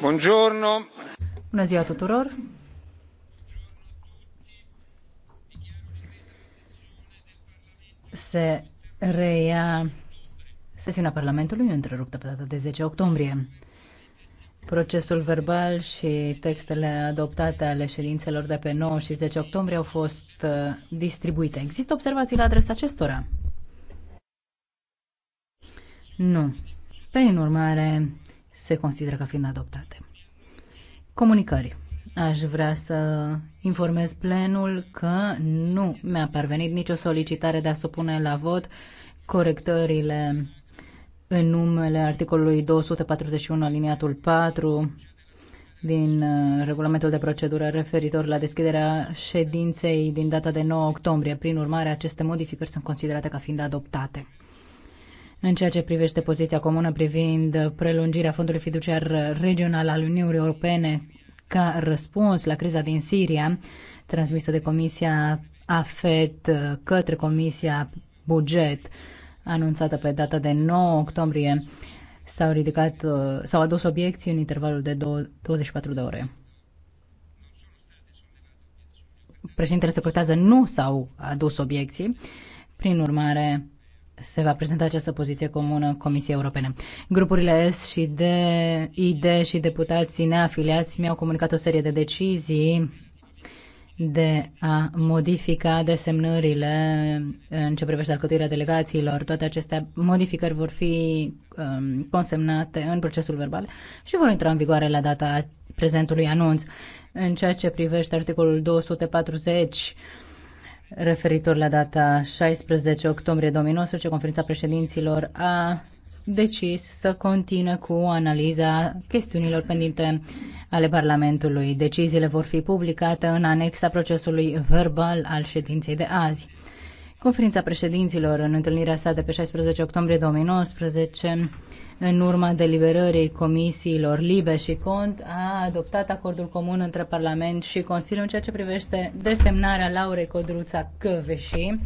Buongiorno. Bună ziua tuturor. Se reia sesiunea Parlamentului întreruptă pe data de 10 octombrie. Procesul verbal și textele adoptate ale ședințelor de pe 9 și 10 octombrie au fost uh, distribuite. Există observații la adresa acestora? Nu. Prin urmare, se consideră ca fiind adoptate. Comunicări. Aș vrea să informez plenul că nu mi-a parvenit nicio solicitare de a supune la vot corectările în numele articolului 241 aliniatul 4 din uh, regulamentul de procedură referitor la deschiderea ședinței din data de 9 octombrie. Prin urmare, aceste modificări sunt considerate ca fiind adoptate în ceea ce privește poziția comună privind prelungirea fondului fiduciar regional al Uniunii Europene ca răspuns la criza din Siria, transmisă de Comisia AFET către Comisia Buget, anunțată pe data de 9 octombrie, s-au ridicat, s-au adus obiecții în intervalul de 24 de ore. Președintele se nu s-au adus obiecții, prin urmare, se va prezenta această poziție comună Comisiei Europene. Grupurile S și D, ID și deputații neafiliați mi-au comunicat o serie de decizii de a modifica desemnările în ce privește alcătuirea delegațiilor. Toate aceste modificări vor fi um, consemnate în procesul verbal și vor intra în vigoare la data prezentului anunț. În ceea ce privește articolul 240 referitor la data 16 octombrie 2019, conferința președinților a decis să continue cu analiza chestiunilor pendinte ale Parlamentului. Deciziile vor fi publicate în anexa procesului verbal al ședinței de azi. Conferința președinților, în întâlnirea sa de pe 16 octombrie 2019, în urma deliberării comisiilor Libe și Cont, a adoptat acordul comun între Parlament și Consiliu în ceea ce privește desemnarea Laurei Codruța Căveșii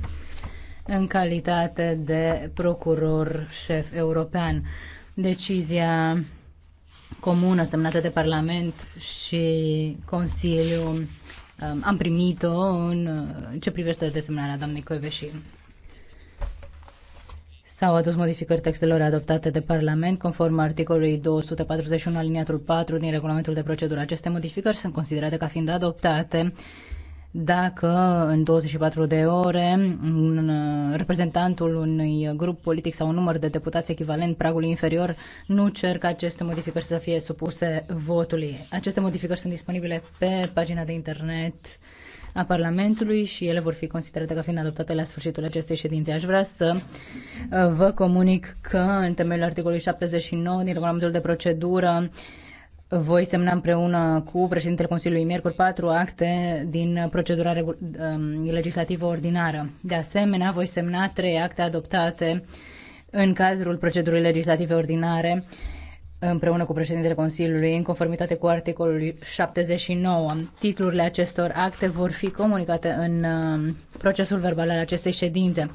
în calitate de procuror șef european. Decizia comună semnată de Parlament și Consiliu um, am primit-o în uh, ce privește desemnarea doamnei Căveșii. S-au adus modificări textelor adoptate de Parlament conform articolului 241 aliniatul 4 din regulamentul de procedură. Aceste modificări sunt considerate ca fiind adoptate dacă în 24 de ore un, uh, reprezentantul unui grup politic sau un număr de deputați echivalent pragului inferior nu cer ca aceste modificări să fie supuse votului. Aceste modificări sunt disponibile pe pagina de internet a Parlamentului și ele vor fi considerate ca fiind adoptate la sfârșitul acestei ședințe. Aș vrea să uh, vă comunic că în temeiul articolului 79 din regulamentul de procedură voi semna împreună cu președintele Consiliului Miercuri patru acte din procedura um, legislativă ordinară. De asemenea, voi semna trei acte adoptate în cadrul procedurii legislative ordinare împreună cu președintele Consiliului, în conformitate cu articolul 79. Titlurile acestor acte vor fi comunicate în uh, procesul verbal al acestei ședințe.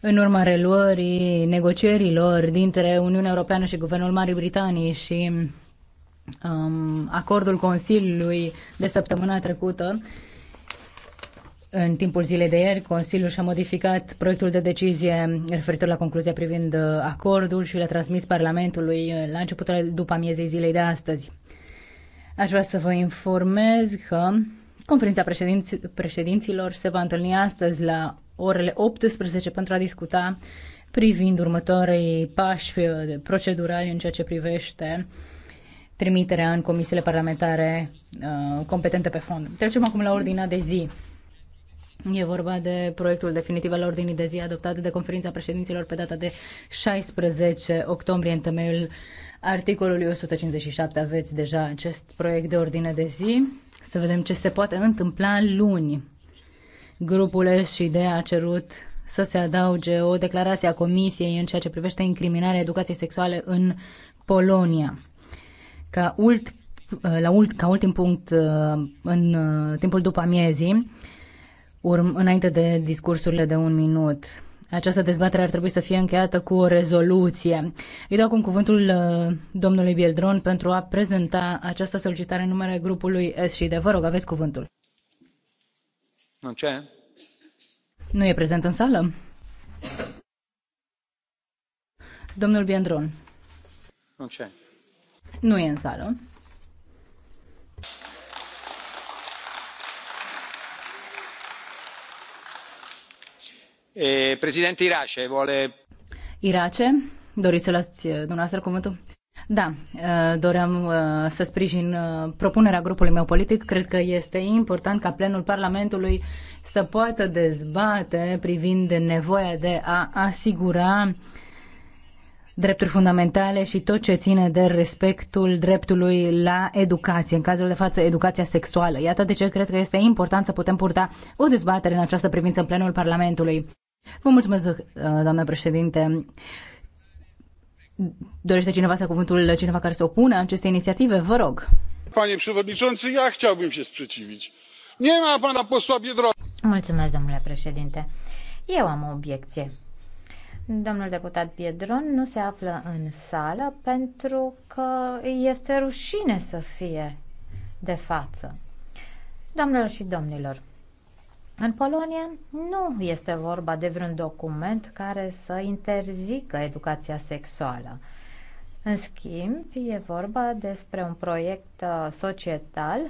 În urma reluării negocierilor dintre Uniunea Europeană și Guvernul Marii Britanii și um, acordul Consiliului de săptămâna trecută, în timpul zilei de ieri, Consiliul și-a modificat proiectul de decizie referitor la concluzia privind uh, acordul și l-a transmis Parlamentului uh, la începutul după amiezei zilei de astăzi. Aș vrea să vă informez că conferința președinț- președinților se va întâlni astăzi la orele 18 pentru a discuta privind următorii pași uh, procedurali în ceea ce privește trimiterea în comisiile parlamentare uh, competente pe fond. Trecem acum la ordinea de zi. E vorba de proiectul definitiv al ordinii de zi adoptat de conferința președinților pe data de 16 octombrie în temeiul articolului 157. Aveți deja acest proiect de ordine de zi. Să vedem ce se poate întâmpla luni. Grupul SID a cerut să se adauge o declarație a Comisiei în ceea ce privește incriminarea educației sexuale în Polonia. Ca, ult, la ult, ca ultim punct, uh, în uh, timpul după amiezii, urm- înainte de discursurile de un minut. Această dezbatere ar trebui să fie încheiată cu o rezoluție. Îi dau acum cuvântul uh, domnului Bieldron pentru a prezenta această solicitare în numele grupului De Vă rog, aveți cuvântul. Nu ce? Nu e prezent în sală? Domnul Biendron. Nu ce? Nu e în sală. Eh, Președinte Irace, vole... Irace, doriți să luați eh, dumneavoastră cuvântul? Da, eh, doream să sprijin propunerea grupului meu politic. Cred că este important ca plenul Parlamentului să poată dezbate privind nevoia de a asigura drepturi fundamentale și tot ce ține de respectul dreptului la educație, în cazul de față educația sexuală. Iată de ce cred că este important să putem purta o dezbatere în această privință în plenul Parlamentului. Vă mulțumesc, uh, doamnă președinte. Dorește cineva să cuvântul cineva care se opune acestei inițiative? Vă rog. Panie przewodniczący, ja chciałbym się sprzeciwić. Nie ma pana posła Biedro. Mulțumesc, domnule președinte. Eu am o obiecție. Domnul deputat Biedron nu se află în sală pentru că este rușine să fie de față. Doamnelor și domnilor, în Polonia nu este vorba de vreun document care să interzică educația sexuală. În schimb, e vorba despre un proiect uh, societal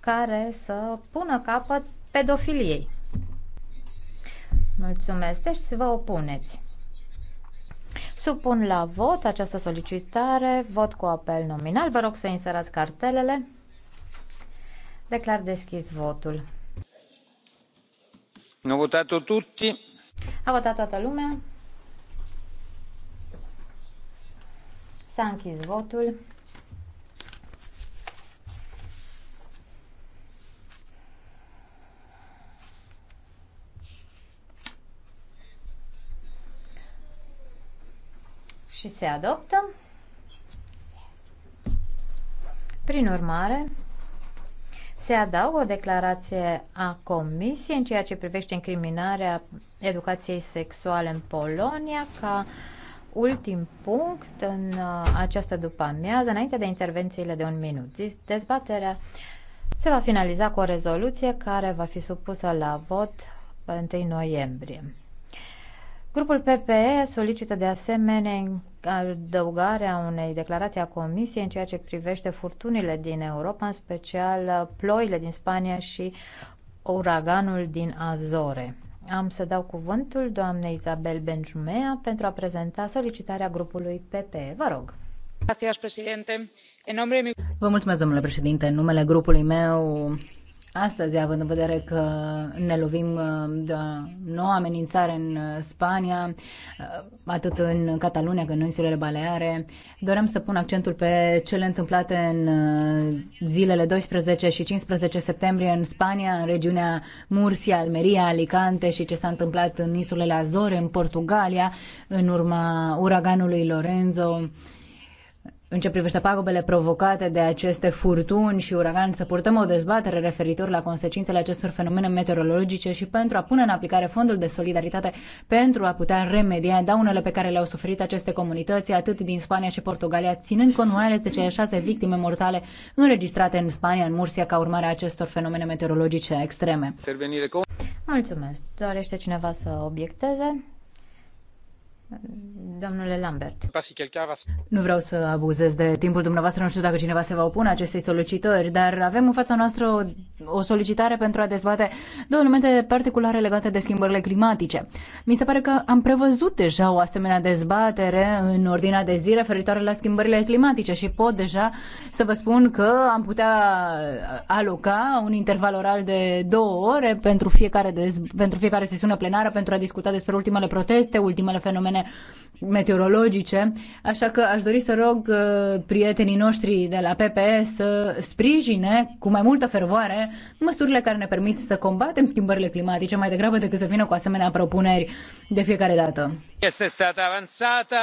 care să pună capăt pedofiliei. Mulțumesc, deci vă opuneți. Supun la vot această solicitare, vot cu apel nominal. Vă rog să inserați cartelele. Declar deschis votul. Hanno votato tutti. A votat toată lumea. S-a închis votul. Și se adoptă. Prin urmare, se adaugă o declarație a Comisiei în ceea ce privește incriminarea educației sexuale în Polonia ca ultim punct în uh, această după-amiază, înainte de intervențiile de un minut. Dezbaterea se va finaliza cu o rezoluție care va fi supusă la vot pe 1 noiembrie. Grupul PPE solicită de asemenea adăugarea unei declarații a Comisiei în ceea ce privește furtunile din Europa, în special ploile din Spania și uraganul din Azore. Am să dau cuvântul doamnei Isabel Benjumea pentru a prezenta solicitarea grupului PPE. Vă rog. Vă mulțumesc, domnule președinte. În numele grupului meu Astăzi, având în vedere că ne lovim uh, de nouă amenințare în uh, Spania, uh, atât în Catalunia cât în insulele Baleare, dorem să pun accentul pe cele întâmplate în zilele 12 și 15 septembrie în Spania, în regiunea Murcia, Almeria, Alicante și ce s-a întâmplat în insulele Azore, în Portugalia, în urma uraganului Lorenzo în ce privește pagubele provocate de aceste furtuni și uragani, să purtăm o dezbatere referitor la consecințele acestor fenomene meteorologice și pentru a pune în aplicare fondul de solidaritate pentru a putea remedia daunele pe care le-au suferit aceste comunități, atât din Spania și Portugalia, ținând cont mai ales de cele șase victime mortale înregistrate în Spania, în Mursia, ca urmare a acestor fenomene meteorologice extreme. Intervenire cu... Mulțumesc. Dorește cineva să obiecteze? Domnule Lambert. Nu vreau să abuzez de timpul dumneavoastră, nu știu dacă cineva se va opune acestei solicitări, dar avem în fața noastră o, o solicitare pentru a dezbate două elemente particulare legate de schimbările climatice. Mi se pare că am prevăzut deja o asemenea dezbatere în ordinea de zi referitoare la schimbările climatice și pot deja să vă spun că am putea aloca un interval oral de două ore pentru fiecare, dez, pentru fiecare sesiune plenară pentru a discuta despre ultimele proteste, ultimele fenomene fenomene meteorologice, așa că aș dori să rog uh, prietenii noștri de la PPE să sprijine cu mai multă fervoare măsurile care ne permit să combatem schimbările climatice mai degrabă decât să vină cu asemenea propuneri de fiecare dată. Este stat avansată.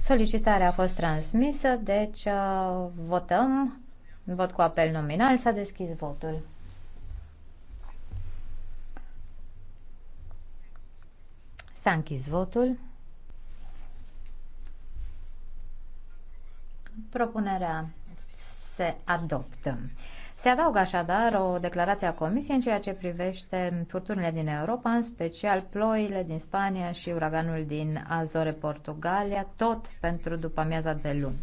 Solicitarea a fost transmisă, deci uh, votăm. Vot cu apel nominal, s-a deschis votul. S-a închis votul. Propunerea se adoptă. Se adaugă așadar o declarație a Comisiei în ceea ce privește furturile din Europa, în special ploile din Spania și uraganul din Azore, Portugalia, tot pentru după amiaza de luni.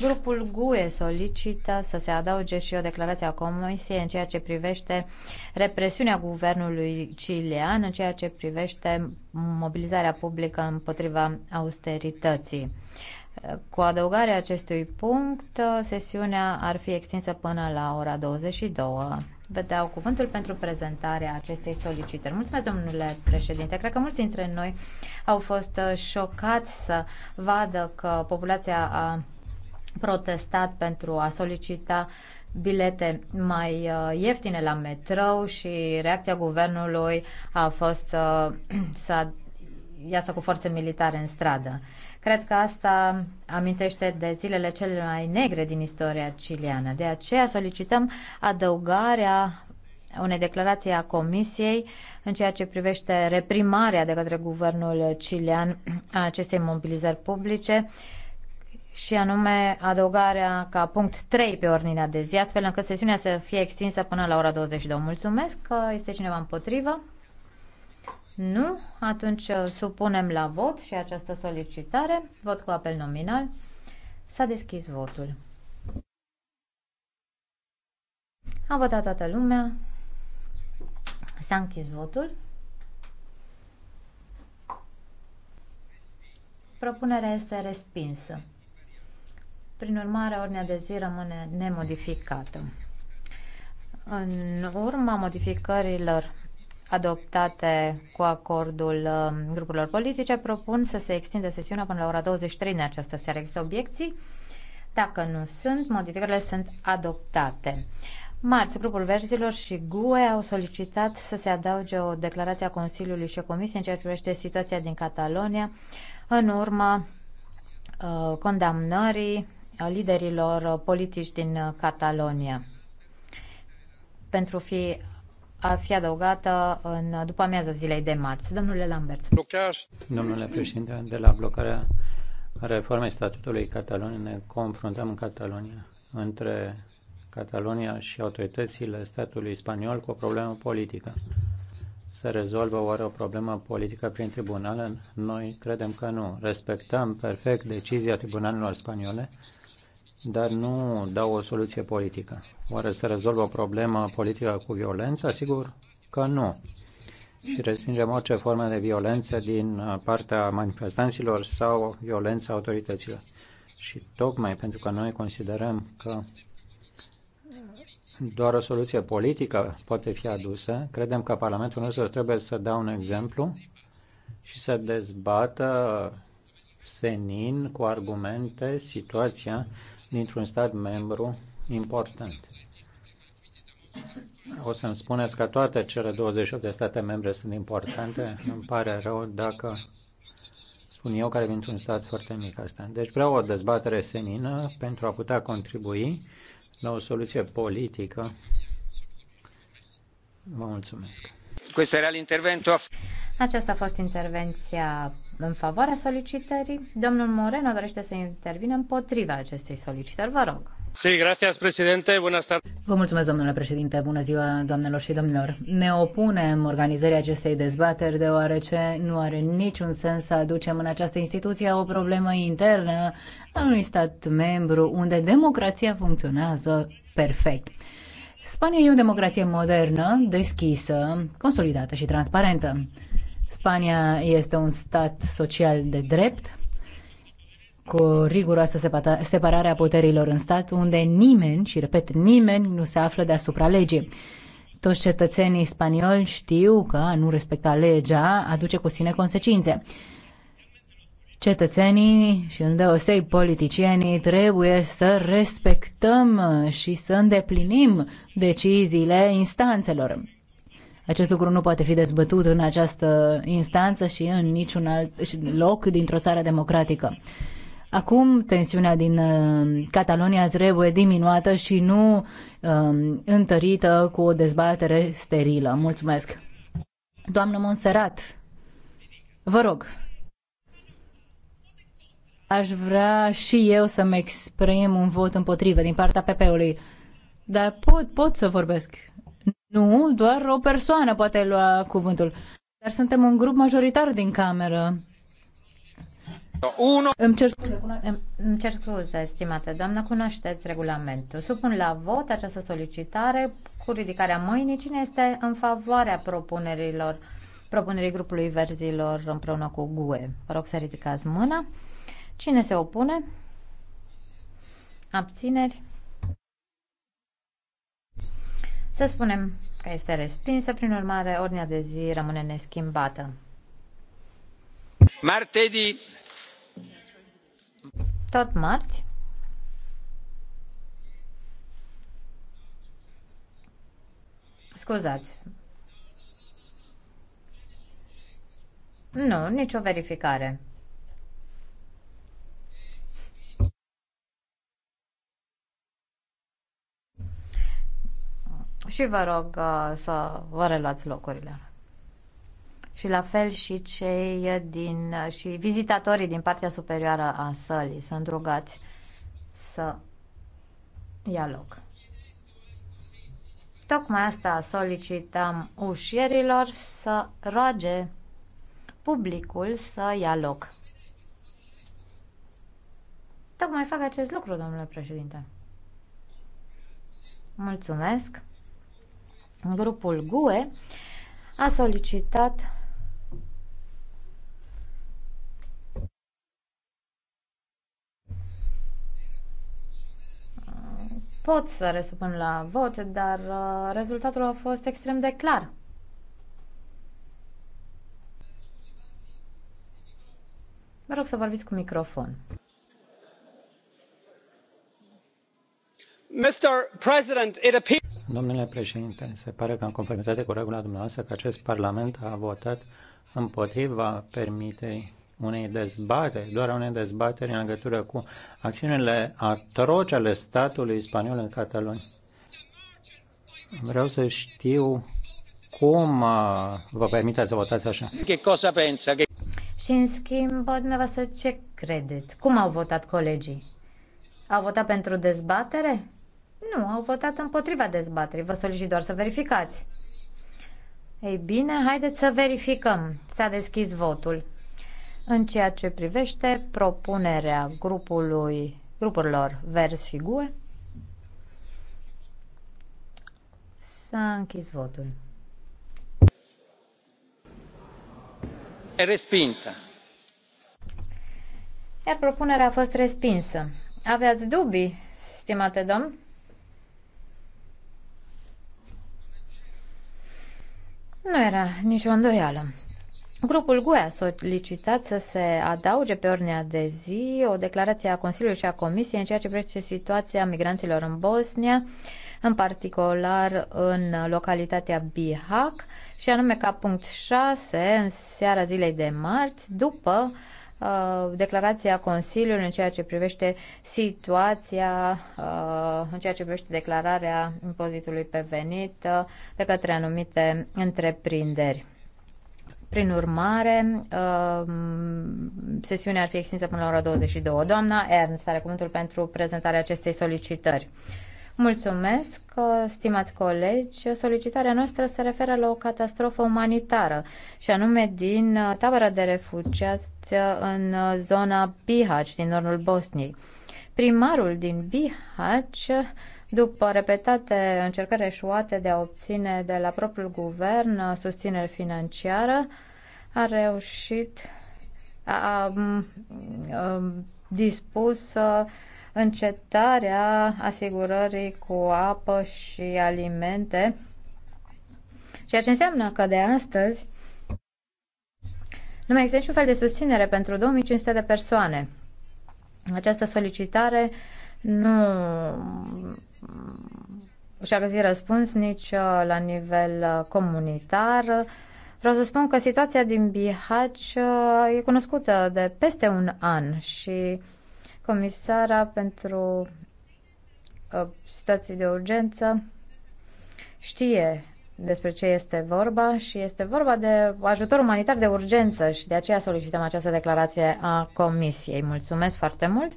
Grupul GUE solicită să se adauge și o declarație a Comisiei în ceea ce privește represiunea guvernului cilian, în ceea ce privește mobilizarea publică împotriva austerității. Cu adăugarea acestui punct, sesiunea ar fi extinsă până la ora 22. Vă dau cuvântul pentru prezentarea acestei solicitări. Mulțumesc, domnule președinte. Cred că mulți dintre noi au fost uh, șocați să vadă că populația a protestat pentru a solicita bilete mai uh, ieftine la metrou și reacția guvernului a fost să iasă cu forțe militare în stradă. Cred că asta amintește de zilele cele mai negre din istoria ciliană. De aceea solicităm adăugarea unei declarații a Comisiei în ceea ce privește reprimarea de către guvernul cilian a acestei mobilizări publice și anume adăugarea ca punct 3 pe ordinea de zi, astfel încât sesiunea să fie extinsă până la ora 22. Mulțumesc că este cineva împotrivă. Nu? Atunci uh, supunem la vot și această solicitare. Vot cu apel nominal. S-a deschis votul. A votat toată lumea. S-a închis votul. Propunerea este respinsă. Prin urmare, ordinea de zi rămâne nemodificată. În urma modificărilor adoptate cu acordul um, grupurilor politice, propun să se extindă sesiunea până la ora 23 în această seară. Există obiecții? Dacă nu sunt, modificările sunt adoptate. Marți, grupul Verzilor și GUE au solicitat să se adauge o declarație a Consiliului și Comisiei în ceea ce privește situația din Catalonia în urma uh, condamnării liderilor politici din Catalonia pentru fi a fi adăugată în după amiaza zilei de marți. Domnule Lambert. Blocaj. Domnule președinte, de la blocarea reformei statutului Catalonia ne confruntăm în Catalonia între Catalonia și autoritățile statului spaniol cu o problemă politică. Se rezolvă oare o problemă politică prin tribunale? Noi credem că nu. Respectăm perfect decizia tribunalelor spaniole dar nu dau o soluție politică. Oare se rezolvă o problemă politică cu violența? Sigur că nu. Și respingem orice formă de violență din partea manifestanților sau violența autorităților. Și tocmai pentru că noi considerăm că doar o soluție politică poate fi adusă, credem că Parlamentul nostru trebuie să dea un exemplu și să dezbată senin cu argumente situația dintr-un stat membru important. O să-mi spuneți că toate cele 28 de state membre sunt importante. Îmi pare rău dacă spun eu care vin într-un stat foarte mic asta. Deci vreau o dezbatere senină pentru a putea contribui la o soluție politică. Vă mulțumesc. Aceasta a fost intervenția în favoarea solicitării. Domnul Moreno dorește să intervină împotriva acestei solicitări. Vă rog. Sí, gracias, presidente. Buenas tardes. Vă mulțumesc, domnule președinte. Bună ziua, doamnelor și domnilor. Ne opunem organizării acestei dezbateri deoarece nu are niciun sens să aducem în această instituție o problemă internă a unui stat membru unde democrația funcționează perfect. Spania e o democrație modernă, deschisă, consolidată și transparentă. Spania este un stat social de drept, cu riguroasă separare a puterilor în stat, unde nimeni, și repet, nimeni nu se află deasupra legii. Toți cetățenii spanioli știu că a nu respecta legea aduce cu sine consecințe. Cetățenii și îndeosei politicienii trebuie să respectăm și să îndeplinim deciziile instanțelor. Acest lucru nu poate fi dezbătut în această instanță și în niciun alt loc dintr-o țară democratică. Acum tensiunea din uh, Catalonia trebuie diminuată și nu uh, întărită cu o dezbatere sterilă. Mulțumesc. Doamnă Monserat, vă rog, aș vrea și eu să-mi exprim un vot împotrivă din partea PP-ului, dar pot, pot să vorbesc. Nu, doar o persoană poate lua cuvântul. Dar suntem un grup majoritar din cameră. Uno. Îmi cer scuze, cuno- îmi cer scuze, stimată doamnă, cunoașteți regulamentul. Supun la vot această solicitare cu ridicarea mâinii. Cine este în favoarea propunerilor, propunerii grupului verzilor împreună cu GUE? Vă rog să ridicați mâna. Cine se opune? Abțineri? Să spunem că este respinsă, prin urmare, ordinea de zi rămâne neschimbată. Martedi. Tot marți. Scuzați. Nu, nicio verificare. Și vă rog uh, să vă reluați locurile. Și la fel și cei din, uh, și vizitatorii din partea superioară a sălii sunt rugați să ia loc. Tocmai asta solicităm ușierilor să roage publicul să ia loc. Tocmai fac acest lucru, domnule președinte. Mulțumesc. Grupul GUE a solicitat pot să resupun la vot, dar uh, rezultatul a fost extrem de clar. Vă rog să vorbiți cu microfon. Mr. President, it appears... Domnule președinte, se pare că în conformitate cu regula dumneavoastră că acest Parlament a votat împotriva permitei unei dezbateri, doar unei dezbateri în legătură cu acțiunile atroce ale statului spaniol în Catalonia. Vreau să știu cum uh, vă permite să votați așa. Ce cosa pensa? Și în schimb, dumneavoastră, ce credeți? Cum au votat colegii? Au votat pentru dezbatere? Nu, au votat împotriva dezbaterii. Vă solicit doar să verificați. Ei bine, haideți să verificăm. S-a deschis votul. În ceea ce privește propunerea grupului, grupurilor vers și GUE, s-a închis votul. E respinsă. Iar propunerea a fost respinsă. Aveați dubii, stimate domn? Nu era nicio îndoială. Grupul GUE a solicitat să se adauge pe ordinea de zi o declarație a Consiliului și a Comisiei în ceea ce privește situația migranților în Bosnia, în particular în localitatea Bihak, și anume ca punct 6 în seara zilei de marți, după Uh, declarația Consiliului în ceea ce privește situația, uh, în ceea ce privește declararea impozitului pe venit uh, de către anumite întreprinderi. Prin urmare, sesiunea ar fi extinsă până la ora 22. Doamna Ernst are cuvântul pentru prezentarea acestei solicitări. Mulțumesc, stimați colegi. Solicitarea noastră se referă la o catastrofă umanitară, și anume din tabăra de refugiați în zona Bihać, din nordul Bosniei. Primarul din Bihać, după repetate încercări eșuate de a obține de la propriul guvern susținere financiară, a reușit, a, a, a dispus încetarea asigurării cu apă și alimente, ceea ce înseamnă că de astăzi nu mai există niciun fel de susținere pentru 2500 de persoane. Această solicitare nu și-a găsit răspuns nici uh, la nivel uh, comunitar. Vreau să spun că situația din Bihaci uh, e cunoscută de peste un an și comisara pentru uh, situații de urgență știe despre ce este vorba și este vorba de ajutor umanitar de urgență și de aceea solicităm această declarație a Comisiei. Mulțumesc foarte mult!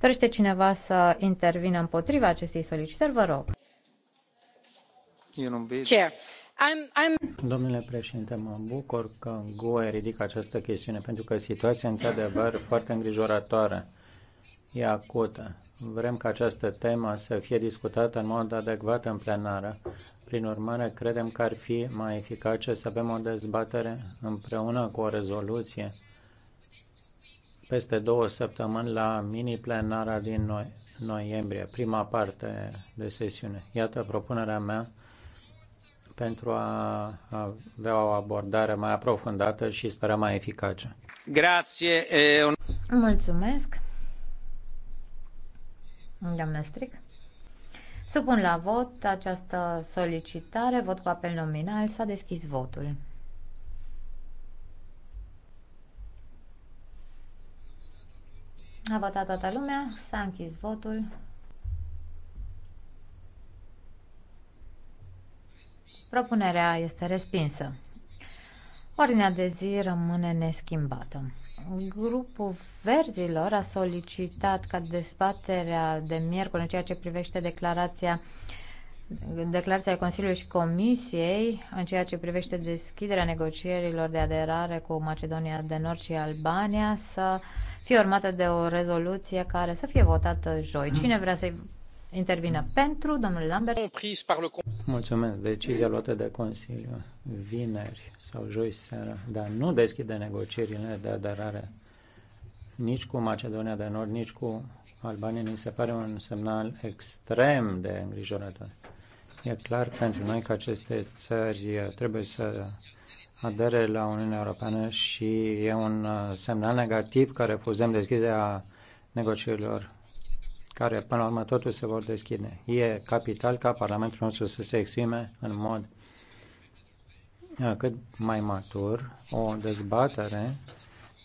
Dorește cineva să intervină împotriva acestei solicitări? Vă rog. Chair. I'm, I'm... Domnule președinte, mă bucur că GUE ridică această chestiune pentru că situația, într-adevăr, foarte îngrijorătoare e acută. Vrem ca această temă să fie discutată în mod adecvat în plenară. Prin urmare, credem că ar fi mai eficace să avem o dezbatere împreună cu o rezoluție peste două săptămâni la mini-plenara din noi, noiembrie, prima parte de sesiune. Iată propunerea mea pentru a avea o abordare mai aprofundată și sperăm mai eficace. Grație. Mulțumesc. Doamna Stric. Supun la vot această solicitare. Vot cu apel nominal. S-a deschis votul. A votat toată lumea. S-a închis votul. Propunerea este respinsă. Ordinea de zi rămâne neschimbată. Grupul Verzilor a solicitat ca dezbaterea de miercuri în ceea ce privește declarația declarația Consiliului și Comisiei în ceea ce privește deschiderea negocierilor de aderare cu Macedonia de Nord și Albania să fie urmată de o rezoluție care să fie votată joi. Cine vrea să-i intervină pentru. domnul Lambert. Mulțumesc. Decizia luată de Consiliu vineri sau joi seara dar nu deschide negocierile de aderare nici cu Macedonia de Nord, nici cu Albania, mi se pare un semnal extrem de îngrijorător. E clar pentru noi că aceste țări trebuie să adere la Uniunea Europeană și e un semnal negativ că refuzăm deschiderea negocierilor care până la urmă totul se vor deschide. E capital ca Parlamentul nostru să se exprime în mod uh, cât mai matur, o dezbatere,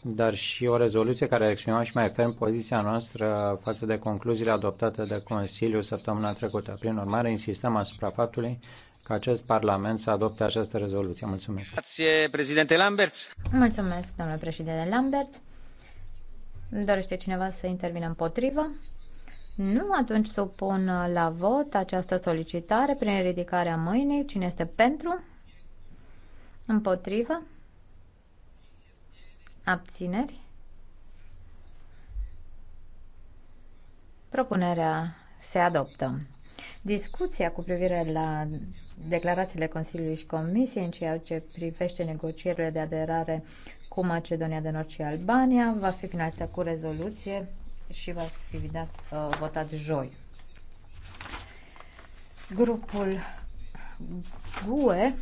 dar și o rezoluție care exprimă și mai ferm poziția noastră față de concluziile adoptate de Consiliu săptămâna trecută. Prin urmare, insistăm asupra faptului ca acest Parlament să adopte această rezoluție. Mulțumesc. Grazie, președinte Lambert. Mulțumesc, domnule președinte Lambert. Dorește cineva să intervină împotrivă? Nu, atunci supun la vot această solicitare prin ridicarea mâinii. Cine este pentru? Împotrivă? Abțineri? Propunerea se adoptă. Discuția cu privire la declarațiile Consiliului și Comisiei în ceea ce privește negocierile de aderare cu Macedonia de Nord și Albania va fi finalizată cu rezoluție și va fi dat, uh, votat joi. Grupul GUE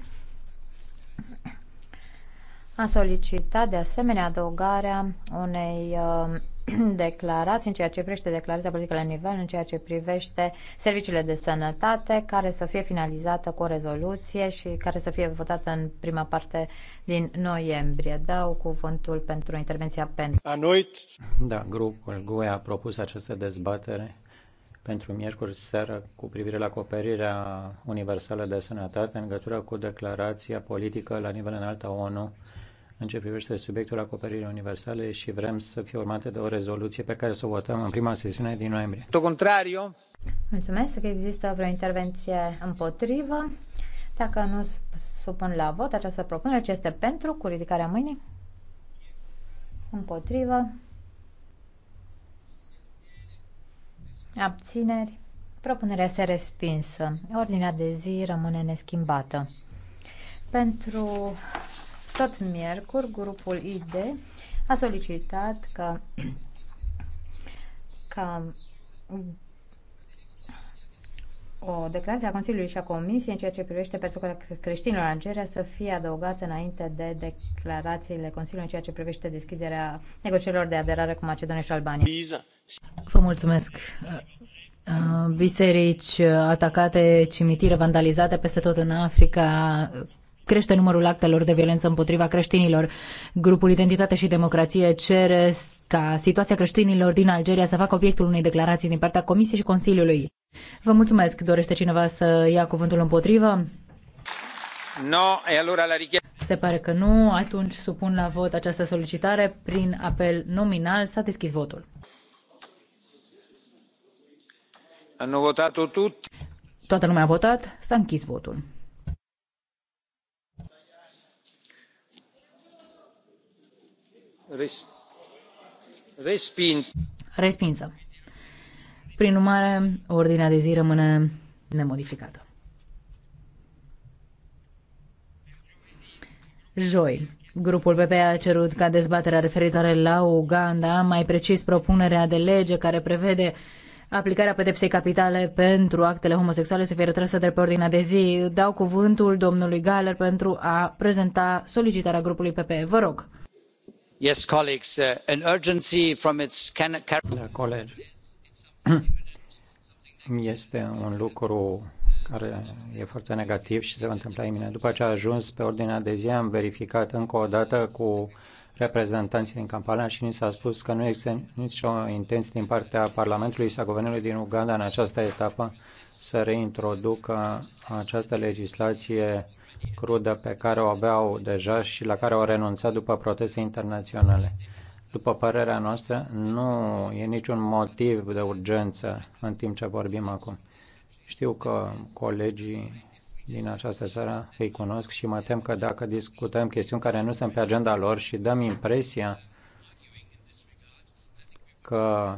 a solicitat de asemenea adăugarea unei uh, declarații în ceea ce privește declarația politică la nivel, în ceea ce privește serviciile de sănătate, care să fie finalizată cu o rezoluție și care să fie votată în prima parte din noiembrie. Dau cuvântul pentru intervenția pentru. Anuit. Da, grupul GUE a propus această dezbatere pentru miercuri seară cu privire la acoperirea universală de sănătate în legătură cu declarația politică la nivel înalt a ONU în ce privește subiectul acoperirii universale și vrem să fie urmate de o rezoluție pe care să o votăm în prima sesiune din noiembrie. Tot contrario. Mulțumesc că există vreo intervenție împotrivă. Dacă nu supun la vot această propunere, ce este pentru, cu ridicarea mâinii? Împotrivă. Abțineri. Propunerea este respinsă. Ordinea de zi rămâne neschimbată. Pentru tot miercuri, grupul ID a solicitat ca ca o declarație a Consiliului și a Comisiei în ceea ce privește persoana creștinilor în Algeria să fie adăugată înainte de declarațiile Consiliului în ceea ce privește deschiderea negocierilor de aderare cu Macedonia și Albania. Vă mulțumesc. Biserici atacate, cimitire vandalizate peste tot în Africa, crește numărul actelor de violență împotriva creștinilor. Grupul Identitate și Democrație cere ca situația creștinilor din Algeria să facă obiectul unei declarații din partea Comisiei și Consiliului. Vă mulțumesc. Dorește cineva să ia cuvântul împotrivă? No, e alora la richiesta. Se pare că nu. Atunci supun la vot această solicitare. Prin apel nominal s-a deschis votul. Hanno votato tutti. Toată lumea a votat. S-a închis votul. Respinsă. Prin urmare, ordinea de zi rămâne nemodificată. Joi, grupul PP a cerut ca dezbaterea referitoare la Uganda, mai precis propunerea de lege care prevede aplicarea pedepsei capitale pentru actele homosexuale să fie retrasă de pe ordinea de zi. Dau cuvântul domnului Galer pentru a prezenta solicitarea grupului PP. Vă rog este un lucru care e foarte negativ și se va întâmpla imediat. După ce a ajuns pe ordinea de zi, am verificat încă o dată cu reprezentanții din Kampala și ni s-a spus că nu există nicio intenție din partea Parlamentului sau Guvernului din Uganda în această etapă să reintroducă această legislație crudă pe care o aveau deja și la care au renunțat după proteste internaționale. După părerea noastră, nu e niciun motiv de urgență în timp ce vorbim acum. Știu că colegii din această seară îi cunosc și mă tem că dacă discutăm chestiuni care nu sunt pe agenda lor și dăm impresia că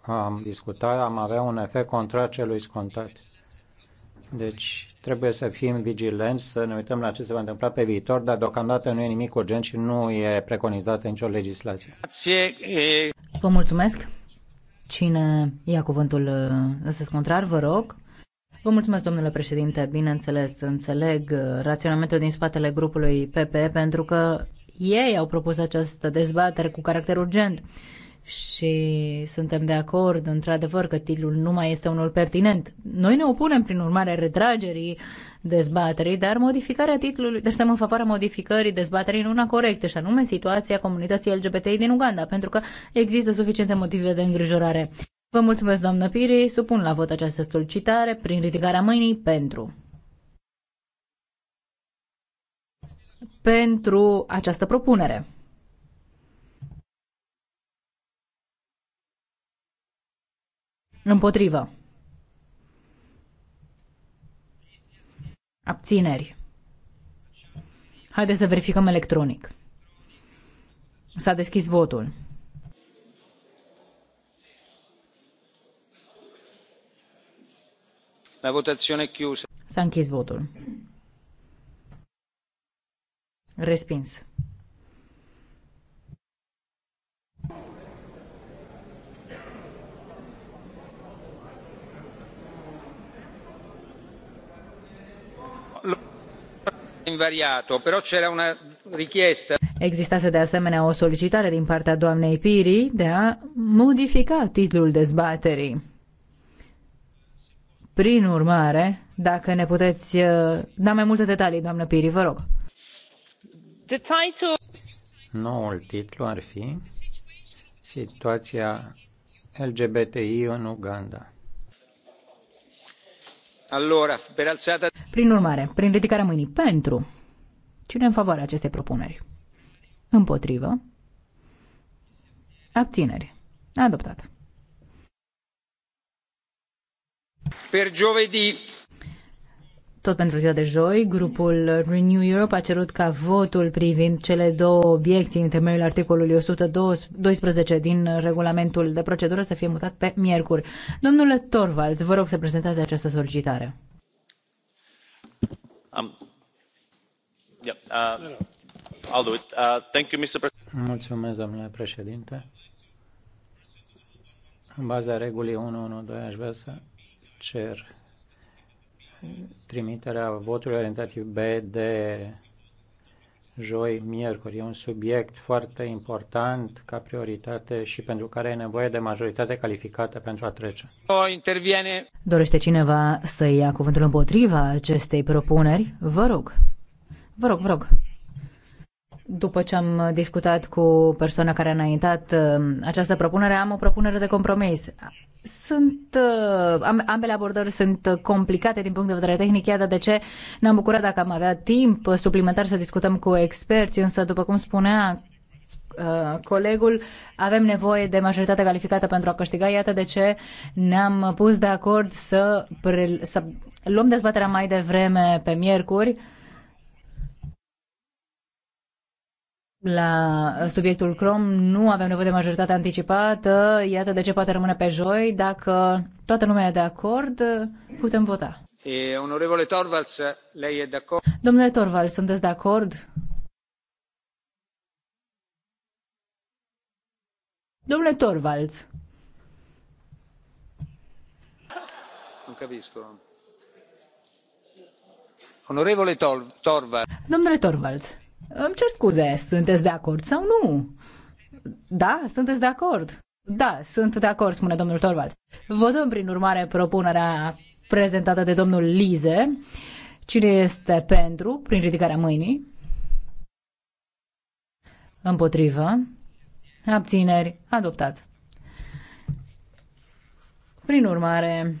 am discutat, am avea un efect contra celui scontat. Deci Trebuie să fim vigilenți, să ne uităm la ce se va întâmpla pe viitor, dar deocamdată nu e nimic urgent și nu e preconizată nicio legislație. Vă mulțumesc. Cine ia cuvântul să uh, se contrar, vă rog. Vă mulțumesc, domnule președinte. Bineînțeles, înțeleg uh, raționamentul din spatele grupului PP pentru că ei au propus această dezbatere cu caracter urgent și suntem de acord, într-adevăr, că titlul nu mai este unul pertinent. Noi ne opunem, prin urmare, retragerii dezbaterii, dar modificarea titlului, deci suntem în favoarea modificării dezbaterii în una corectă, și anume situația comunității LGBTI din Uganda, pentru că există suficiente motive de îngrijorare. Vă mulțumesc, doamnă Piri, supun la vot această solicitare prin ridicarea mâinii pentru. Pentru această propunere. Împotrivă. Abțineri. Haideți să verificăm electronic. S-a deschis votul. La votazione chiusa. S-a închis votul. Respins. Existase de asemenea o solicitare din partea doamnei Piri de a modifica titlul dezbaterii. Prin urmare, dacă ne puteți uh, da mai multe detalii, doamnă Piri, vă rog. Noul titlu ar fi Situația LGBTI în Uganda. Prin urmare, prin ridicarea mâinii pentru. Cine în favoarea acestei propuneri? Împotrivă. Abțineri. Adoptat. Per giovedì tot pentru ziua de joi, grupul Renew Europe a cerut ca votul privind cele două obiecții în temeiul articolului 112 din regulamentul de procedură să fie mutat pe miercuri. Domnule Torvalds, vă rog să prezentați această solicitare. Um, yeah, uh, I'll do it. Uh, thank you, Mr. Mulțumesc, domnule președinte. În baza regulii 112 aș vrea să cer trimiterea votului orientativ B de joi, miercuri. E un subiect foarte important ca prioritate și pentru care e nevoie de majoritate calificată pentru a trece. O intervine. Dorește cineva să ia cuvântul împotriva acestei propuneri? Vă rog. Vă rog, vă rog. După ce am discutat cu persoana care a înaintat uh, această propunere, am o propunere de compromis. Sunt, uh, ambele abordări sunt complicate din punct de vedere tehnic, iată de ce ne-am bucurat dacă am avea timp suplimentar să discutăm cu experți, însă, după cum spunea uh, colegul, avem nevoie de majoritate calificată pentru a câștiga. Iată de ce ne-am pus de acord să, pre, să luăm dezbaterea mai devreme pe miercuri La subiectul Crom, nu avem nevoie de majoritate anticipată, iată de ce poate rămâne pe joi. Dacă toată lumea e de acord, putem vota. E, onorevole Torvalds, lei e de acord? Domnule Torvalds, sunteți de acord? Domnule Torvalds. Nu capisco. Onorevole Tor Torvalds. Domnule Torvalds. Îmi cer scuze, sunteți de acord sau nu? Da, sunteți de acord. Da, sunt de acord, spune domnul Torvalds. Votăm prin urmare propunerea prezentată de domnul Lize. Cine este pentru, prin ridicarea mâinii? Împotrivă. Abțineri. Adoptat. Prin urmare,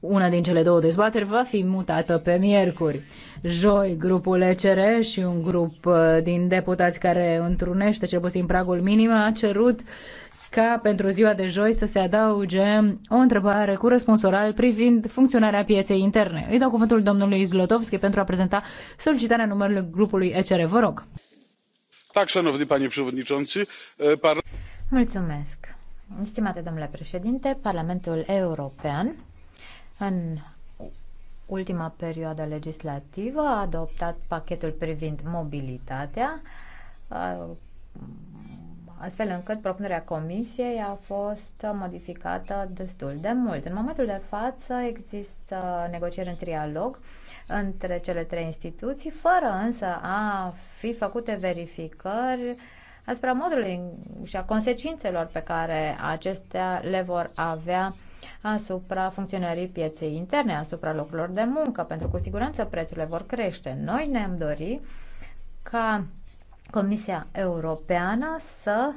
Una din cele două dezbateri va fi mutată pe miercuri. Joi, grupul ECR și un grup uh, din deputați care întrunește cel puțin pragul minim a cerut ca pentru ziua de joi să se adauge o întrebare cu răspuns oral privind funcționarea pieței interne. Îi dau cuvântul domnului Zlotovski pentru a prezenta solicitarea numărului grupului ECR. Vă rog. Mulțumesc. Stimate domnule președinte, Parlamentul European în ultima perioadă legislativă a adoptat pachetul privind mobilitatea, astfel încât propunerea comisiei a fost modificată destul de mult. În momentul de față există negocieri în trialog între cele trei instituții, fără însă a fi făcute verificări asupra modului și a consecințelor pe care acestea le vor avea asupra funcționării pieței interne, asupra locurilor de muncă, pentru că cu siguranță prețurile vor crește. Noi ne-am dorit ca Comisia Europeană să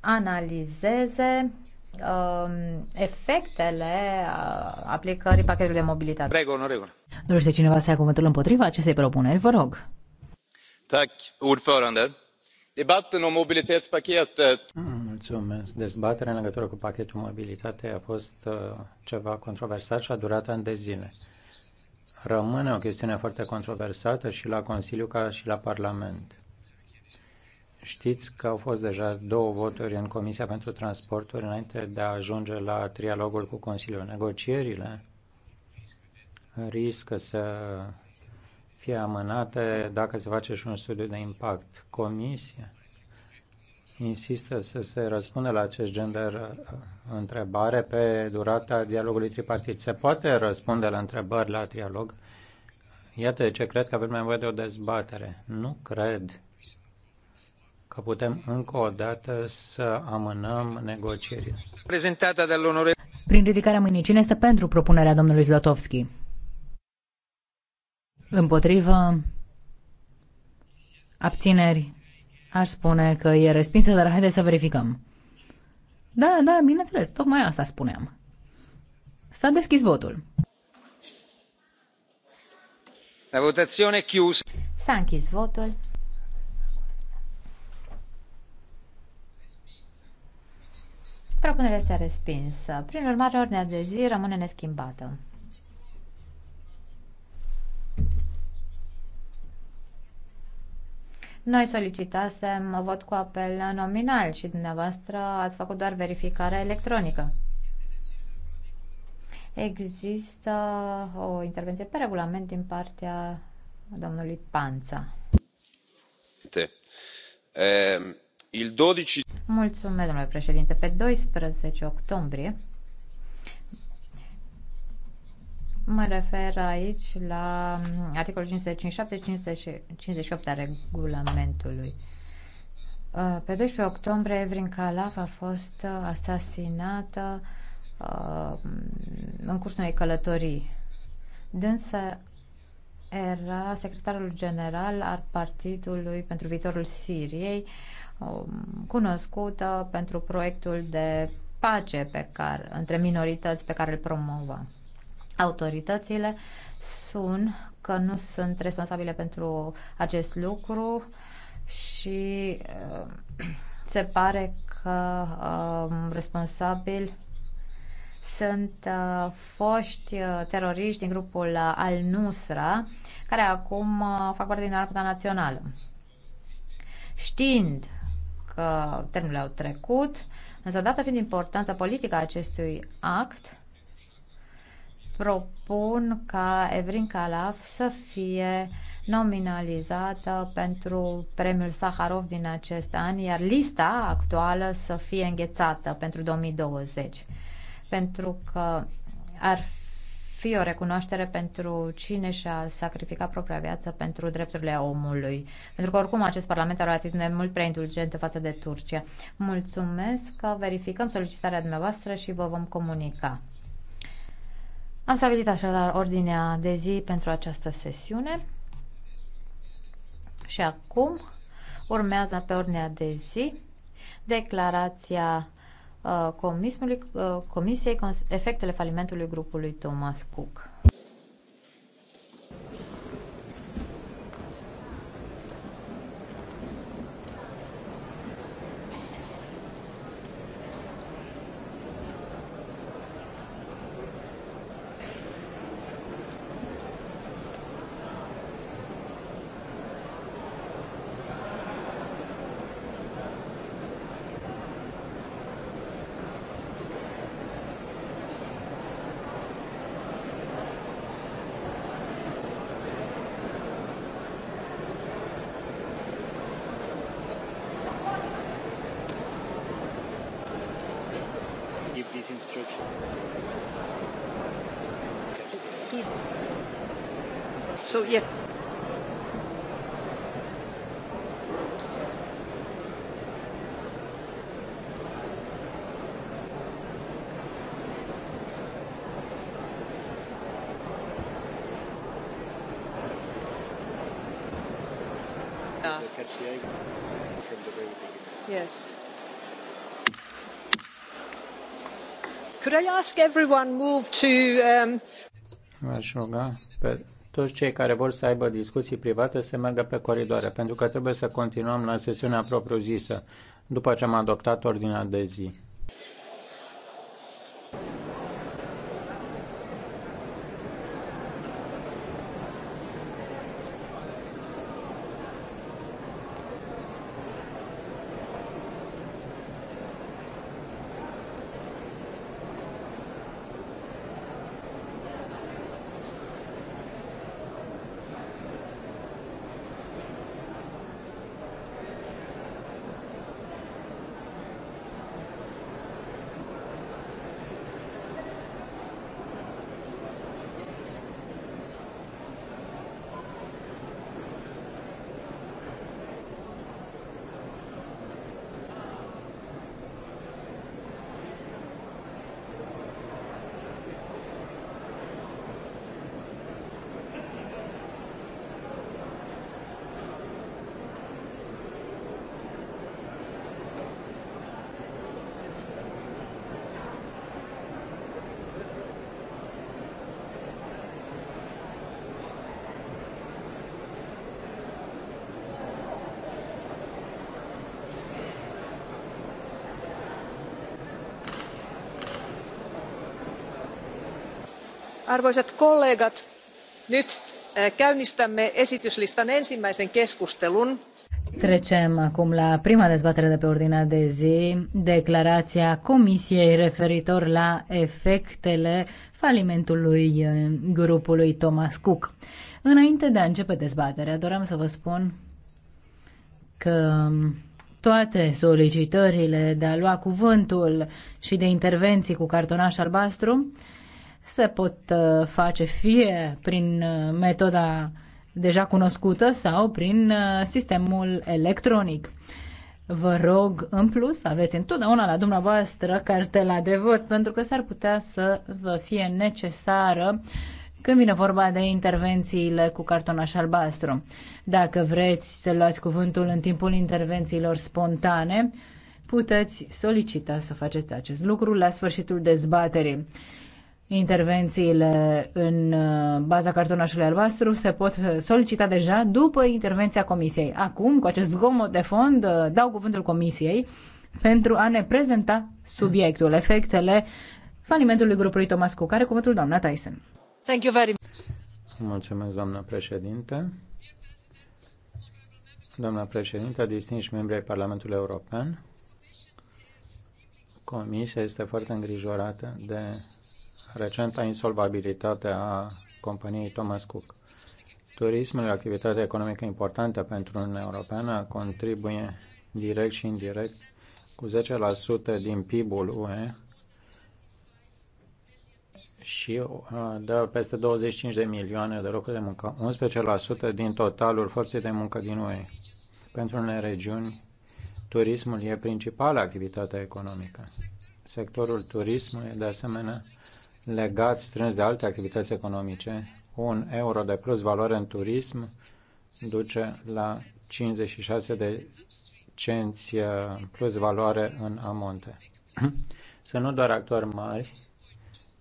analizeze um, efectele uh, aplicării pachetului de mobilitate. Prego, onorevole. Dorește cineva să ia cuvântul împotriva acestei propuneri? Vă rog. Tak, ordförande. Ah, mulțumesc. Dezbaterea în legătură cu pachetul mobilitate a fost uh, ceva controversat și a durat ani de zile. Rămâne o chestiune foarte controversată și la Consiliu ca și la Parlament. Știți că au fost deja două voturi în Comisia pentru Transporturi înainte de a ajunge la trialogul cu Consiliul. Negocierile riscă să fie amânată dacă se face și un studiu de impact. Comisia insistă să se răspundă la acest gen de uh, întrebare pe durata dialogului tripartit. Se poate răspunde la întrebări la trialog? Iată de ce cred că avem nevoie de o dezbatere. Nu cred că putem încă o dată să amânăm negocierile. Prezentată de Prin ridicarea mâinii, cine este pentru propunerea domnului Zlotovski? Împotrivă. Abțineri. Aș spune că e respinsă, dar haideți să verificăm. Da, da, bineînțeles, tocmai asta spuneam. S-a deschis votul. La votazione chiusa. S-a închis votul. Propunerea este respinsă. Prin urmare, ordinea de zi rămâne neschimbată. Noi solicitasem vot cu apel nominal și dumneavoastră ați făcut doar verificarea electronică. Există o intervenție pe regulament din partea domnului Panța. Ehm, Mulțumesc, domnule președinte. Pe 12 octombrie Mă refer aici la mm, articolul 557 558 al regulamentului. Uh, pe 12 octombrie, Evrin Calaf a fost uh, asasinată uh, în cursul unei călătorii. Dânsă era secretarul general al Partidului pentru Viitorul Siriei, cunoscută pentru proiectul de pace pe care, între minorități pe care îl promova autoritățile sun că nu sunt responsabile pentru acest lucru și uh, se pare că uh, um, responsabil sunt uh, foști uh, teroriști din grupul uh, Al-Nusra, care acum uh, fac parte din armata națională. Știind că termenele au trecut, însă dată fiind importanța politică a acestui act, propun ca Evrin calaf să fie nominalizată pentru premiul Saharov din acest an, iar lista actuală să fie înghețată pentru 2020. Pentru că ar fi o recunoaștere pentru cine și-a sacrificat propria viață pentru drepturile omului. Pentru că oricum acest parlament are o atitudine mult prea indulgentă față de Turcia. Mulțumesc că verificăm solicitarea dumneavoastră și vă vom comunica. Am stabilit așadar ordinea de zi pentru această sesiune și acum urmează pe ordinea de zi declarația uh, uh, Comisiei efectele falimentului grupului Thomas Cook. Could I ask everyone move to... Um... Aș ruga pe toți cei care vor să aibă discuții private să meargă pe coridoare, pentru că trebuie să continuăm la sesiunea propriu-zisă, după ce am adoptat ordinea de zi. arvoisat kollegat nyt eh, käynnistämme esityslistan ensimmäisen keskustelun. Trecem acum la prima dezbatere de pe ordinea de zi, declarația Comisiei referitor la efectele falimentului eh, grupului Thomas Cook. Înainte de a începe dezbaterea, doream să vă spun că mm, toate solicitările de a lua cuvântul și de intervenții cu cartonaș albastru se pot uh, face fie prin uh, metoda deja cunoscută sau prin uh, sistemul electronic. Vă rog, în plus, aveți întotdeauna la dumneavoastră cartela de vot, pentru că s-ar putea să vă fie necesară când vine vorba de intervențiile cu cartonaș albastru. Dacă vreți să luați cuvântul în timpul intervențiilor spontane, puteți solicita să faceți acest lucru la sfârșitul dezbaterii intervențiile în uh, baza cartonașului albastru se pot solicita deja după intervenția comisiei. Acum, cu acest zgomot de fond, uh, dau cuvântul comisiei pentru a ne prezenta subiectul, efectele falimentului grupului Thomas Cook. cuvântul doamna Tyson. Thank you very much. Mulțumesc, doamna președinte. Doamna președinte, distinși membri ai Parlamentului European, Comisia este foarte îngrijorată de recenta insolvabilitate a companiei Thomas Cook. Turismul e o activitate economică importantă pentru Uniunea Europeană, contribuie direct și indirect cu 10% din PIB-ul UE și uh, dă peste 25 de milioane de locuri de muncă, 11% din totalul forței de muncă din UE. Pentru unele regiuni, turismul e principala activitate economică. Sectorul turismului, de asemenea, legați strâns de alte activități economice. Un euro de plus valoare în turism duce la 56 de cenți uh, plus valoare în amonte. Sunt nu doar actori mari,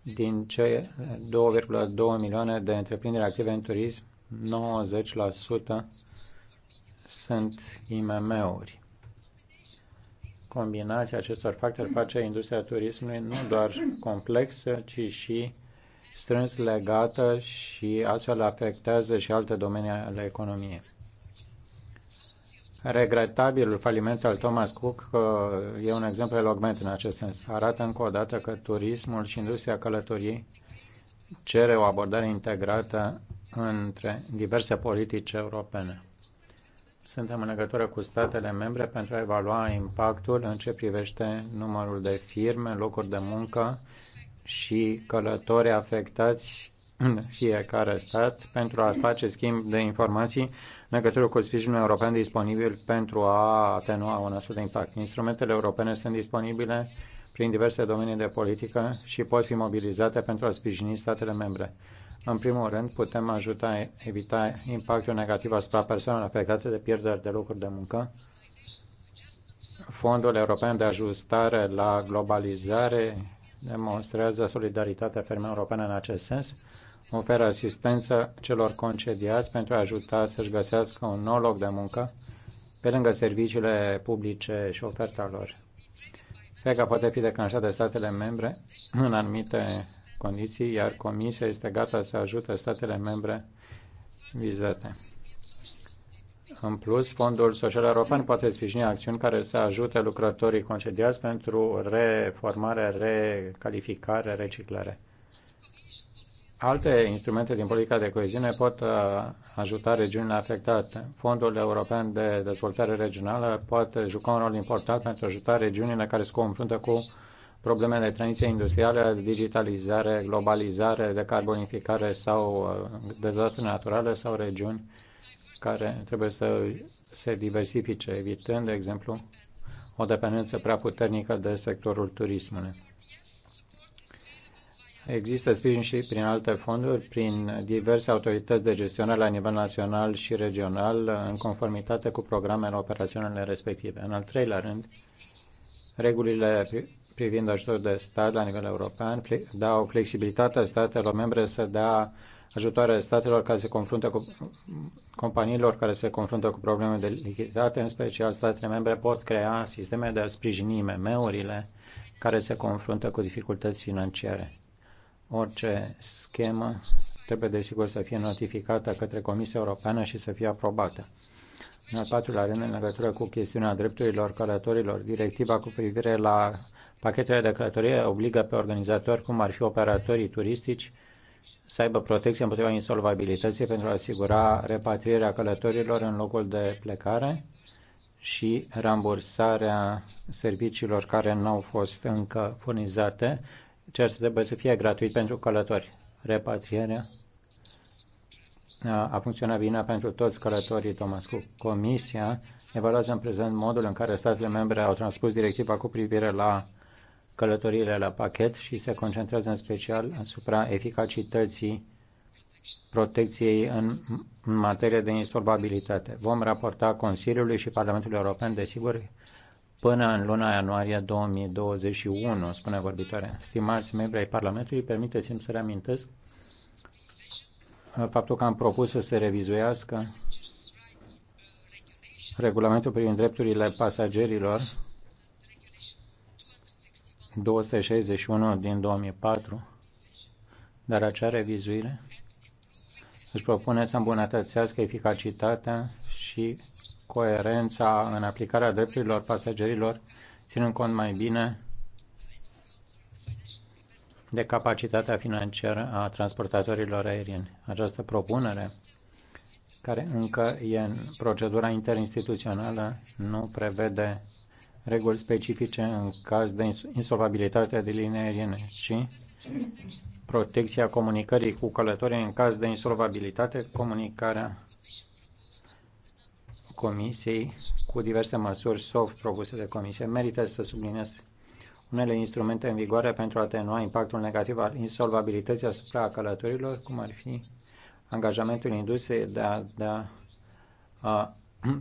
din cei 2,2 milioane de întreprinderi active în turism, 90% sunt IMM-uri. Combinația acestor factori face industria turismului nu doar complexă, ci și strâns legată și astfel afectează și alte domenii ale economiei. Regretabilul faliment al Thomas Cook e un exemplu elogment în acest sens. Arată încă o dată că turismul și industria călătoriei cere o abordare integrată între diverse politici europene suntem în legătură cu statele membre pentru a evalua impactul în ce privește numărul de firme, locuri de muncă și călători afectați în fiecare stat pentru a face schimb de informații în legătură cu sprijinul european disponibil pentru a atenua un astfel de impact. Instrumentele europene sunt disponibile prin diverse domenii de politică și pot fi mobilizate pentru a sprijini statele membre. În primul rând, putem ajuta evita impactul negativ asupra persoanelor afectate de pierderi de locuri de muncă. Fondul European de Ajustare la Globalizare demonstrează solidaritatea fermei europene în acest sens, oferă asistență celor concediați pentru a ajuta să-și găsească un nou loc de muncă, pe lângă serviciile publice și oferta lor. FECA poate fi declanșat de statele membre în anumite condiții, iar Comisia este gata să ajute statele membre vizate. În plus, Fondul Social European poate sprijini acțiuni care să ajute lucrătorii concediați pentru reformare, recalificare, reciclare. Alte instrumente din politica de coeziune pot uh, ajuta regiunile afectate. Fondul European de Dezvoltare Regională poate juca un rol important pentru a ajuta regiunile care se confruntă cu problemele tranziției industriale, digitalizare, globalizare, decarbonificare sau uh, dezastre naturale sau regiuni care trebuie să se diversifice, evitând, de exemplu, o dependență prea puternică de sectorul turismului. Există sprijin și prin alte fonduri, prin diverse autorități de gestionare la nivel național și regional, în conformitate cu programele operaționale respective. În al treilea rând, regulile privind ajutor de stat la nivel european dau flexibilitatea statelor membre să dea ajutoare statelor care se confruntă cu companiilor care se confruntă cu probleme de lichiditate, în special statele membre pot crea sisteme de a sprijini IMM-urile care se confruntă cu dificultăți financiare. Orice schemă trebuie desigur să fie notificată către Comisia Europeană și să fie aprobată. În al patrulea rând, în legătură cu chestiunea drepturilor călătorilor, directiva cu privire la Pachetele de călătorie obligă pe organizatori, cum ar fi operatorii turistici, să aibă protecție împotriva insolvabilității pentru a asigura repatrierea călătorilor în locul de plecare și rambursarea serviciilor care nu au fost încă furnizate, ceea ce trebuie să fie gratuit pentru călători. Repatrierea a funcționat bine pentru toți călătorii, Thomas, cu Comisia evaluează în prezent modul în care statele membre au transpus directiva cu privire la călătoriile la pachet și se concentrează în special asupra eficacității protecției în, în materie de insolvabilitate. Vom raporta Consiliului și Parlamentului European, desigur, până în luna ianuarie 2021, spune vorbitoarea. Stimați membri ai Parlamentului, permiteți-mi să reamintesc faptul că am propus să se revizuiască regulamentul privind drepturile pasagerilor 261 din 2004, dar acea revizuire își propune să îmbunătățească eficacitatea și coerența în aplicarea drepturilor pasagerilor, ținând cont mai bine de capacitatea financiară a transportatorilor aerieni. Această propunere, care încă e în procedura interinstituțională, nu prevede reguli specifice în caz de insolvabilitate de linii aeriene și protecția comunicării cu călătorii în caz de insolvabilitate, comunicarea Comisiei cu diverse măsuri soft propuse de Comisie. Merită să subliniez unele instrumente în vigoare pentru a atenua impactul negativ al insolvabilității asupra călătorilor, cum ar fi angajamentul industriei de a, de a, a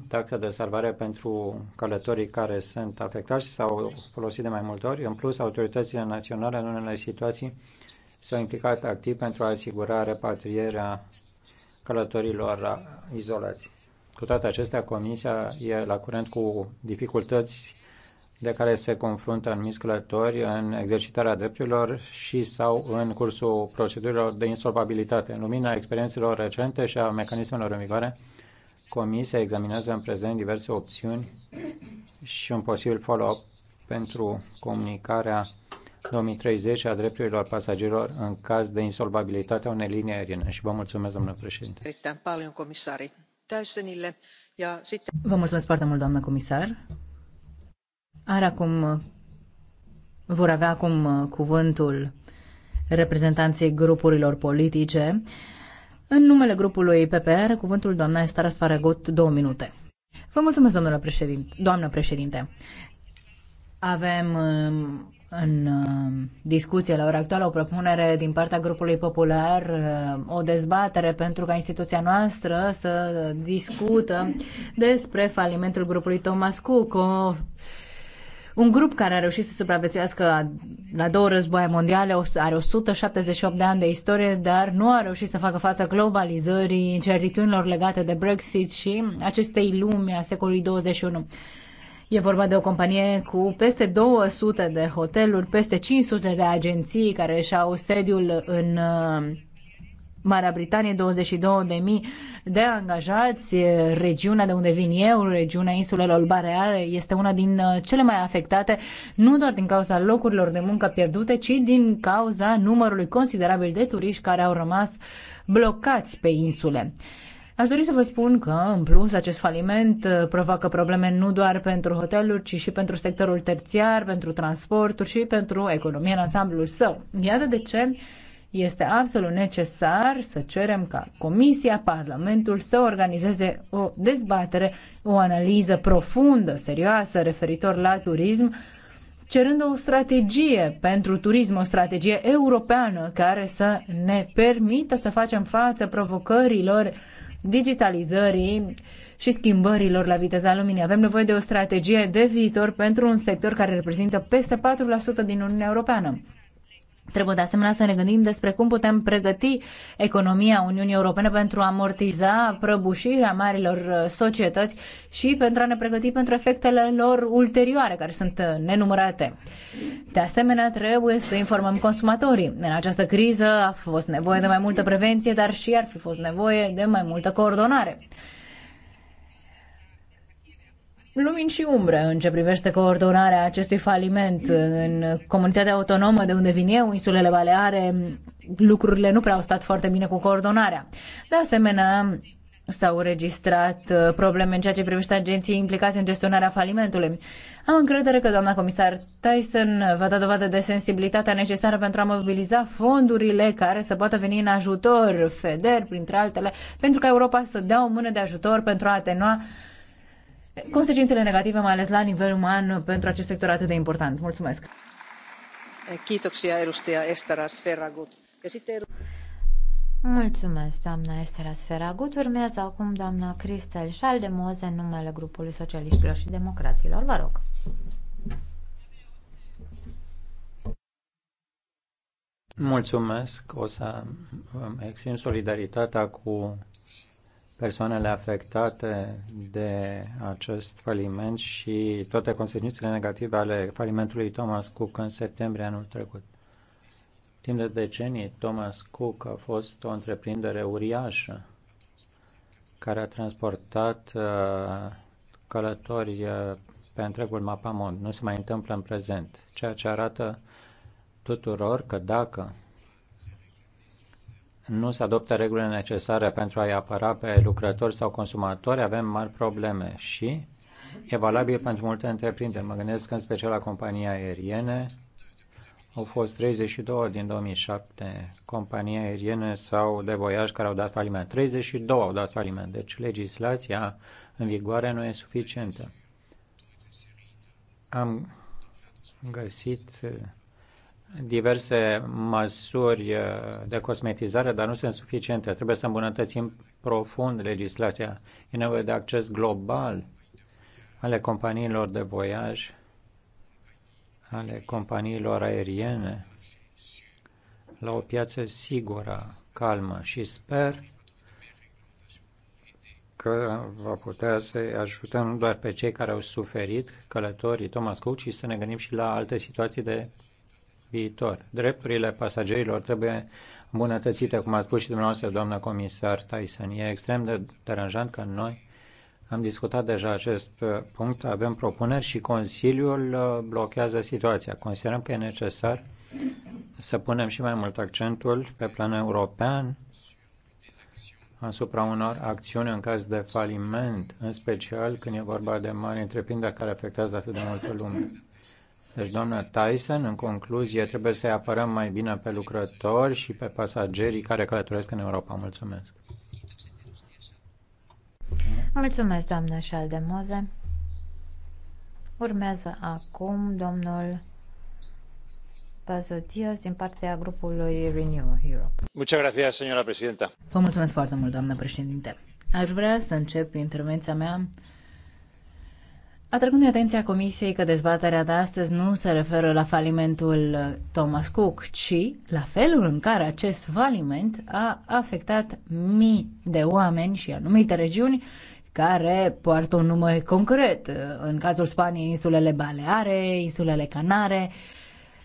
taxa de salvare pentru călătorii care sunt afectați sau folosit de mai multe ori. În plus, autoritățile naționale în unele situații s-au implicat activ pentru a asigura repatrierea călătorilor izolați. Cu toate acestea, Comisia e la curent cu dificultăți de care se confruntă anumiți călători în exercitarea drepturilor și sau în cursul procedurilor de insolvabilitate. În lumina experiențelor recente și a mecanismelor în vigoare, Comisia examinează în prezent diverse opțiuni și un posibil follow-up pentru comunicarea 2030 a drepturilor pasagerilor în caz de insolvabilitate a unei linii aeriene. Și vă mulțumesc, domnule președinte. Vă mulțumesc foarte mult, doamnă comisar. Are acum, vor avea acum cuvântul reprezentanții grupurilor politice. În numele grupului PPR, cuvântul doamna Estara Sfaregot, două minute. Vă mulțumesc, domnule președinte, doamnă președinte. Avem um, în um, discuție la ora actuală o propunere din partea grupului popular, um, o dezbatere pentru ca instituția noastră să discută despre falimentul grupului Thomas Cook, o un grup care a reușit să supraviețuiască la două războaie mondiale, are 178 de ani de istorie, dar nu a reușit să facă față globalizării, incertitudinilor legate de Brexit și acestei lumi a secolului 21. E vorba de o companie cu peste 200 de hoteluri, peste 500 de agenții care își au sediul în uh, Marea Britanie, 22.000 de angajați. Regiunea de unde vin eu, regiunea insulelor Bareare, este una din uh, cele mai afectate, nu doar din cauza locurilor de muncă pierdute, ci din cauza numărului considerabil de turiști care au rămas blocați pe insule. Aș dori să vă spun că, în plus, acest faliment uh, provoacă probleme nu doar pentru hoteluri, ci și pentru sectorul terțiar, pentru transporturi și pentru economia în ansamblul său. Iată de ce este absolut necesar să cerem ca Comisia, Parlamentul să organizeze o dezbatere, o analiză profundă, serioasă referitor la turism, cerând o strategie pentru turism, o strategie europeană care să ne permită să facem față provocărilor digitalizării și schimbărilor la viteza luminii. Avem nevoie de o strategie de viitor pentru un sector care reprezintă peste 4% din Uniunea Europeană. Trebuie de asemenea să ne gândim despre cum putem pregăti economia Uniunii Europene pentru a amortiza prăbușirea marilor uh, societăți și pentru a ne pregăti pentru efectele lor ulterioare, care sunt uh, nenumărate. De asemenea, trebuie să informăm consumatorii. În această criză a fost nevoie de mai multă prevenție, dar și ar fi fost nevoie de mai multă coordonare lumini și umbre în ce privește coordonarea acestui faliment în comunitatea autonomă de unde vin eu, insulele Baleare, lucrurile nu prea au stat foarte bine cu coordonarea. De asemenea, s-au registrat uh, probleme în ceea ce privește agenții implicați în gestionarea falimentului. Am încredere că doamna comisar Tyson va da dovadă de sensibilitatea necesară pentru a mobiliza fondurile care să poată veni în ajutor, FEDER, printre altele, pentru ca Europa să dea o mână de ajutor pentru a atenua consecințele negative, mai ales la nivel uman, pentru acest sector atât de important. Mulțumesc! Mulțumesc, doamna Estera Sferagut. Urmează acum doamna Cristel Șaldemoze în numele grupului socialiștilor și democraților. Vă rog. Mulțumesc. O să exprim solidaritatea cu persoanele afectate de acest faliment și toate consecințele negative ale falimentului Thomas Cook în septembrie anul trecut. Timp de decenii, Thomas Cook a fost o întreprindere uriașă care a transportat uh, călători uh, pe întregul mapamond. Nu se mai întâmplă în prezent, ceea ce arată tuturor că dacă nu se adoptă regulile necesare pentru a-i apăra pe lucrători sau consumatori, avem mari probleme și e valabil pentru multe întreprinderi. Mă gândesc în special la companii aeriene. Au fost 32 din 2007 companii aeriene sau de voiaj care au dat faliment. 32 au dat faliment, deci legislația în vigoare nu e suficientă. Am găsit diverse măsuri uh, de cosmetizare, dar nu sunt suficiente. Trebuie să îmbunătățim profund legislația. E nevoie de acces global ale companiilor de voiaj, ale companiilor aeriene, la o piață sigură, calmă și sper că va putea să ajutăm nu doar pe cei care au suferit, călătorii Thomas Cook, ci să ne gândim și la alte situații de viitor. Drepturile pasagerilor trebuie îmbunătățite, cum a spus și dumneavoastră, doamna comisar Tyson. E extrem de deranjant că noi am discutat deja acest uh, punct, avem propuneri și Consiliul uh, blochează situația. Considerăm că e necesar să punem și mai mult accentul pe plan european asupra unor acțiuni în caz de faliment, în special când e vorba de mari întreprinderi care afectează atât de multă lume. Deci, doamna Tyson, în concluzie, trebuie să-i apărăm mai bine pe lucrători și pe pasagerii care călătoresc în Europa. Mulțumesc! Mulțumesc, doamnă Șaldemoze. Urmează acum domnul Pazotios din partea grupului Renew Europe. Muchas gracias, señora presidenta. Vă mulțumesc foarte mult, doamnă președinte. Aș vrea să încep intervenția mea Atrăgând atenția Comisiei că dezbaterea de astăzi nu se referă la falimentul uh, Thomas Cook, ci la felul în care acest faliment a afectat mii de oameni și anumite regiuni care poartă un nume concret, uh, în cazul Spaniei insulele Baleare, insulele Canare,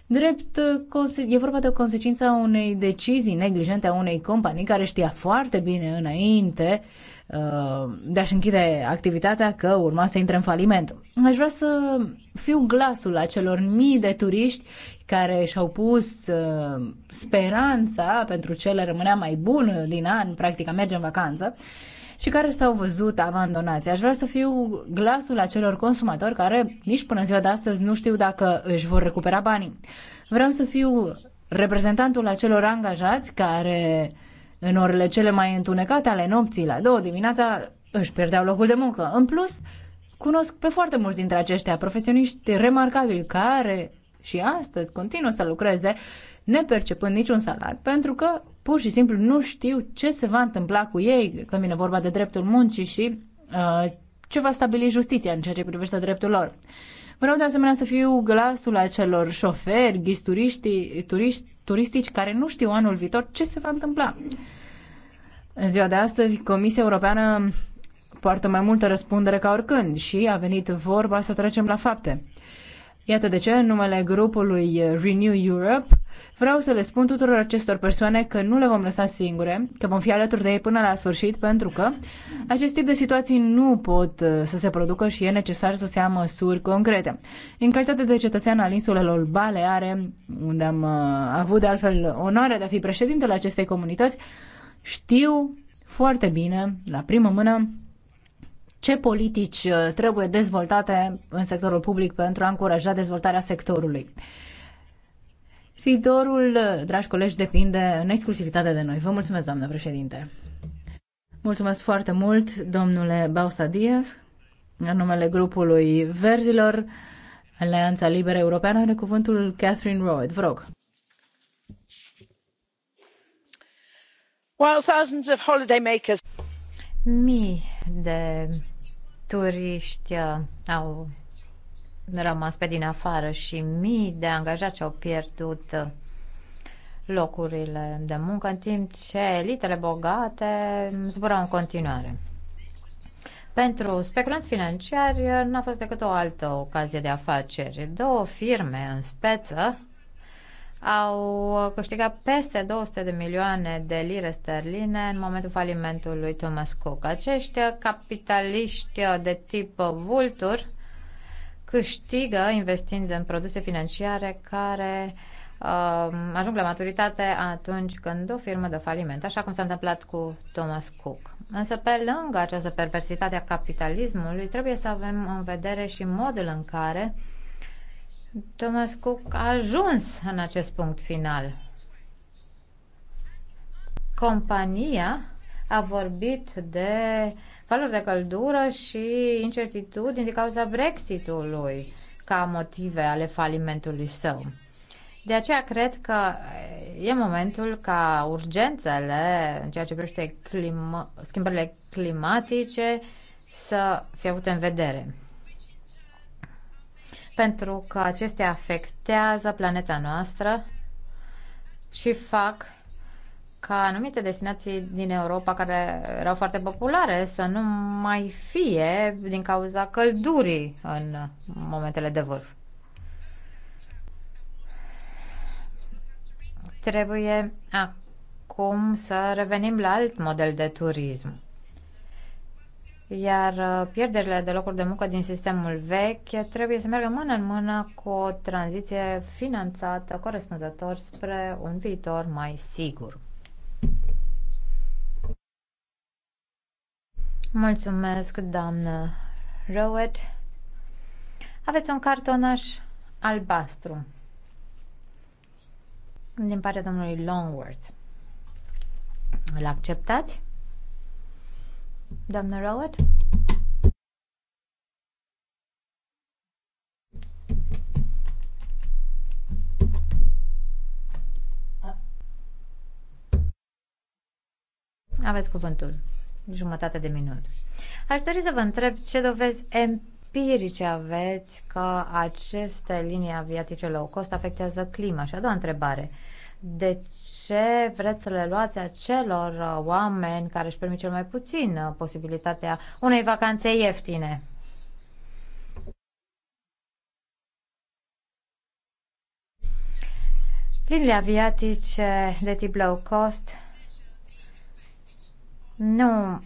Drept, uh, e vorba de o consecință a unei decizii neglijente a unei companii care știa foarte bine înainte uh, Uh, de a-și închide activitatea că urma să intre în faliment. Aș vrea să fiu glasul acelor mii de turiști care și-au pus uh, speranța pentru ce le rămânea mai bun din an, practic a merge în vacanță, și care s-au văzut abandonați. Aș vrea să fiu glasul acelor consumatori care nici până ziua de astăzi nu știu dacă își vor recupera banii. Vreau să fiu reprezentantul acelor angajați care în orele cele mai întunecate ale nopții, la două dimineața, își pierdeau locul de muncă. În plus, cunosc pe foarte mulți dintre aceștia, profesioniști remarcabili, care și astăzi continuă să lucreze, nepercepând niciun salar, pentru că pur și simplu nu știu ce se va întâmpla cu ei când vine vorba de dreptul muncii și uh, ce va stabili justiția în ceea ce privește dreptul lor. Vreau de asemenea să fiu glasul acelor șoferi, ghisturiști, turiști turistici care nu știu anul viitor ce se va întâmpla. În ziua de astăzi, Comisia Europeană poartă mai multă răspundere ca oricând și a venit vorba să trecem la fapte. Iată de ce, în numele grupului Renew Europe, Vreau să le spun tuturor acestor persoane că nu le vom lăsa singure, că vom fi alături de ei până la sfârșit, pentru că acest tip de situații nu pot uh, să se producă și e necesar să se ia măsuri concrete. În calitate de cetățean al insulelor Baleare, unde am uh, avut de altfel onoarea de a fi președintele acestei comunități, știu foarte bine, la primă mână, ce politici uh, trebuie dezvoltate în sectorul public pentru a încuraja dezvoltarea sectorului. Fidorul, dragi colegi, depinde în exclusivitate de noi. Vă mulțumesc, doamnă președinte. Mulțumesc foarte mult, domnule Bausa Diaz, în numele grupului Verzilor, Alianța Liberă Europeană, are cuvântul Catherine Royd. Vă rog. While thousands of holidaymakers... Mii de turiști uh, au rămas pe din afară și mii de angajați au pierdut locurile de muncă, în timp ce elitele bogate zburau în continuare. Pentru speculanți financiari n-a fost decât o altă ocazie de afaceri. Două firme în speță au câștigat peste 200 de milioane de lire sterline în momentul falimentului Thomas Cook. Acești capitaliști de tip vulturi câștigă investind în produse financiare care uh, ajung la maturitate atunci când o firmă dă faliment, așa cum s-a întâmplat cu Thomas Cook. Însă, pe lângă această perversitate a capitalismului, trebuie să avem în vedere și modul în care Thomas Cook a ajuns în acest punct final. Compania a vorbit de uh, valuri de căldură și incertitudini din cauza Brexitului ca motive ale falimentului său. De aceea cred că e momentul ca urgențele în ceea ce privește clima, schimbările climatice să fie avute în vedere. Pentru că acestea afectează planeta noastră și fac ca anumite destinații din Europa care erau foarte populare să nu mai fie din cauza căldurii în momentele de vârf. Trebuie acum să revenim la alt model de turism. Iar uh, pierderile de locuri de muncă din sistemul vechi trebuie să meargă mână în mână cu o tranziție finanțată corespunzător spre un viitor mai sigur. Mulțumesc, doamnă Rowett. Aveți un cartonaș albastru din partea domnului Longworth. Îl acceptați? Doamnă Rowett? Aveți cuvântul jumătate de minut. Aș dori să vă întreb ce dovezi empirice aveți că aceste linii aviatice low cost afectează clima. Și a doua întrebare. De ce vreți să le luați acelor uh, oameni care își permit cel mai puțin uh, posibilitatea unei vacanțe ieftine? Liniile aviatice de tip low cost nu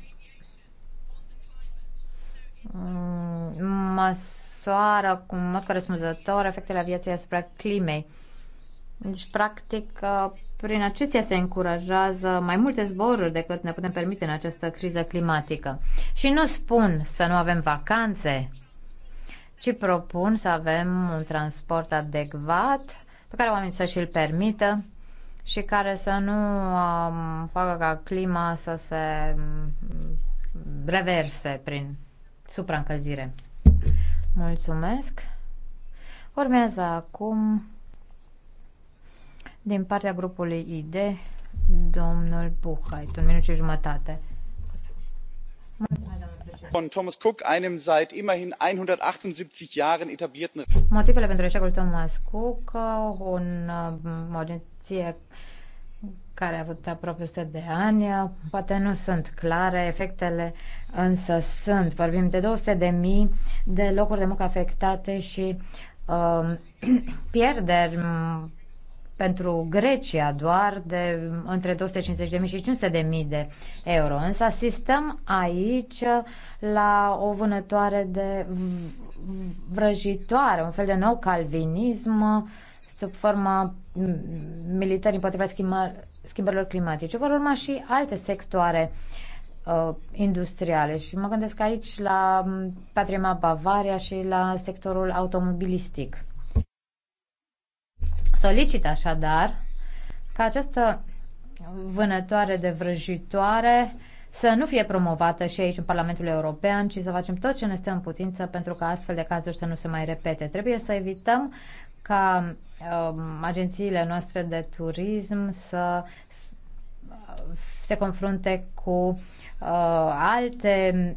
mm, măsoară cu mod corespunzător efectele aviației asupra climei. Deci, practic, prin acestea se încurajează mai multe zboruri decât ne putem permite în această criză climatică. Și nu spun să nu avem vacanțe, ci propun să avem un transport adecvat pe care oamenii să și-l permită și care să nu um, facă ca clima să se um, reverse prin supraîncălzire. Mulțumesc. Urmează acum din partea grupului ID domnul Buchheit, un minut și jumătate. Von Thomas Cook, einem seit immerhin 178 Jahren etablierten. Motivele pentru eșecul Thomas Cook, un, un um, tranzacție care a avut aproape 100 de ani, poate nu sunt clare, efectele însă sunt. Vorbim de 200 de mii de locuri de muncă afectate și uh, pierderi pentru Grecia doar de între 250.000 și 500.000 de euro. Însă asistăm aici la o vânătoare de vrăjitoare, un fel de nou calvinism uh, sub forma militării împotriva schimbărilor climatice. Vor urma și alte sectoare uh, industriale și mă gândesc aici la patria Bavaria și la sectorul automobilistic. Solicit așadar ca această vânătoare de vrăjitoare să nu fie promovată și aici în Parlamentul European, ci să facem tot ce ne stă în putință pentru ca astfel de cazuri să nu se mai repete. Trebuie să evităm ca Um, agențiile noastre de turism să se confrunte cu uh, alte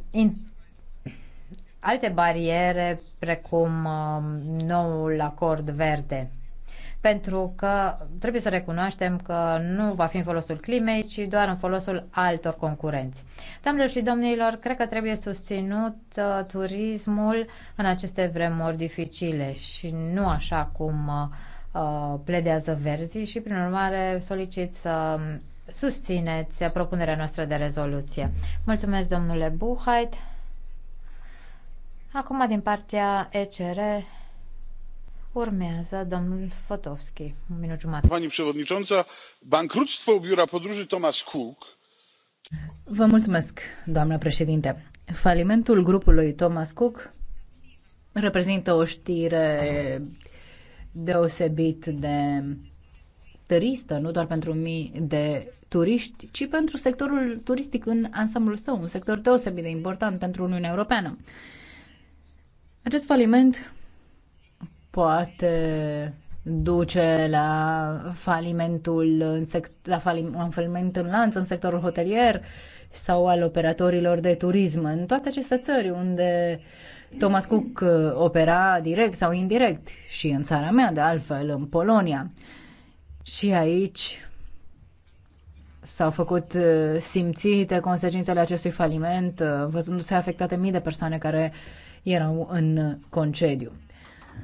alte bariere precum um, noul acord verde pentru că trebuie să recunoaștem că nu va fi în folosul climei, ci doar în folosul altor concurenți. Doamnelor și domnilor, cred că trebuie susținut uh, turismul în aceste vremuri dificile și nu așa cum uh, Uh, pledează verzii și, prin urmare, solicit să susțineți propunerea noastră de rezoluție. Mulțumesc, domnule Buhait. Acum, din partea ECR, urmează domnul Fotovski. Un minut jumătate. Pani przewodnicząca, bankructwo biura podróży Thomas Cook Vă mulțumesc, doamnă președinte. Falimentul grupului Thomas Cook reprezintă o știre deosebit de tristă, nu doar pentru mii de turiști, ci pentru sectorul turistic în ansamblul său, un sector deosebit de important pentru Uniunea Europeană. Acest faliment poate duce la falimentul în sect- la falim- un faliment în lanț în sectorul hotelier sau al operatorilor de turism în toate aceste țări unde uh, Thomas Cook uh, opera direct sau indirect și în țara mea, de altfel, în Polonia. Și aici s-au făcut uh, simțite consecințele acestui faliment, uh, văzându-se afectate mii de persoane care erau în concediu.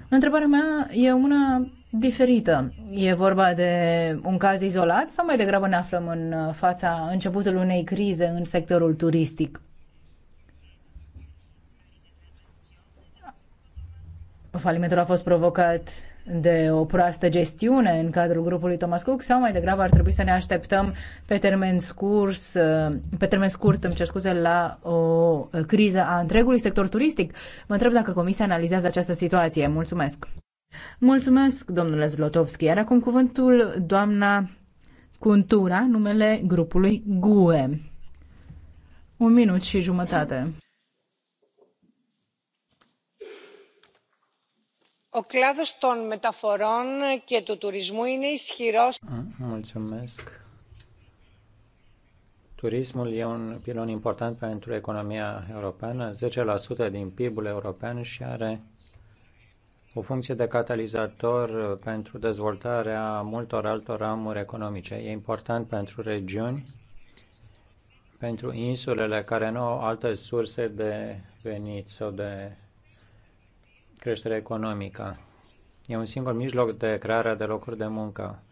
Întrebarea mea e una diferită. E vorba de un caz izolat sau mai degrabă ne aflăm în fața începutului unei crize în sectorul turistic? Falimentul a fost provocat de o proastă gestiune în cadrul grupului Thomas Cook sau mai degrabă ar trebui să ne așteptăm pe termen scurs, pe termen scurt, îmi cer scuze, la o criză a întregului sector turistic. Mă întreb dacă Comisia analizează această situație. Mulțumesc! Mulțumesc, domnule Zlotovski. Iar acum cuvântul doamna Cuntura, numele grupului GUE. Un minut și jumătate. Mulțumesc. Turismul e un pilon important pentru economia europeană, 10% din PIB-ul european și are o funcție de catalizator pentru dezvoltarea multor altor ramuri economice. E important pentru regiuni, pentru insulele care nu au alte surse de venit sau de creștere economică. E un singur mijloc de creare de locuri de muncă,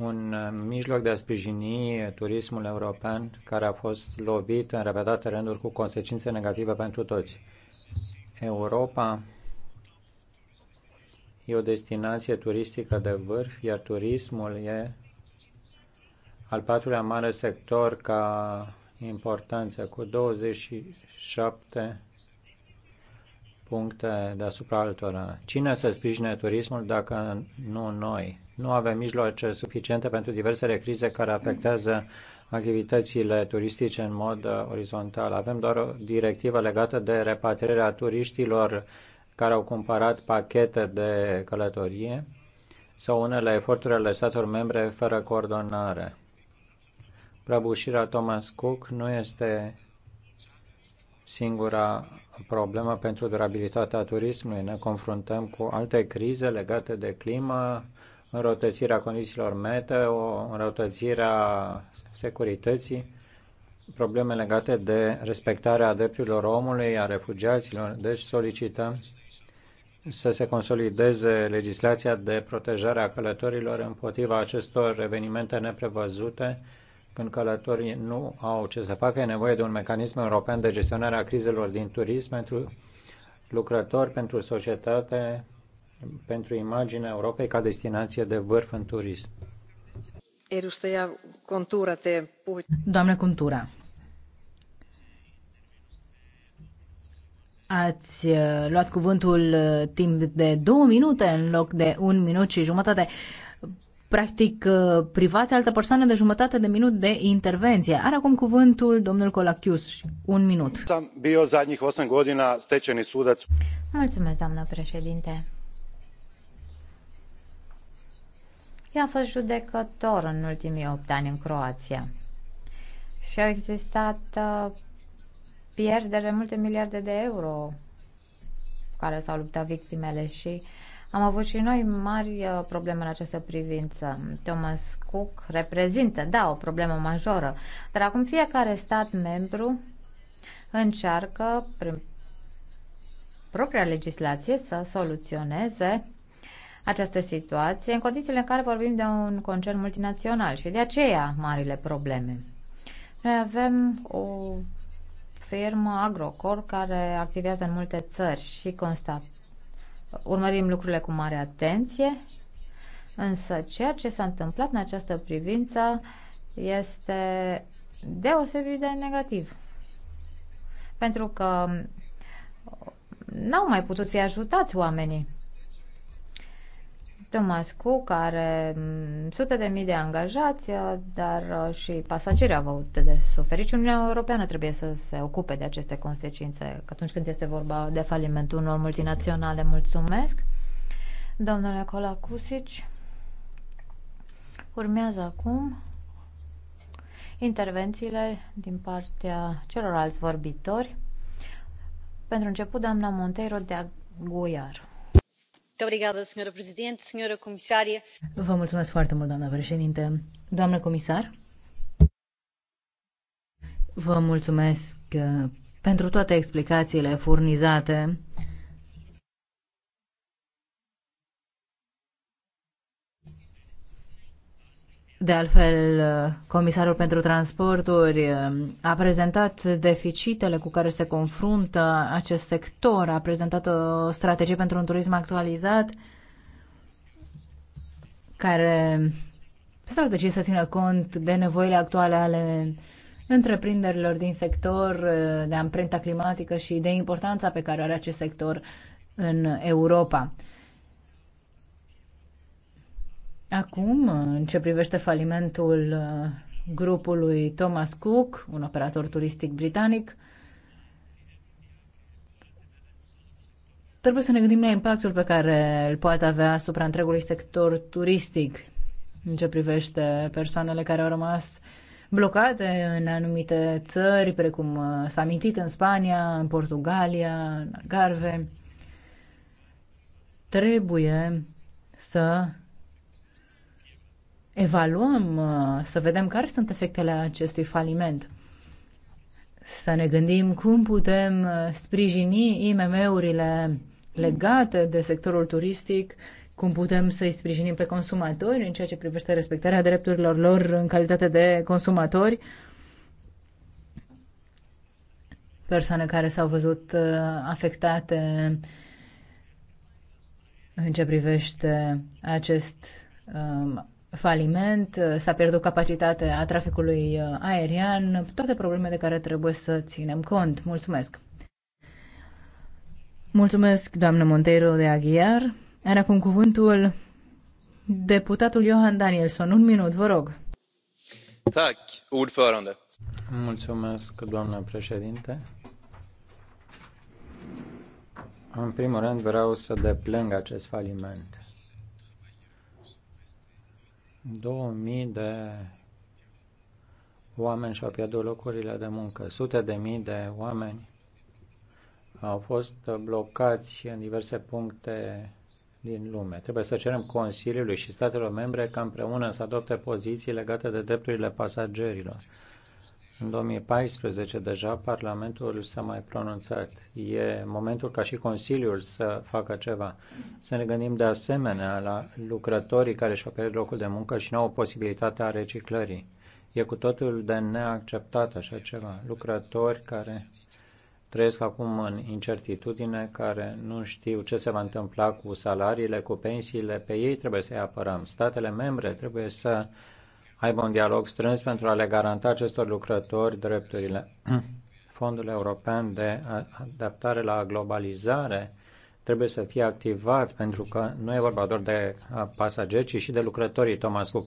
un uh, mijloc de a sprijini turismul european care a fost lovit în repetate rânduri cu consecințe negative pentru toți. Europa e o destinație turistică de vârf, iar turismul e al patrulea mare sector ca importanță, cu 27 puncte deasupra altora. Cine să sprijine turismul dacă nu noi? Nu avem mijloace suficiente pentru diversele crize care afectează activitățile turistice în mod uh, orizontal. Avem doar o directivă legată de repatrierea turiștilor care au cumpărat pachete de călătorie sau unele eforturi ale statelor membre fără coordonare. Prăbușirea Thomas Cook nu este singura problemă pentru durabilitatea turismului. Ne confruntăm cu alte crize legate de climă, înrăutățirea condițiilor meteo, înrăutățirea securității, probleme legate de respectarea drepturilor omului, a refugiaților. Deci solicităm să se consolideze legislația de protejare a călătorilor împotriva acestor evenimente neprevăzute când călătorii nu au ce să facă, e nevoie de un mecanism european de gestionare a crizelor din turism pentru lucrători, pentru societate, pentru imaginea Europei ca destinație de vârf în turism. Doamne Contura, Ați uh, luat cuvântul uh, timp de două minute în loc de un minut și jumătate practic uh, privați altă persoană de jumătate de minut de intervenție. Are acum cuvântul domnul Colachius. Un minut. Mulțumesc, doamnă președinte. Eu am fost judecător în ultimii opt ani în Croația. Și au existat uh, pierdere multe miliarde de euro care s-au luptat victimele și uh, am avut și noi mari uh, probleme în această privință. Thomas Cook reprezintă, da, o problemă majoră, dar acum fiecare stat membru încearcă prin propria legislație să soluționeze această situație în condițiile în care vorbim de un concern multinațional și de aceea marile probleme. Noi avem o firmă Agrocor care activează în multe țări și constat urmărim lucrurile cu mare atenție, însă ceea ce s-a întâmplat în această privință este deosebit de negativ. Pentru că n-au mai putut fi ajutați oamenii. Thomas Cook are mm, sute de mii de angajați, uh, dar uh, și pasagerii au avut de suferit și Uniunea Europeană trebuie să se ocupe de aceste consecințe atunci când este vorba de falimentul unor multinaționale. Mulțumesc! Domnule Colacusici, urmează acum intervențiile din partea celorlalți vorbitori. Pentru început, doamna Monteiro de Aguiar. Vă mulțumesc foarte mult, doamnă președinte. Doamnă comisar, vă mulțumesc eh, pentru toate explicațiile furnizate De altfel, Comisarul pentru Transporturi um, a prezentat deficitele cu care se confruntă acest sector, a prezentat o strategie pentru un turism actualizat care strategie să țină cont de nevoile actuale ale întreprinderilor din sector, de amprenta climatică și de importanța pe care o are acest sector în Europa. Acum, în ce privește falimentul uh, grupului Thomas Cook, un operator turistic britanic, trebuie să ne gândim la impactul pe care îl poate avea asupra întregului sector turistic în ce privește persoanele care au rămas blocate în anumite țări, precum uh, s-a amintit în Spania, în Portugalia, în Garve, Trebuie să evaluăm, uh, să vedem care sunt efectele acestui faliment. Să ne gândim cum putem uh, sprijini IMM-urile legate de sectorul turistic, cum putem să-i sprijinim pe consumatori în ceea ce privește respectarea drepturilor lor în calitate de consumatori, persoane care s-au văzut uh, afectate în ce privește acest um, faliment, s-a pierdut capacitatea traficului uh, aerian, toate problemele de care trebuie să ținem cont. Mulțumesc! Mulțumesc, doamnă Monteiro de Aghiar. Are acum cuvântul deputatul Johan Danielson. Un minut, vă rog. Tak, ordförande. Mulțumesc, doamnă președinte. În primul rând vreau să deplâng acest faliment. 2000 de oameni și-au pierdut locurile de muncă. Sute de mii de oameni au fost blocați în diverse puncte din lume. Trebuie să cerem Consiliului și statelor membre ca împreună să adopte poziții legate de drepturile pasagerilor în 2014 deja Parlamentul s-a mai pronunțat. E momentul ca și Consiliul să facă ceva. Să ne gândim de asemenea la lucrătorii care și-au pierdut locul de muncă și nu au posibilitatea reciclării. E cu totul de neacceptat așa ceva. Lucrători care trăiesc acum în incertitudine, care nu știu ce se va întâmpla cu salariile, cu pensiile, pe ei trebuie să-i apărăm. Statele membre trebuie să aibă un dialog strâns pentru a le garanta acestor lucrători drepturile. Fondul European de Adaptare la Globalizare trebuie să fie activat pentru că nu e vorba doar de pasageri, ci și de lucrătorii Thomas Cook.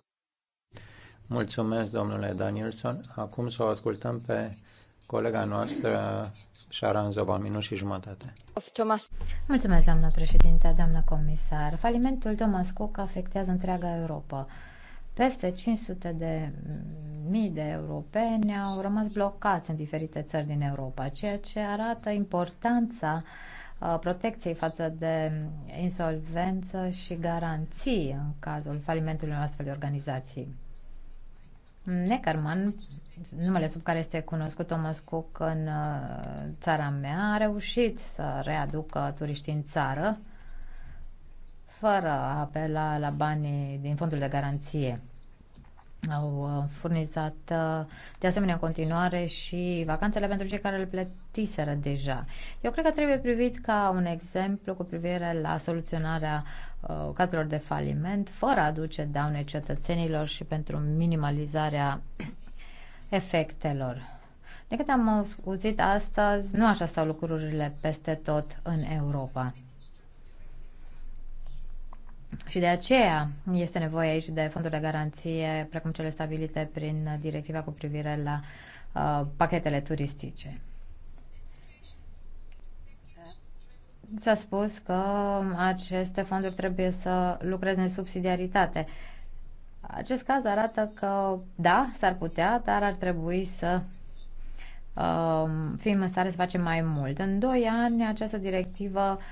Mulțumesc, domnule Danielson. Acum să o ascultăm pe colega noastră, Sharon Zoban, minut și jumătate. Thomas. Mulțumesc, doamnă președinte, doamnă comisar. Falimentul Thomas Cook afectează întreaga Europa. Peste 500 de mii de europeni au rămas blocați în diferite țări din Europa, ceea ce arată importanța uh, protecției față de insolvență și garanții în cazul falimentului unor astfel de organizații. Neckerman, numele sub care este cunoscut Thomas Cook în uh, țara mea, a reușit să readucă turiștii în țară fără a apela la banii din fondul de garanție. Au uh, furnizat uh, de asemenea în continuare și vacanțele pentru cei care le plătiseră deja. Eu cred că trebuie privit ca un exemplu cu privire la soluționarea uh, cazurilor de faliment fără a aduce daune cetățenilor și pentru minimalizarea efectelor. De câte am auzit astăzi, nu așa stau lucrurile peste tot în Europa. Și de aceea este nevoie aici de fonduri de garanție, precum cele stabilite prin directiva cu privire la uh, pachetele turistice. S-a spus că aceste fonduri trebuie să lucreze în subsidiaritate. Acest caz arată că, da, s-ar putea, dar ar trebui să uh, fim în stare să facem mai mult. În doi ani, această directivă uh,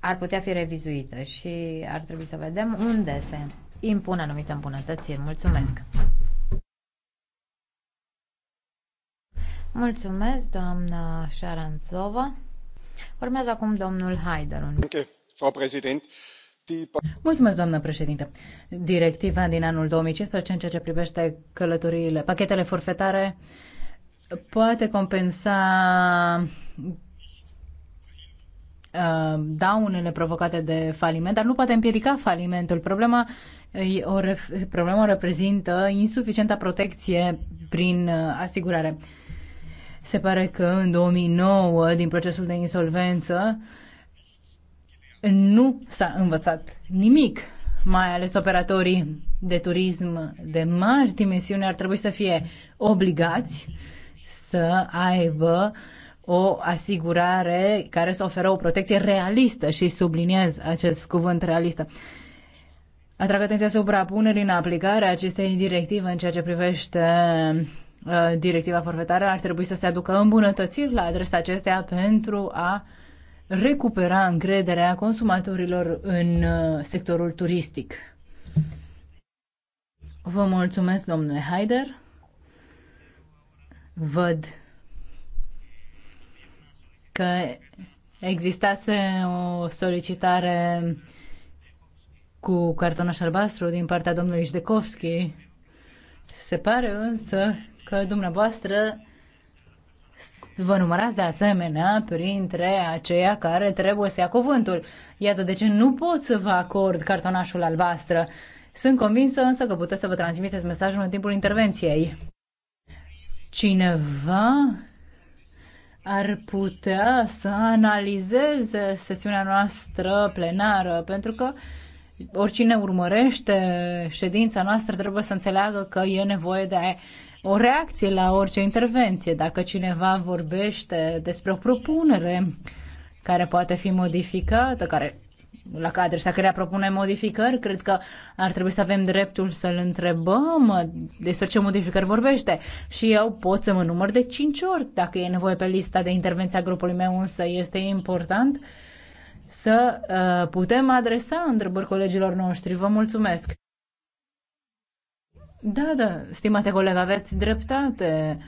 ar putea fi revizuită și ar trebui să vedem unde se impun anumite îmbunătățiri. Mulțumesc! Mulțumesc, doamna Șaranțova. Urmează acum domnul Haider. Mulțumesc, doamnă președinte. Directiva din anul 2015 în ceea ce privește călătoriile, pachetele forfetare, poate compensa Uh, daunele provocate de faliment, dar nu poate împiedica falimentul. Problema o, problema o reprezintă insuficienta protecție prin uh, asigurare. Se pare că în 2009, din procesul de insolvență, nu s-a învățat nimic, mai ales operatorii de turism de mari dimensiuni ar trebui să fie obligați să aibă uh, o asigurare care să oferă o protecție realistă și subliniez acest cuvânt realistă. Atrag atenția asupra punerii în aplicare acestei directive în ceea ce privește uh, directiva forfetară. Ar trebui să se aducă îmbunătățiri la adresa acesteia pentru a recupera încrederea consumatorilor în uh, sectorul turistic. Vă mulțumesc, domnule Haider. Văd că existase o solicitare cu cartonaș albastru din partea domnului Jdekovski. Se pare însă că dumneavoastră vă numărați de asemenea printre aceia care trebuie să ia cuvântul. Iată de ce nu pot să vă acord cartonașul albastră. Sunt convinsă însă că puteți să vă transmiteți mesajul în timpul intervenției. Cineva ar putea să analizeze sesiunea noastră plenară, pentru că oricine urmărește ședința noastră trebuie să înțeleagă că e nevoie de o reacție la orice intervenție. Dacă cineva vorbește despre o propunere care poate fi modificată, care la cadre să căreia propune modificări, cred că ar trebui să avem dreptul să-l întrebăm despre ce modificări vorbește. Și eu pot să mă număr de 5 ori dacă e nevoie pe lista de intervenție a grupului meu, însă este important să uh, putem adresa întrebări colegilor noștri. Vă mulțumesc! Da, da, stimate coleg, aveți dreptate.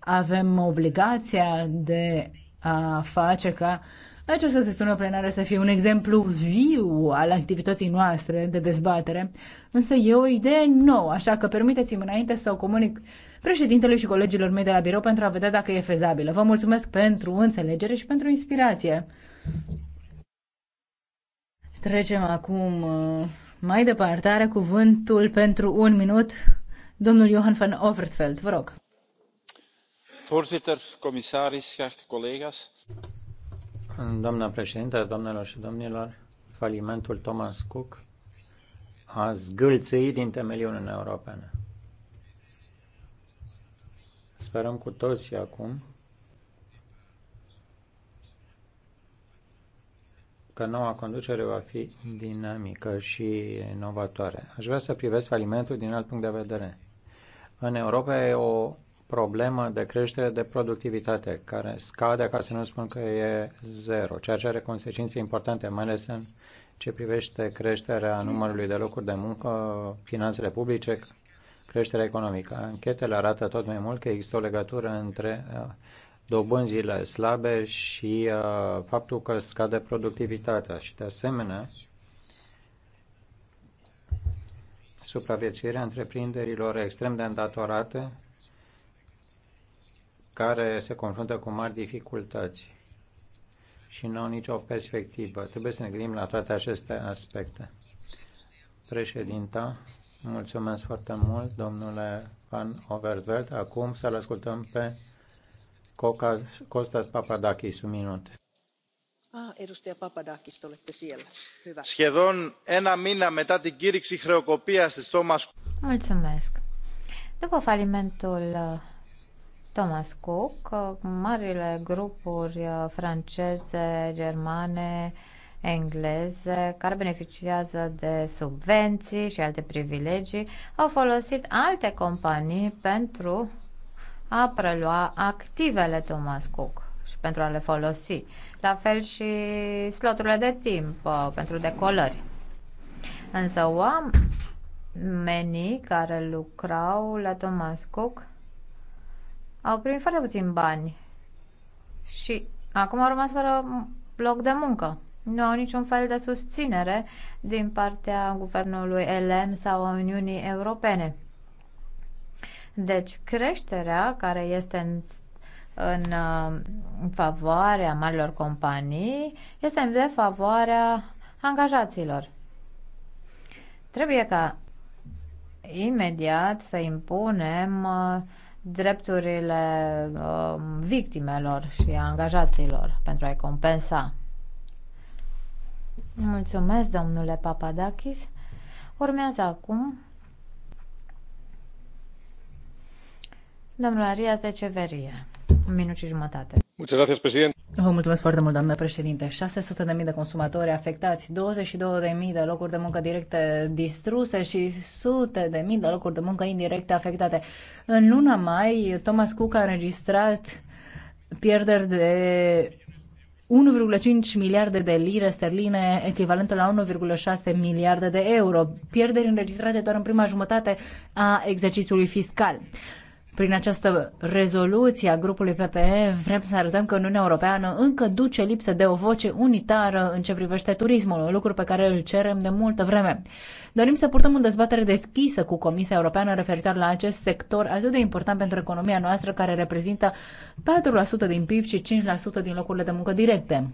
Avem obligația de a face ca uh, această sesiune plenară să fie un exemplu viu al activității noastre de dezbatere, însă e o idee nouă, așa că permiteți-mi înainte să o comunic președintele și colegilor mei de la birou pentru a vedea dacă e fezabilă. Vă mulțumesc pentru înțelegere și pentru inspirație. Trecem acum uh, mai departe. Are cuvântul pentru un minut domnul Johan van Overtveld. Vă rog. Voorzitter, commissaris, geachte collega's. Doamna președinte, doamnelor și domnilor, falimentul Thomas Cook a zgâlțâit din temeliul Uniunea Europeană. Sperăm cu toții acum că noua conducere va fi dinamică și inovatoare. Aș vrea să privesc falimentul din alt punct de vedere. În Europa e o problemă de creștere de productivitate, care scade, ca să nu spun că e zero, ceea ce are consecințe importante, mai ales în ce privește creșterea numărului de locuri de muncă, finanțele publice, creșterea economică. Anchetele arată tot mai mult că există o legătură între uh, dobânzile slabe și uh, faptul că scade productivitatea și, de asemenea, supraviețuirea întreprinderilor extrem de îndatorate care se confruntă cu mari dificultăți și nu au nicio perspectivă. Trebuie să ne gândim la toate aceste aspecte. Președinta, mulțumesc foarte mult, domnule Van Overveld. Acum să-l ascultăm pe Costas Papadakis, un minut. Ah, Σχεδόν ένα μήνα μετά την κήρυξη χρεοκοπίας της Thomas După falimentul Thomas Cook, marile grupuri uh, franceze, germane, engleze, care beneficiază de subvenții și alte privilegii, au folosit alte companii pentru a prelua activele Thomas Cook și pentru a le folosi. La fel și sloturile de timp uh, pentru decolări. Însă oamenii care lucrau la Thomas Cook au primit foarte puțin bani și acum au rămas fără loc de muncă. Nu au niciun fel de susținere din partea guvernului elen sau a Uniunii Europene. Deci creșterea care este în, în, în favoarea marilor companii este în favoarea angajaților. Trebuie ca imediat să impunem uh, drepturile uh, victimelor și a angajaților pentru a-i compensa. Mulțumesc, domnule Papadakis. Urmează acum domnul Arias de Ceverie. Un minut și jumătate. Mulțumesc, președinte. Vă mulțumesc foarte mult, doamnă președinte. 600.000 de consumatori afectați, 22.000 de locuri de muncă directe distruse și sute de mii de locuri de muncă indirecte afectate. În luna mai, Thomas Cook a înregistrat pierderi de 1,5 miliarde de lire sterline, echivalentul la 1,6 miliarde de euro, pierderi înregistrate doar în prima jumătate a exercițiului fiscal. Prin această rezoluție a grupului PPE vrem să arătăm că Uniunea Europeană încă duce lipsă de o voce unitară în ce privește turismul, un lucru pe care îl cerem de multă vreme. Dorim să purtăm o dezbatere deschisă cu Comisia Europeană referitor la acest sector atât de important pentru economia noastră, care reprezintă 4% din PIB și 5% din locurile de muncă directe.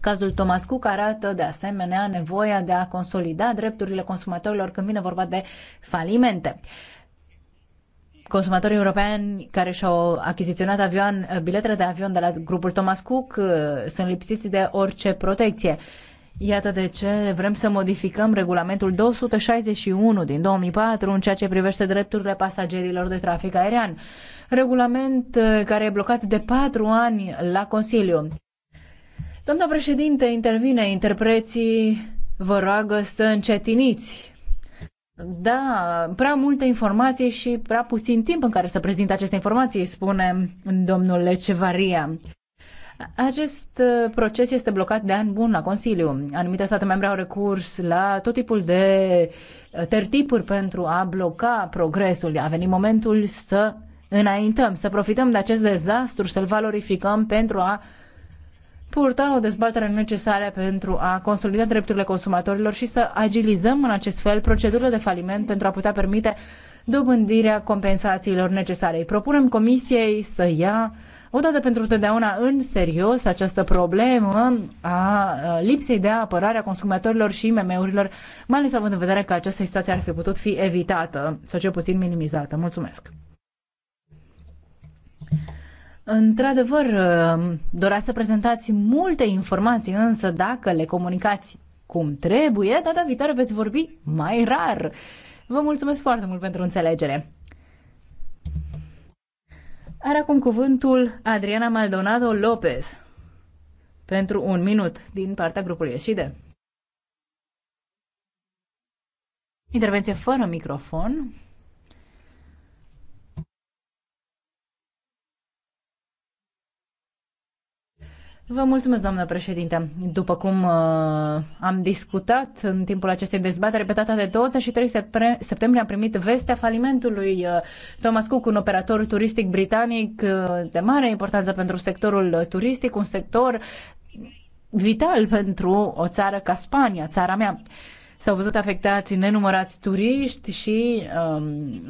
Cazul Thomas Cook arată de asemenea nevoia de a consolida drepturile consumatorilor când vine vorba de falimente consumatorii europeni care și-au achiziționat avion, biletele de avion de la grupul Thomas Cook uh, sunt lipsiți de orice protecție. Iată de ce vrem să modificăm regulamentul 261 din 2004 în ceea ce privește drepturile pasagerilor de trafic aerian. Regulament uh, care e blocat de patru ani la Consiliu. Doamna președinte, intervine interpreții, vă roagă să încetiniți. Da, prea multe informații și prea puțin timp în care să prezint aceste informații, spune domnul Cevaria. Acest uh, proces este blocat de ani bun la Consiliu. Anumite state membre au recurs la tot tipul de uh, tertipuri pentru a bloca progresul. A venit momentul să înaintăm, să profităm de acest dezastru, să-l valorificăm pentru a purta o dezbatere necesară pentru a consolida drepturile consumatorilor și să agilizăm în acest fel procedurile de faliment pentru a putea permite dobândirea compensațiilor necesare. Îi propunem Comisiei să ia odată pentru totdeauna în serios această problemă a lipsei de apărare a consumatorilor și IMM-urilor, mai ales având în vedere că această situație ar fi putut fi evitată sau cel puțin minimizată. Mulțumesc! Într-adevăr, uh, doreați să prezentați multe informații, însă dacă le comunicați cum trebuie, data viitoare veți vorbi mai rar. Vă mulțumesc foarte mult pentru înțelegere. Are acum cuvântul Adriana Maldonado Lopez pentru un minut din partea grupului Eșide. Intervenție fără microfon. Vă mulțumesc, doamnă președinte. După cum uh, am discutat în timpul acestei dezbateri repetată de 23 septembrie, am primit vestea falimentului uh, Thomas Cook, un operator turistic britanic uh, de mare importanță pentru sectorul turistic, un sector vital pentru o țară ca Spania, țara mea. Uh, S-au văzut afectați nenumărați turiști și um,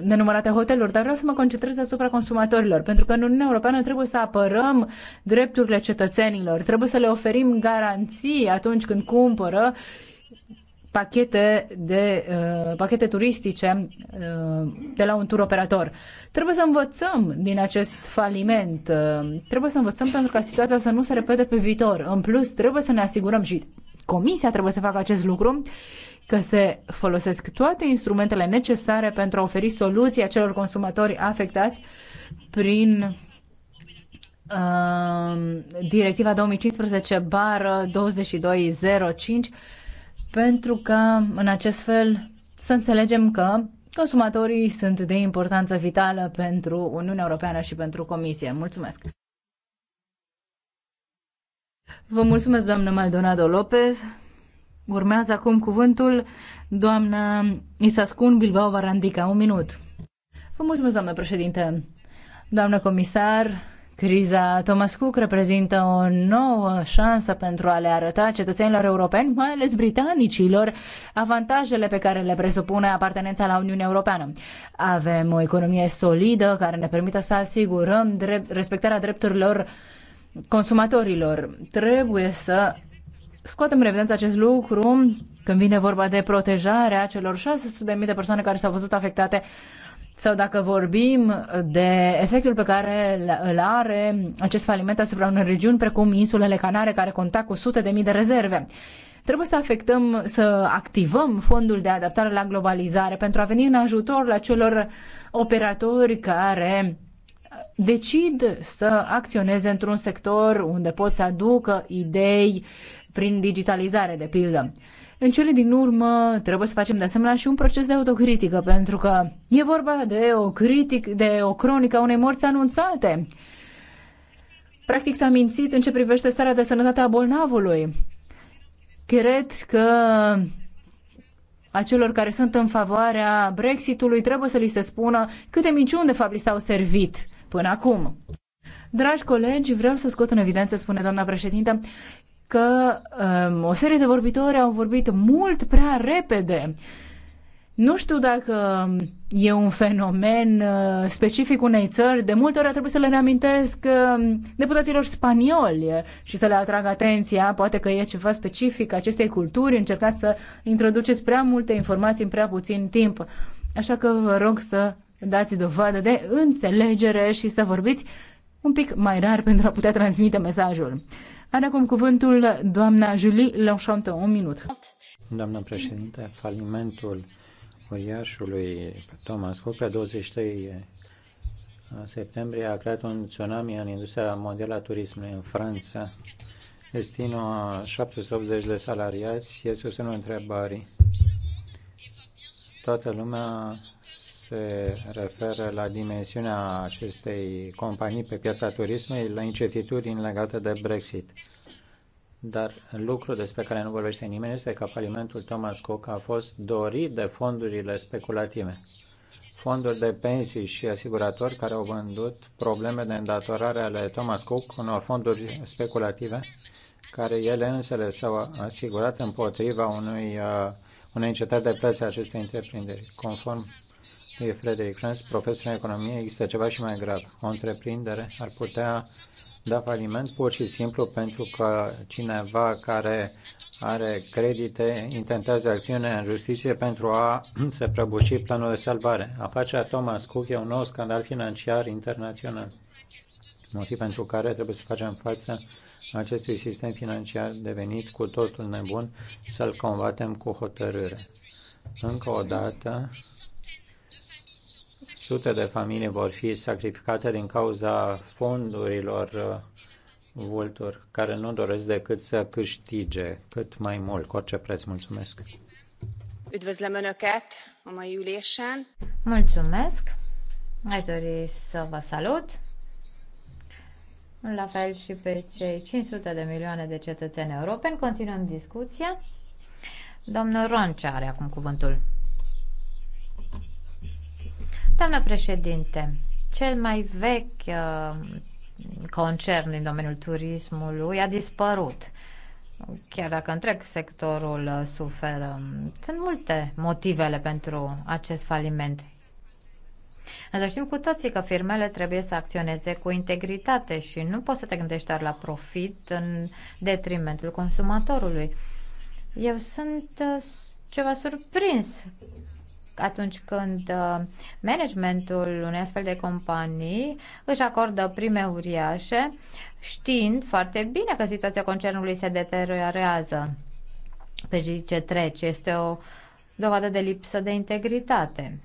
nenumărate hoteluri, dar vreau să mă concentrez asupra consumatorilor, pentru că în Uniunea Europeană trebuie să apărăm drepturile cetățenilor, trebuie să le oferim garanții atunci când cumpără pachete, de, uh, pachete turistice uh, de la un tur operator. Trebuie să învățăm din acest faliment, uh, trebuie să învățăm pentru ca situația să nu se repete pe viitor. În plus, trebuie să ne asigurăm și Comisia trebuie să facă acest lucru, că se folosesc toate instrumentele necesare pentru a oferi soluții acelor consumatori afectați prin uh, directiva 2015 bar 2205 pentru că în acest fel să înțelegem că consumatorii sunt de importanță vitală pentru Uniunea Europeană și pentru Comisie. Mulțumesc! Vă mulțumesc, doamnă Maldonado Lopez. Urmează acum cuvântul doamna Isascun Bilbao Varandica Un minut. Vă mulțumesc, doamnă președinte. Doamnă comisar, criza Thomas Cook reprezintă o nouă șansă pentru a le arăta cetățenilor europeni, mai ales britanicilor, avantajele pe care le presupune apartenența la Uniunea Europeană. Avem o economie solidă care ne permite să asigurăm drept, respectarea drepturilor consumatorilor. Trebuie să scoatem în evidență acest lucru când vine vorba de protejarea celor 600.000 de persoane care s-au văzut afectate sau dacă vorbim de efectul pe care îl are acest faliment asupra unor regiuni precum insulele Canare care conta cu sute de mii de rezerve. Trebuie să afectăm, să activăm fondul de adaptare la globalizare pentru a veni în ajutor la celor operatori care decid să acționeze într-un sector unde pot să aducă idei prin digitalizare, de pildă. În cele din urmă, trebuie să facem de asemenea și un proces de autocritică, pentru că e vorba de o, critic, de o cronică a unei morți anunțate. Practic s-a mințit în ce privește starea de sănătate a bolnavului. Cred că acelor care sunt în favoarea Brexitului trebuie să li se spună câte minciuni de fapt li s-au servit până acum. Dragi colegi, vreau să scot în evidență, spune doamna președintă, că um, o serie de vorbitori au vorbit mult prea repede. Nu știu dacă um, e un fenomen uh, specific unei țări. De multe ori trebuie să le reamintesc um, deputaților spanioli și să le atrag atenția. Poate că e ceva specific acestei culturi. Încercați să introduceți prea multe informații în prea puțin timp. Așa că vă rog să dați dovadă de înțelegere și să vorbiți un pic mai rar pentru a putea transmite mesajul. Are acum cuvântul doamna Julie Lanchante, un minut. Doamna președinte, falimentul uriașului Thomas Cook pe 23 septembrie a creat un tsunami în industria mondială a turismului în Franța. Destinul a 780 de salariați este o semnul întrebării. Toată lumea se referă la dimensiunea acestei companii pe piața turismului la incertitudini legate de Brexit. Dar lucru despre care nu vorbește nimeni este că falimentul Thomas Cook a fost dorit de fondurile speculative, fonduri de pensii și asiguratori care au vândut probleme de îndatorare ale Thomas Cook unor fonduri speculative, care ele însele s-au asigurat împotriva unui, uh, unei încetări de plăți a acestei întreprinderi. Conform e Frederic Franz, profesor în economie, există ceva și mai grav. O întreprindere ar putea da faliment pur și simplu pentru că cineva care are credite intentează acțiune în justiție pentru a se prăbuși planul de salvare. Afacerea Thomas Cook e un nou scandal financiar internațional, motiv pentru care trebuie să facem față acestui sistem financiar devenit cu totul nebun, să-l combatem cu hotărâre. Încă o dată, sute de familii vor fi sacrificate din cauza fondurilor uh, vulturi care nu doresc decât să câștige cât mai mult, cu orice preț. Mulțumesc! Üdvözlöm Önöket a mai ülésen. Mulțumesc! Aș dori să vă salut! La fel și pe cei 500 de milioane de cetățeni europeni. Continuăm discuția. Domnul Ronce are acum cuvântul. Doamnă președinte, cel mai vechi uh, concern din domeniul turismului a dispărut. Chiar dacă întreg sectorul uh, suferă, sunt multe motivele pentru acest faliment. Însă știm cu toții că firmele trebuie să acționeze cu integritate și nu poți să te gândești doar la profit în detrimentul consumatorului. Eu sunt uh, ceva surprins atunci când uh, managementul unei astfel de companii își acordă prime uriașe, știind foarte bine că situația concernului se deteriorează pe zi ce trece. Este o dovadă de lipsă de integritate.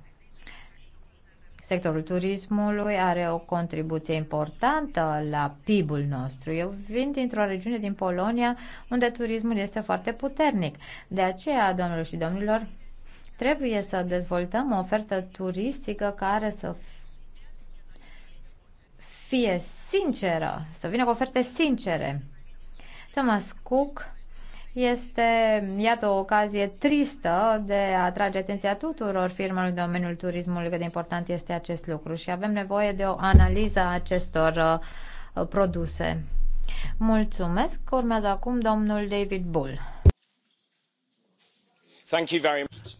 Sectorul turismului are o contribuție importantă la PIB-ul nostru. Eu vin dintr-o regiune din Polonia unde turismul este foarte puternic. De aceea, domnilor și domnilor, Trebuie să dezvoltăm o ofertă turistică care să fie sinceră, să vină cu oferte sincere. Thomas Cook este, iată, o ocazie tristă de a atrage atenția tuturor firmelor din domeniul turismului cât de important este acest lucru și avem nevoie de o analiză a acestor uh, produse. Mulțumesc. Urmează acum domnul David Bull.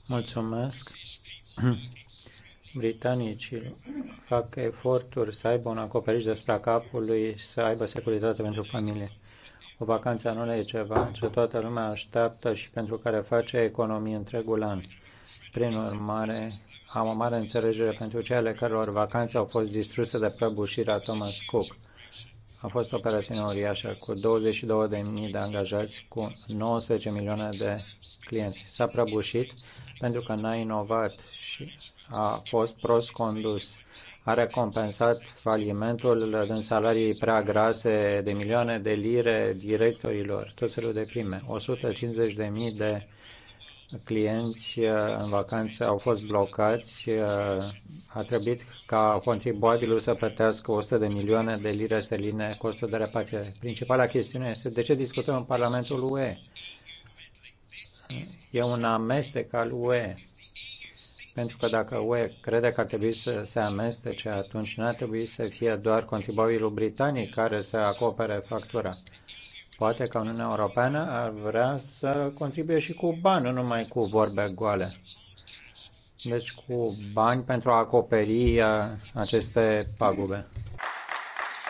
Mulțumesc. Britanicii fac eforturi să aibă un acoperiș deasupra capului, să aibă securitate pentru familie. O vacanță nu e ceva ce toată lumea așteaptă și pentru care face economie întregul an. Prin urmare, am o mare înțelegere pentru cele căror vacanțe au fost distruse de prăbușirea Thomas Cook a fost o operațiune uriașă cu 22.000 de angajați, cu 19 milioane de clienți. S-a prăbușit pentru că n-a inovat și a fost prost condus. A recompensat falimentul dând salarii prea grase de milioane de lire directorilor, tot felul de prime, 150.000 de clienți uh, în vacanță au fost blocați, uh, a trebuit ca contribuabilul să plătească 100 de milioane de lire sterline costul de repatriere. Principala chestiune este de ce discutăm în Parlamentul UE? E un amestec al UE. Pentru că dacă UE crede că ar trebui să se amestece, atunci nu ar trebui să fie doar contribuabilul britanic care să acopere factura. Poate că Uniunea Europeană ar vrea să contribuie și cu bani, nu numai cu vorbe goale. Deci cu bani pentru a acoperi uh, aceste pagube.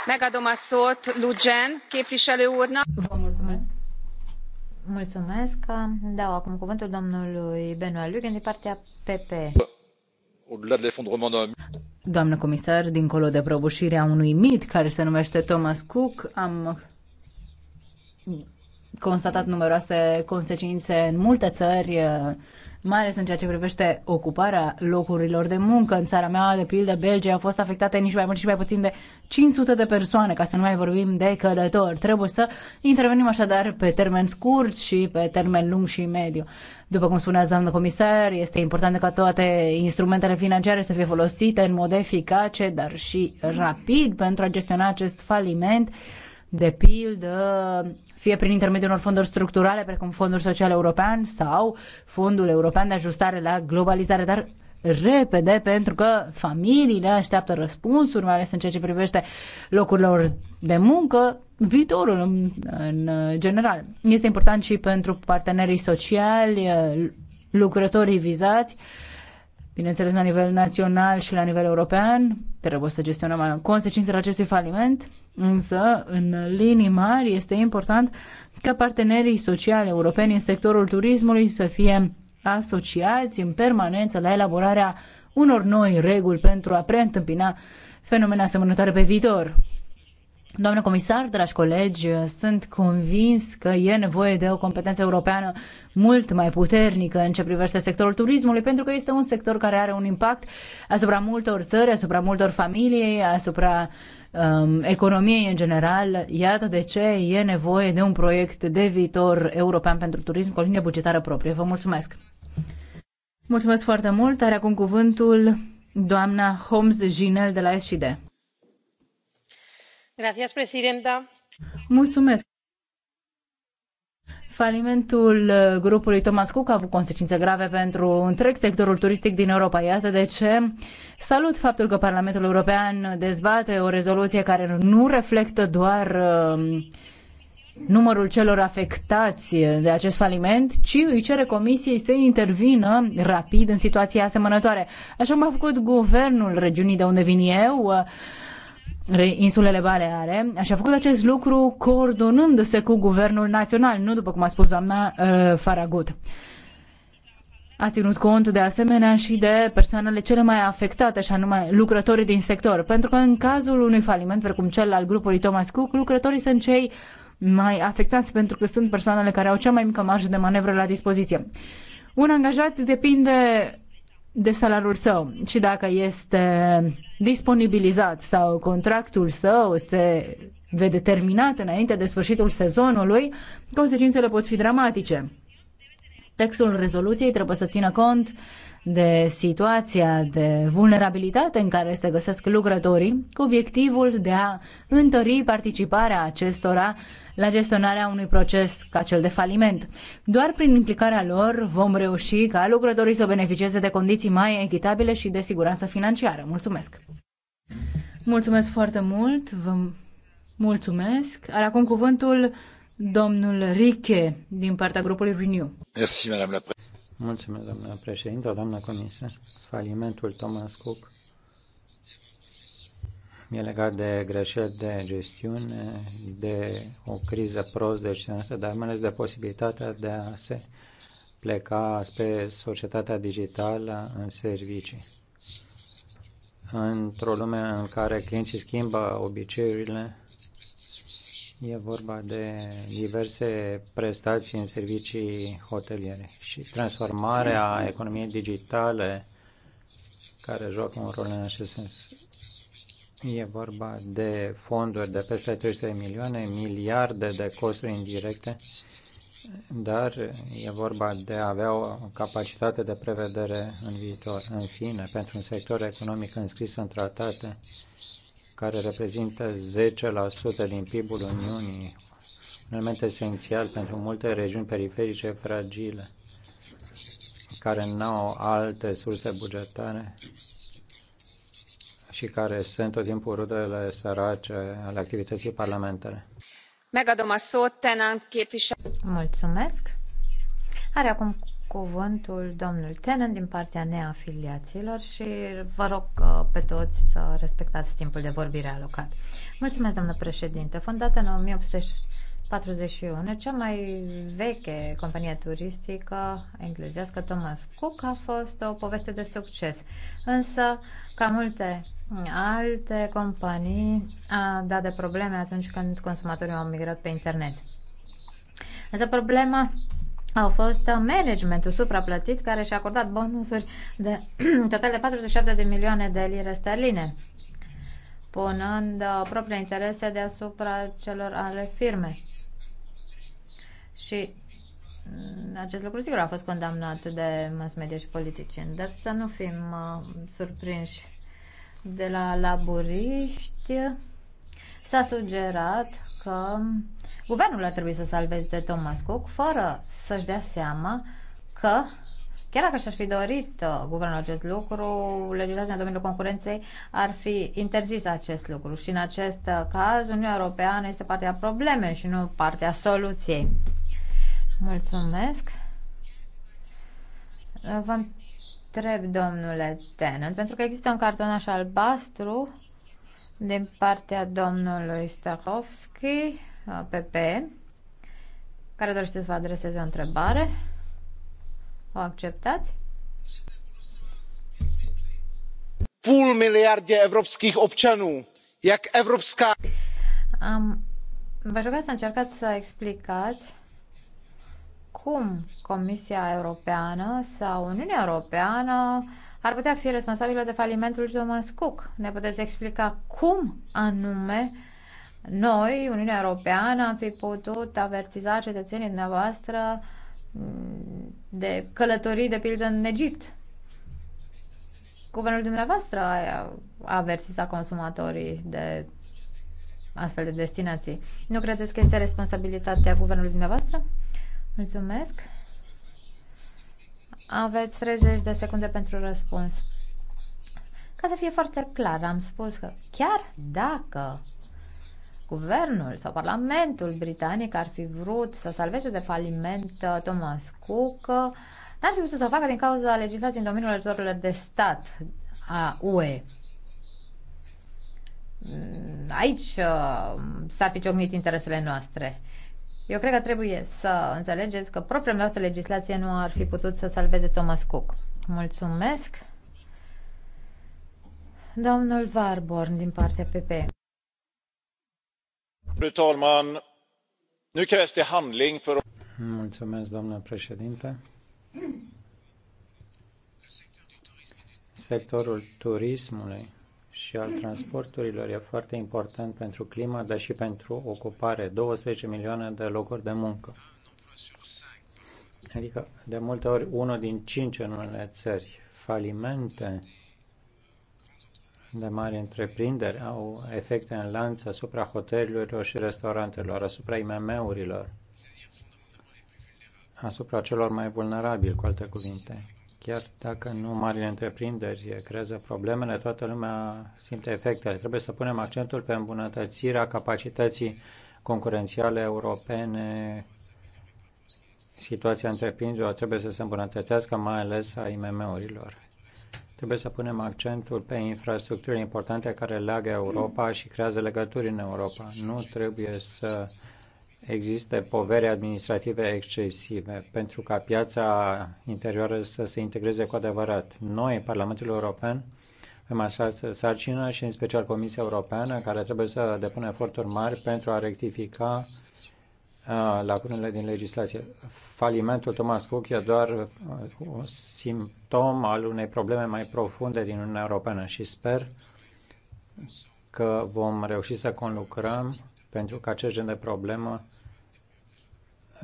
Megadom a szót Lugen képviselő úrnak. Vă mulțumesc. Mulțumesc. Dau acum cuvântul domnului Benoît Lugen din partea PP. Doamnă comisar, dincolo de prăbușirea unui mit care se numește Thomas Cook, am constatat numeroase consecințe în multe țări, eh, mai ales în ceea ce privește ocuparea locurilor de muncă. În țara mea, de pildă, Belgia, au fost afectate nici mai mult, nici mai puțin de 500 de persoane, ca să nu mai vorbim de călători. Trebuie să intervenim așadar pe termen scurt și pe termen lung și mediu. După cum spunea doamnă comisar, este important ca toate instrumentele financiare să fie folosite în mod eficace, dar și rapid pentru a gestiona acest faliment de pildă, fie prin intermediul unor fonduri structurale, precum Fondul Social European sau Fondul European de Ajustare la Globalizare, dar repede, pentru că familiile așteaptă răspunsuri, mai ales în ceea ce privește locurilor de muncă, viitorul în, în general. Este important și pentru partenerii sociali, lucrătorii vizați, uh, Bineînțeles, la nivel național și la nivel european trebuie să gestionăm consecințele acestui faliment, însă, în linii mari, este important ca partenerii sociali europeni în sectorul turismului să fie asociați în permanență la elaborarea unor noi reguli pentru a preîntâmpina fenomene asemănătoare pe viitor. Doamne comisar, dragi colegi, sunt convins că e nevoie de o competență europeană mult mai puternică în ce privește sectorul turismului, pentru că este un sector care are un impact asupra multor țări, asupra multor familii, asupra um, economiei în general. Iată de ce e nevoie de un proiect de viitor european pentru turism cu o linie bugetară proprie. Vă mulțumesc! Mulțumesc foarte mult! Are acum cuvântul doamna Holmes Ginel de la SD doamnă președintă Mulțumesc. Falimentul uh, grupului Thomas Cook a avut consecințe grave pentru întreg sectorul turistic din Europa. Iată de ce salut faptul că Parlamentul European dezbate o rezoluție care nu reflectă doar um, numărul celor afectați de acest faliment, ci îi cere Comisiei să intervină rapid în situații asemănătoare. Așa cum a făcut guvernul regiunii de unde vin eu, uh, insulele Baleare și a făcut acest lucru coordonându-se cu guvernul național, nu după cum a spus doamna uh, Faragut. A ținut cont de asemenea și de persoanele cele mai afectate, și anume lucrătorii din sector, pentru că în cazul unui faliment precum cel al grupului Thomas Cook, lucrătorii sunt cei mai afectați pentru că sunt persoanele care au cea mai mică marjă de manevră la dispoziție. Un angajat depinde de salariul său și dacă este disponibilizat sau contractul său se vede terminat înainte de sfârșitul sezonului, consecințele pot fi dramatice. Textul rezoluției trebuie să țină cont de situația de vulnerabilitate în care se găsesc lucrătorii, cu obiectivul de a întări participarea acestora la gestionarea unui proces ca cel de faliment. Doar prin implicarea lor vom reuși ca lucrătorii să beneficieze de condiții mai echitabile și de siguranță financiară. Mulțumesc! Mulțumesc foarte mult! Vă mulțumesc! Are acum cuvântul domnul Riche din partea grupului Renew. Mulțumesc, doamna președintă, doamna comisar. Falimentul Thomas Cook e legat de greșeli de gestiune, de o criză prost gestionată, dar mai ales de posibilitatea de a se pleca spre societatea digitală în servicii. Într-o lume în care clienții schimbă obiceiurile, e vorba de diverse prestații în servicii hoteliere și transformarea economiei digitale care joacă un rol în acest sens E vorba de fonduri de peste 300 milioane, miliarde de costuri indirecte, dar e vorba de a avea o capacitate de prevedere în viitor. În fine, pentru un sector economic înscris în tratate, care reprezintă 10% din PIB-ul Uniunii, un element esențial pentru multe regiuni periferice fragile, care nu au alte surse bugetare, și care sunt tot timpul rudele sărace ale activității parlamentare. Mulțumesc. Are acum cuvântul domnul Tenen din partea neafiliaților și vă rog uh, pe toți să respectați timpul de vorbire alocat. Mulțumesc, domnule președinte. Fondată în 1860, 41, cea mai veche companie turistică englezească, Thomas Cook, a fost o poveste de succes. Însă, ca multe alte companii, a dat de probleme atunci când consumatorii au migrat pe internet. Însă problema a fost managementul supraplătit care și-a acordat bonusuri de total de 47 de milioane de lire sterline punând uh, propriile interese deasupra celor ale firmei. Și mm, acest lucru sigur a fost condamnat de mass media și politicieni, dar să nu fim uh, surprinși. De la laburiști s-a sugerat că guvernul ar trebui să salveze Thomas Cook fără să-și dea seama că Chiar dacă și-ar fi dorit uh, guvernul acest lucru, legislația în domeniul concurenței ar fi interzis acest lucru și în acest uh, caz Uniunea Europeană este partea problemei și nu partea soluției. Mulțumesc. Vă întreb, domnule Tennant, pentru că există un cartonaș albastru din partea domnului Starovski, PP, uh, care dorește să vă adreseze o întrebare. O acceptați? Půl miliardě evropských občanů. Jak evropská... Um, v să încercați să explicați cum Comisia Europeană sau Uniunea Europeană ar putea fi responsabilă de falimentul lui Thomas Cook. Ne puteți explica cum anume noi, Uniunea Europeană, am fi putut avertiza cetățenii dumneavoastră mm, de călătorii, de pildă, în Egipt. Guvernul dumneavoastră a avertizat consumatorii de astfel de destinații. Nu credeți că este responsabilitatea guvernului dumneavoastră? Mulțumesc. Aveți 30 de secunde pentru răspuns. Ca să fie foarte clar, am spus că chiar dacă guvernul sau parlamentul britanic ar fi vrut să salveze de faliment uh, Thomas Cook, uh, n-ar fi putut să o facă din cauza legislației în domeniul ajutorilor de stat a UE. Mm, aici uh, s-ar fi ciocnit interesele noastre. Eu cred că trebuie să înțelegeți că propria noastră legislație nu ar fi putut să salveze Thomas Cook. Mulțumesc. Domnul Warborn din partea PP. Fru talman, nu crește handling pentru. Mulțumesc, doamnă președinte. Sectorul turismului și al transporturilor e foarte important pentru climă, dar și pentru ocupare. 12 milioane de locuri de muncă. Adică, de multe ori, unul din cinci în unele țări. Falimente de mari întreprinderi au efecte în lanț asupra hotelurilor și restaurantelor, asupra IMM-urilor, asupra celor mai vulnerabili, cu alte cuvinte. Chiar dacă nu marile întreprinderi creează problemele, toată lumea simte efectele. Trebuie să punem accentul pe îmbunătățirea capacității concurențiale europene. Situația întreprinderilor trebuie să se îmbunătățească, mai ales a IMM-urilor. Trebuie să punem accentul pe infrastructurile importante care leagă Europa și creează legături în Europa. Nu trebuie să existe povere administrative excesive pentru ca piața interioară să se integreze cu adevărat. Noi, Parlamentul European, avem această sarcină și în special Comisia Europeană, care trebuie să depună eforturi mari pentru a rectifica uh, lacunele din legislație. Falimentul Thomas Cook e doar un simptom al unei probleme mai profunde din Uniunea Europeană și sper că vom reuși să conlucrăm pentru că acest gen de problemă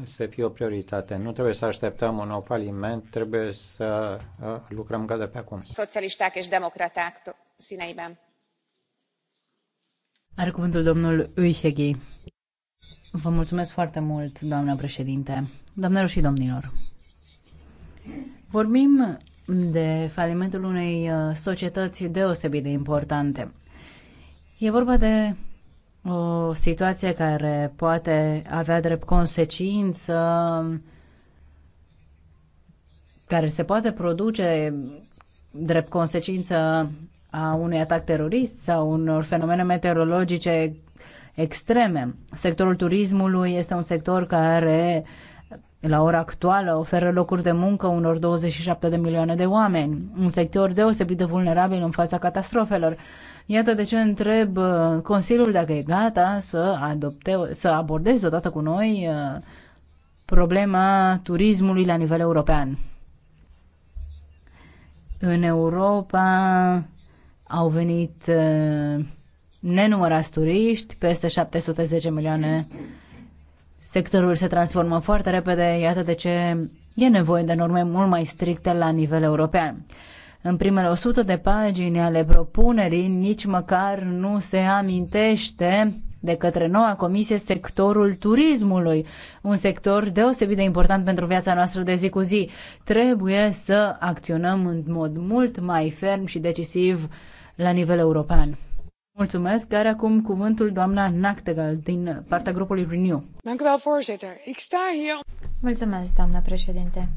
să fie o prioritate. Nu trebuie să așteptăm un nou faliment, trebuie să uh, lucrăm ca de pe acum. Socialisták și demokraták színeiben. Are cuvântul domnul Uiheghi. Vă mulțumesc foarte mult, doamna președinte. Doamnelor și domnilor, vorbim de falimentul unei uh, societăți deosebit de importante. E vorba de o situație care poate avea drept consecință care se poate produce drept consecință a unui atac terorist sau unor fenomene meteorologice extreme. Sectorul turismului este un sector care la ora actuală oferă locuri de muncă unor 27 de milioane de oameni, un sector deosebit de vulnerabil în fața catastrofelor. Iată de ce întreb uh, Consiliul dacă e gata să, adopte, să abordeze odată cu noi uh, problema turismului la nivel european. În Europa au venit uh, nenumărați turiști, peste 710 milioane. Sectorul se transformă foarte repede, iată de ce e nevoie de norme mult mai stricte la nivel european. În primele 100 de pagini ale propunerii nici măcar nu se amintește de către noua comisie sectorul turismului, un sector deosebit de important pentru viața noastră de zi cu zi. Trebuie să acționăm în mod mult mai ferm și decisiv la nivel european. Mulțumesc, care acum cuvântul doamna Nactegal din partea grupului Renew. Mulțumesc, doamna președinte.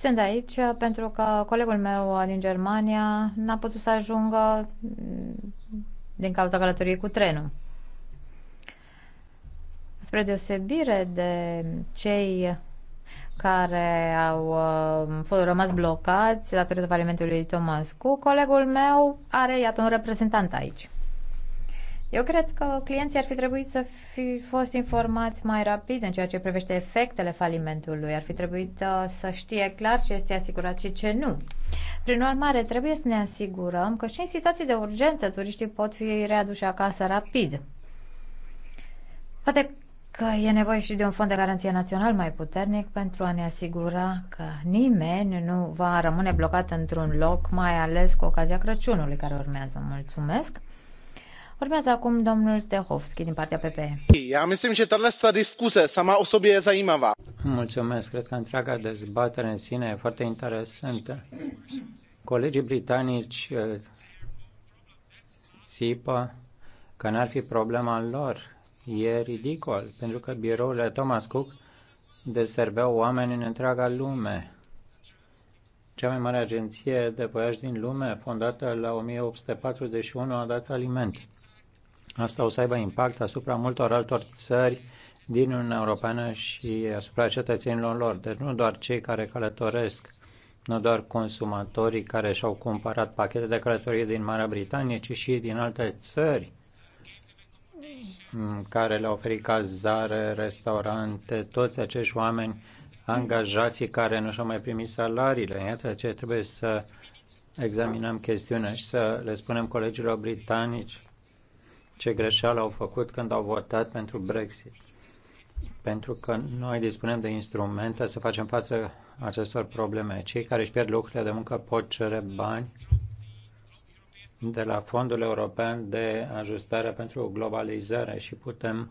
Sunt aici pentru că colegul meu din Germania n-a putut să ajungă mm, din cauza călătoriei cu trenul. Spre deosebire de cei care au uh, fost rămas blocați datorită falimentului Thomas Cook, colegul meu are, iată, un reprezentant aici. Eu cred că clienții ar fi trebuit să fi fost informați mai rapid în ceea ce privește efectele falimentului. Ar fi trebuit uh, să știe clar ce este asigurat și ce nu. Prin urmare, trebuie să ne asigurăm că și în situații de urgență turiștii pot fi readuși acasă rapid. Poate că e nevoie și de un fond de garanție național mai puternic pentru a ne asigura că nimeni nu va rămâne blocat într-un loc, mai ales cu ocazia Crăciunului care urmează. Mulțumesc! Urmează acum domnul Stehovski din partea PPE. Ja myslím, že tato diskuze sama o sobě je zajímavá. Mulțumesc, cred că întreaga dezbatere în sine e foarte interesantă. Colegii britanici eh, țipă că n-ar fi problema lor. E ridicol, pentru că birourile Thomas Cook deserveau oameni în întreaga lume. Cea mai mare agenție de voiași din lume, fondată la 1841, a dat aliment. Asta o să aibă impact asupra multor altor țări din Uniunea Europeană și asupra cetățenilor lor. Deci nu doar cei care călătoresc, nu doar consumatorii care și-au cumpărat pachete de călătorie din Marea Britanie, ci și din alte țări care le-au oferit cazare, restaurante, toți acești oameni angajații care nu și-au mai primit salariile. Iată ce trebuie să examinăm chestiunea și să le spunem colegilor britanici ce greșeală au făcut când au votat pentru Brexit. Pentru că noi dispunem de instrumente să facem față acestor probleme. Cei care își pierd locurile de muncă pot cere bani de la Fondul European de Ajustare pentru Globalizare și putem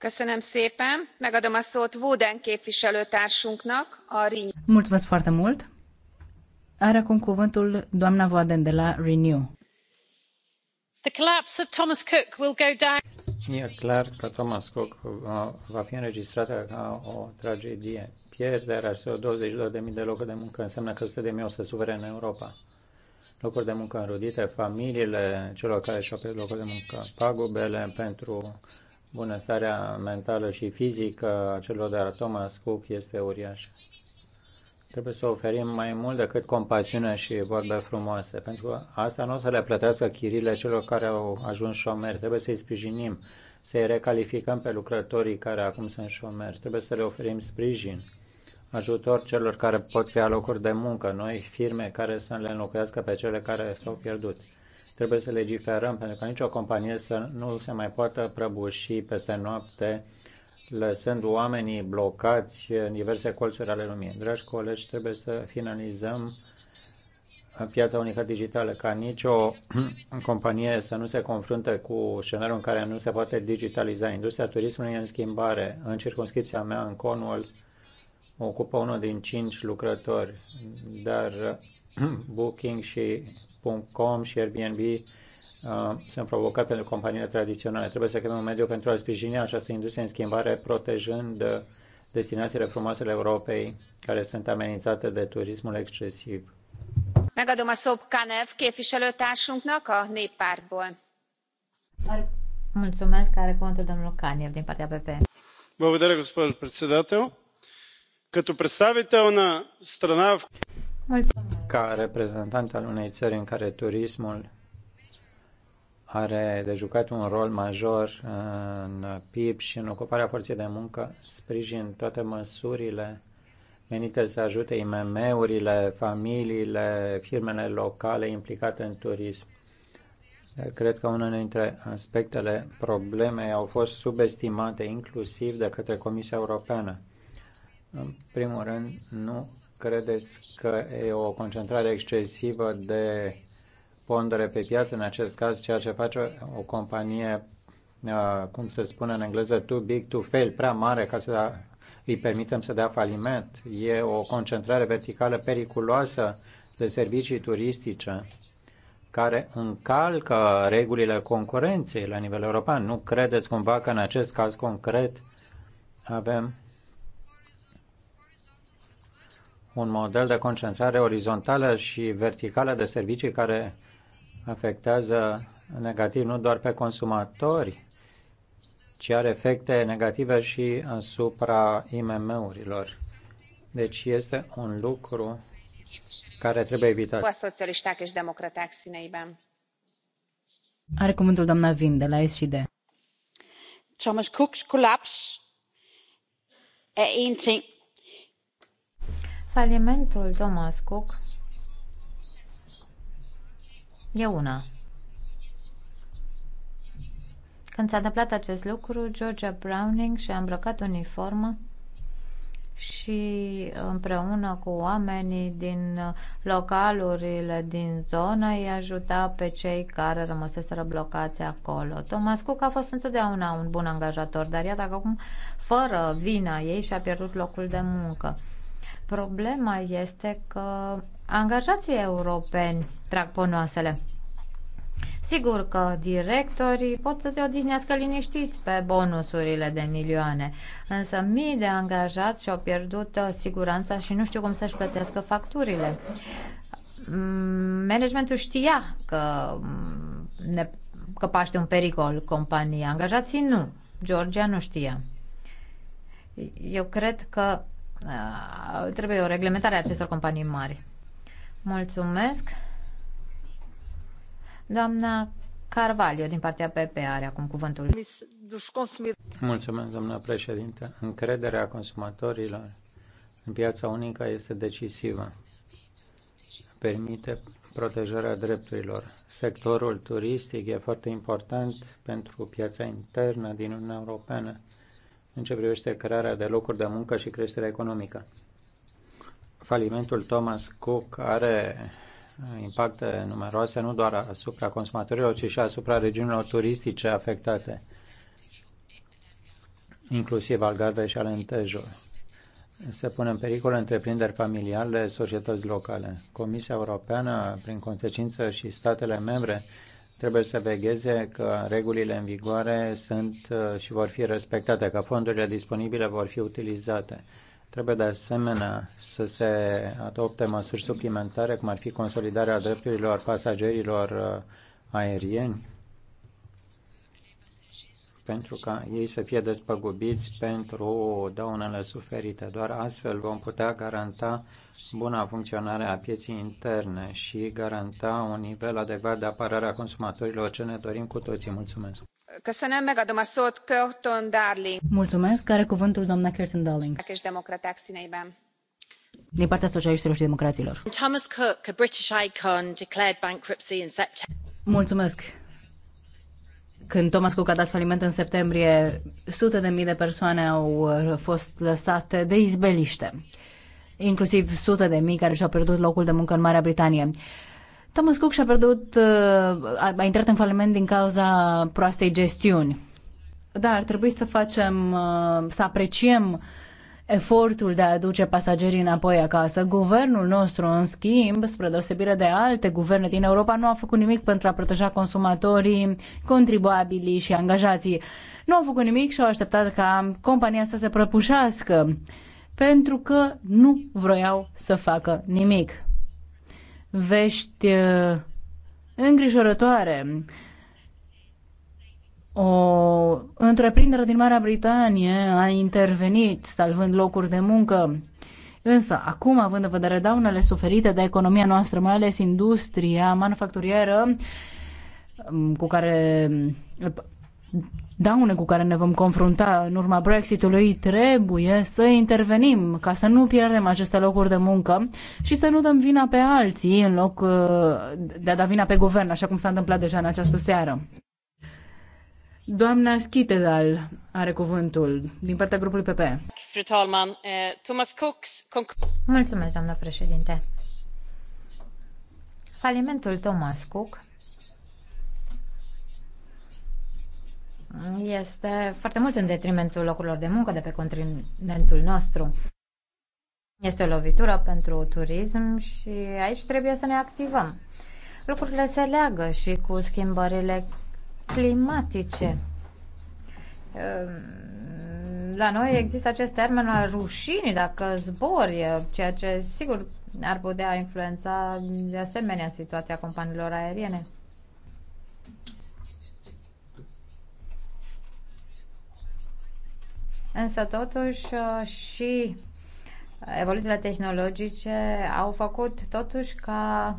Renew. The collapse of Thomas Cook will go down. E clar că Thomas Cook uh, va fi înregistrată ca o tragedie. Pierderea celor 22.000 de locuri de muncă înseamnă că 100.000 o să sufere în Europa. Locuri de muncă înrudite, familiile celor care și-au pierdut locul de muncă, pagubele pentru bunăstarea mentală și fizică a celor de la Thomas Cook este uriașă. Trebuie să oferim mai mult decât compasiune și vorbe frumoase, pentru că asta nu o să le plătească chirile celor care au ajuns șomeri. Trebuie să-i sprijinim, să-i recalificăm pe lucrătorii care acum sunt șomeri. Trebuie să le oferim sprijin, ajutor celor care pot crea locuri de muncă, noi firme care să le înlocuiască pe cele care s-au pierdut Trebuie să legiferăm pentru că nicio companie să nu se mai poată prăbuși peste noapte lăsând oamenii blocați în diverse colțuri ale lumii. Dragi colegi, trebuie să finalizăm piața unică digitală, ca nicio companie să nu se confrunte cu scenariul în care nu se poate digitaliza. Industria turismului e în schimbare. În circunscripția mea, în Cornwall, ocupă unul din cinci lucrători, dar Booking și Booking.com și Airbnb uh, sunt provocate pentru companiile tradiționale. Trebuie să creăm un mediu pentru a sprijini această industrie în schimbare, protejând uh, destinațiile frumoase ale Europei, care sunt amenințate de turismul excesiv. Megadom a szót Kanev képviselőtársunknak a néppártból. Mulțumesc, care contul domnul Kanev din partea PP. mulțumesc, госпожо președinte. Като представител на страна ca reprezentant al unei țări în care turismul are de jucat un rol major în PIB și în ocuparea forței de muncă, sprijin toate măsurile menite să ajute IMM-urile, familiile, firmele locale implicate în turism. Cred că unul dintre aspectele problemei au fost subestimate inclusiv de către Comisia Europeană. În primul rând, nu Credeți că e o concentrare excesivă de pondere pe piață, în acest caz, ceea ce face o companie, uh, cum se spune în engleză, too big to fail, prea mare ca să îi permitem să dea faliment. E o concentrare verticală periculoasă de servicii turistice care încalcă regulile concurenței la nivel european. Nu credeți cumva că în acest caz concret avem un model de concentrare orizontală și verticală de servicii care afectează negativ nu doar pe consumatori, ci are efecte negative și asupra IMM-urilor. Deci este un lucru care trebuie evitat. A szocialisták és demokraták színeiben. Are cuvântul doamna Vin, de la SCD. Thomas Cooks collapse e er en ting, Falimentul Thomas Cook e una. Când s-a întâmplat acest lucru, Georgia Browning și-a îmbrăcat uniformă și împreună cu oamenii din localurile din zonă îi ajuta pe cei care rămăseseră blocați acolo. Thomas Cook a fost întotdeauna un bun angajator, dar iată că acum, fără vina ei, și-a pierdut locul de muncă. Problema este că angajații europeni trag ponoasele. Sigur că directorii pot să te odihnească liniștiți pe bonusurile de milioane, însă mii de angajați și-au pierdut uh, siguranța și nu știu cum să-și plătească facturile. Mm, managementul știa că, mm, ne, că paște un pericol compania, angajații nu. Georgia nu știa. Eu cred că Ah, trebuie o reglementare a acestor companii mari. Mulțumesc. Doamna Carvalho, din partea PP, are acum cuvântul. Mulțumesc, doamna președinte. Încrederea consumatorilor în piața unică este decisivă. Permite protejarea drepturilor. Sectorul turistic e foarte important pentru piața internă din Uniunea Europeană în ce privește crearea de locuri de muncă și creșterea economică. Falimentul Thomas Cook are impacte numeroase nu doar asupra consumatorilor, ci și asupra regiunilor turistice afectate, inclusiv al Gardei și al Întejului se pune în pericol întreprinderi familiale, societăți locale. Comisia Europeană, prin consecință și statele membre, trebuie să vegheze că regulile în vigoare sunt uh, și vor fi respectate, că fondurile disponibile vor fi utilizate. Trebuie de asemenea să se adopte măsuri suplimentare, cum ar fi consolidarea drepturilor pasagerilor uh, aerieni pentru ca ei să fie despăgubiți pentru daunele suferite. Doar astfel vom putea garanta buna funcționare a pieții interne și garanta un nivel adecvat de apărare a consumatorilor, ce ne dorim cu toții. Mulțumesc! Mulțumesc. care cuvântul doamna Körton Darling. Din partea socialiștilor și democraților. Thomas Cook, a British icon, declared bankruptcy in September. Mulțumesc. Când Thomas Cook a dat faliment în septembrie, sute de mii de persoane au fost lăsate de izbeliște, inclusiv sute de mii care și-au pierdut locul de muncă în Marea Britanie. Thomas Cook și-a pierdut, a, uh, a intrat în faliment din cauza proastei gestiuni. Da, ar trebui să facem, uh, să apreciem uh, efortul de a aduce pasagerii înapoi acasă. Guvernul nostru, în schimb, spre deosebire de alte guverne din Europa, nu a făcut nimic pentru a proteja consumatorii, contribuabilii și angajații. Nu au făcut nimic și au așteptat ca compania să se prăpușească, pentru că nu vroiau să facă nimic. Vești uh, îngrijorătoare o întreprindere din Marea Britanie a intervenit salvând locuri de muncă. Însă, acum, având în vedere daunele suferite de economia noastră, mai ales industria manufacturieră, mm, cu care daune cu care ne vom confrunta în urma Brexitului, trebuie să intervenim ca să nu pierdem aceste locuri de muncă și să nu dăm vina pe alții în loc uh, de a da vina pe guvern, așa cum s-a întâmplat deja în această seară. Doamna Schitedal are cuvântul din partea grupului PP. Eh, Mulțumesc, doamnă președinte. Falimentul Thomas Cook este foarte mult în detrimentul locurilor de muncă de pe continentul nostru. Este o lovitură pentru turism și aici trebuie să ne activăm. Lucrurile se leagă și cu schimbările climatice. Ehm, la noi există acest termen al rușinii dacă zbori, ceea ce sigur ar putea influența de asemenea situația companiilor aeriene. Însă totuși și evoluțiile tehnologice au făcut totuși ca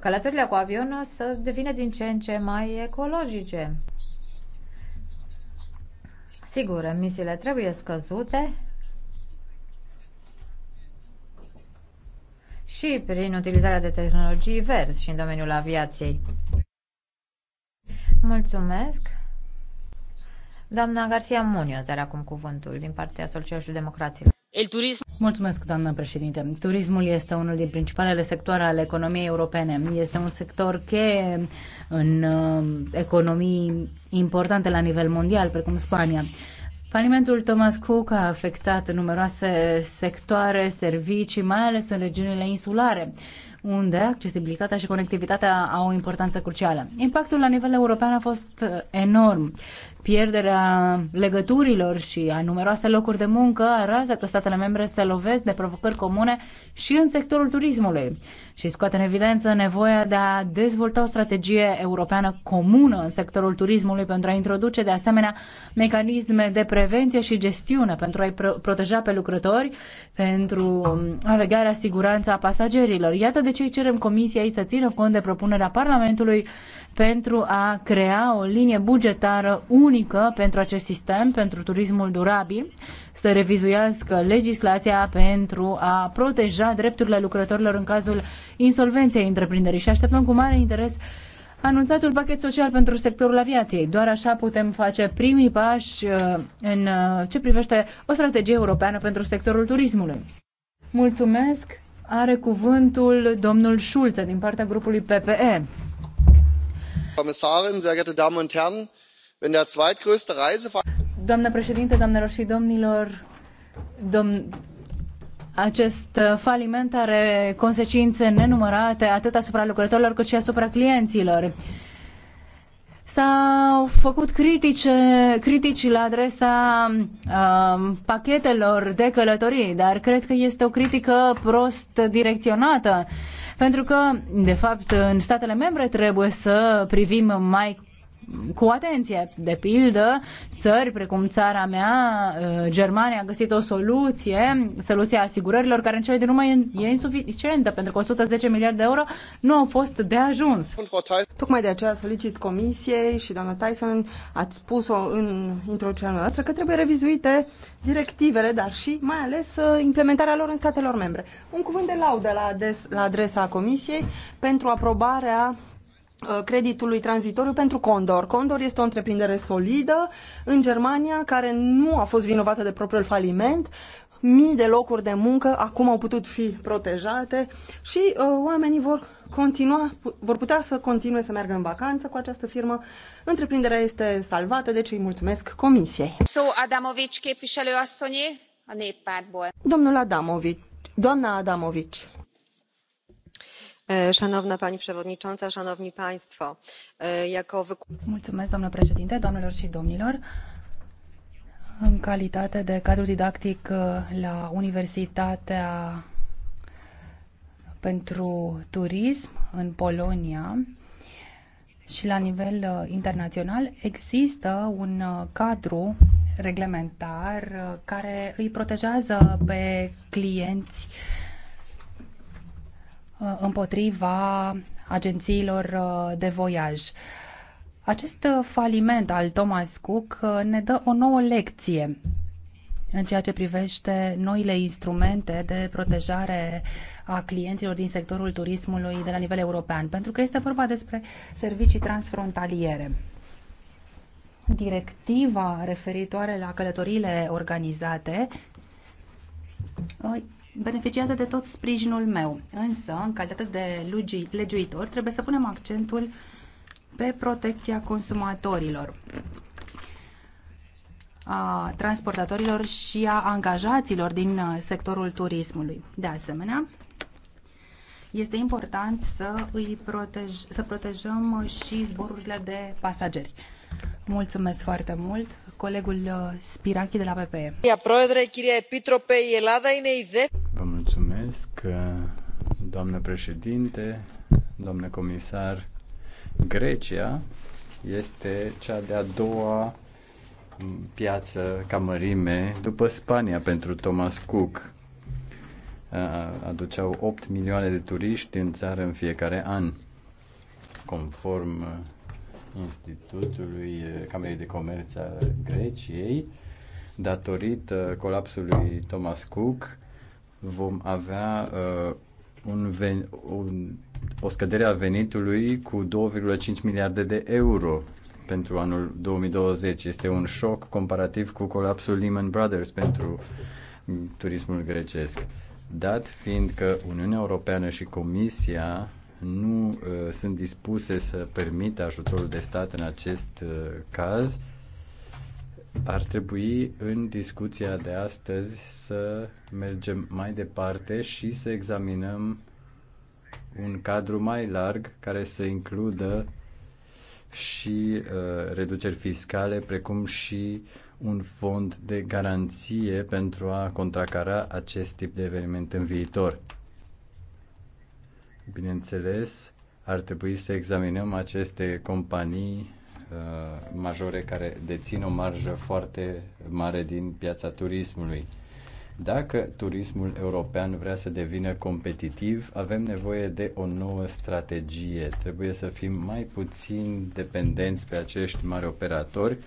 călătorile cu avionul să devină din ce în ce mai ecologice. Sigur, emisiile trebuie scăzute și prin utilizarea de tehnologii verzi și în domeniul aviației. Mulțumesc! Doamna Garcia Munoz are acum cuvântul din partea Social și Democraților. El turism... Mulțumesc, doamnă președinte. Turismul este unul din principalele sectoare ale economiei europene. Este un sector cheie în uh, economii importante la nivel mondial, precum Spania. Falimentul Thomas Cook a afectat numeroase sectoare, servicii, mai ales în regiunile insulare, unde accesibilitatea și conectivitatea au o importanță crucială. Impactul la nivel european a fost uh, enorm. Pierderea legăturilor și a numeroase locuri de muncă arată că statele membre se lovesc de provocări comune și în sectorul turismului și scoate în evidență nevoia de a dezvolta o strategie europeană comună în sectorul turismului pentru a introduce de asemenea mecanisme de prevenție și gestiune pentru a-i proteja pe lucrători, pentru um, a vegea siguranța pasagerilor. Iată de ce îi cerem Comisiei să țină cont de propunerea Parlamentului pentru a crea o linie bugetară unică pentru acest sistem, pentru turismul durabil, să revizuiască legislația pentru a proteja drepturile lucrătorilor în cazul insolvenței întreprinderii și așteptăm cu mare interes anunțatul pachet social pentru sectorul aviației. Doar așa putem face primii pași uh, în uh, ce privește o strategie europeană pentru sectorul turismului. Mulțumesc! Are cuvântul domnul Schulze din partea grupului PPE. Comisarin, sehr geehrte Damen und Herren, wenn der zweitgrößte Reisefahrer Doamnă președinte, doamnelor și domnilor, domn... acest uh, faliment are consecințe nenumărate atât asupra lucrătorilor cât și asupra clienților. S-au făcut critice, critici la adresa uh, pachetelor de călătorii, dar cred că este o critică prost direcționată, pentru că, de fapt, în statele membre trebuie să privim mai cu atenție. De pildă, țări precum țara mea, uh, Germania, a găsit o soluție, soluția asigurărilor, care în cele din urmă e insuficientă, pentru că 110 miliarde de euro nu au fost de ajuns. Tocmai de aceea solicit comisiei și doamna Tyson ați spus-o în introducerea noastră că trebuie revizuite directivele, dar și mai ales uh, implementarea lor în statelor membre. Un cuvânt de laudă la, ades, la adresa comisiei pentru aprobarea Uh, creditului tranzitoriu pentru Condor. Condor este o întreprindere solidă în Germania care nu a fost vinovată de propriul faliment. Mii de locuri de muncă acum au putut fi protejate și uh, oamenii vor continua, vor putea să continue să meargă în vacanță cu această firmă. Întreprinderea este salvată, deci îi mulțumesc Comisiei. So Adamovici, a Domnul Adamovici, doamna Adamovici doamnă președintă doamnelor și domnilor în calitate de cadru didactic la universitatea pentru turism în polonia și la nivel internațional există un cadru reglementar care îi protejează pe clienți Uh, împotriva agențiilor uh, de voiaj. Acest uh, faliment al Thomas Cook ne dă o nouă lecție în ceea ce privește noile instrumente de protejare a clienților din sectorul turismului de la nivel european, pentru că este vorba despre servicii transfrontaliere. Directiva referitoare la călătorile organizate beneficiază de tot sprijinul meu. Însă, în calitate de legiuitor, trebuie să punem accentul pe protecția consumatorilor, a transportatorilor și a angajaților din uh, sectorul turismului. De asemenea, este important să îi protej, să protejăm și zborurile de pasageri. Mulțumesc foarte mult! colegul uh, Spiraki de la PPE. Vă mulțumesc, uh, doamnă președinte, domnule comisar. Grecia este cea de-a doua piață ca mărime după Spania pentru Thomas Cook. Aduceau 8 milioane de turiști în țară în fiecare an, conform uh, Institutului eh, Camerei de Comerț a Greciei, datorită colapsului Thomas Cook, vom avea uh, un ven, un, o scădere a venitului cu 2,5 miliarde de euro pentru anul 2020. Este un șoc comparativ cu colapsul Lehman Brothers pentru turismul grecesc. Dat fiind că Uniunea Europeană și Comisia nu uh, sunt dispuse să permită ajutorul de stat în acest uh, caz, ar trebui în discuția de astăzi să mergem mai departe și să examinăm un cadru mai larg care să includă și uh, reduceri fiscale, precum și un fond de garanție pentru a contracara acest tip de eveniment în viitor. Bineînțeles, ar trebui să examinăm aceste companii uh, majore care dețin o marjă foarte mare din piața turismului. Dacă turismul european vrea să devină competitiv, avem nevoie de o nouă strategie. Trebuie să fim mai puțin dependenți pe acești mari operatori,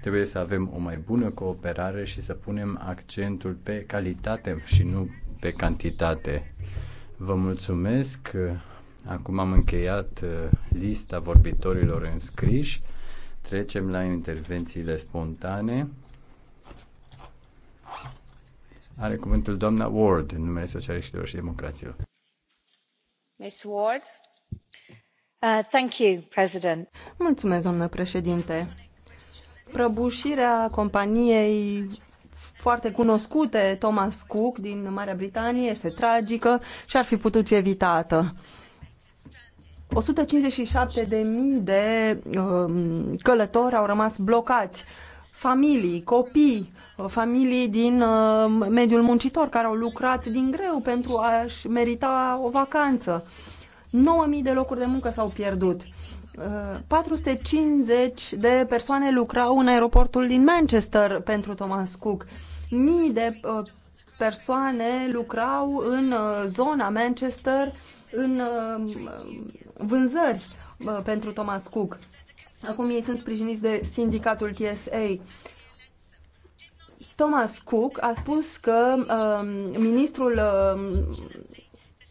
trebuie să avem o mai bună cooperare și să punem accentul pe calitate și nu pe cantitate. Vă mulțumesc. Acum am încheiat uh, lista vorbitorilor înscriși. Trecem la intervențiile spontane. Are cuvântul doamna Ward în numele Socialiștilor și Democraților. Miss Ward. Uh, thank you, President. Mulțumesc, doamnă președinte. Prăbușirea companiei foarte cunoscute, Thomas Cook din Marea Britanie, este tragică și ar fi putut fi evitată. 157.000 de mii de um, călători au rămas blocați. Familii, copii, uh, familii din um, mediul muncitor care au lucrat din greu pentru a-și merita o vacanță. 9.000 de locuri de muncă s-au pierdut. 450 de persoane lucrau în aeroportul din Manchester pentru Thomas Cook. Mii de uh, persoane lucrau în uh, zona Manchester în um, vânzări uh, pentru Thomas Cook. Acum ei sunt sprijiniți de sindicatul TSA. Thomas Cook a spus că uh, ministrul uh,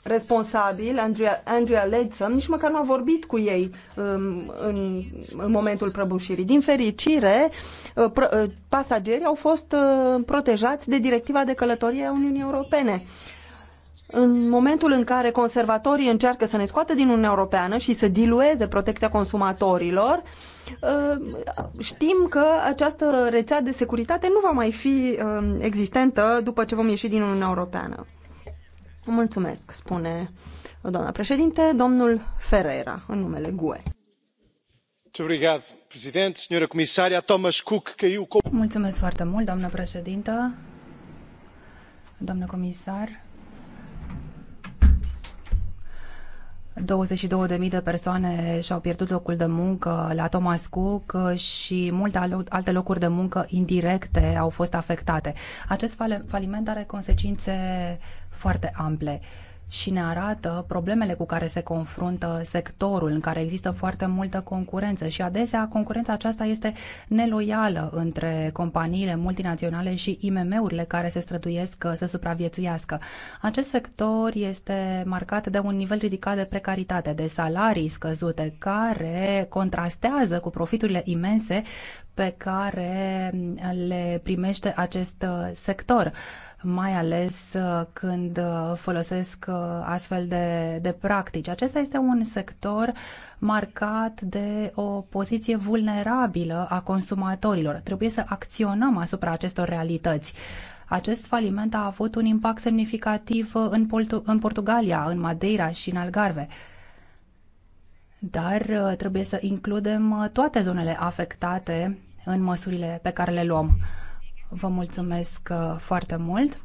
responsabil, Andrea, Andrea Leadsom, nici măcar nu a vorbit cu ei um, în, în momentul prăbușirii. Din fericire, uh, pro, uh, pasagerii au fost uh, protejați de directiva de călătorie a Uniunii Europene. În momentul în care conservatorii încearcă să ne scoată din Uniunea Europeană și să dilueze protecția consumatorilor, uh, știm că această rețea de securitate nu va mai fi existentă după ce vom ieși din Uniunea Europeană. Mulțumesc, spune doamna președinte, domnul Ferreira, în numele GUE. Mulțumesc foarte mult, doamnă președintă, doamnă comisar. 22.000 de persoane și-au pierdut locul de muncă la Thomas Cook și multe alte locuri de muncă indirecte au fost afectate. Acest faliment are consecințe foarte ample și ne arată problemele cu care se confruntă sectorul, în care există foarte multă concurență și adesea concurența aceasta este neloială între companiile multinaționale și IMM-urile care se străduiesc uh, să supraviețuiască. Acest sector este marcat de un nivel ridicat de precaritate, de salarii scăzute, care contrastează cu profiturile imense pe care le primește acest uh, sector mai ales uh, când uh, folosesc uh, astfel de, de practici. Acesta este un sector marcat de o poziție vulnerabilă a consumatorilor. Trebuie să acționăm asupra acestor realități. Acest faliment a avut un impact semnificativ în, Portu- în Portugalia, în Madeira și în Algarve dar trebuie să includem toate zonele afectate în măsurile pe care le luăm. Vă mulțumesc uh, foarte mult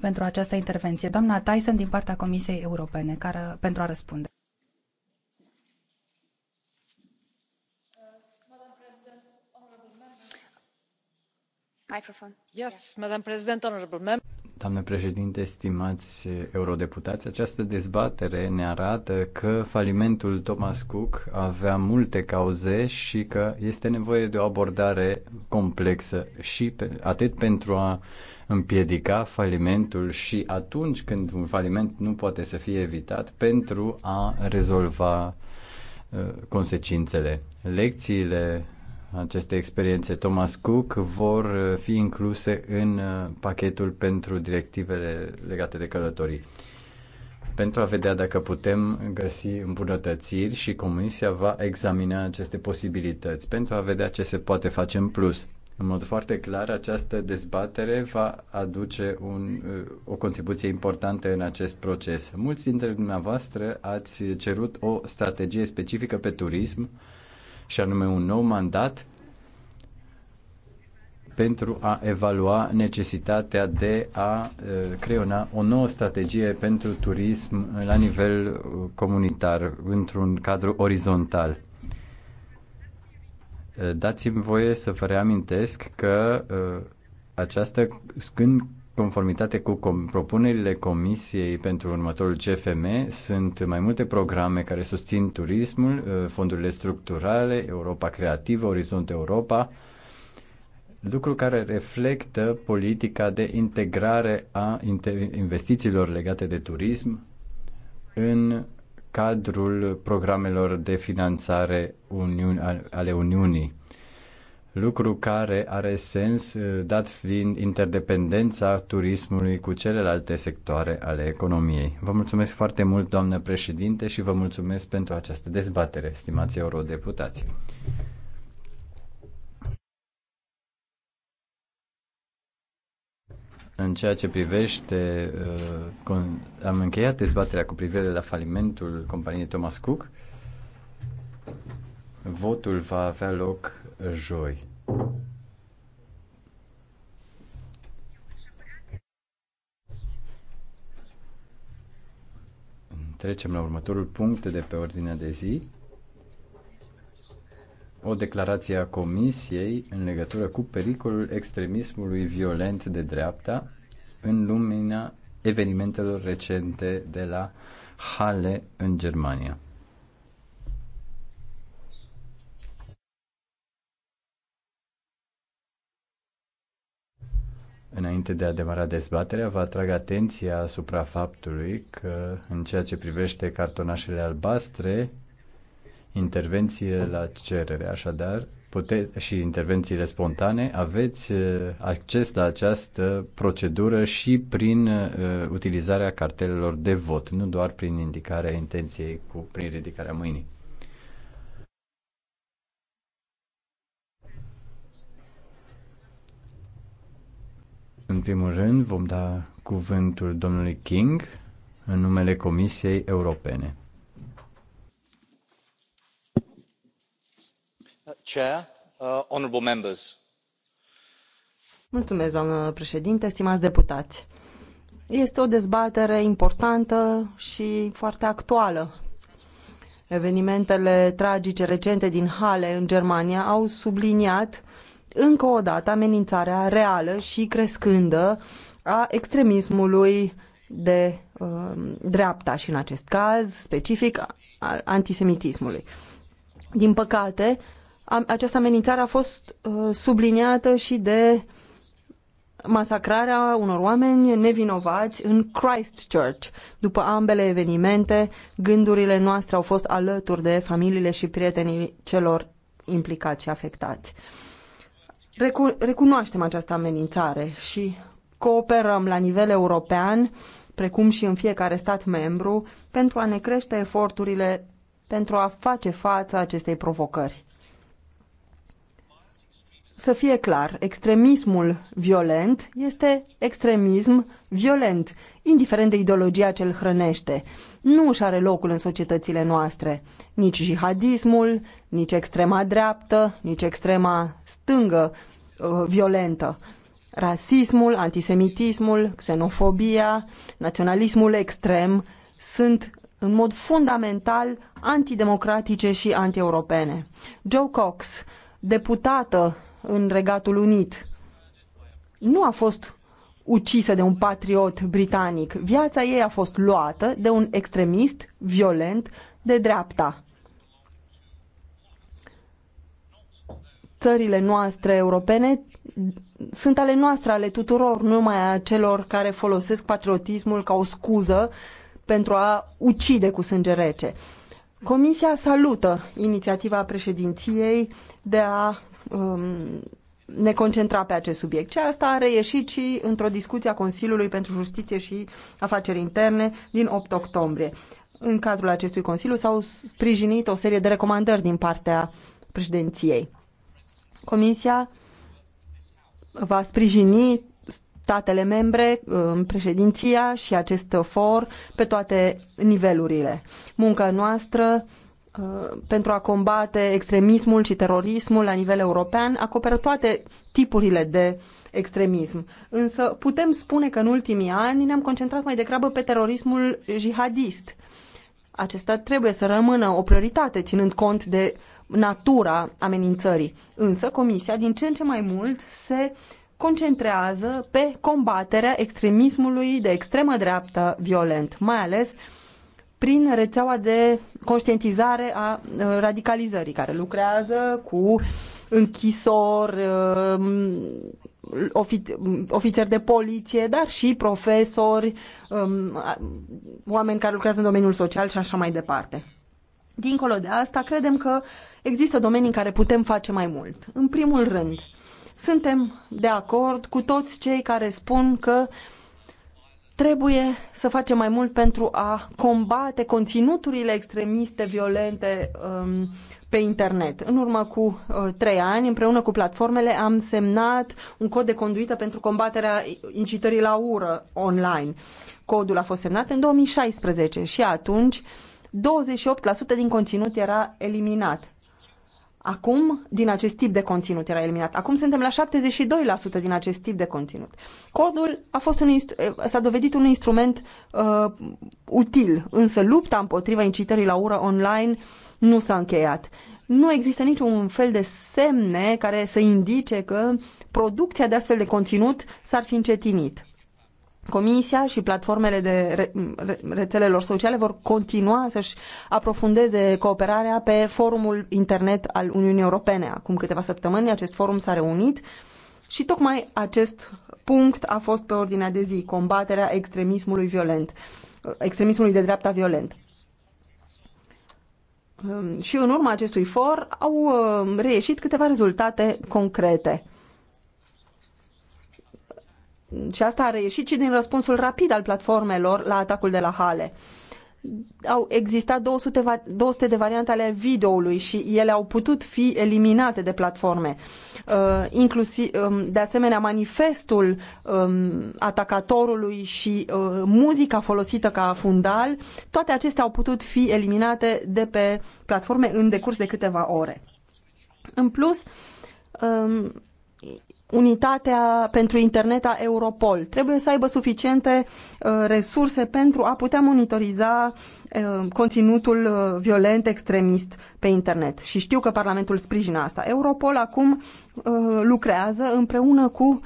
pentru această intervenție. Doamna Tyson din partea Comisiei Europene care, pentru a răspunde. Microphone. Yes, yeah. Madam President, honorable members. Doamne președinte, stimați eurodeputați, această dezbatere ne arată că falimentul Thomas Cook avea multe cauze și că este nevoie de o abordare complexă și pe, atât pentru a împiedica falimentul și atunci când un faliment nu poate să fie evitat pentru a rezolva uh, consecințele. Lecțiile aceste experiențe Thomas Cook vor uh, fi incluse în uh, pachetul pentru directivele legate de călătorii. Pentru a vedea dacă putem găsi îmbunătățiri și Comisia va examina aceste posibilități pentru a vedea ce se poate face în plus. În mod foarte clar, această dezbatere va aduce un, uh, o contribuție importantă în acest proces. Mulți dintre dumneavoastră ați cerut o strategie specifică pe turism și anume un nou mandat pentru a evalua necesitatea de a uh, creiona o nouă strategie pentru turism la nivel uh, comunitar, într-un cadru orizontal. Uh, dați-mi voie să vă reamintesc că această, când conformitate cu com- propunerile Comisiei pentru următorul CFM, sunt mai multe programe care susțin turismul, uh, fondurile structurale, Europa Creativă, Orizont Europa, lucru care reflectă politica de integrare a investițiilor legate de turism în cadrul programelor de finanțare Uniun- ale Uniunii lucru care are sens eh, dat fiind interdependența turismului cu celelalte sectoare ale economiei. Vă mulțumesc foarte mult, doamnă președinte, și vă mulțumesc pentru această dezbatere, stimați eurodeputați. În ceea ce privește, eh, am încheiat dezbaterea cu privire la falimentul companiei Thomas Cook. Votul va avea loc joi. Trecem la următorul punct de pe ordinea de zi. O declarație a Comisiei în legătură cu pericolul extremismului violent de dreapta în lumina evenimentelor recente de la Halle în Germania. Înainte de a demara dezbaterea, vă atrag atenția asupra faptului că, în ceea ce privește cartonașele albastre, intervențiile la cerere, așadar, pute- și intervențiile spontane, aveți uh, acces la această procedură și prin uh, utilizarea cartelelor de vot, nu doar prin indicarea intenției cu prin ridicarea mâinii. În primul rând, vom da cuvântul domnului King în numele Comisiei Europene. Uh, Chair, uh, honorable members. Mulțumesc, doamnă președinte, stimați deputați. Este o dezbatere importantă și foarte actuală. Evenimentele tragice recente din Hale, în Germania, au subliniat încă o dată amenințarea reală și crescândă a extremismului de uh, dreapta și în acest caz specific al antisemitismului. Din păcate, această amenințare a fost uh, subliniată și de masacrarea unor oameni nevinovați în Christchurch. După ambele evenimente, gândurile noastre au fost alături de familiile și prietenii celor implicați și afectați. Uh, Recu recunoaștem această amenințare și cooperăm la nivel european, precum și în fiecare stat membru, pentru a ne crește eforturile pentru a face față acestei provocări. Să fie clar, extremismul violent este extremism violent, indiferent de ideologia ce îl hrănește nu își are locul în societățile noastre. Nici jihadismul, nici extrema dreaptă, nici extrema stângă uh, violentă. Rasismul, antisemitismul, xenofobia, naționalismul extrem sunt în mod fundamental antidemocratice și antieuropene. Joe Cox, deputată în Regatul Unit, nu a fost ucisă de un patriot britanic. Viața ei a fost luată de un extremist violent de dreapta. Țările noastre europene sunt ale noastre, ale tuturor, numai a celor care folosesc patriotismul ca o scuză pentru a ucide cu sânge rece. Comisia salută inițiativa președinției de a um, ne concentra pe acest subiect. Și asta a reieșit și într-o discuție a Consiliului pentru Justiție și Afaceri Interne din 8 octombrie. În cadrul acestui Consiliu s-au sprijinit o serie de recomandări din partea președinției. Comisia va sprijini statele membre, um, președinția și acest for pe toate nivelurile. Munca noastră Uh, pentru a combate extremismul și terorismul la nivel european acoperă toate tipurile de extremism. Însă putem spune că în ultimii ani ne-am concentrat mai degrabă pe terorismul jihadist. Acesta trebuie să rămână o prioritate, ținând cont de natura amenințării. Însă Comisia din ce în ce mai mult se concentrează pe combaterea extremismului de extremă dreaptă violent, mai ales uh, prin rețeaua de conștientizare a uh, radicalizării, care lucrează cu închisor, uh, ofițeri de poliție, dar și profesori, um, oameni care lucrează în domeniul social și așa mai departe. Dincolo de asta, credem că există domenii în care putem face mai mult. În primul rând, suntem de acord cu toți cei care spun că uh, Trebuie să facem mai mult pentru a combate conținuturile extremiste violente um, pe internet. În urmă cu uh, trei ani, împreună cu platformele, am semnat un cod de conduită pentru combaterea incitării la ură online. Codul a fost semnat în 2016 și atunci 28% din conținut era eliminat. Acum, din acest tip de conținut era eliminat. Acum suntem la 72% din acest tip de conținut. Codul a fost un eh, s-a dovedit un instrument uh, util, însă lupta împotriva incitării la ură online nu s-a încheiat. Nu există niciun fel de semne care să indice că producția de astfel de conținut s-ar fi încetinit. Comisia și platformele de re, re, rețelelor sociale vor continua să-și aprofundeze cooperarea pe forumul internet al Uniunii Europene. Acum câteva săptămâni acest forum s-a reunit și tocmai acest punct a fost pe ordinea de zi, combaterea extremismului violent, extremismului de dreapta violent. Ehm, și în urma acestui for au ehm, reieșit câteva rezultate concrete și asta a reieșit și din răspunsul rapid al platformelor la atacul de la Hale. Au existat 200, 200 de variante ale videoului și ele au putut fi eliminate de platforme. Uh, inclusiv, um, de asemenea, manifestul um, atacatorului și uh, muzica folosită ca fundal, toate acestea au putut fi eliminate de pe platforme în decurs de câteva ore. În plus, um, unitatea pentru internet a Europol. Trebuie să aibă suficiente uh, resurse pentru a putea monitoriza uh, conținutul uh, violent extremist pe internet. Și știu că Parlamentul sprijină asta. Europol acum uh, lucrează împreună cu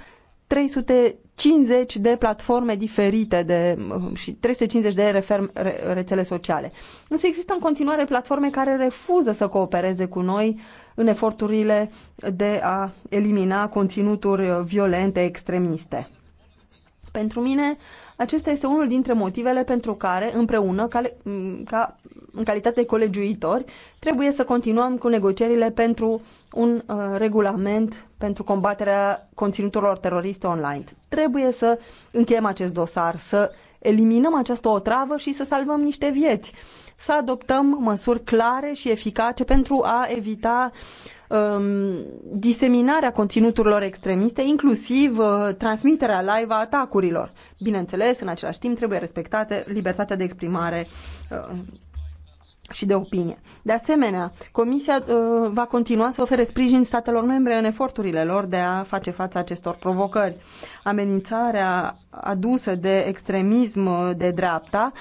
350 de platforme diferite de, uh, și 350 de refer, re, rețele sociale. Însă există în continuare platforme care refuză să coopereze cu noi uh, în eforturile de a elimina conținuturi violente extremiste. Pentru mine, acesta este unul dintre motivele pentru care, împreună, ca, ca, în calitate de colegiuitori, trebuie să continuăm cu negocierile pentru un uh, regulament pentru combaterea conținuturilor teroriste online. Trebuie să încheiem acest dosar, să eliminăm această otravă și să salvăm niște vieți. Uh, să adoptăm măsuri clare și eficace pentru a evita um, diseminarea conținuturilor extremiste, inclusiv uh, transmiterea live a atacurilor. Bineînțeles, în același timp trebuie respectate libertatea de exprimare uh, și de opinie. De asemenea, Comisia uh, va continua să ofere sprijin statelor membre în eforturile lor de a face față acestor provocări. Amenințarea adusă de extremism uh, de dreapta uh,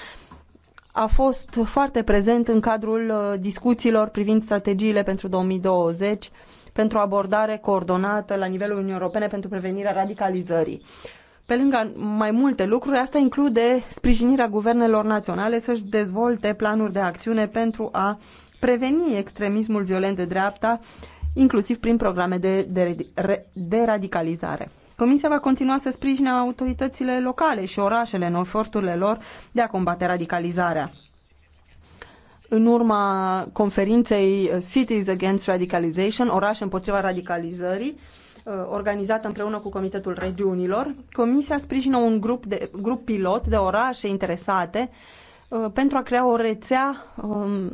a fost foarte prezent în cadrul uh, discuțiilor privind strategiile pentru 2020 pentru abordare coordonată la nivelul Uniunii Europene pentru prevenirea radicalizării. Pe lângă mai multe lucruri, asta include sprijinirea guvernelor naționale să-și dezvolte planuri de acțiune pentru a preveni extremismul violent de dreapta, inclusiv prin programe de, de, de radicalizare. Comisia va continua să sprijine autoritățile locale și orașele în eforturile lor de a combate radicalizarea în urma conferinței Cities Against Radicalization, oraș împotriva radicalizării, uh, organizată împreună cu Comitetul Regiunilor, Comisia sprijină un grup, de, grup pilot de orașe interesate uh, pentru a crea o rețea um,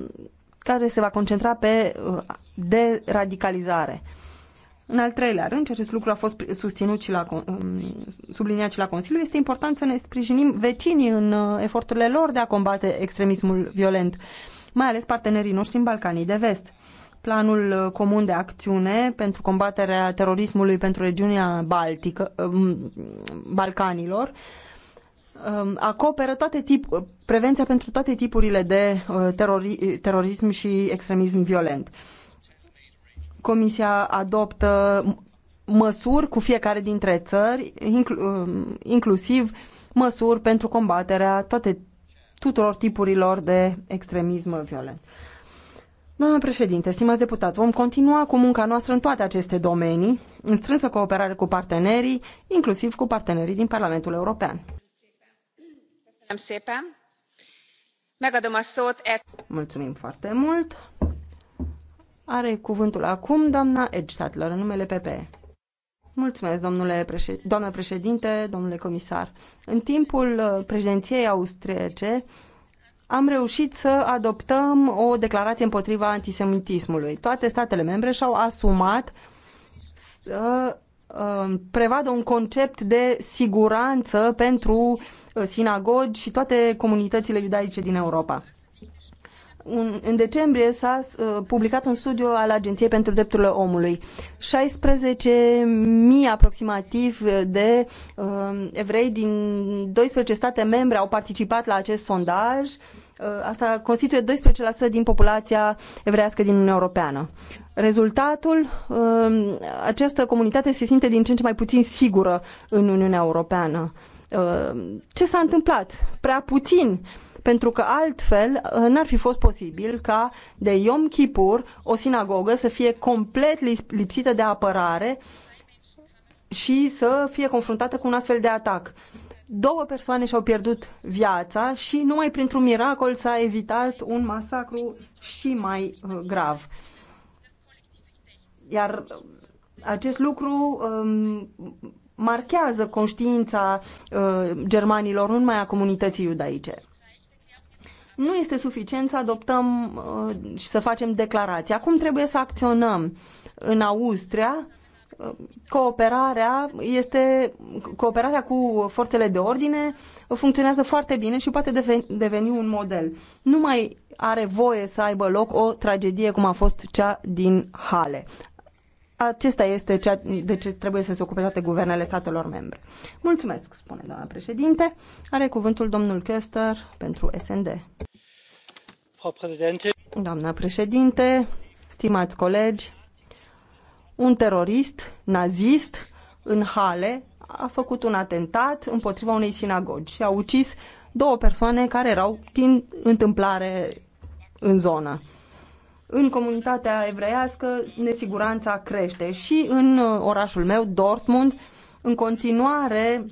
care se va concentra pe uh, deradicalizare. În al treilea rând, și acest lucru a fost susținut și la, um, subliniat și la Consiliu, este important să ne sprijinim vecinii în uh, eforturile lor de a combate extremismul violent, mai ales partenerii noștri în Balcanii de Vest. Planul uh, comun de acțiune pentru combaterea terorismului pentru regiunea Baltică, um, Balcanilor um, acoperă toate tip, uh, prevenția pentru toate tipurile de terori, terorism și extremism violent. Comisia adoptă măsuri cu fiecare dintre țări, um, inclusiv măsuri pentru combaterea toate, tuturor tipurilor de extremism violent. Doamna președinte, stimați deputați, vom continua cu munca noastră în toate aceste domenii, în strânsă cooperare cu partenerii, inclusiv cu partenerii din Parlamentul European. Mulțumim foarte mult. Are cuvântul acum doamna Edgestatler, în numele PPE. Mulțumesc, domnule președ... doamnă președinte, domnule comisar. În timpul uh, președinției austriece am reușit să adoptăm o declarație împotriva antisemitismului. Toate statele membre și-au asumat să uh, prevadă un concept de siguranță pentru uh, sinagogi și toate comunitățile iudaice din Europa un, în decembrie s-a uh, publicat un studiu al Agenției pentru Drepturile Omului. 16.000 aproximativ de uh, evrei din 12 state membre au participat la acest sondaj. Uh, asta constituie 12% din populația evreiască din Uniunea Europeană. Rezultatul, uh, această comunitate se simte din ce în ce mai puțin sigură în Uniunea Europeană. Uh, ce s-a întâmplat? Prea puțin uh, pentru că altfel uh, n-ar fi fost posibil ca de Yom Kippur o sinagogă să fie complet lipsită de apărare și să fie confruntată cu un astfel de atac. Două persoane și-au pierdut viața și numai printr-un miracol s-a evitat un masacru și mai uh, grav. Iar uh, acest lucru um, marchează conștiința uh, germanilor, nu numai a comunității iudaice nu este suficient să adoptăm uh, și să facem declarații. Acum trebuie să acționăm. În Austria, uh, cooperarea este cooperarea cu forțele de ordine funcționează foarte bine și poate deveni, deveni un model. Nu mai are voie să aibă loc o tragedie cum a fost cea din Hale. Acesta este ceea de ce trebuie să se ocupe toate guvernele statelor membre. Mulțumesc, spune doamna președinte. Are cuvântul domnul Köster pentru SND. Doamna președinte, stimați colegi, un terorist nazist în Hale a făcut un atentat împotriva unei sinagogi și a ucis două persoane care erau din întâmplare în zonă în comunitatea evreiască nesiguranța crește și în uh, orașul meu, Dortmund, în continuare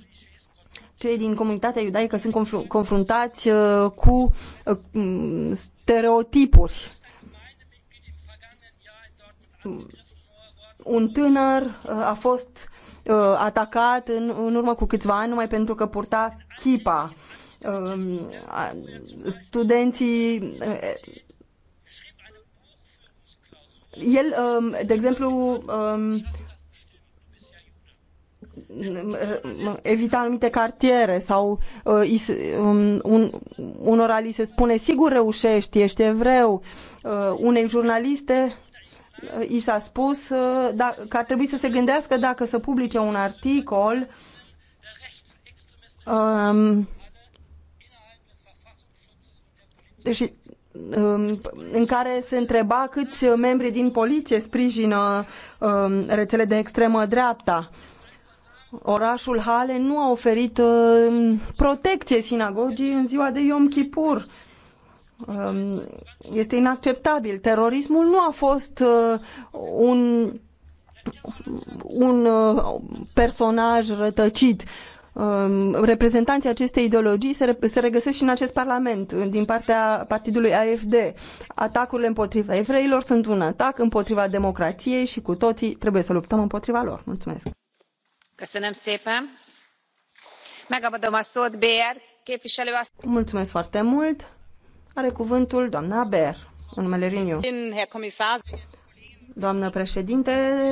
cei din comunitatea iudaică sunt confruntați uh, cu uh, mm, stereotipuri. Un tânăr uh, a fost uh, atacat în, în urmă cu câțiva ani numai pentru că purta chipa. Um, uh, studenții el, um, de exemplu, um, evita anumite cartiere sau uh, um, un, unora li se spune sigur reușești, ești evreu. Uh, unei jurnaliste uh, i s-a spus da, că ar trebui să se gândească dacă să publice un articol și Um, în care se întreba câți membri din poliție sprijină um, rețele de extremă dreapta. Orașul Hale nu a oferit um, protecție sinagogii în ziua de Yom Kippur. Este inacceptabil. Terorismul nu a fost uh, un, un uh, personaj rătăcit Um, reprezentanții acestei ideologii se, se regăsesc și în acest parlament, din partea partidului AFD. Atacurile împotriva evreilor sunt un atac împotriva democrației și cu toții trebuie să luptăm împotriva lor. Mulțumesc! Mulțumesc foarte mult! Are cuvântul doamna Baer, în numele Riniu. Doamnă președinte,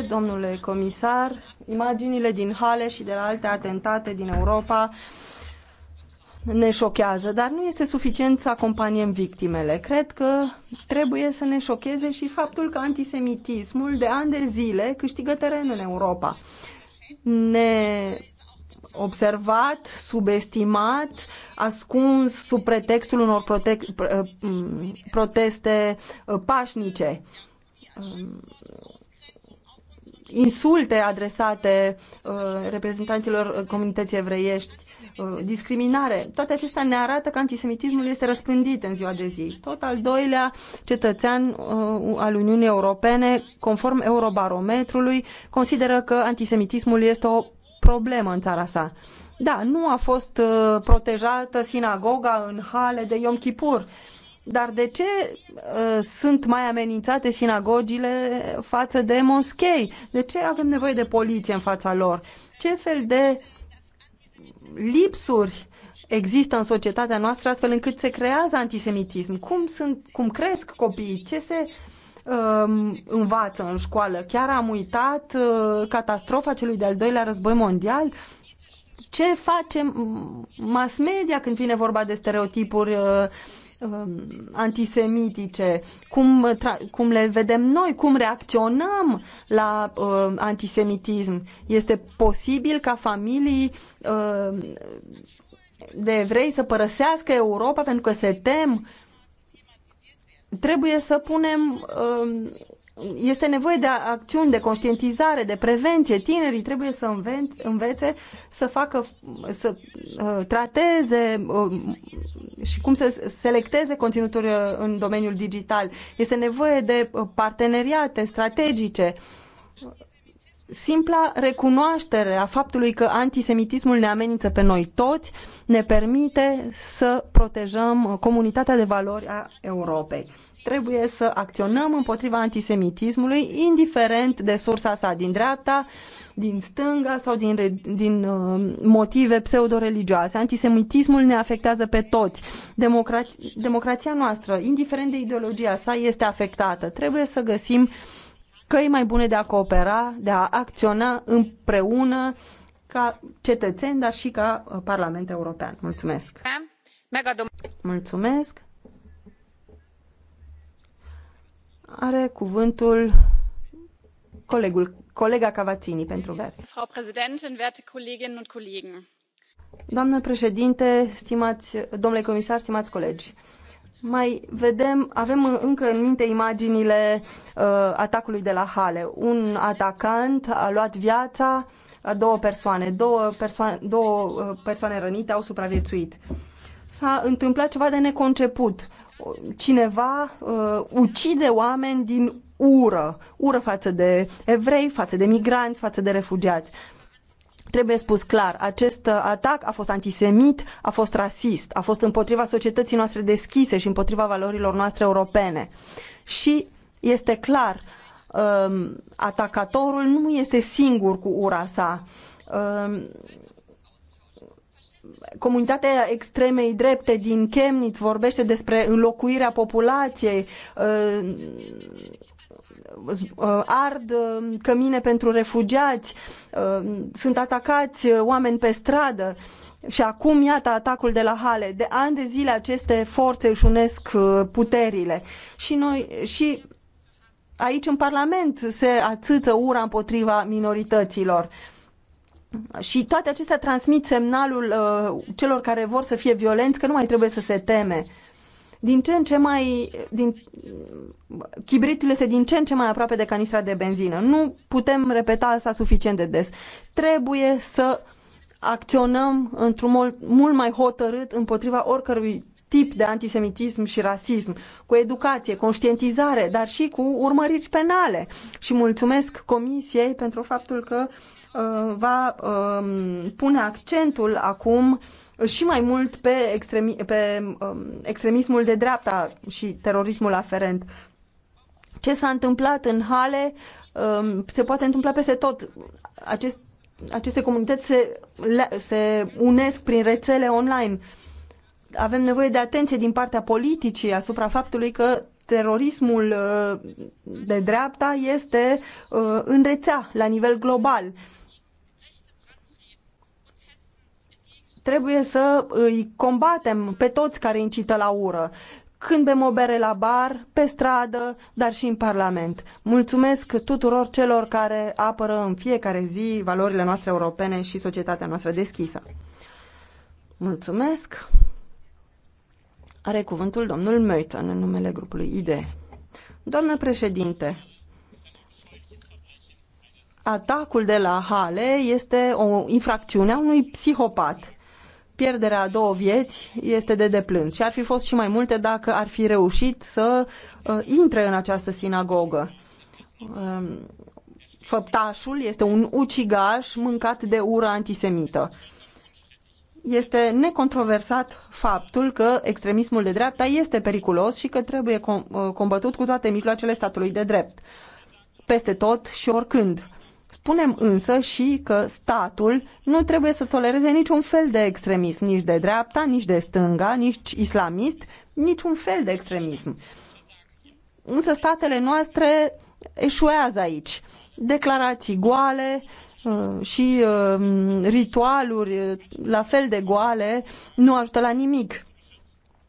domnule comisar, imaginile din Hale și de la alte atentate din Europa ne șochează, dar nu este suficient să acompaniem victimele. Cred că trebuie să ne șocheze și faptul că antisemitismul de ani de zile câștigă teren în Europa. Ne observat, subestimat, ascuns sub pretextul unor proteste uh, pașnice. Um, insulte adresate uh, reprezentanților comunității evreiești, uh, discriminare. Toate acestea ne arată că antisemitismul este răspândit în ziua de zi. Tot al doilea cetățean uh, al Uniunii Europene, conform Eurobarometrului, consideră că antisemitismul este o problemă în țara sa. Da, nu a fost protejată sinagoga în Hale de Yom Kippur dar de ce uh, sunt mai amenințate sinagogile față de moschei? De ce avem nevoie de poliție în fața lor? Ce fel de lipsuri există în societatea noastră astfel încât se creează antisemitism? Cum, sunt, cum cresc copiii? Ce se uh, învață în școală? Chiar am uitat uh, catastrofa celui de-al doilea război mondial? Ce face mass media când vine vorba de stereotipuri uh, Uh, antisemitice, cum, cum le vedem noi, cum reacționăm la uh, antisemitism. Este posibil ca familii uh, de evrei să părăsească Europa pentru că se tem. Trebuie să punem uh, este nevoie de acțiuni de conștientizare, de prevenție. Tinerii trebuie să învețe, să facă, să uh, trateze uh, și cum să selecteze conținuturi uh, în domeniul digital. Este nevoie de parteneriate strategice. Simpla recunoaștere a faptului că antisemitismul ne amenință pe noi toți ne permite să protejăm comunitatea de valori a Europei trebuie să acționăm împotriva antisemitismului, indiferent de sursa sa, din dreapta, din stânga sau din, din uh, motive pseudo-religioase. Antisemitismul ne afectează pe toți. Democraț- democrația noastră, indiferent de ideologia sa, este afectată. Trebuie să găsim căi mai bune de a coopera, de a acționa împreună ca cetățeni, dar și ca uh, Parlament European. Mulțumesc! Mulțumesc! Are cuvântul colegul, colega Cavazzini pentru vers. Frau Präsidentin, werte Kolleginnen und Kollegen. Doamnă președinte, stimați, domnule comisar, stimați colegi. Mai vedem, avem încă în minte imaginile uh, atacului de la Hale. Un atacant a luat viața a două persoane. Două persoane, două uh, persoane rănite au supraviețuit. S-a întâmplat ceva de neconceput cineva uh, ucide oameni din ură, ură față de evrei, față de migranți, față de refugiați. Trebuie spus clar, acest uh, atac a fost antisemit, a fost rasist, a fost împotriva societății noastre deschise și împotriva valorilor noastre europene. Și este clar, um, atacatorul nu este singur cu ura sa um, comunitatea extremei drepte din Chemnitz vorbește despre înlocuirea populației, uh, uh, ard uh, cămine pentru refugiați, sunt atacați oameni pe stradă. Și acum, iată, atacul de la Hale. De ani de zile aceste forțe își unesc puterile. Și noi, și aici în Parlament se atâță ura împotriva minorităților. Uh, și toate acestea transmit semnalul uh, celor care vor să fie violenți că nu mai trebuie să se teme. Din ce în ce mai. Din, chibriturile este din ce în ce mai aproape de canistra de benzină. Nu putem repeta asta suficient de des. Trebuie să acționăm într-un mult, mult mai hotărât împotriva oricărui tip de antisemitism și rasism, cu educație, conștientizare, dar și cu urmăriri penale. Și mulțumesc Comisiei pentru faptul că Uh, va um, pune accentul acum și mai mult pe, extremi, pe um, extremismul de dreapta și terorismul aferent. Ce s-a întâmplat în Hale um, se poate întâmpla peste tot. Acest, aceste comunități se, se unesc prin rețele online. Avem nevoie de atenție din partea politicii asupra faptului că terorismul uh, de dreapta este uh, în rețea la nivel global Trebuie să îi combatem pe toți care incită la ură când bem o bere la bar, pe stradă, dar și în Parlament. Mulțumesc tuturor celor care apără în fiecare zi valorile noastre europene și societatea noastră deschisă. Mulțumesc. Are cuvântul domnul Meuton în numele grupului ID. Doamnă președinte, atacul de la Hale este o infracțiune a unui psihopat pierderea a două vieți este de deplâns și ar fi fost și mai multe dacă ar fi reușit să uh, intre în această sinagogă. Uh, făptașul este un ucigaș mâncat de ură antisemită. Este necontroversat faptul că extremismul de dreapta este periculos și că trebuie com uh, combătut cu toate mijloacele statului de drept, peste tot și oricând Spunem însă și că statul nu trebuie să tolereze niciun fel de extremism, nici de dreapta, nici de stânga, nici islamist, niciun fel de extremism. Însă statele noastre eșuează aici. Declarații goale uh, și uh, ritualuri uh, la fel de goale nu ajută la nimic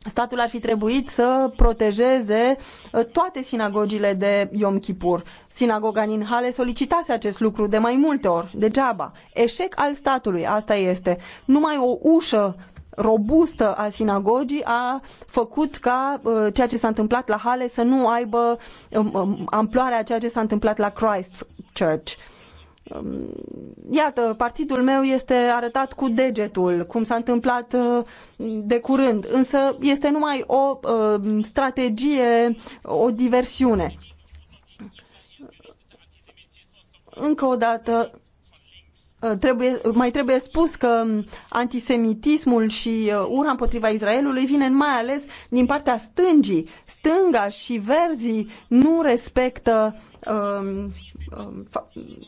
statul ar fi trebuit să protejeze uh, toate sinagogile de Yom Kippur. Sinagoga Ninhale solicitase acest lucru de mai multe ori, degeaba. Eșec al statului, asta este. Numai o ușă robustă a sinagogii a făcut ca uh, ceea ce s-a întâmplat la Hale să nu aibă um, um, amploarea a ceea ce s-a întâmplat la Christ Church. Um, iată, partidul meu este arătat cu degetul, cum s-a întâmplat uh, de curând, însă este numai o uh, strategie, o diversiune. Încă o dată, uh, trebuie, mai trebuie spus că antisemitismul și ura împotriva Israelului vine mai ales din partea stângii. Stânga și verzii nu respectă uh, Um,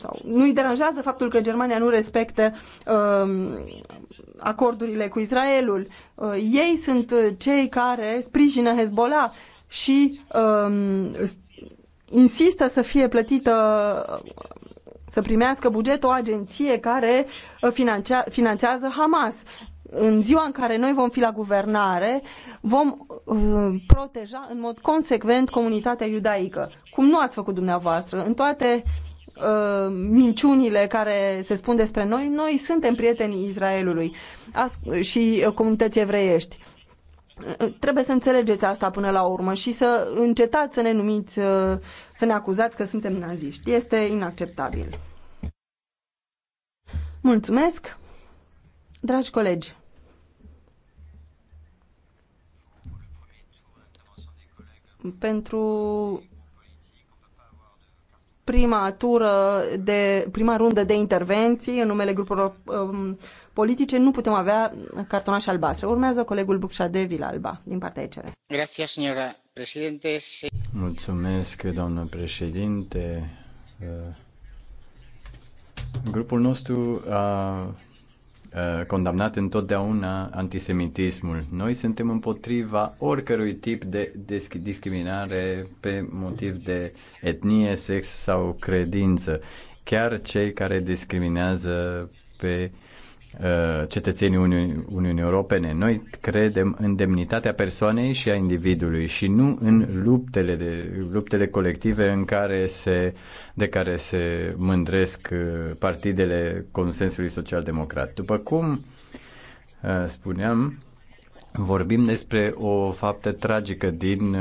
sau nu-i deranjează faptul că Germania nu respectă um, acordurile cu Israelul. Uh, ei sunt uh, cei care sprijină Hezbollah și um, insistă să fie plătită uh, să primească buget o agenție care finanțează Hamas. În ziua în care noi vom fi la guvernare, vom uh, proteja în mod consecvent comunitatea iudaică cum nu ați făcut dumneavoastră. În toate uh, minciunile care se spun despre noi, noi suntem prietenii Israelului și comunității evreiești. Uh, trebuie să înțelegeți asta până la urmă și să încetați să ne numiți, uh, să ne acuzați că suntem naziști. Este inacceptabil. Mulțumesc, dragi colegi. Pentru prima tură de prima rundă de intervenții în numele grupurilor um, politice nu putem avea cartonaș albastre. Urmează colegul Bucșa de Vilalba din partea ECR. Gracias, señora presidente. Mulțumesc, doamnă președinte. Uh, grupul nostru a Uh, condamnat întotdeauna antisemitismul. Noi suntem împotriva oricărui tip de discriminare pe motiv de etnie, sex sau credință. Chiar cei care discriminează pe uh, Uh, cetățenii Uniunii, Europene. Noi credem în demnitatea persoanei și a individului și nu în luptele, de, luptele colective în care se, de care se mândresc uh, partidele consensului social-democrat. După cum uh, spuneam, vorbim despre o faptă tragică din,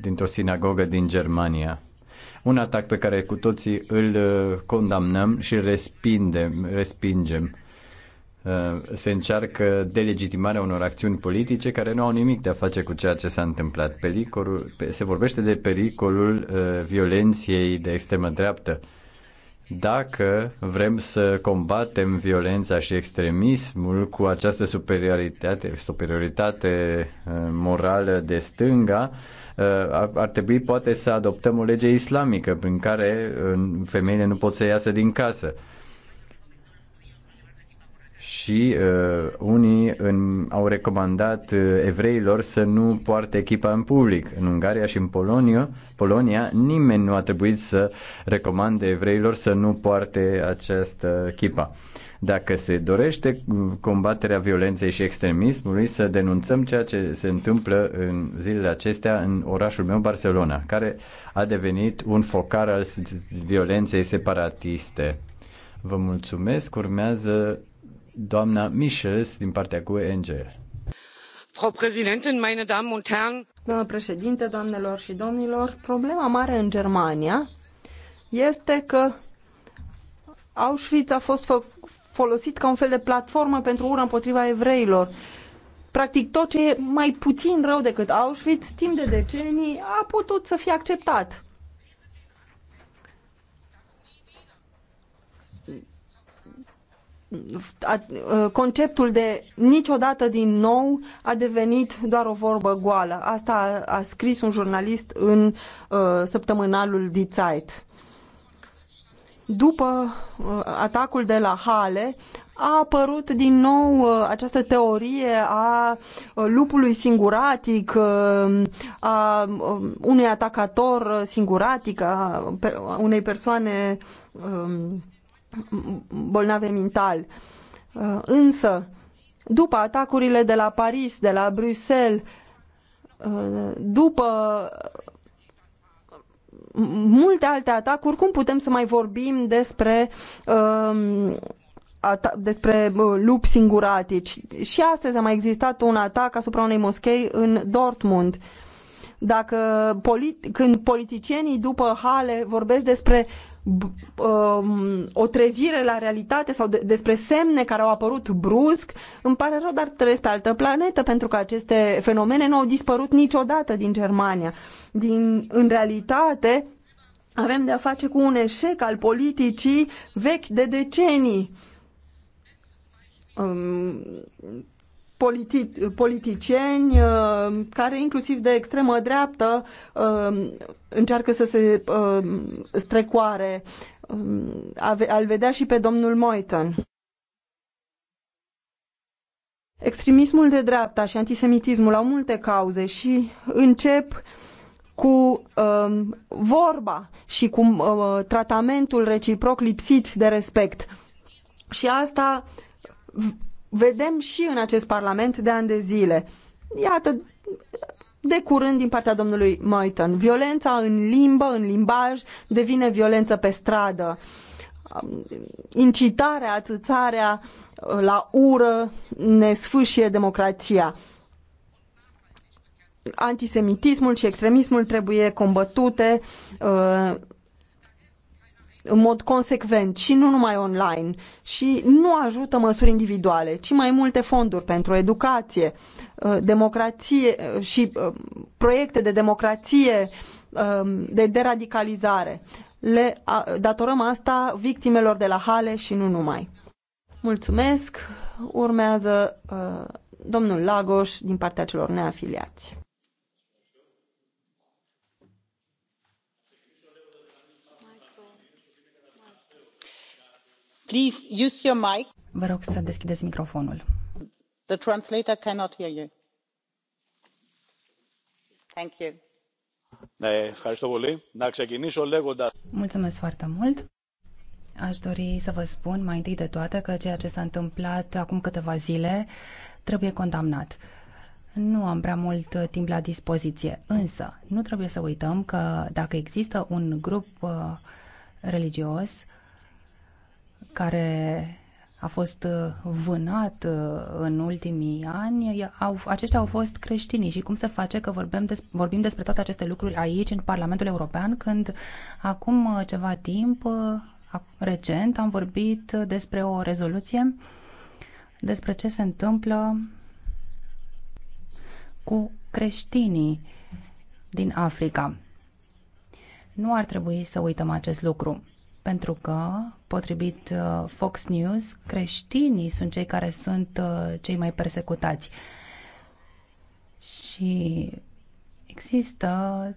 dintr-o sinagogă din Germania un atac pe care cu toții îl uh, condamnăm și respindem, respingem. Uh, se încearcă delegitimarea unor acțiuni politice care nu au nimic de a face cu ceea ce s-a întâmplat. Pericolul, se vorbește de pericolul uh, violenței de extremă dreaptă. Dacă vrem să combatem violența și extremismul cu această superioritate, superioritate morală de stânga, Uh, ar trebui poate să adoptăm o lege islamică prin care uh, femeile nu pot să iasă din casă. Și uh, unii în, au recomandat uh, evreilor să nu poarte echipa în public. În Ungaria și în Polonia, Polonia nimeni nu a trebuit să recomande evreilor să nu poarte această echipa. Uh, dacă se dorește combaterea violenței și extremismului, să denunțăm ceea ce se întâmplă în zilele acestea în orașul meu, Barcelona, care a devenit un focar al violenței separatiste. Vă mulțumesc. Urmează doamna Michels din partea cu Angel. Frau Präsidentin, meine Damen und Herren! Doamnă președinte, doamnelor și domnilor, problema mare în Germania este că Auschwitz a fost fă- folosit ca un fel de platformă pentru ură împotriva evreilor. Practic tot ce e mai puțin rău decât Auschwitz, timp de decenii, a putut să fie acceptat. Ă, conceptul de niciodată din nou a devenit doar o vorbă goală. Asta a, a scris un jurnalist în uh, săptămânalul Die Zeit după uh, atacul de la Hale, a apărut din nou uh, această teorie a uh, lupului singuratic, a unui atacator singuratic, a unei persoane um, bolnave mental. Însă, după atacurile de la Paris, de la Bruxelles, după multe alte atacuri, cum putem să mai vorbim despre um, uh, despre lupi singuratici. Și astăzi a mai existat un atac asupra unei moschei în Dortmund. Dacă politi- când politicienii după Hale vorbesc despre um, o trezire la realitate sau de, despre semne care au apărut brusc. Îmi pare rău, dar trebuie pe altă planetă pentru că aceste fenomene nu au dispărut niciodată din Germania. Din, în realitate, avem de-a face cu un eșec al politicii vechi de decenii. Um, politi- politicieni uh, care inclusiv de extremă dreaptă uh, încearcă să se uh, strecoare. Al vedea și pe domnul Moiton. Extremismul de dreapta și antisemitismul au multe cauze și încep cu uh, vorba și cu uh, tratamentul reciproc lipsit de respect. Și asta vedem și în acest Parlament de ani de zile. Iată, de curând din partea domnului Moyton. Violența în limbă, în limbaj, devine violență pe stradă. Um, incitarea, atâțarea uh, la ură ne sfâșie democrația. Antisemitismul și extremismul trebuie combătute uh, în mod consecvent și nu numai online și nu ajută măsuri individuale, ci mai multe fonduri pentru educație, uh, democrație uh, și uh, proiecte de democrație, um, de deradicalizare. Le datorăm asta victimelor de la Hale și nu numai. Mulțumesc. Urmează domnul Lagoș din partea celor neafiliați. Vă rog să deschideți microfonul. The translator cannot hear you. Thank you. Mulțumesc foarte mult. Aș dori să vă spun mai întâi de toate că ceea ce s-a întâmplat acum câteva zile trebuie condamnat. Nu am prea mult timp la dispoziție, însă nu trebuie să uităm că dacă există un grup uh, religios care a fost uh, vânat uh, în ultimii ani, au, aceștia au fost creștini și cum se face că vorbim, des, vorbim despre toate aceste lucruri aici, în Parlamentul European, când acum uh, ceva timp, recent, am vorbit despre o rezoluție despre ce se întâmplă cu creștinii din Africa. Nu ar trebui să uităm acest lucru pentru că, potrivit uh, Fox News, creștinii sunt cei care sunt uh, cei mai persecutați. Și există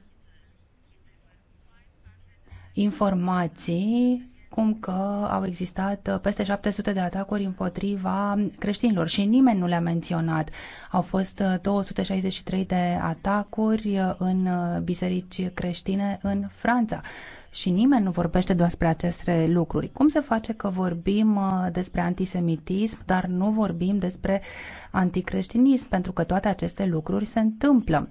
informații acum că au existat uh, peste 700 de atacuri împotriva creștinilor și nimeni nu le-a menționat. Au fost 263 uh, de atacuri uh, în biserici creștine în Franța și nimeni nu vorbește despre aceste lucruri. Cum se face că vorbim despre antisemitism, dar nu vorbim despre anticreștinism, pentru că toate aceste lucruri se întâmplă?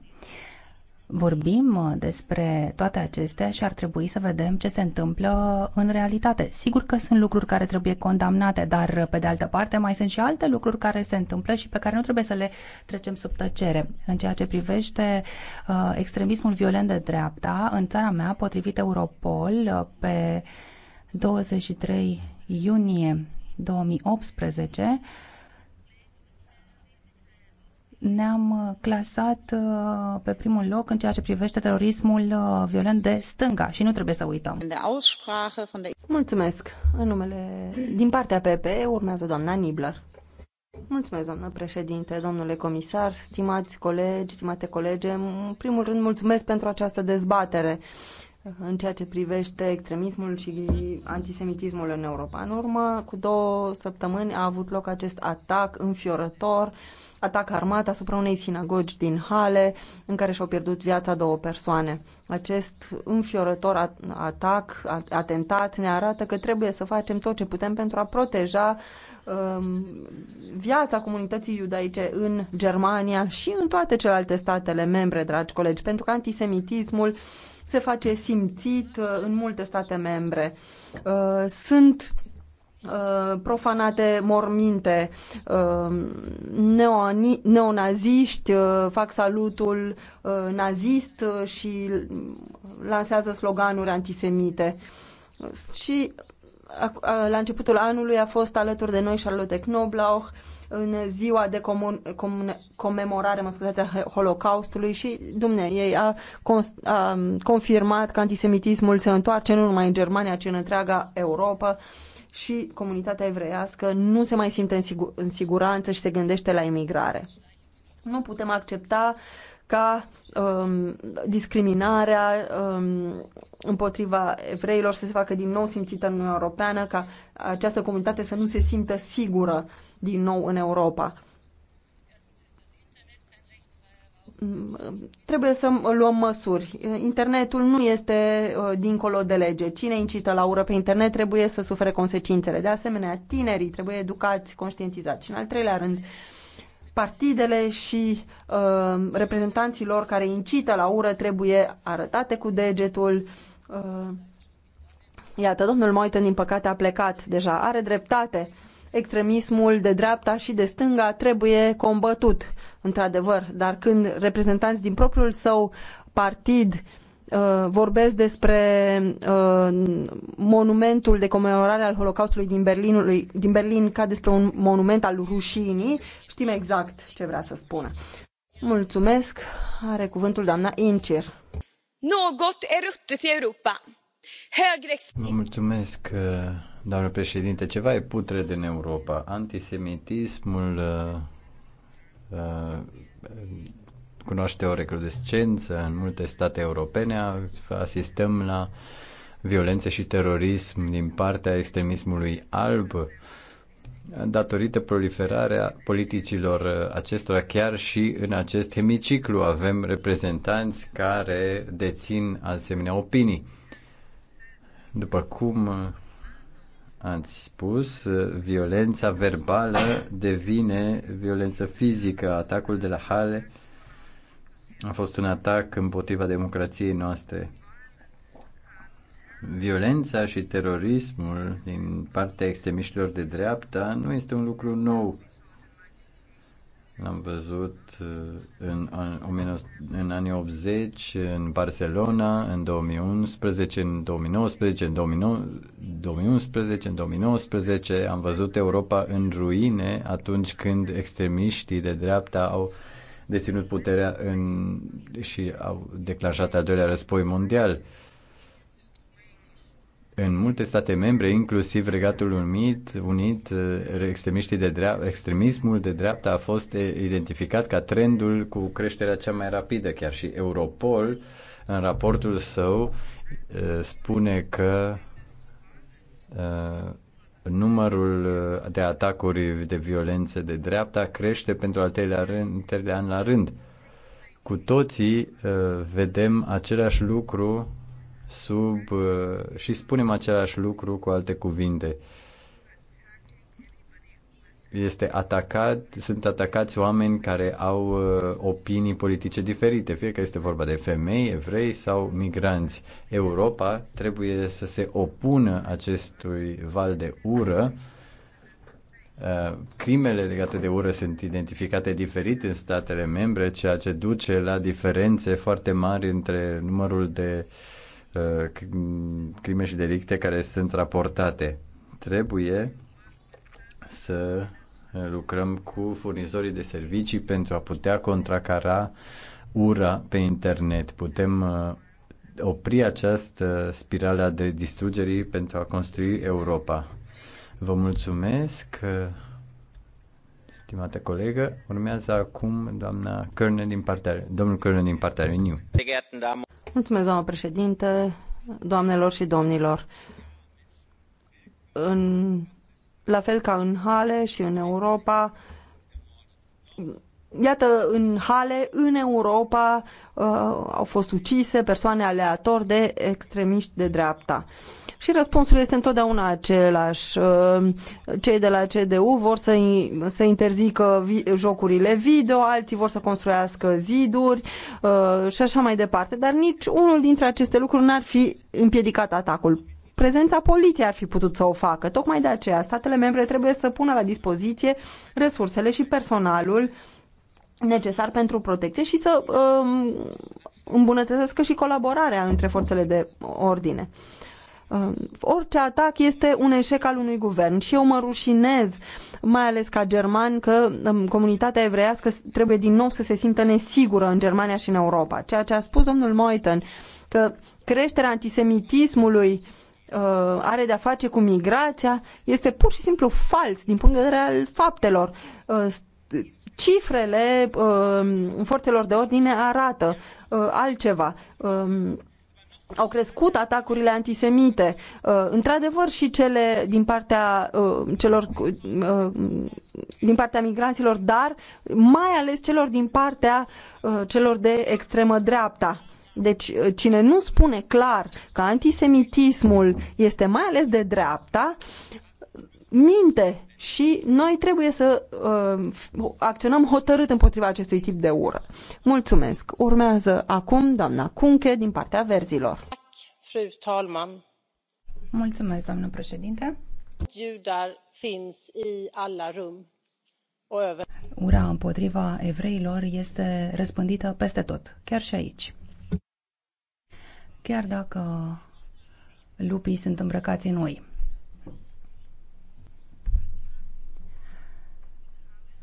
vorbim uh, despre toate acestea și ar trebui să vedem ce se întâmplă în realitate. Sigur că sunt lucruri care trebuie condamnate, dar uh, pe de altă parte mai sunt și alte lucruri care se întâmplă și pe care nu trebuie să le trecem sub tăcere. În ceea ce privește uh, extremismul violent de dreapta, în țara mea, potrivit Europol, uh, pe 23 iunie 2018, ne-am uh, clasat uh, pe primul loc în ceea ce privește terorismul uh, violent de stânga și nu trebuie să uităm. Mulțumesc. În numele din partea PPE urmează doamna Nibler. Mulțumesc, doamnă președinte, domnule comisar, stimați colegi, stimate colege. În primul rând, mulțumesc pentru această dezbatere în ceea ce privește extremismul și antisemitismul în Europa. În urmă, cu două săptămâni a avut loc acest atac înfiorător uh, atac armat asupra unei sinagogi din Hale, în care și-au pierdut viața două persoane. Acest înfiorător atac, atentat, ne arată că trebuie să facem tot ce putem pentru a proteja um, viața comunității iudaice în Germania și în toate celelalte statele membre, dragi colegi, pentru că antisemitismul se face simțit uh, în multe state membre. Uh, sunt Uh, profanate morminte, uh, neonaziști uh, fac salutul nazist și lansează sloganuri antisemite. Și la începutul anului a fost alături de noi Charlotte Knoblauch în ziua de comun, comemorare, mă scuzați, a Holocaustului și dumnea ei a, cons, a confirmat că antisemitismul se întoarce nu numai în Germania, ci în întreaga Europa și comunitatea evreiască nu se mai simte în, sigur, în siguranță și se gândește la emigrare. Nu putem accepta ca um, discriminarea um, împotriva evreilor să se facă din nou simțită în Uniunea Europeană, ca această comunitate să nu se simtă sigură din nou în Europa trebuie să luăm măsuri. Internetul nu este uh, dincolo de lege. Cine incită la ură pe internet trebuie să sufere consecințele. De asemenea, tinerii trebuie educați, conștientizați. Și în al treilea rând, partidele și uh, reprezentanții lor care incită la ură trebuie arătate cu degetul. Uh, iată, domnul Moiten, din păcate, a plecat deja. Are dreptate. Uh, extremismul de dreapta și de stânga trebuie combătut, într-adevăr, dar când reprezentanți din propriul său partid uh, vorbesc despre uh, monumentul de comemorare al Holocaustului din, Berlinului, din Berlin ca despre un monument al rușinii, știm exact ce vrea să spună. Mulțumesc. Are cuvântul doamna Incir. Europa. Vă mulțumesc. Uh, Doamne președinte, ceva e putred în Europa. Antisemitismul uh, uh, cunoaște o recrudescență în multe state europene. Asistăm la violențe și terorism din partea extremismului alb datorită proliferarea politicilor acestora, chiar și în acest hemiciclu avem reprezentanți care dețin asemenea opinii. După cum Ați spus, uh, violența verbală devine violență fizică. Atacul de la Hale a fost un atac împotriva democrației noastre. Violența și terorismul din partea extremiștilor de dreapta nu este un lucru nou. L-am văzut uh, în, în, în anii 80, în Barcelona, în 2011, în 2019, în 2011, în 2019. Am văzut Europa în ruine atunci când extremiștii de dreapta au deținut puterea în, și au declanșat al doilea război mondial. Uh, în multe state membre, inclusiv Regatul Unit, unit eh, extremiștii de dreap- extremismul de dreapta a fost identificat ca trendul cu creșterea cea mai rapidă. Chiar și Europol, în raportul său, eh, spune că eh, numărul de atacuri de violență de dreapta crește pentru al treilea, rând, treilea an la rând. Cu toții vedem același lucru sub uh, și spunem același lucru cu alte cuvinte. Este atacat, sunt atacați oameni care au uh, opinii politice diferite, fie că este vorba de femei, evrei sau migranți. Europa trebuie să se opună acestui val de ură uh, crimele legate de ură sunt identificate diferit în statele membre, ceea ce duce la diferențe foarte mari între numărul de Uh, crime și delicte care sunt raportate. Trebuie să uh, lucrăm cu furnizorii de servicii pentru a putea contracara ura pe internet. Putem uh, opri această spirală de distrugerii pentru a construi Europa. Vă mulțumesc stimată colegă. Urmează acum doamna Cărne din partea, domnul Cărne din partea Renew. Mulțumesc, doamnă președinte, doamnelor și domnilor. În, la fel ca în Hale și în Europa, iată, în Hale, în Europa, uh, au fost ucise persoane aleator de extremiști de dreapta. Uh, și răspunsul este întotdeauna același. Uh, cei de la CDU vor să, să interzică jocurile video, alții vor să construiască ziduri uh, și așa mai departe, dar nici unul dintre aceste lucruri n-ar fi împiedicat atacul prezența poliției ar fi putut să o facă. Tocmai de aceea, statele membre trebuie să pună la dispoziție resursele și personalul necesar pentru protecție și să um, îmbunătățească și colaborarea între forțele de ordine. Um, orice atac este un eșec al unui guvern și eu mă rușinez, mai ales ca german, că um, comunitatea evreiască trebuie din nou să se simtă nesigură în Germania și în Europa. Ceea ce a spus domnul Moiten, că creșterea antisemitismului uh, are de-a face cu migrația, este pur și simplu fals din punct de vedere al faptelor uh, cifrele uh, forțelor de ordine arată uh, altceva. Uh, au crescut atacurile antisemite, uh, într-adevăr și cele din partea uh, celor uh, din partea migranților, dar mai ales celor din partea celor de extremă dreapta. Deci cine nu spune clar că antisemitismul este mai ales de dreapta, minte și noi trebuie să uh, acționăm hotărât împotriva acestui tip de ură. Mulțumesc. Urmează acum doamna Cunche din partea verzilor. Mulțumesc, doamnă președinte. Judar finns i alla rum. Ura împotriva evreilor este răspândită peste tot, chiar și aici. Chiar dacă lupii sunt îmbrăcați în oi.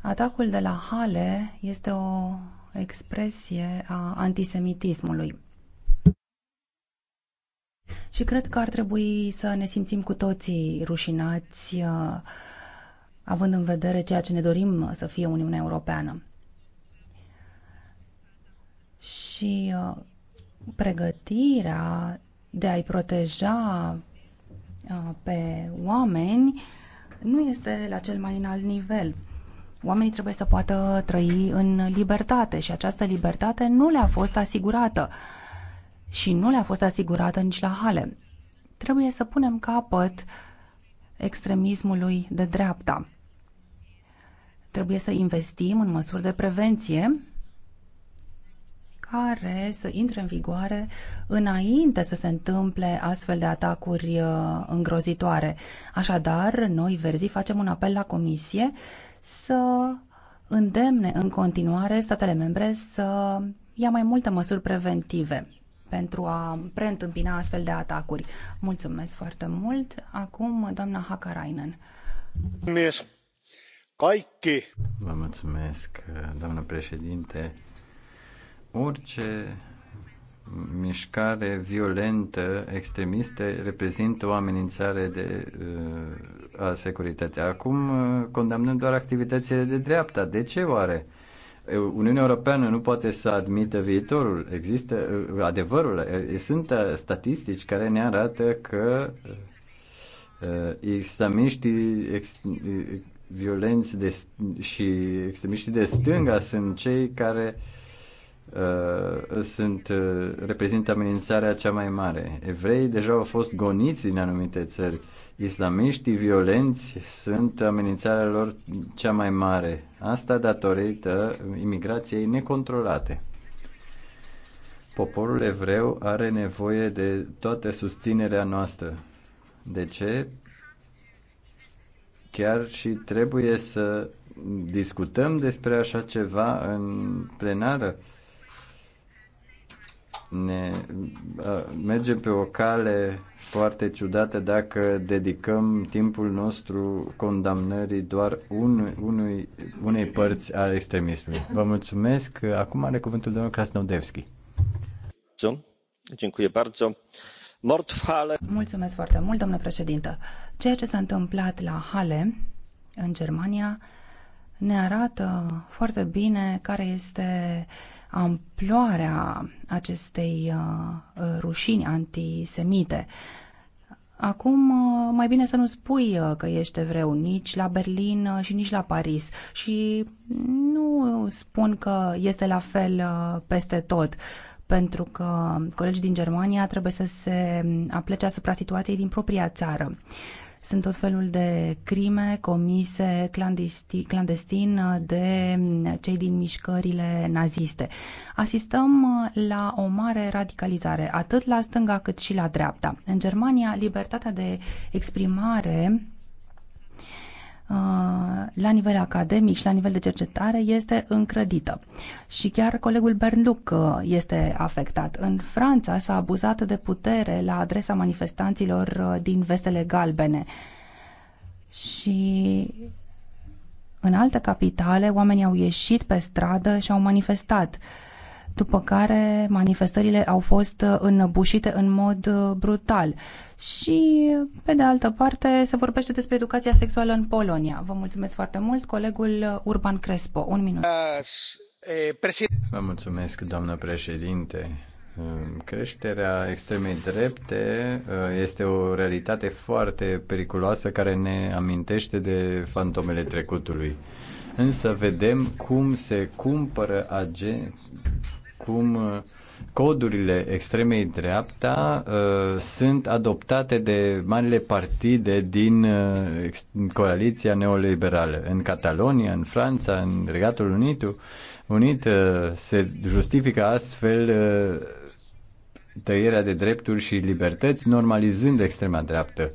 Atacul de la Hale este o expresie a antisemitismului. Și cred că ar trebui să ne simțim cu toții rușinați, uh, având în vedere ceea ce ne dorim să fie Uniunea Europeană. Și uh, pregătirea de a-i proteja uh, pe oameni nu este la cel mai înalt nivel. Oamenii trebuie să poată trăi în libertate și această libertate nu le-a fost asigurată și nu le-a fost asigurată nici la Hale. Trebuie să punem capăt extremismului de dreapta. Trebuie să investim în măsuri de prevenție care să intre în vigoare înainte să se întâmple astfel de atacuri uh, îngrozitoare. Așadar, noi, Verzi, facem un apel la Comisie să îndemne în continuare statele membre să ia mai multe măsuri preventive pentru a preîntâmpina astfel de atacuri. Mulțumesc foarte mult. Acum, doamna Hakarainen. Mulțumesc. Kaikki. Vă mulțumesc, doamnă președinte. Orice mișcare violentă extremiste reprezintă o amenințare de, uh, a securității. Acum uh, condamnăm doar activitățile de dreapta. De ce oare? Uniunea Europeană nu poate să admită viitorul. Există uh, adevărul. Sunt statistici care ne arată că islamiștii ex, violenți de, și extremiștii de stânga sunt cei care uh, Uh, sunt, uh, reprezintă amenințarea cea mai mare. Evrei deja au fost goniți în anumite țări. Islamiștii violenți sunt amenințarea lor cea mai mare. Asta datorită imigrației necontrolate. Poporul evreu are nevoie de toată susținerea noastră. De ce? Chiar și trebuie să discutăm despre așa ceva în plenară. Uh, ne mergem pe o cale foarte ciudată dacă dedicăm timpul nostru condamnării doar unui, unui, unei părți a extremismului. Vă mulțumesc. Acum are cuvântul domnul Krasnodevski. Mulțumesc foarte mult, domnule președinte. Ceea ce s-a întâmplat la Hale, în Germania, ne arată foarte bine care este amploarea acestei uh, rușini antisemite. Acum, uh, mai bine să nu spui uh, că ești evreu nici la Berlin și nici la Paris. Și nu spun că este la fel peste tot pentru că colegii din Germania trebuie să se mm, aplece asupra situației din propria țară. Sunt tot felul de crime comise clandestin, uh, de mm, cei din mișcările naziste. Asistăm uh, la o mare radicalizare, atât la stânga cât și la dreapta. În Germania, libertatea de exprimare Uh, la nivel academic și la nivel de cercetare este încredită. Și chiar colegul Bernluc uh, este afectat. În Franța s-a abuzat de putere la adresa manifestanților uh, din vestele galbene. Și în alte capitale, oamenii au ieșit pe stradă și au manifestat. Uh, după care manifestările au fost înăbușite în mod brutal. Și, pe de altă parte, se vorbește despre educația sexuală în Polonia. Vă mulțumesc foarte mult, colegul Urban Crespo. Un minut. Vă mulțumesc, doamnă președinte. Creșterea extremei drepte uh, este o realitate foarte periculoasă care ne amintește de fantomele trecutului. Însă vedem cum se cumpără agen- cum uh, codurile extremei dreapta uh, sunt adoptate de marile partide din uh, coaliția neoliberală. În Catalonia, în Franța, în Regatul Unit, Unit uh, se justifică astfel uh, tăierea de drepturi și libertăți, normalizând extrema dreaptă.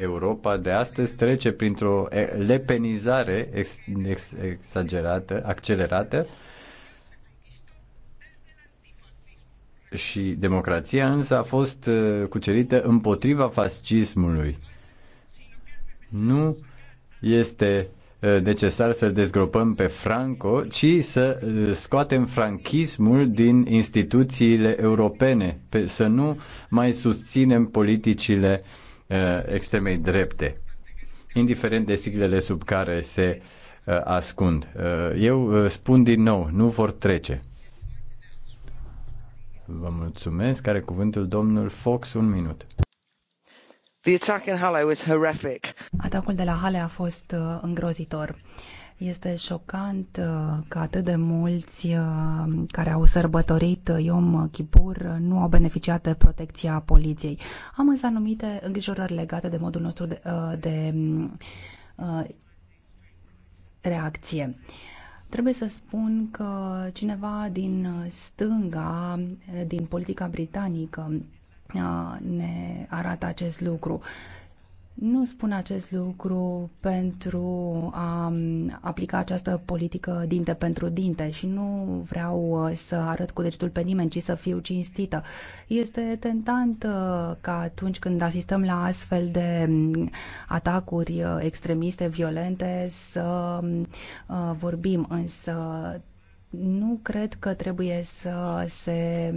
Europa de astăzi trece printr-o lepenizare ex- ex- exagerată, accelerată, uh, și democrația însă a fost uh, cucerită împotriva fascismului. Nu este uh, necesar să-l dezgropăm pe Franco, ci să uh, scoatem franchismul din instituțiile europene, să nu mai susținem politicile extremei drepte, indiferent de siglele sub care se ascund. Eu spun din nou, nu vor trece. Vă mulțumesc. Are cuvântul domnul Fox un minut. The attack in Halle was horrific. Atacul de la Halle a fost uh, îngrozitor. Este șocant uh, că atât de mulți uh, care au sărbătorit Kipur uh, nu au beneficiat de protecția poliției. Am însă anumite îngrijorări legate de modul nostru de, de mm, reacție. Uh, Trebuie să spun că cineva din stânga, din politica britanică, ne arată acest lucru. Nu spun acest lucru pentru a um, aplica această politică dinte pentru dinte și nu vreau uh, să arăt cu degetul pe nimeni, ci să fiu cinstită. Este tentant uh, ca atunci când asistăm la astfel de um, atacuri uh, extremiste, violente, să um, vorbim, însă nu cred că trebuie să se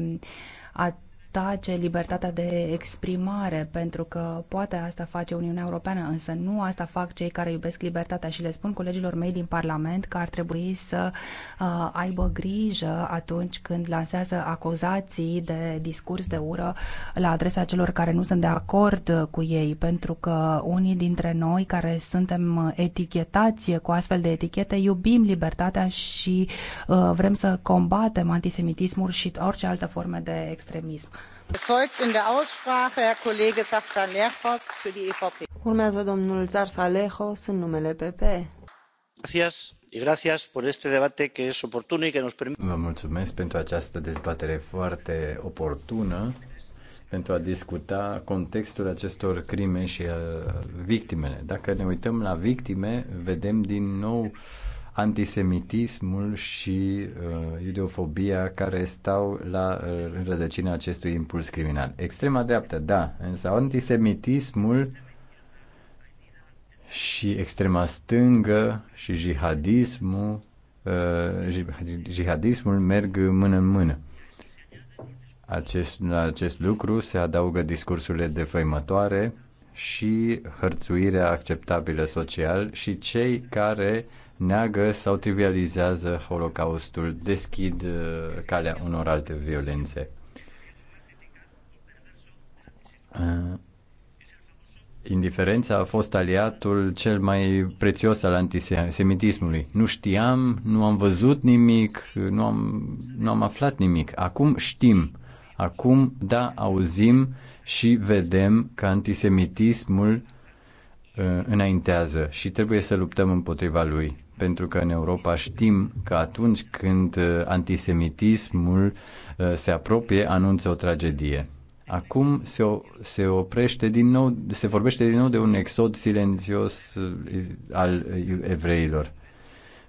at- tace libertatea de exprimare, pentru că poate asta face Uniunea Europeană, însă nu asta fac cei care iubesc libertatea și le spun colegilor mei din Parlament că ar trebui să uh, aibă grijă atunci când lansează acuzații de discurs de ură la adresa celor care nu sunt de acord cu ei, pentru că unii dintre noi care suntem etichetați cu astfel de etichete iubim libertatea și uh, vrem să combatem antisemitismul și orice altă formă de extremism. Urmează domnul Zarsalejos în numele PP. Vă mulțumesc pentru această dezbatere foarte oportună pentru a discuta contextul acestor crime și uh, victimele. Dacă ne uităm la victime, vedem din nou uh, antisemitismul și uh, ideofobia care stau la uh, rădăcina acestui impuls criminal. Extrema dreaptă, da, însă antisemitismul și extrema stângă și jihadismul, uh, jihadismul merg mână în mână. Acest, la acest lucru se adaugă discursurile defăimătoare și hărțuirea acceptabilă social și cei care uh, neagă sau trivializează Holocaustul, deschid uh, calea unor alte violențe. Uh, indiferența a fost aliatul cel mai prețios al antisemitismului. Nu știam, nu am văzut nimic, nu am, nu am aflat nimic. Acum știm. Acum, da, auzim și vedem că antisemitismul uh, înaintează și trebuie să luptăm împotriva lui pentru că în Europa știm că atunci când uh, antisemitismul uh, se apropie, anunță o tragedie. Acum se, se oprește din nou, se vorbește din nou de un exod silențios uh, al evreilor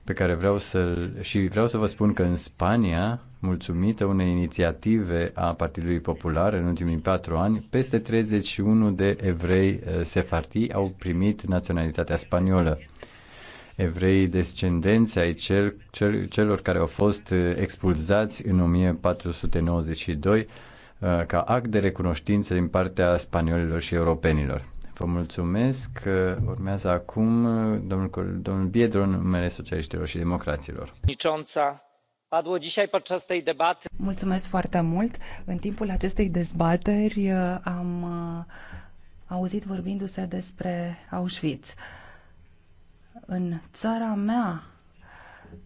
pe care vreau să și vreau să vă spun că în Spania, mulțumită unei inițiative a Partidului Popular în ultimii patru ani, peste 31 de evrei sefarti au primit naționalitatea spaniolă. Evrei descendenți ai cel, cel, celor care au fost uh, expulzați în 1492 uh, ca act de recunoștință din partea spaniolilor și europenilor. Vă mulțumesc. Uh, urmează acum domnul, domnul Biedro în numele socialiștilor și democraților. Mulțumesc foarte mult. În timpul acestei dezbateri am auzit vorbindu-se despre Auschwitz. În țara mea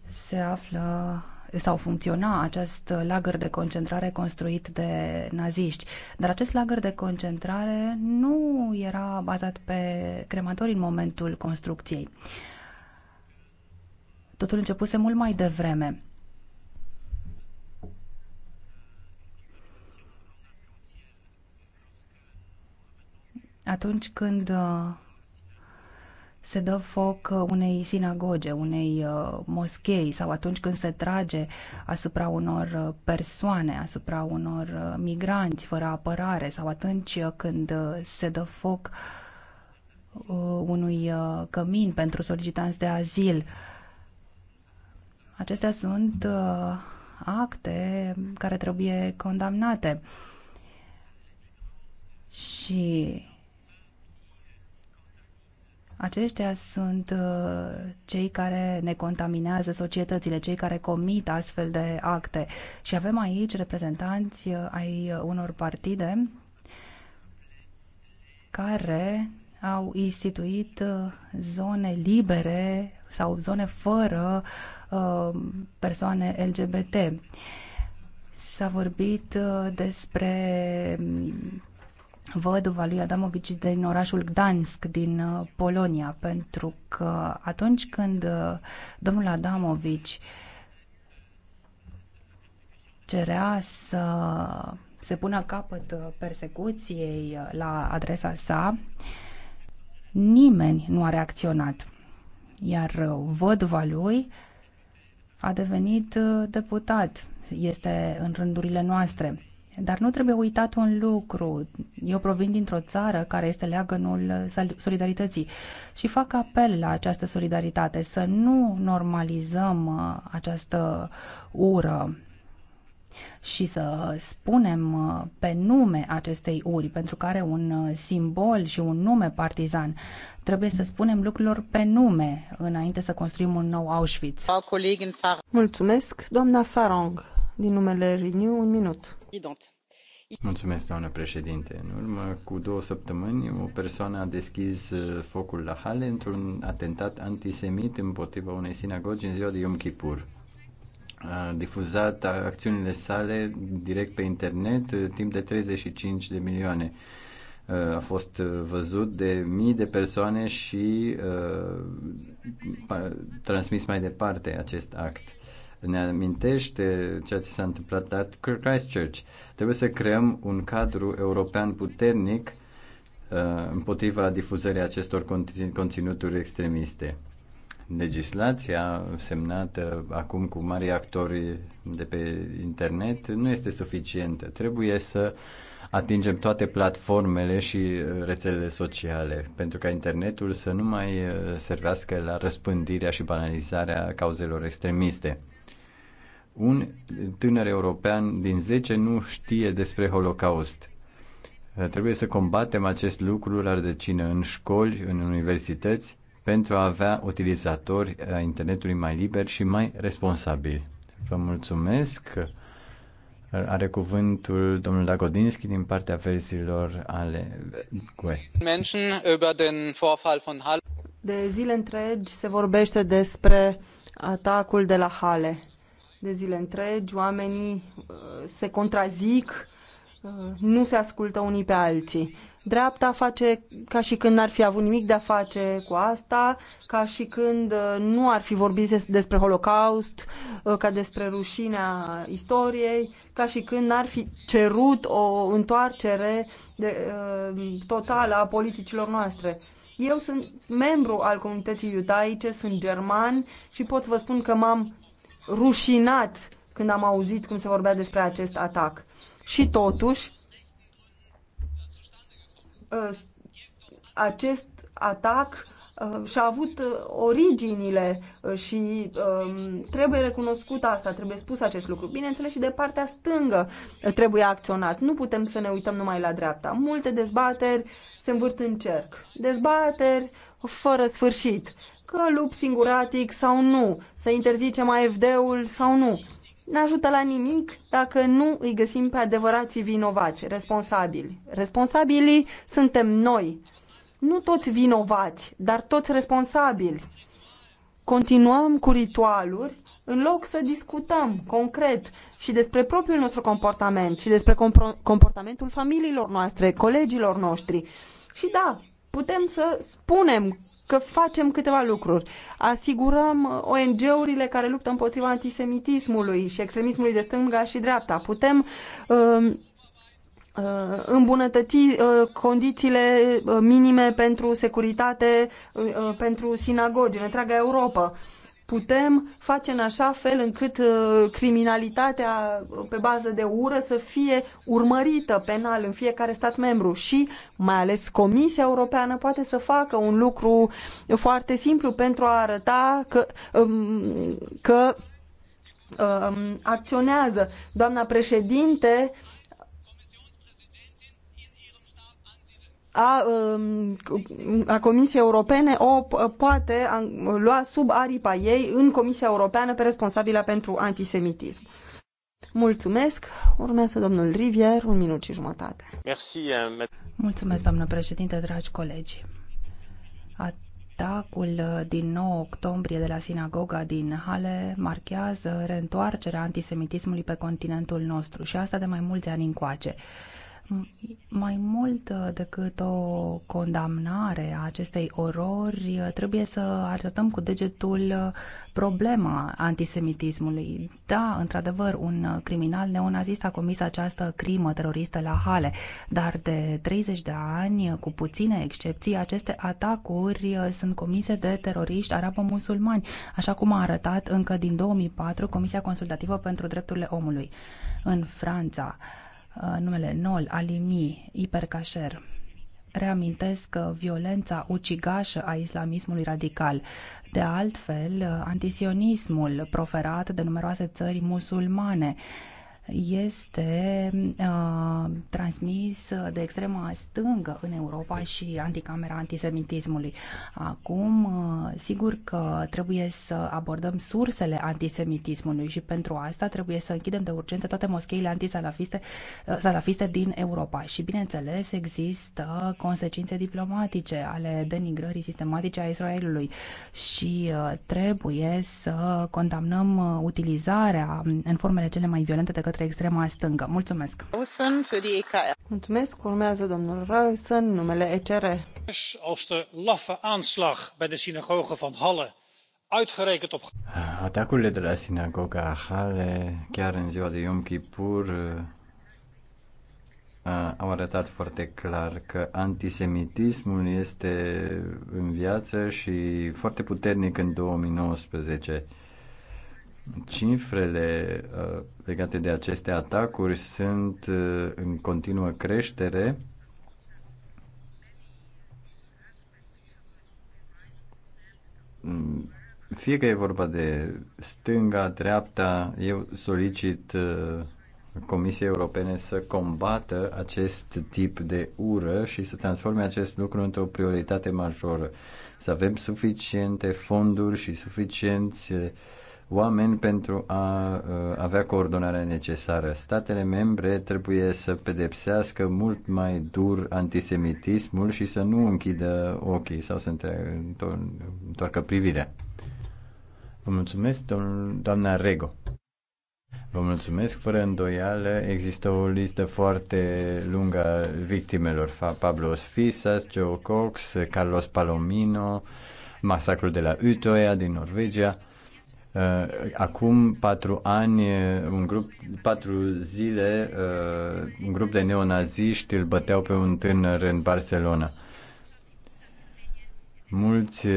se află sau funcționa acest lagăr de concentrare construit de naziști. Dar acest lagăr de concentrare nu era bazat pe crematori în momentul construcției. Totul începuse mult mai devreme. Atunci când uh, se dă foc uh, unei sinagoge, unei uh, moschei sau atunci când se trage asupra unor uh, persoane, asupra unor migranți fără apărare sau atunci când se dă foc unui cămin pentru solicitanți de azil. Acestea sunt acte care trebuie condamnate. Și aceștia sunt uh, cei care ne contaminează societățile, cei care comit astfel de acte. Și avem aici reprezentanți uh, ai unor partide care au instituit uh, zone libere sau zone fără persoane LGBT. S-a vorbit despre văduva lui Adamovici din orașul Gdansk din uh, Polonia, pentru că atunci când uh, domnul Adamovici cerea să se pună capăt uh, persecuției la adresa sa, nimeni nu a reacționat. Iar văduva lui a devenit deputat, este în rândurile noastre. Dar nu trebuie uitat un lucru. Eu provin dintr-o țară care este leagănul solidarității și fac apel la această solidaritate, să nu normalizăm uh, această ură și să spunem uh, pe nume acestei uri, pentru care un uh, simbol și un nume partizan. Trebuie să spunem lucrurilor pe nume înainte să construim un nou Auschwitz. Mulțumesc, doamna Farong, din numele Renew, un minut Mulțumesc, doamnă președinte. În urmă cu două săptămâni, o persoană a deschis uh, focul la Hale într-un atentat antisemit împotriva unei sinagogi în ziua de Yom Kippur. A difuzat acțiunile sale direct pe internet uh, timp de 35 de milioane. Uh, a fost văzut de mii de persoane și a, transmis mai departe acest act ne amintește ceea ce s-a întâmplat la Christchurch. Trebuie să creăm un cadru european puternic uh, împotriva difuzării acestor conținuturi extremiste. Legislația semnată acum cu mari actori de pe internet nu este suficientă. Trebuie să atingem toate platformele și uh, rețelele sociale, pentru ca internetul să nu mai uh, servească la răspândirea și banalizarea cauzelor extremiste un tânăr european din 10 nu știe despre Holocaust. Trebuie să combatem acest lucru la rădăcină în școli, în universități, pentru a avea utilizatori a internetului mai liberi și mai responsabili. Vă mulțumesc. Are cuvântul domnul Dagodinski din partea versiilor ale GUE. De zile întregi se vorbește despre atacul de la Hale de zile întregi, oamenii uh, se contrazic, uh, nu se ascultă unii pe alții. Dreapta face ca și când n-ar fi avut nimic de a face cu asta, ca și când uh, nu ar fi vorbit despre Holocaust, ca despre rușinea istoriei, ca și când n-ar fi cerut o întoarcere de, totală a politicilor noastre. Eu sunt membru al comunității iudaice, sunt german și pot să vă spun că m-am rușinat când am auzit cum se vorbea despre acest atac. Și totuși, ă, acest atac ă, și-a avut ă, originile și trebuie recunoscut asta, trebuie spus acest lucru. Bineînțeles și de partea stângă trebuie acționat. Nu putem să ne uităm numai la dreapta. Multe dezbateri se învârt în cerc. Dezbateri fără sfârșit că lup singuratic sau nu, să interzicem AFD-ul sau nu. Ne ajută la nimic dacă nu îi găsim pe adevărații vinovați, responsabili. Responsabilii suntem noi. Nu toți vinovați, dar toți responsabili. Continuăm cu ritualuri în loc să discutăm concret și despre propriul nostru comportament și despre comportamentul familiilor noastre, colegilor noștri. Și da, putem să spunem că facem câteva lucruri. Asigurăm ONG-urile care luptă împotriva antisemitismului și extremismului de stânga și dreapta. Putem um, uh, îmbunătăți uh, condițiile uh, minime pentru securitate uh, pentru sinagogi în întreaga Europa putem face în așa fel încât uh, criminalitatea uh, pe bază de ură să fie urmărită penal în fiecare stat membru și mai ales Comisia Europeană poate să facă un lucru foarte simplu pentru a arăta că, um, că um, acționează. Doamna președinte, uh, a, um, a Comisiei Europene o uh, poate lua sub aripa ei în Comisia Europeană pe responsabilă pentru antisemitism. Mulțumesc. Urmează domnul Rivier, un minut și jumătate. Merci, uh, Mulțumesc, doamnă președinte, dragi colegi. Atacul uh, din 9 octombrie de la sinagoga din Hale marchează reîntoarcerea antisemitismului pe continentul nostru și asta de mai mulți ani încoace. Mai mult uh, decât o condamnare a acestei orori, uh, trebuie să arătăm cu degetul uh, problema antisemitismului. Da, într-adevăr, un criminal neonazist a comis această crimă teroristă la Hale, dar de 30 de ani, cu puține excepții, aceste atacuri sunt comise de teroriști arabo-musulmani, așa cum a arătat încă din 2004 Comisia Consultativă pentru Drepturile Omului. În Franța, Uh, numele Nol, Alimi, Ipercașer. Reamintesc uh, violența ucigașă a islamismului radical. De altfel, uh, antisionismul proferat de numeroase țări musulmane este uh, transmis de extrema stângă în Europa și anticamera antisemitismului. Acum, uh, sigur că trebuie să abordăm sursele antisemitismului și pentru asta trebuie să închidem de urgență toate moscheile antisalafiste uh, salafiste din Europa. Și, bineînțeles, există consecințe diplomatice ale denigrării sistematice a Israelului și uh, trebuie să condamnăm utilizarea în formele cele mai violente de către către extrema stângă. Mulțumesc! Mulțumesc! Urmează domnul Rausen, numele ECR. Als de laffe aanslag bij de synagoge van Halle uitgerekend op... Atacurile de la sinagoga Halle, chiar în ziua de Yom Kippur, uh, uh, au arătat foarte clar că antisemitismul este în viață și foarte puternic în 2019. Cifrele uh, legate de aceste atacuri sunt uh, în continuă creștere. Mm, fie că e vorba de stânga, dreapta, eu solicit uh, Comisiei Europene să combată acest tip de ură și să transforme acest lucru într-o prioritate majoră. Să avem suficiente fonduri și suficienți uh, oameni pentru a avea coordonarea necesară. Statele membre trebuie să pedepsească mult mai dur antisemitismul și să nu închidă ochii sau să întoarcă privirea. Vă mulțumesc, doamna Rego. Vă mulțumesc. Fără îndoială, există o listă foarte lungă a victimelor. Pablo Fisas, Joe Cox, Carlos Palomino, masacrul de la Utoia din Norvegia – Uh, acum patru ani, uh, un grup, patru zile, uh, un grup de neonaziști îl băteau pe un tânăr în Barcelona. Mulți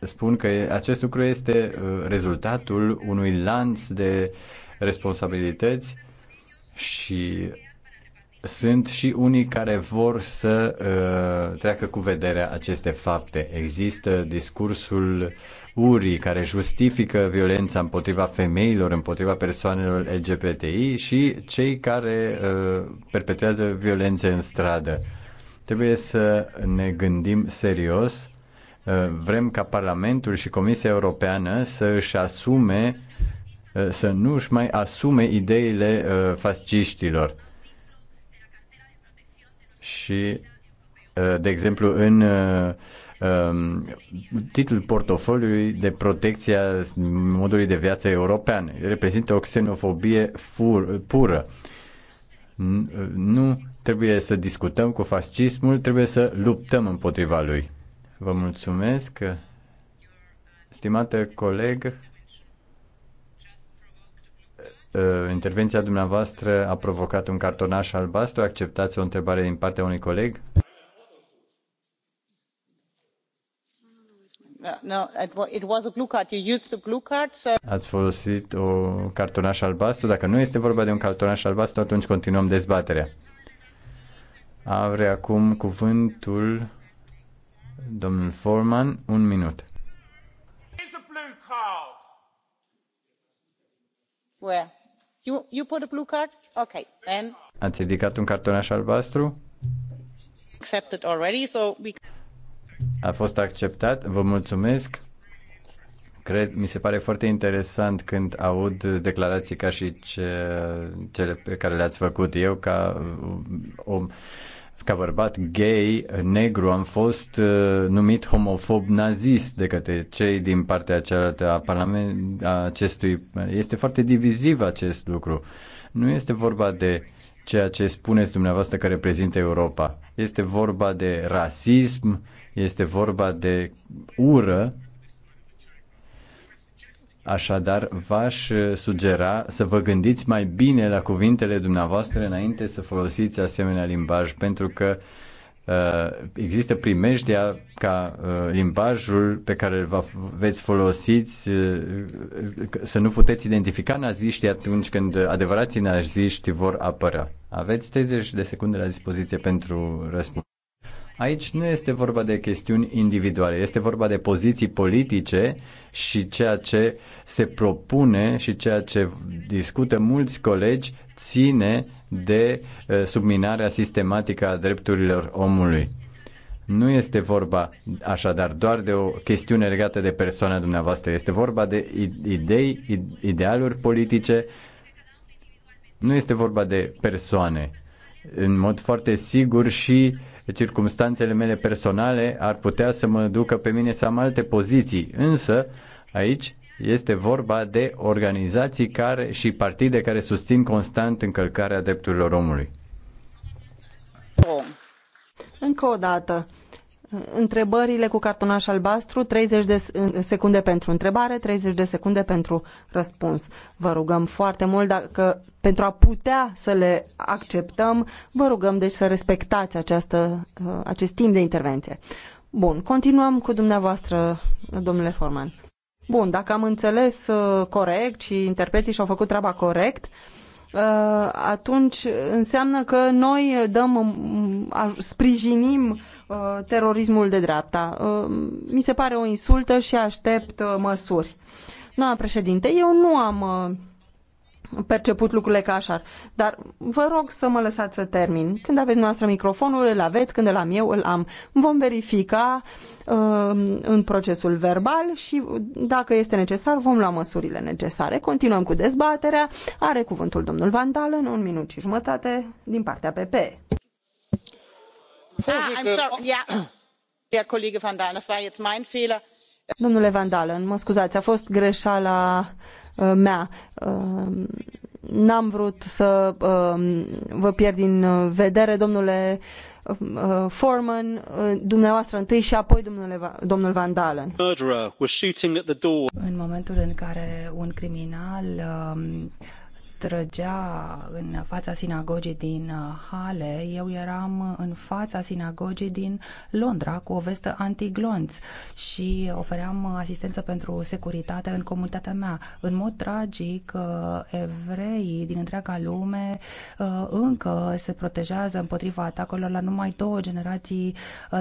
spun că acest lucru este rezultatul unui lanț de responsabilități și sunt și unii care vor să uh, treacă cu vederea aceste fapte. Există discursul urii care justifică violența împotriva femeilor, împotriva persoanelor LGBTI și cei care uh, perpetrează violențe în stradă. Trebuie să ne gândim serios. Uh, vrem ca Parlamentul și Comisia Europeană să își asume, uh, să nu își mai asume ideile uh, fasciștilor. Și, uh, de exemplu, în uh, Um, titlul portofoliului de protecția modului de viață european. Reprezintă o xenofobie fur, pură. Nu trebuie să discutăm cu fascismul, trebuie să luptăm împotriva lui. Vă mulțumesc, stimată coleg. Uh, intervenția dumneavoastră a provocat un cartonaș albastru. Acceptați o întrebare din partea unui coleg? Ați folosit o cartonaș albastru. Dacă nu este vorba de un cartonaș albastru, atunci continuăm dezbaterea. Are acum cuvântul domnul Forman, un minut. Where? You, you put a blue card? Okay, then. Ați ridicat un cartonaș albastru? Accepted already, so we... A fost acceptat. Vă mulțumesc. Cred, mi se pare foarte interesant când aud declarații ca și ce, cele pe care le-ați făcut eu ca om ca bărbat gay, negru, am fost uh, numit homofob nazist de către cei din partea cealaltă a, parlament, acestui. Este foarte diviziv acest lucru. Nu este vorba de ceea ce spuneți dumneavoastră că reprezintă Europa. Este vorba de rasism, este vorba de ură. Așadar, v-aș sugera să vă gândiți mai bine la cuvintele dumneavoastră înainte să folosiți asemenea limbaj, pentru că uh, există primejdea ca uh, limbajul pe care îl veți folosiți uh, să nu puteți identifica naziștii atunci când adevărații naziști vor apărea. Aveți 30 de secunde la dispoziție pentru răspuns. Aici nu este vorba de chestiuni individuale, este vorba de poziții politice și ceea ce se propune și ceea ce discută mulți colegi ține de uh, subminarea sistematică a drepturilor omului. Nu este vorba așadar doar de o chestiune legată de persoana dumneavoastră, este vorba de idei, idealuri politice, nu este vorba de persoane. În mod foarte sigur și uh, circumstanțele mele personale ar putea să mă ducă pe mine să am alte poziții, însă aici este vorba de organizații care și partide care susțin constant încălcarea drepturilor omului. Încă o dată, Întrebările cu cartonaș albastru, 30 de secunde pentru întrebare, 30 de secunde pentru răspuns. Vă rugăm foarte mult dacă pentru a putea să le acceptăm, vă rugăm deci să respectați această, uh, acest timp de intervenție. Bun, continuăm cu dumneavoastră, domnule Forman. Bun, dacă am înțeles uh, corect și interpreții și-au făcut treaba corect, uh, Uh, atunci înseamnă că noi dăm, um, sprijinim uh, terorismul de dreapta. Uh, mi se pare o insultă și aștept măsuri. Doamna președinte, eu nu am perceput lucrurile ca așa. Dar vă rog să mă lăsați să termin. Când aveți noastră microfonul, îl aveți, când îl am eu, îl am. Vom verifica uh, în procesul verbal și dacă este necesar, vom lua măsurile necesare. Continuăm cu dezbaterea. Are cuvântul domnul Vandal în un minut și jumătate din partea PP. Ah, Domnule Vandal, mă scuzați, a fost greșeala Uh, mea. Uh, n-am vrut să uh, vă pierd din vedere, domnule Foreman, dumneavoastră întâi și apoi domnule, domnul Van Dalen. În momentul în care un criminal um, trăgea în fața sinagogii din uh, Hale, eu eram în fața sinagogii din Londra cu o vestă antiglonț și ofeream asistență pentru securitate în comunitatea mea. În mod tragic, uh, evreii din întreaga lume uh, încă se protejează împotriva atacurilor la numai două generații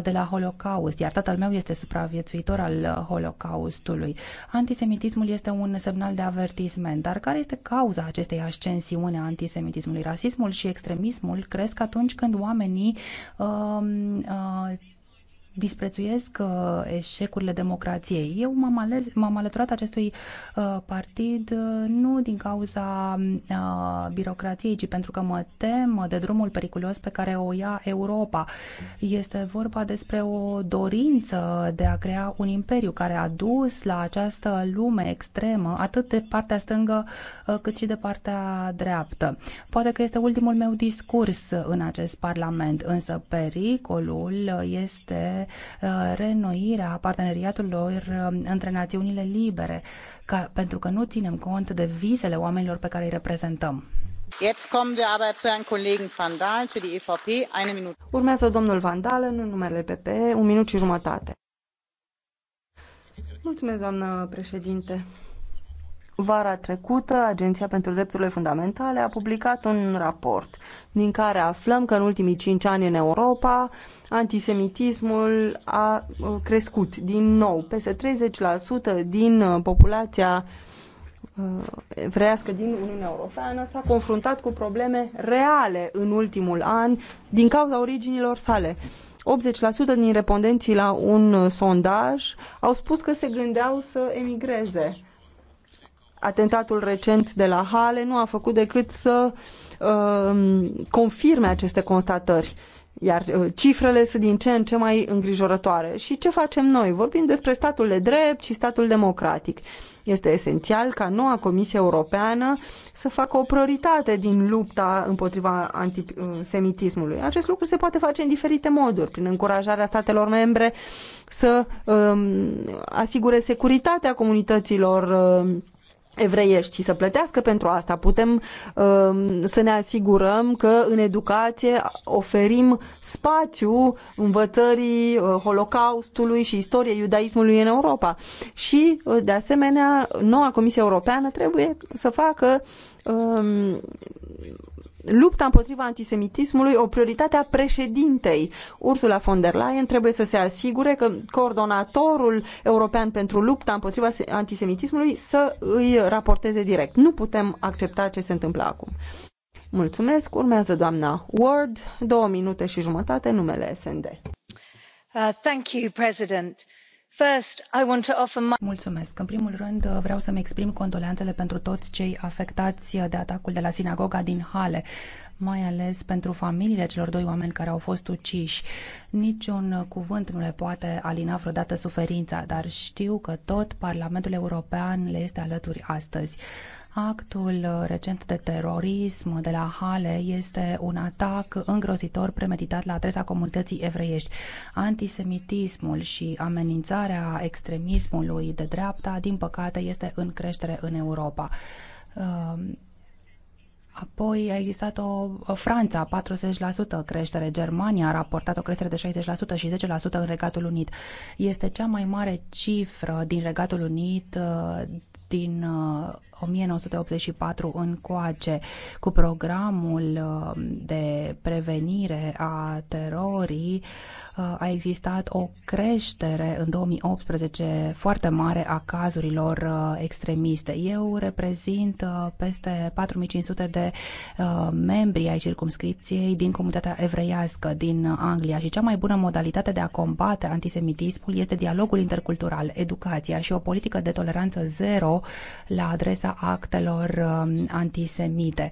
de la Holocaust, iar tatăl meu este supraviețuitor al Holocaustului. Antisemitismul este un semnal de avertisment, dar care este cauza acestei așa ascensiune a antisemitismului. Rasismul și extremismul cresc atunci când oamenii um, uh, uh, disprețuiesc uh, eșecurile democrației. Eu m-am, alăturat acestui uh, partid uh, nu din cauza birocrației, ci pentru că mă tem de drumul periculos pe care o ia Europa. Este vorba despre o dorință de a crea un imperiu care a dus la această lume extremă, atât de partea stângă cât și de partea dreaptă. Poate că este ultimul meu discurs în acest parlament, însă pericolul este Uh, reînnoirea parteneriatului uh, între națiunile libere, ca, pentru că nu ținem cont de vizele oamenilor pe care îi reprezentăm. Urmează domnul Van Dalen în numele PP, un minut și jumătate. Mulțumesc, doamnă președinte. Vara trecută, Agenția pentru Drepturile Fundamentale a publicat un raport din care aflăm că în ultimii cinci ani în Europa antisemitismul a uh, crescut din nou. Peste 30% din uh, populația uh, evreiască din Uniunea Europeană s-a confruntat cu probleme reale în ultimul an din cauza originilor sale. 80% din respondenții la un sondaj au spus că se gândeau să emigreze. Atentatul recent de la Hale nu a făcut decât să uh, confirme aceste constatări iar uh, cifrele sunt din ce în ce mai îngrijorătoare. Și ce facem noi? Vorbim despre statul de drept și statul democratic. Este esențial ca noua Comisie Europeană să facă o prioritate din lupta împotriva antisemitismului. Acest lucru se poate face în diferite moduri, prin încurajarea statelor membre să um, asigure securitatea comunităților um, evreiești și să plătească pentru asta. Putem um, să ne asigurăm că în educație oferim spațiu învățării uh, Holocaustului și istoriei iudaismului în Europa. Și, uh, de asemenea, noua Comisie Europeană trebuie să facă um, lupta împotriva antisemitismului o prioritate a președintei. Ursula von der Leyen trebuie să se asigure că coordonatorul european pentru lupta împotriva antisemitismului să îi raporteze direct. Nu putem accepta ce se întâmplă acum. Mulțumesc. Urmează doamna Ward, două minute și jumătate, numele SND. Uh, thank you, President în primul rând, uh, vreau să-mi exprim condoleanțele pentru toți cei afectați uh, de atacul de la sinagoga din Hale, mai ales pentru familiile celor doi oameni care au fost uciși. Niciun cuvânt nu le poate alina vreodată suferința, dar știu că tot Parlamentul European le este alături astăzi. Actul recent de terorism de la Hale este un atac îngrozitor premeditat la adresa comunității evreiești. Antisemitismul și amenințarea extremismului de dreapta, din păcate, este în creștere în Europa. Um, apoi a existat o Franța, 40% creștere, Germania a raportat o creștere de 60% și 10% în Regatul Unit. Este cea mai mare cifră din Regatul Unit uh, din uh, 1984 încoace cu programul uh, de prevenire a terorii a existat o creștere în 2018 foarte mare a cazurilor extremiste. Eu reprezint peste 4500 de membri ai circumscripției din comunitatea evreiască din Anglia și cea mai bună modalitate de a combate antisemitismul este dialogul intercultural, educația și o politică de toleranță zero la adresa actelor antisemite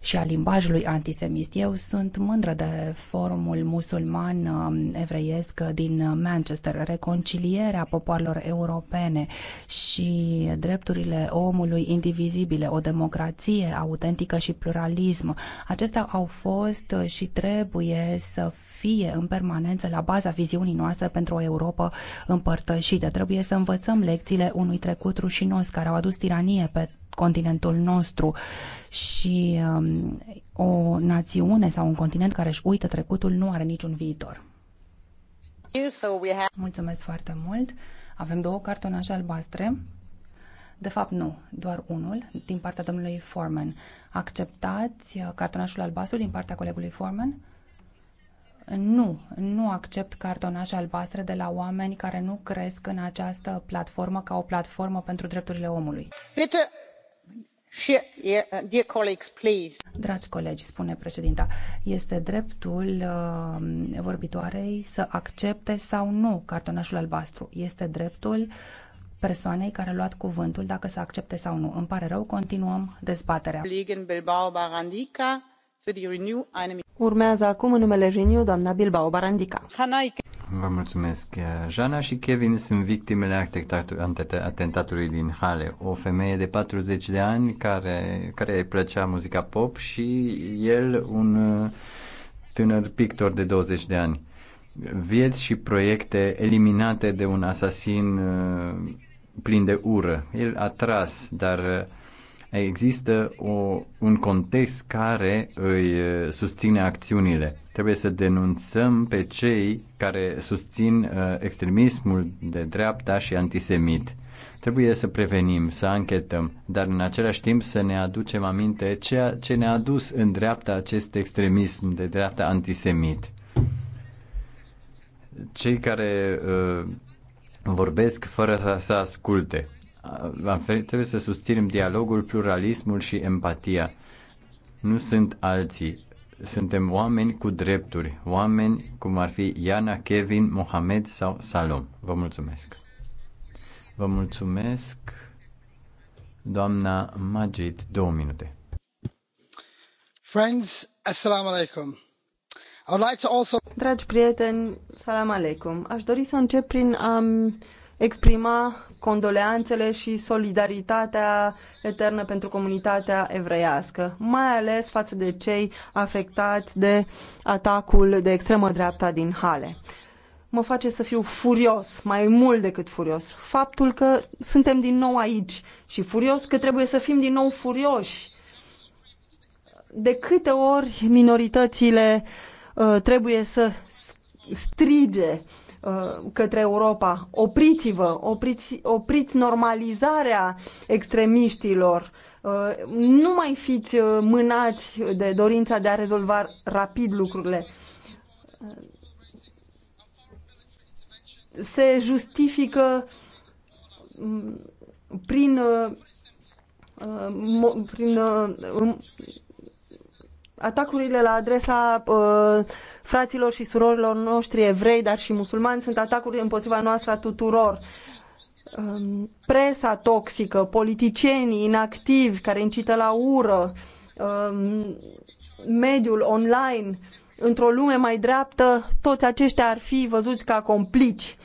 și a limbajului antisemist. Eu sunt mândră de forumul musulman uh, evreiesc uh, din Manchester, reconcilierea popoarelor europene și drepturile omului indivizibile, o democrație autentică și pluralism. Acestea au fost uh, și trebuie să fie în permanență la baza viziunii noastre pentru o Europa împărtășită. Trebuie să învățăm lecțiile unui trecut rușinos care au adus tiranie pe continentul nostru și um, o națiune sau un continent care își uită trecutul nu are niciun viitor. Mulțumesc foarte mult. Avem două cartonaje albastre. De fapt, nu, doar unul din partea domnului Foreman. Acceptați uh, cartonașul albastru din partea colegului Foreman? Nu, nu accept cartonașe albastre de la oameni care nu cresc în această platformă ca o platformă pentru drepturile omului. Bitte Uh, Dragi colegi, spune președinta, este dreptul uh, vorbitoarei să accepte sau nu cartonașul albastru. Este dreptul persoanei care a luat cuvântul dacă să accepte sau nu. Îmi pare rău, continuăm dezbaterea. Urmează acum în numele Renew doamna Bilbao Barandica. Vă mulțumesc. Jana și Kevin sunt victimele atentatului din Hale. O femeie de 40 de ani care, care îi plăcea muzica pop și el un uh, tânăr pictor de 20 de ani. Vieți și proiecte eliminate de un asasin uh, plin de ură. El a tras, dar uh, există o, un context care îi eh, susține acțiunile. Trebuie să denunțăm pe cei care susțin eh, extremismul de dreapta și antisemit. Trebuie să prevenim, să anchetăm, dar în același timp să ne aducem aminte ceea ce ne-a dus în dreapta acest extremism de dreapta antisemit. Cei care uh, vorbesc fără să, să asculte trebuie să susținem dialogul, pluralismul și empatia. Nu sunt alții. Suntem oameni cu drepturi, oameni cum ar fi Iana, Kevin, Mohamed sau Salom. Vă mulțumesc. Vă mulțumesc, doamna Majid, două minute. Friends, assalamu alaikum. I would like to also... Dragi prieteni, salam alaikum. Aș dori să încep prin a exprima condoleanțele și solidaritatea eternă pentru comunitatea evreiască, mai ales față de cei afectați de atacul de extremă dreapta din Hale. Mă face să fiu furios, mai mult decât furios. Faptul că suntem din nou aici și furios că trebuie să fim din nou furioși. De câte ori minoritățile uh, trebuie să strige uh, Uh, către Europa. Opriți-vă, opriți, opriți normalizarea extremiștilor. Uh, nu mai fiți uh, mânați de dorința de a rezolva rapid lucrurile. Se justifică mm, prin, prin Atacurile la adresa uh, fraților și surorilor noștri evrei, dar și musulmani, sunt atacuri împotriva noastră a tuturor. Um, presa toxică, politicienii inactivi care incită la ură, um, mediul online, într-o lume mai dreaptă, toți aceștia ar fi văzuți ca complici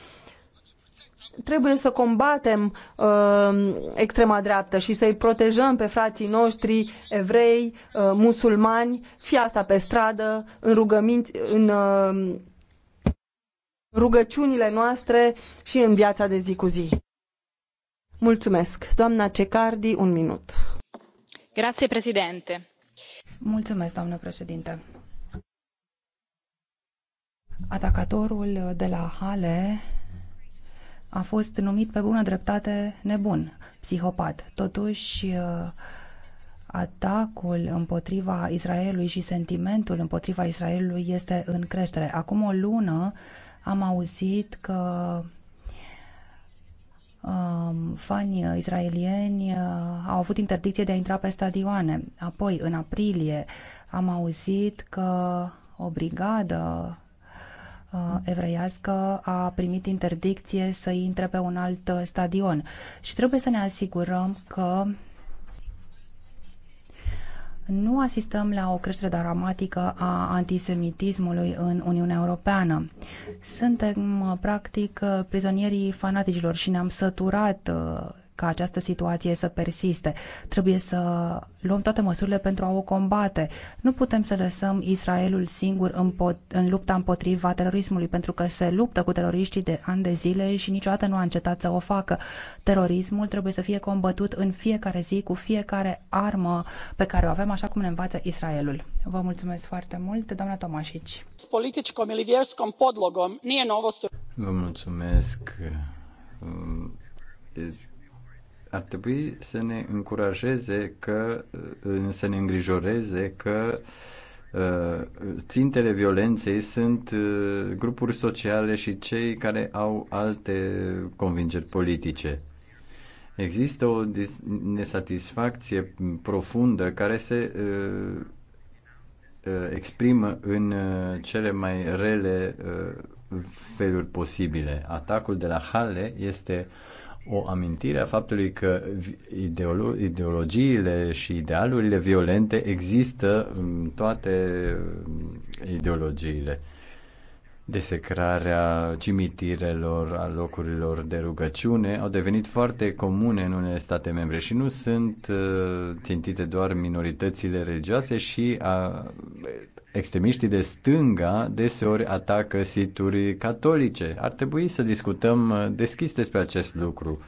trebuie să combatem uh, extrema dreaptă și să-i protejăm pe frații noștri, evrei, uh, musulmani, fie asta pe stradă, în rugăminți, în uh, rugăciunile noastre și în viața de zi cu zi. Mulțumesc. Doamna Cecardi, un minut. Grazie, președinte. Mulțumesc, doamnă președinte. Atacatorul de la Hale a fost numit pe bună dreptate nebun, psihopat. Totuși, uh, atacul împotriva Israelului și sentimentul împotriva Israelului este în creștere. Acum o lună am auzit că um, fanii israelieni uh, au avut interdicție de a intra pe stadioane. Apoi, în aprilie, am auzit că o brigadă Uh, evreiască a primit interdicție să intre pe un alt uh, stadion și trebuie să ne asigurăm că nu asistăm la o creștere dramatică a antisemitismului în Uniunea Europeană. Suntem, uh, practic, prizonierii fanaticilor și ne-am săturat ca această situație să persiste. Trebuie să luăm toate măsurile pentru a o combate. Nu putem să lăsăm Israelul singur în, pot- în lupta împotriva terorismului, pentru că se luptă cu teroriștii de ani de zile și niciodată nu a încetat să o facă. Terorismul trebuie să fie combătut în fiecare zi cu fiecare armă pe care o avem, așa cum ne învață Israelul. Vă mulțumesc foarte mult, doamna Tomașici. podlogom Vă mulțumesc ar trebui să ne încurajeze că, uh, să ne îngrijoreze că uh, țintele violenței sunt uh, grupuri sociale și cei care au alte convingeri politice. Există o nesatisfacție profundă care se exprimă în cele mai rele feluri posibile. Atacul de la Halle este uh, o amintire a faptului că ideolo- ideologiile și idealurile violente există în toate um, ideologiile. Desecrarea cimitirelor, a locurilor de rugăciune au devenit foarte comune în unele state membre și nu sunt uh, țintite doar minoritățile religioase și a, extremiștii de stânga deseori atacă situri catolice. Ar trebui să discutăm uh, deschis despre acest lucru.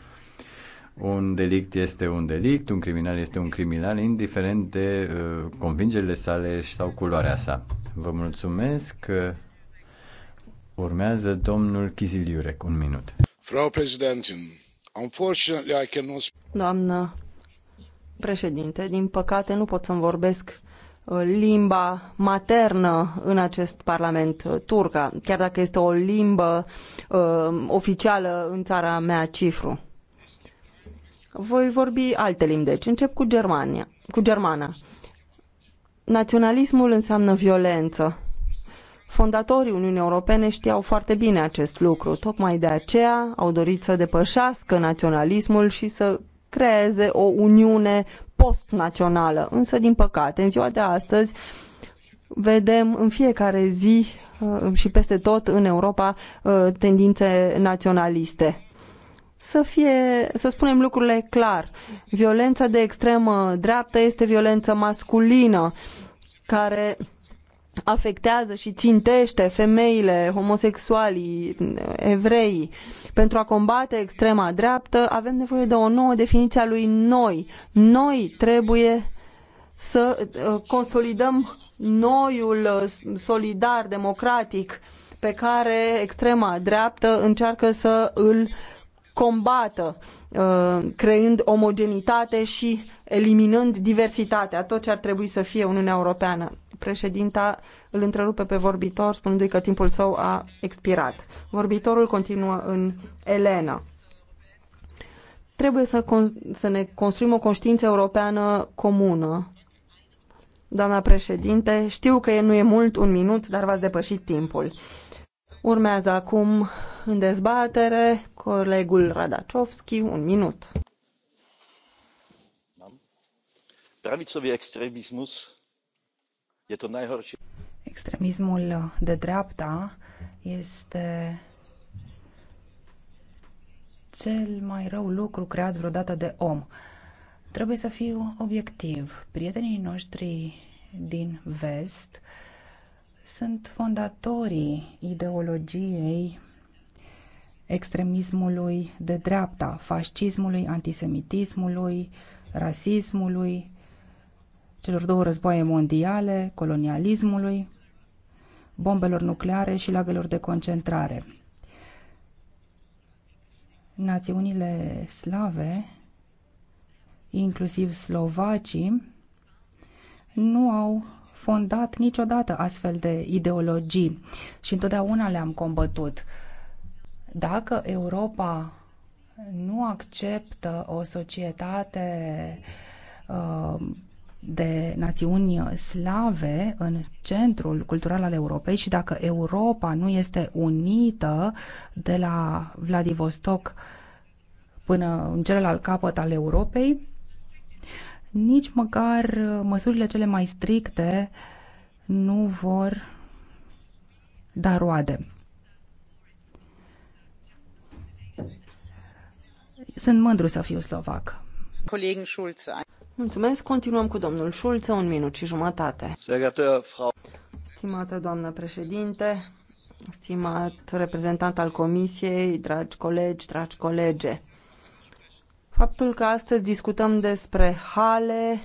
Un delict este un delict, un criminal este un criminal, indiferent de uh, convingerile sale sau culoarea sa. Vă mulțumesc. Uh, urmează domnul Chiziliurec, un minut. Frau Präsidentin, unfortunately I cannot... Doamnă președinte, din păcate nu pot să-mi vorbesc Uh, limba maternă în acest parlament uh, turcă, chiar dacă este o limbă uh, oficială în țara mea, Cifru. Voi vorbi alte limbi, deci încep cu Germania, cu germana. Naționalismul înseamnă violență. Fondatorii Uniunii Europene știau foarte bine acest lucru. Tocmai de aceea au dorit să depășească naționalismul și să creeze o uniune postnațională. Însă, din păcate, în ziua de astăzi vedem în fiecare zi uh, și peste tot în Europa uh, tendințe naționaliste să fie, să spunem lucrurile clar. Violența de extremă dreaptă este violență masculină care afectează și țintește femeile, homosexualii, evrei. Pentru a combate extrema dreaptă avem nevoie de o nouă definiție a lui noi. Noi trebuie să uh, consolidăm noiul uh, solidar, democratic, pe care extrema dreaptă încearcă să îl combată Uh, creând omogenitate și eliminând diversitatea, tot ce ar trebui să fie Uniunea Europeană. Președinta îl întrerupe pe vorbitor spunându-i că timpul său a expirat. Vorbitorul continuă în Elena. Trebuie să, să ne construim o conștiință europeană comună. Doamna președinte, știu că nu e mult, un minut, dar v-ați depășit timpul. Urmează acum în dezbatere colegul Radačovski, un minut. Pravicovi extremismus e to najhorší. Extremismul de dreapta este cel mai rău lucru creat vreodată de om. Trebuie să fiu obiectiv. Prietenii noștri din vest uh, sunt fondatorii ideologiei extremismului de dreapta, fascismului, antisemitismului, rasismului, celor două războaie mondiale, colonialismului, bombelor nucleare și lagălor de concentrare. Națiunile slave, inclusiv slovacii, nu au fondat niciodată astfel de ideologii și întotdeauna le-am combătut. Dacă Europa nu acceptă o societate uh, de națiuni slave în centrul cultural al Europei și dacă Europa nu este unită de la Vladivostok până în celălalt capăt al Europei, nici măcar uh, măsurile cele mai stricte nu vor da roade. Sunt mândru să fiu slovac. Mulțumesc. Continuăm cu domnul Schulze, un minut și jumătate. Stimată doamnă președinte, stimat reprezentant al Comisiei, dragi colegi, dragi colege, Faptul că astăzi discutăm despre Hale,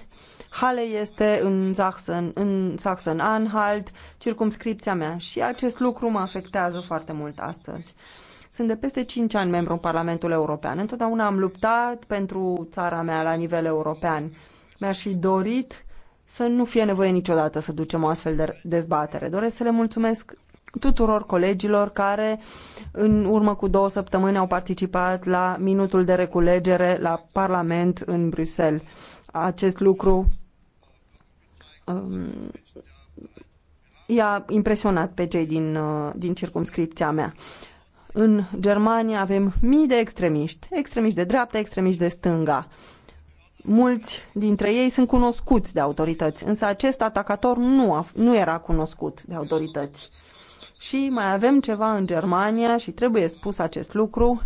Hale este în Sachsen, în Sachsen-Anhalt, circumscripția mea și acest lucru mă afectează foarte mult astăzi. Sunt de peste 5 ani membru în Parlamentul European. Întotdeauna am luptat pentru țara mea la nivel european. Mi-aș fi dorit să nu fie nevoie niciodată să ducem o astfel de dezbatere. Doresc să le mulțumesc tuturor colegilor care în urmă cu două săptămâni au participat la minutul de reculegere la Parlament în Bruxelles. Acest lucru um, i-a impresionat pe cei din, uh, din circumscripția mea. În Germania avem mii de extremiști, extremiști de dreapta, extremiști de stânga. Mulți dintre ei sunt cunoscuți de autorități, însă acest atacator nu, a, nu era cunoscut de autorități și mai avem ceva în Germania și trebuie spus acest lucru.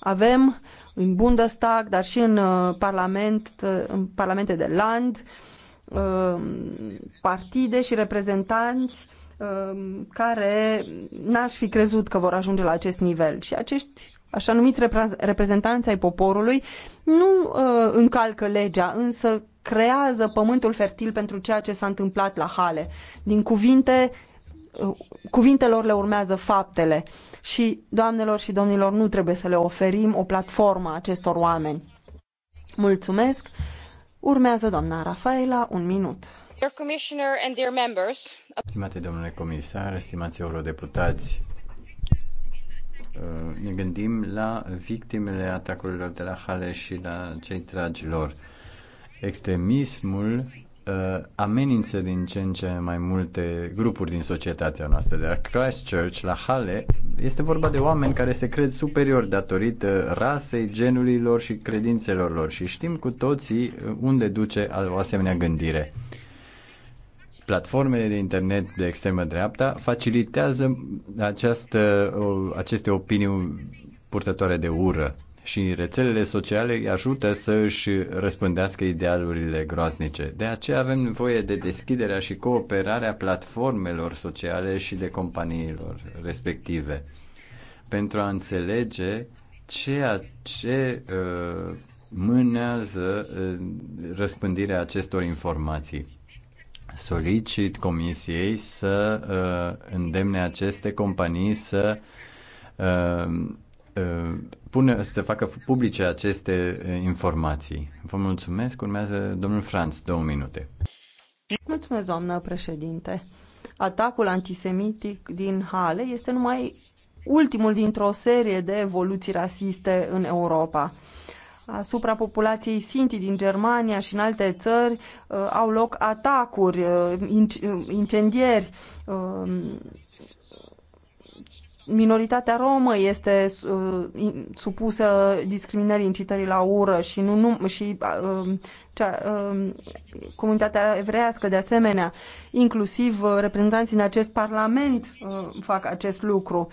Avem în Bundestag, dar și în uh, parlament, uh, în parlamente de land, uh, partide și reprezentanți care n-aș fi crezut că vor ajunge la acest nivel. Și acești așa numiți reprezentanți ai poporului nu încalcă legea, însă creează pământul fertil pentru ceea ce s-a întâmplat la Hale. Din cuvinte cuvintelor le urmează faptele și, doamnelor și domnilor, nu trebuie să le oferim o platformă acestor oameni. Mulțumesc. Urmează doamna Rafaela, un minut. Stimate domnule comisar, stimați eurodeputați, uh, ne gândim la victimele atacurilor de la Hale și la cei tragilor. Extremismul Uh, amenință din ce în ce mai multe grupuri din societatea noastră. De la Christchurch la Hale este vorba de oameni care se cred superiori datorită rasei, genurilor și credințelor lor și știm cu toții uh, unde duce o asemenea gândire. Platformele de internet de extremă dreapta facilitează această, aceste opinii purtătoare de ură și rețelele sociale îi ajută să își răspândească idealurile groaznice. De aceea avem nevoie de deschiderea și cooperarea platformelor sociale și de companiilor respective pentru a înțelege ceea ce uh, mânează uh, răspândirea acestor informații. Solicit Comisiei să uh, îndemne aceste companii să uh, Uh, pune, să facă publice aceste uh, informații. Vă mulțumesc. Urmează domnul Franz, două minute. Mulțumesc, doamnă președinte. Atacul antisemitic din Hale este numai ultimul dintr-o serie de evoluții rasiste în Europa. Asupra populației Sinti din Germania și în alte țări uh, au loc atacuri, incendieri, minoritatea romă este uh, supusă discriminării, incitării la ură și, nu, nu, și uh, cea, uh, comunitatea evreiască de asemenea, inclusiv reprezentanții în acest parlament fac acest lucru.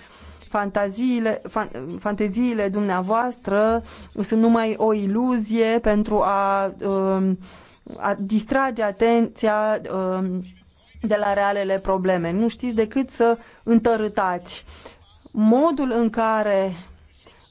Fantaziile, fan, fanteziile dumneavoastră sunt numai o iluzie pentru a, a distrage atenția de la realele probleme. Nu știți decât să întărâtați modul în care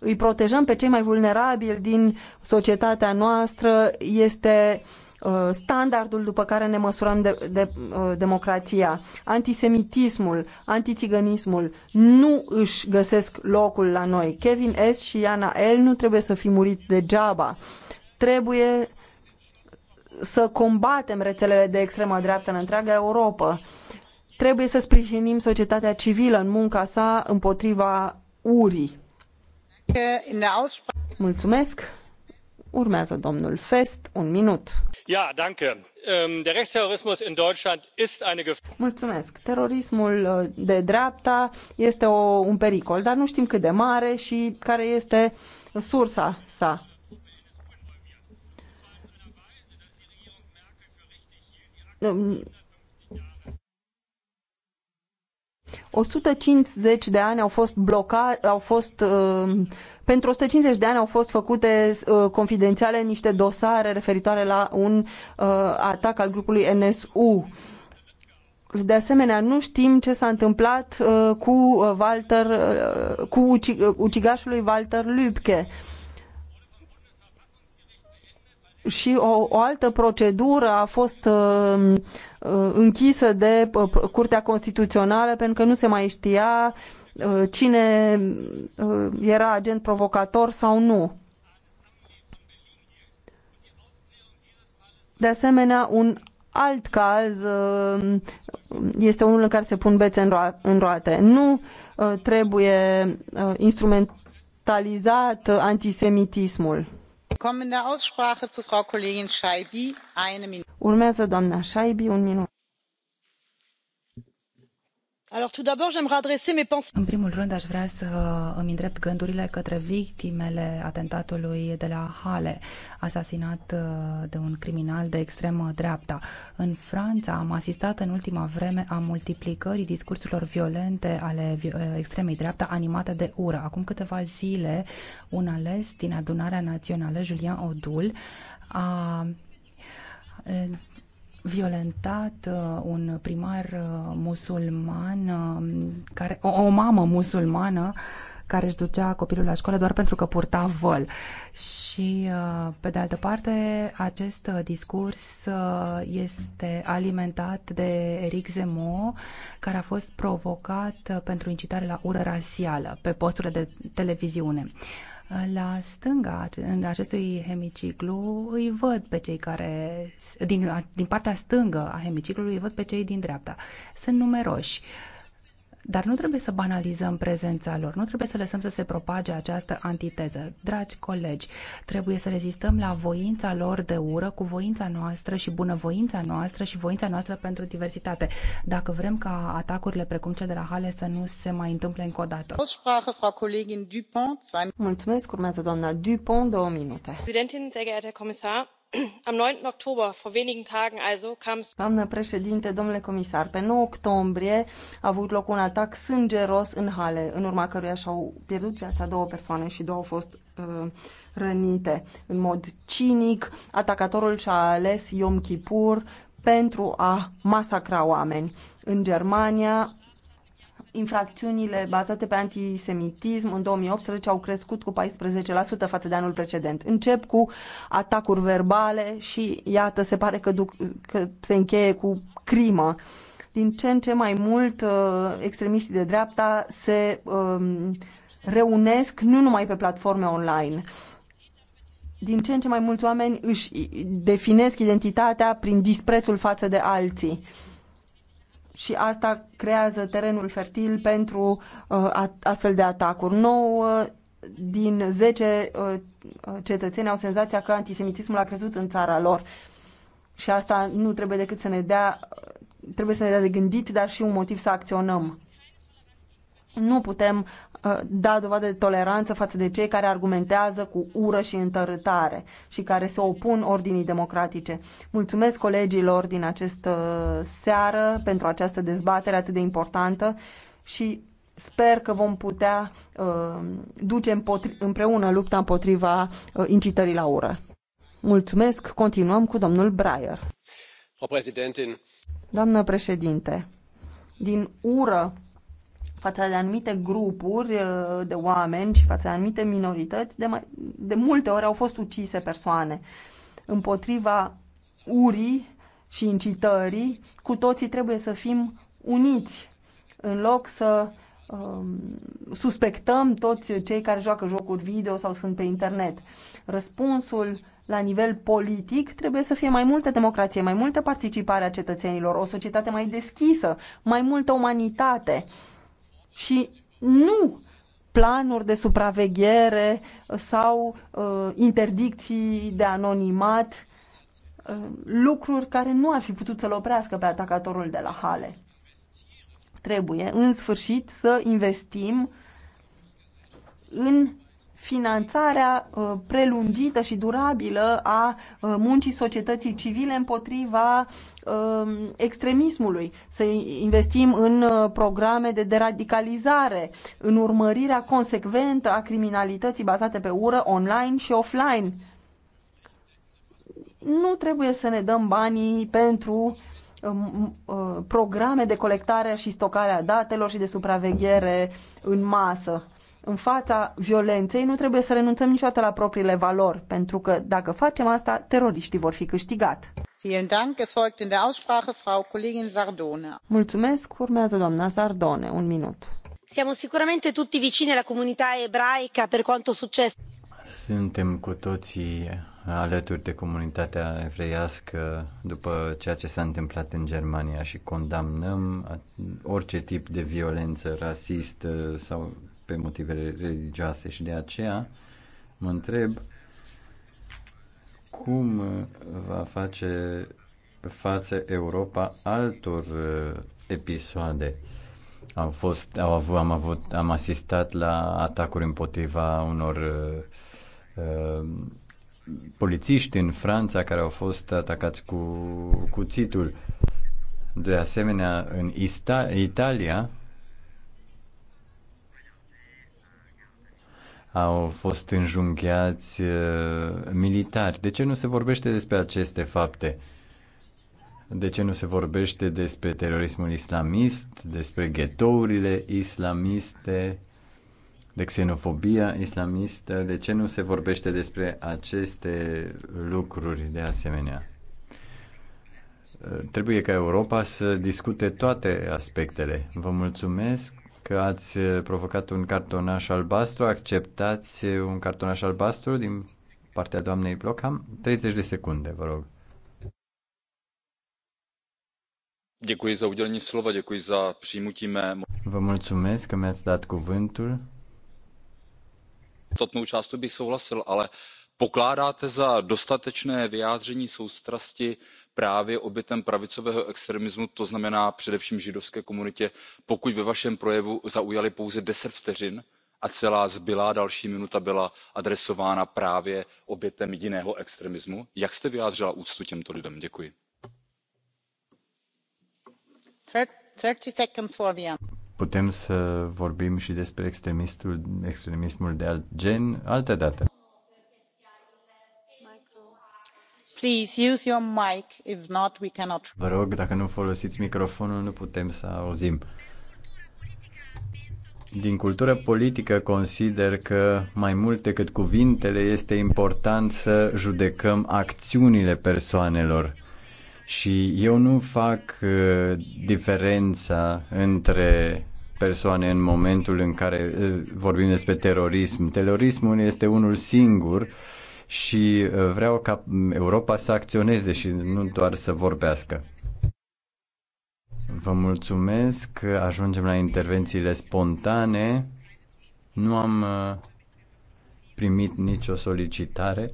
îi protejăm pe cei mai vulnerabili din societatea noastră este uh, standardul după care ne măsurăm de, de, uh, democrația. Antisemitismul, antițiganismul nu își găsesc locul la noi. Kevin S. și Iana L. nu trebuie să fi murit degeaba. Trebuie să combatem rețelele de extremă dreaptă în întreaga Europa. Trebuie să sprijinim societatea civilă în munca sa împotriva urii. Mulțumesc. Urmează domnul Fest, un minut. Ja, danke. Ähm, der Rechtsterrorismus in Deutschland ist eine Mulțumesc. Terorismul uh, de dreapta este o, un pericol, dar nu știm cât de mare și care este sursa sa. Um, 150 de ani au fost blocați, au fost uh, pentru 150 de ani au fost făcute uh, confidențiale niște dosare referitoare la un uh, atac al grupului NSU. De asemenea, nu știm ce s-a întâmplat uh, cu uh, Walter, uh, cu uci, uh, ucigașului Walter Lübke. Uh, și o, o altă procedură a fost uh, uh închisă de uh, Curtea Constituțională pentru că nu se mai știa uh, cine uh, era agent provocator sau nu. De asemenea, un alt caz uh, este unul în care se pun bețe în roate. Nu trebuie instrumentalizat antisemitismul. Urmează doamna Șaibi, un minut. În primul rând, aș vrea să îmi îndrept gândurile către victimele atentatului de la Hale, asasinat uh, de un criminal de extremă dreapta. În Franța am asistat în ultima vreme a multiplicării discursurilor violente ale uh, extremei dreapta animate de ură. Acum câteva zile, un ales din adunarea națională, Julien Odul, a uh, violentat uh, un primar uh, musulman, uh, care, o, o mamă musulmană care își ducea copilul la școală doar pentru că purta văl. Și, pe de altă parte, acest discurs este alimentat de Eric Zemo, care a fost provocat pentru incitare la ură rasială pe posturile de televiziune. La stânga în acestui hemiciclu îi văd pe cei care, din, din partea stângă a hemiciclului, îi văd pe cei din dreapta. Sunt numeroși. Uh, dar nu trebuie să banalizăm prezența lor, nu trebuie să lăsăm să se propage această antiteză. Dragi colegi, trebuie să rezistăm la voința lor de ură cu voința noastră și bunăvoința noastră și voința noastră pentru diversitate, dacă vrem ca atacurile precum cel de la Hale să nu se mai întâmple încă o dată. Mulțumesc, urmează doamna Dupont, două minute doamnă președintă domnule comisar pe 9 octombrie a avut loc un atac sângeros în halle în urma căruia și au pierdut viața două persoane și două au fost uh, rănite. În mod cinic, atacatorul și-a ales Yom Kippur pentru a masacra oameni. În Germania, infracțiunile bazate pe antisemitism în 2018 au crescut cu 14% față de anul precedent. Încep cu atacuri verbale și iată, se pare că, duc, că se încheie cu crimă. Din ce în ce mai mult uh, extremiștii de dreapta se um, reunesc nu numai pe platforme online. Din ce în ce mai mulți oameni își definesc identitatea prin disprețul față de alții și asta creează terenul fertil pentru uh, astfel de atacuri. 9 din 10 uh, cetățeni au senzația că antisemitismul a crescut în țara lor. Și asta nu trebuie decât să ne dea, trebuie să ne dea de gândit, dar și un motiv să acționăm. Nu putem Uh, da dovadă de toleranță față de cei care argumentează cu ură și întărâtare și care se opun ordinii democratice. Mulțumesc colegilor din această uh, seară pentru această dezbatere atât de importantă și sper că vom putea uh, duce împreună lupta împotriva uh, incitării la ură. Mulțumesc. Continuăm cu domnul Breyer. Doamnă președinte, din ură față de anumite grupuri uh, de oameni și față de anumite minorități, de, mai, de multe ori au fost ucise persoane. Împotriva urii și incitării, cu toții trebuie să fim uniți, în loc să uh, suspectăm toți cei care joacă jocuri video sau sunt pe internet. Răspunsul la nivel politic trebuie să fie mai multă democrație, mai multă participare a cetățenilor, o societate mai deschisă, mai multă umanitate. Uh, și nu planuri de supraveghere sau uh, interdicții de anonimat, uh, lucruri care nu ar fi putut să-l oprească pe atacatorul de la Hale. Trebuie, în sfârșit, să investim în finanțarea uh, prelungită și durabilă a uh, muncii societății civile împotriva um, extremismului, să investim în uh, programe de deradicalizare, în urmărirea consecventă a criminalității bazate pe ură online și offline. Nu trebuie să ne dăm banii pentru um, programe de colectare și stocare a datelor și de supraveghere în masă în fața violenței, nu trebuie să renunțăm niciodată la propriile valori, pentru că dacă facem asta, teroriștii vor fi câștigat. Mulțumesc, urmează doamna Sardone, un minut. Siamo sicuramente tutti vicini alla comunità ebraica per quanto successo. Suntem cu toții alături de comunitatea evreiască după ceea ce s-a întâmplat în Germania și condamnăm orice tip de violență rasistă sau pe motive religioase și de aceea mă întreb cum va face față Europa altor uh, episoade. Au fost, au avut, am, avut, am asistat la atacuri împotriva unor uh, uh, polițiști în Franța care au fost atacați cu cuțitul. De asemenea, în Ista- Italia au fost înjunghiați uh, militari. De ce nu se vorbește despre aceste fapte? De ce nu se vorbește despre terorismul islamist, despre ghetourile islamiste, de xenofobia islamistă? De ce nu se vorbește despre aceste lucruri de asemenea? Uh, trebuie ca Europa să discute toate aspectele. Vă mulțumesc că ați eh, provocat un cartonaș albastru. Acceptați eh, un cartonaș albastru din partea doamnei Blockham. 30 de secunde, vă rog. Děkuji za udělení slova, děkuji za přijmutí mé. Vă mulțumesc că mi-ați dat cuvântul. Podstatnou částu bych souhlasil, ale pokládáte za dostatečné vyjádření soustrasti právě obětem pravicového extremismu to znamená především židovské komunitě pokud ve vašem projevu zaujaly pouze ten vteřin a celá zbylá další minuta byla adresována právě obětem jiného extremismu jak jste vyjádřila úctu těmto lidem? děkuji. putem să vorbim și despre extremismul de alt gen altă dată. Vă rog, dacă nu folosiți microfonul, nu putem să auzim. Din cultură politică consider că mai mult decât cuvintele este important să judecăm acțiunile persoanelor. Și eu nu fac uh, diferența între persoane în momentul în care uh, vorbim despre terorism. Terorismul este unul singur uh, și uh, vreau ca Europa să acționeze și nu doar să vorbească. Vă mulțumesc. Ajungem la intervențiile spontane. Nu am uh, primit nicio solicitare.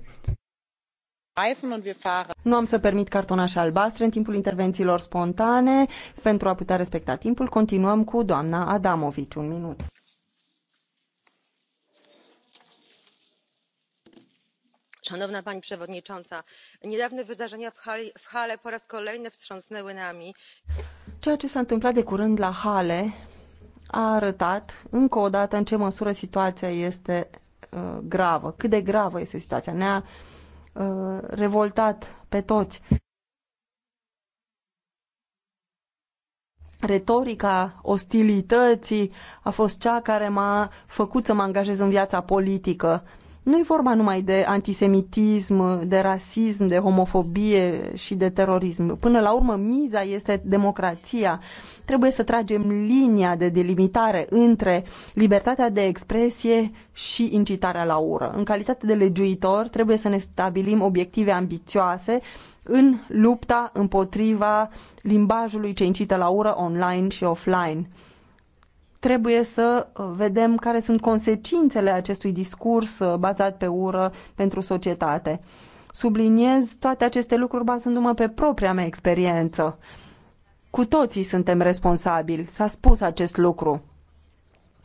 Nu am să permit cartonașe albastre în timpul intervențiilor spontane. Pentru a putea respecta timpul, continuăm cu doamna Adamovici. Un minut. szanowna pani przewodnicząca! niedawne wydarzenia w halle po raz kolejny wstrząsnęły nami. ceea ce s a întâmplat de curând la halle a arătat încă o dată în ce măsură situația este uh, gravă cât de gravă este situația. ne a uh, revoltat pe toți. retorica ostilității a fost cea care m-a făcut să mă angajez în viața politică. Nu e vorba numai de antisemitism, de rasism, de homofobie și de terorism. Până la urmă, miza este democrația. Trebuie să tragem linia de delimitare între libertatea de expresie și incitarea la ură. În calitate de legiuitor, trebuie să ne stabilim obiective ambițioase în lupta împotriva limbajului ce incită la ură online și offline trebuie să uh, vedem care sunt consecințele acestui discurs uh, bazat pe ură pentru societate. Subliniez toate aceste lucruri bazându-mă pe propria mea experiență. Cu toții suntem responsabili, s-a spus acest lucru.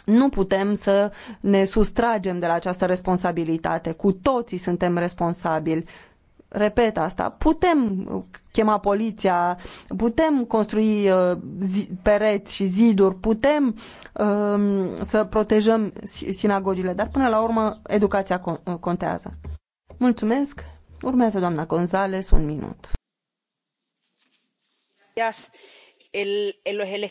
Nu putem să ne sustragem de la această responsabilitate. Cu toții suntem responsabili repet asta, putem chema poliția, putem construi uh, pereți și ziduri, putem uh, să protejăm sinagogile, dar până la urmă educația uh, contează. Mulțumesc. Urmează doamna González un minut. el el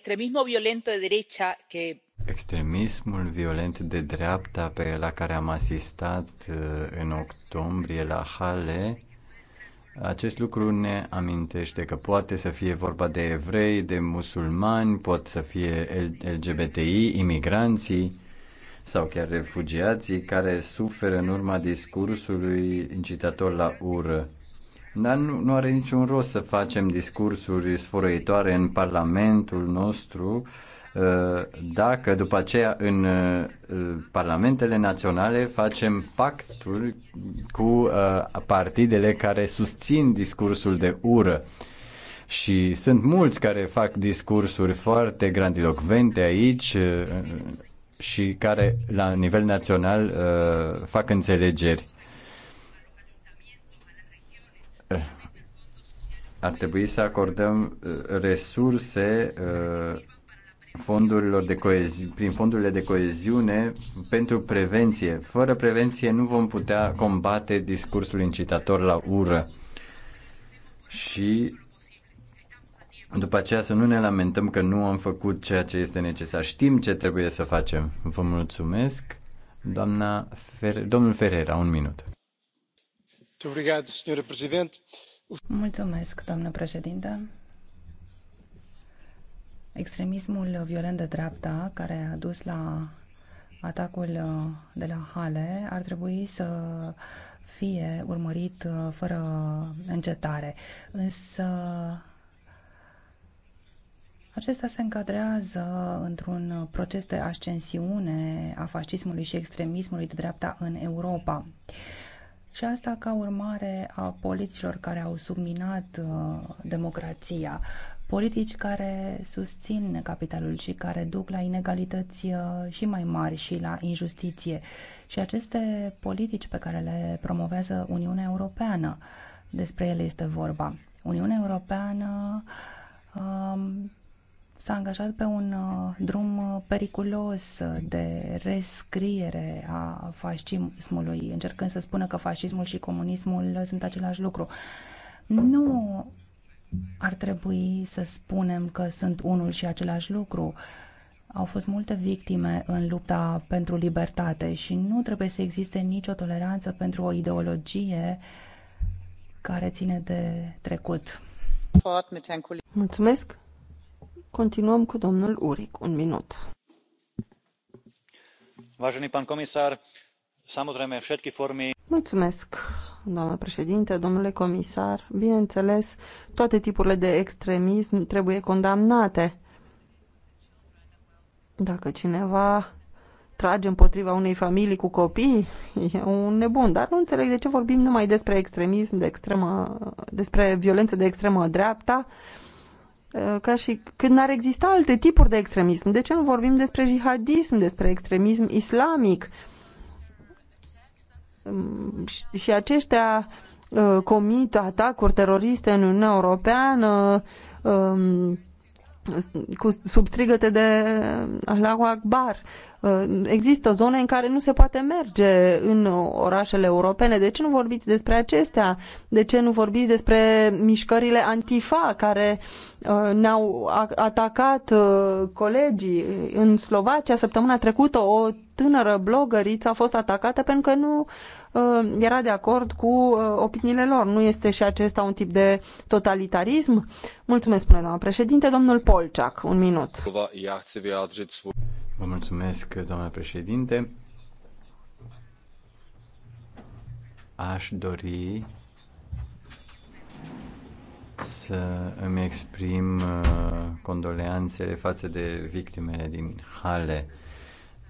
Extremismul violent de dreapta pe la care am asistat uh, în octombrie la Hale acest lucru ne amintește că poate să fie vorba de evrei, de musulmani, pot să fie LGBTI, imigranții sau chiar refugiații care suferă în urma discursului incitator la ură. Dar nu, nu are niciun rost să facem discursuri sfărăitoare în Parlamentul nostru Uh, dacă după aceea în uh, parlamentele naționale facem pactul cu uh, partidele care susțin discursul de ură. Și sunt mulți care fac discursuri foarte grandilocvente aici și care la nivel național fac înțelegeri. Ar trebui să acordăm resurse fondurilor de coeziune, prin fondurile de coeziune pentru prevenție. Fără prevenție nu vom putea combate discursul incitator la ură. Și după aceea să nu ne lamentăm că nu am făcut ceea ce este necesar. Știm ce trebuie să facem. Vă mulțumesc. Doamna Fer- Domnul Ferreira, un minut. Mulțumesc, doamnă președintă. Extremismul violent de dreapta, care a dus la atacul uh, de la Hale, ar trebui să fie urmărit uh, fără încetare. Însă acesta se încadrează într-un proces de ascensiune a fascismului și extremismului de dreapta în Europa. Și asta ca urmare a politicilor care au subminat uh, democrația. Uh, Politici care susțin capitalul și care duc la inegalități uh, și mai mari și la injustiție. Și aceste politici pe care le promovează Uniunea Europeană, despre ele este vorba. Uniunea Europeană um, s-a angajat pe un uh, drum periculos de rescriere a fascismului, încercând să spună că fascismul și comunismul sunt același lucru. Nu ar trebui să spunem că sunt unul și același lucru. Au fost multe victime în lupta pentru libertate și nu trebuie să existe nicio toleranță pentru o ideologie care ține de trecut. Mulțumesc. Continuăm cu domnul Uric. Un minut. Vážený pán komisár, samozrejme všetky formy... Mulțumesc doamnă președinte, domnule comisar. Bineînțeles, toate tipurile de extremism trebuie condamnate. Dacă cineva trage împotriva unei familii cu copii, e un nebun. Dar nu înțeleg de ce vorbim numai despre extremism, de extremă, despre violență de extremă dreapta, ca și când ar exista alte tipuri de extremism. De ce nu vorbim despre jihadism, despre extremism islamic? și aceștia uh, comit atacuri teroriste în Uniunea Europeană um, cu substrigăte de Allahu Akbar. Uh, există zone în care nu se poate merge în orașele europene. De ce nu vorbiți despre acestea? De ce nu vorbiți despre mișcările Antifa care uh, ne-au atacat colegii? În Slovacia, săptămâna trecută, o tânără blogăriță a fost atacată pentru că nu uh, era de acord cu uh, opiniile lor. Nu este și acesta un tip de totalitarism? Mulțumesc, spune doamna președinte. Domnul Polceac, un minut. Vă mulțumesc, doamna președinte. Aș dori să îmi exprim uh, condoleanțele față de victimele din Hale.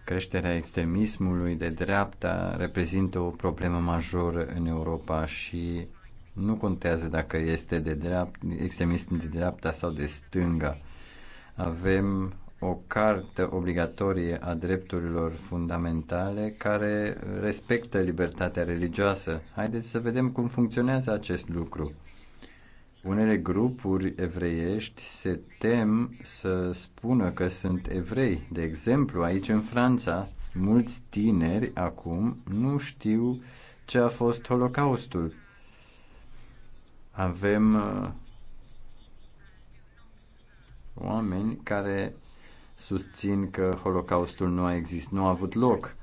Creșterea extremismului de dreapta reprezintă o problemă majoră în Europa și nu contează dacă este de dreapt, extremism de dreapta sau de stânga. Avem o carte obligatorie a drepturilor fundamentale care respectă libertatea religioasă. Haideți să vedem cum funcționează acest lucru. Unele grupuri evreiești se tem să spună că sunt evrei. De exemplu, aici în Franța, mulți tineri acum nu știu ce a fost Holocaustul. Avem uh, oameni care susțin că Holocaustul nu a existat, nu a avut loc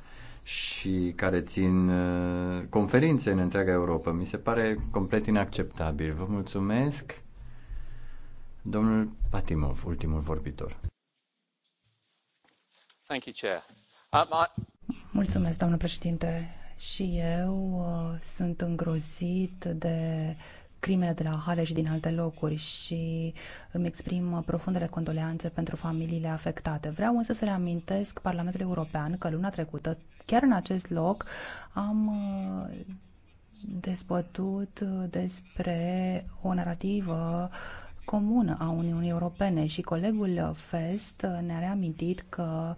și care țin uh, conferințe în întreaga Europa. Mi se pare complet inacceptabil. Vă mulțumesc. Domnul Patimov, ultimul vorbitor. Thank you, Chair. Mulțumesc, um, domnul președinte. Și eu uh, sunt îngrozit de crimele de la Hale și din alte locuri și îmi exprim profundele condoleanțe pentru familiile afectate. Vreau însă să reamintesc Parlamentul European că luna trecută, chiar în acest loc, am uh, dezbătut despre o narrativă comună a Uniunii Europene și colegul Fest ne-a reamintit că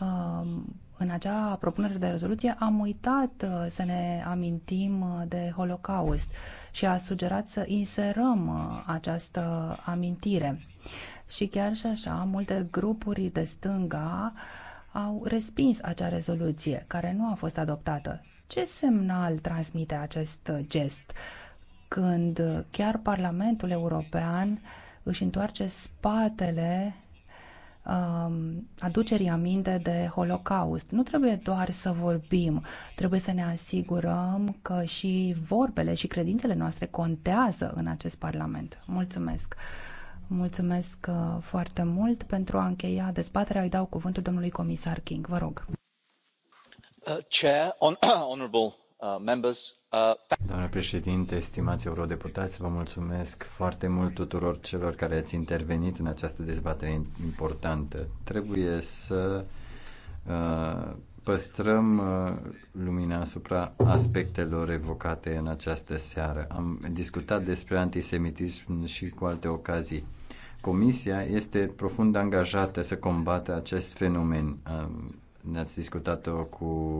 um, în acea propunere de rezoluție am uitat uh, să ne amintim uh, de Holocaust și a sugerat să inserăm uh, această amintire. Și chiar și așa, multe grupuri de stânga au respins acea rezoluție, care nu a fost adoptată. Ce semnal transmite acest gest când chiar Parlamentul European își întoarce spatele Um, aducerii aminte de Holocaust. Nu trebuie doar să vorbim, trebuie să ne asigurăm că și vorbele și credințele noastre contează în acest Parlament. Mulțumesc! Mulțumesc uh, foarte mult pentru a încheia dezbaterea. Îi dau cuvântul domnului comisar King. Vă rog. Uh, chair, on, honorable Uh, uh, Doamnă președinte, stimați eurodeputați, vă mulțumesc foarte mult tuturor celor care ați intervenit în această dezbatere importantă. Trebuie să uh, păstrăm lumina asupra aspectelor evocate în această seară. Am discutat despre antisemitism și cu alte ocazii. Comisia este profund angajată să combată acest fenomen. Ne-ați discutat-o cu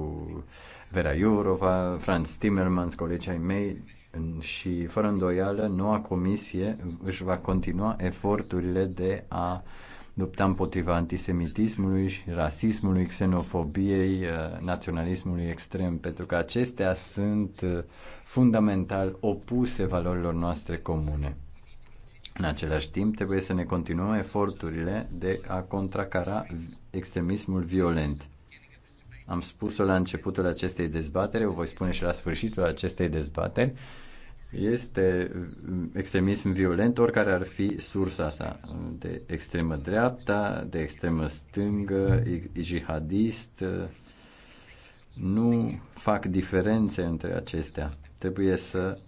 Vera Iurova, Franz Timmermans, colegii ai mei și, fără îndoială, noua comisie își va continua eforturile de a lupta împotriva antisemitismului, rasismului, xenofobiei, uh, naționalismului extrem, pentru că acestea sunt uh, fundamental opuse valorilor noastre comune. În același timp, trebuie să ne continuăm eforturile de a contracara extremismul violent. Am spus-o la începutul acestei dezbatere. o voi spune și la sfârșitul acestei dezbateri. Este mm, extremism violent, oricare ar fi sursa sa, de extremă dreapta, de extremă stângă, jihadist. Nu fac diferențe între acestea. Trebuie să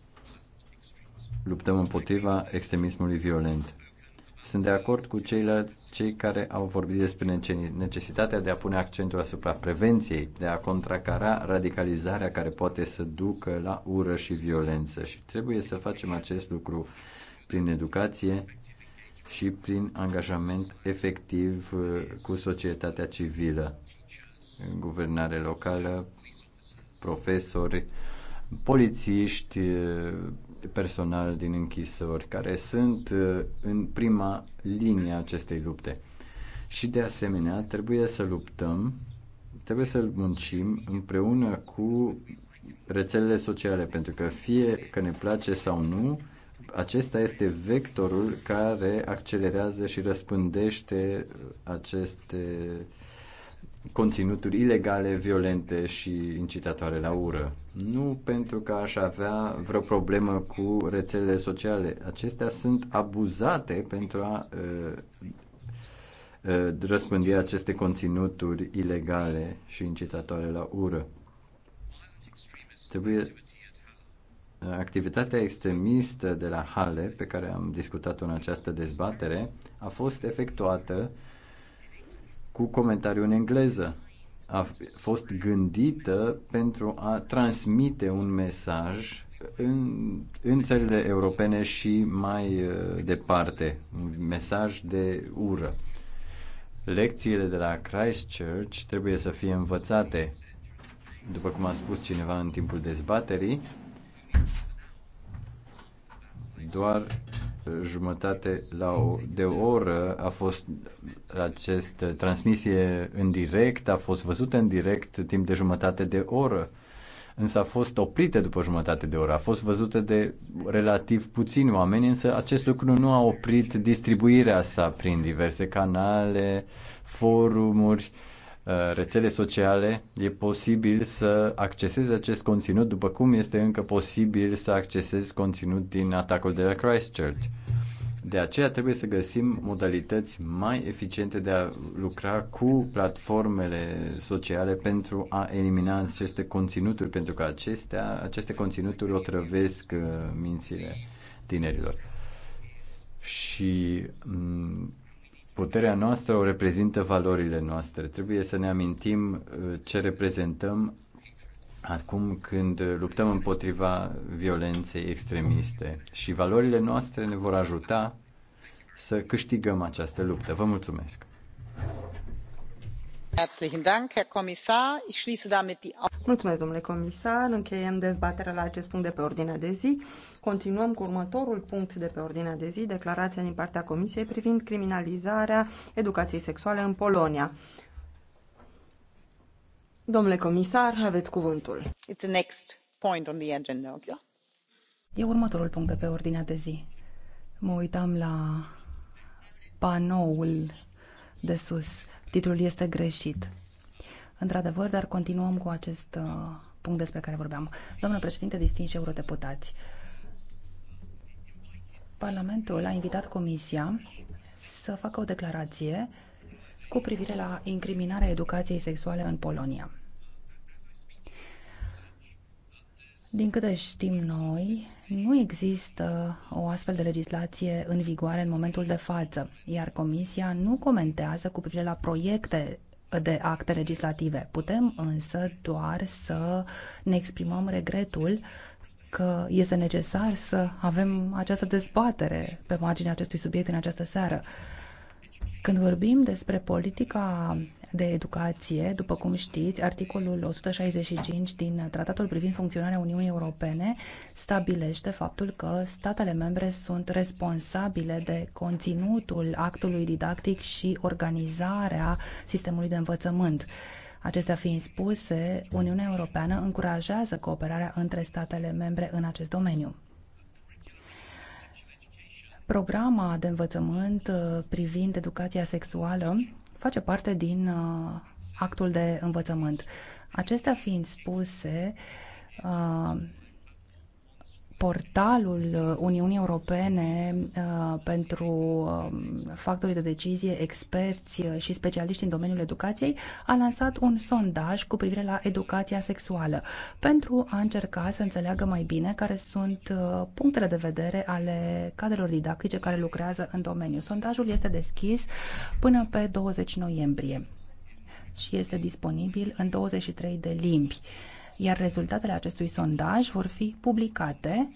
luptăm împotriva extremismului violent. Sunt de acord cu ceilalți, cei care au vorbit despre necesitatea de a pune accentul asupra prevenției, de a contracara radicalizarea care poate să ducă la ură și violență. Și trebuie să facem acest lucru prin educație și prin angajament efectiv uh, cu societatea civilă, guvernare locală, profesori, polițiști, uh, personal din închisori care sunt uh, în prima linie a acestei lupte. Și de asemenea, trebuie să luptăm, trebuie să muncim împreună cu rețelele sociale, pentru că fie că ne place sau nu, acesta este vectorul care accelerează și răspândește aceste conținuturi ilegale, violente și incitatoare la ură. Nu pentru că aș avea vreo problemă cu rețelele sociale. Acestea sunt abuzate pentru a uh, uh, răspândi aceste conținuturi ilegale și incitatoare la ură. Trebuie Activitatea extremistă de la Hale, pe care am discutat-o în această dezbatere, a fost efectuată uh, cu comentariu în engleză. A fost gândită pentru a transmite un mesaj în, în țările europene și mai uh, departe, un mesaj de ură. Lecțiile de la Christchurch trebuie să fie învățate. După cum a spus cineva în timpul dezbaterii, doar jumătate la o, de oră a fost această transmisie în direct, a fost văzută în direct timp de jumătate de oră, însă a fost oprită după jumătate de oră, a fost văzută de relativ puțini oameni, însă acest lucru nu a oprit distribuirea sa prin diverse canale, forumuri, uh, Uh, rețele sociale, e posibil să accesezi acest conținut după cum este încă posibil să accesezi conținut din atacul de la Christchurch. De aceea trebuie să găsim modalități mai eficiente de a lucra cu platformele sociale pentru a elimina aceste conținuturi, pentru că acestea, aceste conținuturi otrăvesc uh, mințile tinerilor. Și mm, Puterea noastră o reprezintă valorile noastre. Trebuie să ne amintim uh, ce reprezentăm acum când luptăm împotriva violenței extremiste și valorile noastre ne vor ajuta să câștigăm această luptă. Vă mulțumesc! Mulțumesc, domnule comisar. Încheiem dezbaterea la acest punct de pe ordinea de zi. Continuăm cu următorul punct de pe ordinea de zi, declarația din partea Comisiei privind criminalizarea educației sexuale în Polonia. Domnule comisar, aveți cuvântul. It's the next point on the agenda, okay? E următorul punct de pe ordinea de zi. Mă uitam la panoul de sus. Titlul este greșit. Într-adevăr, dar continuăm cu acest uh, punct despre care vorbeam. Domnule președinte, distinși eurodeputați, Parlamentul a invitat Comisia să facă o declarație cu privire la incriminarea educației sexuale în Polonia. Din câte știm noi, nu există o astfel de legislație în vigoare în momentul de față, iar Comisia nu comentează cu privire la proiecte de acte legislative. Putem însă doar să ne exprimăm regretul că este necesar să avem această dezbatere pe marginea acestui subiect în această seară. Când vorbim despre politica de educație, după cum știți, articolul 165 din Tratatul privind funcționarea Uniunii Europene stabilește faptul că statele membre sunt responsabile de conținutul actului didactic și organizarea sistemului de învățământ. Acestea fiind spuse, Uniunea Europeană încurajează cooperarea între statele membre în acest domeniu. Programa de învățământ uh, privind educația sexuală face parte din uh, actul de învățământ. Acestea fiind spuse, uh, portalul Uniunii Europene uh, pentru um, factorii de decizie, experți uh, și specialiști în domeniul educației a lansat un sondaj cu privire la educația sexuală pentru a încerca să înțeleagă mai bine care sunt uh, punctele de vedere ale cadrelor didactice care lucrează în domeniu. Sondajul este deschis până pe 20 noiembrie și este disponibil în 23 de limbi iar rezultatele acestui sondaj vor fi publicate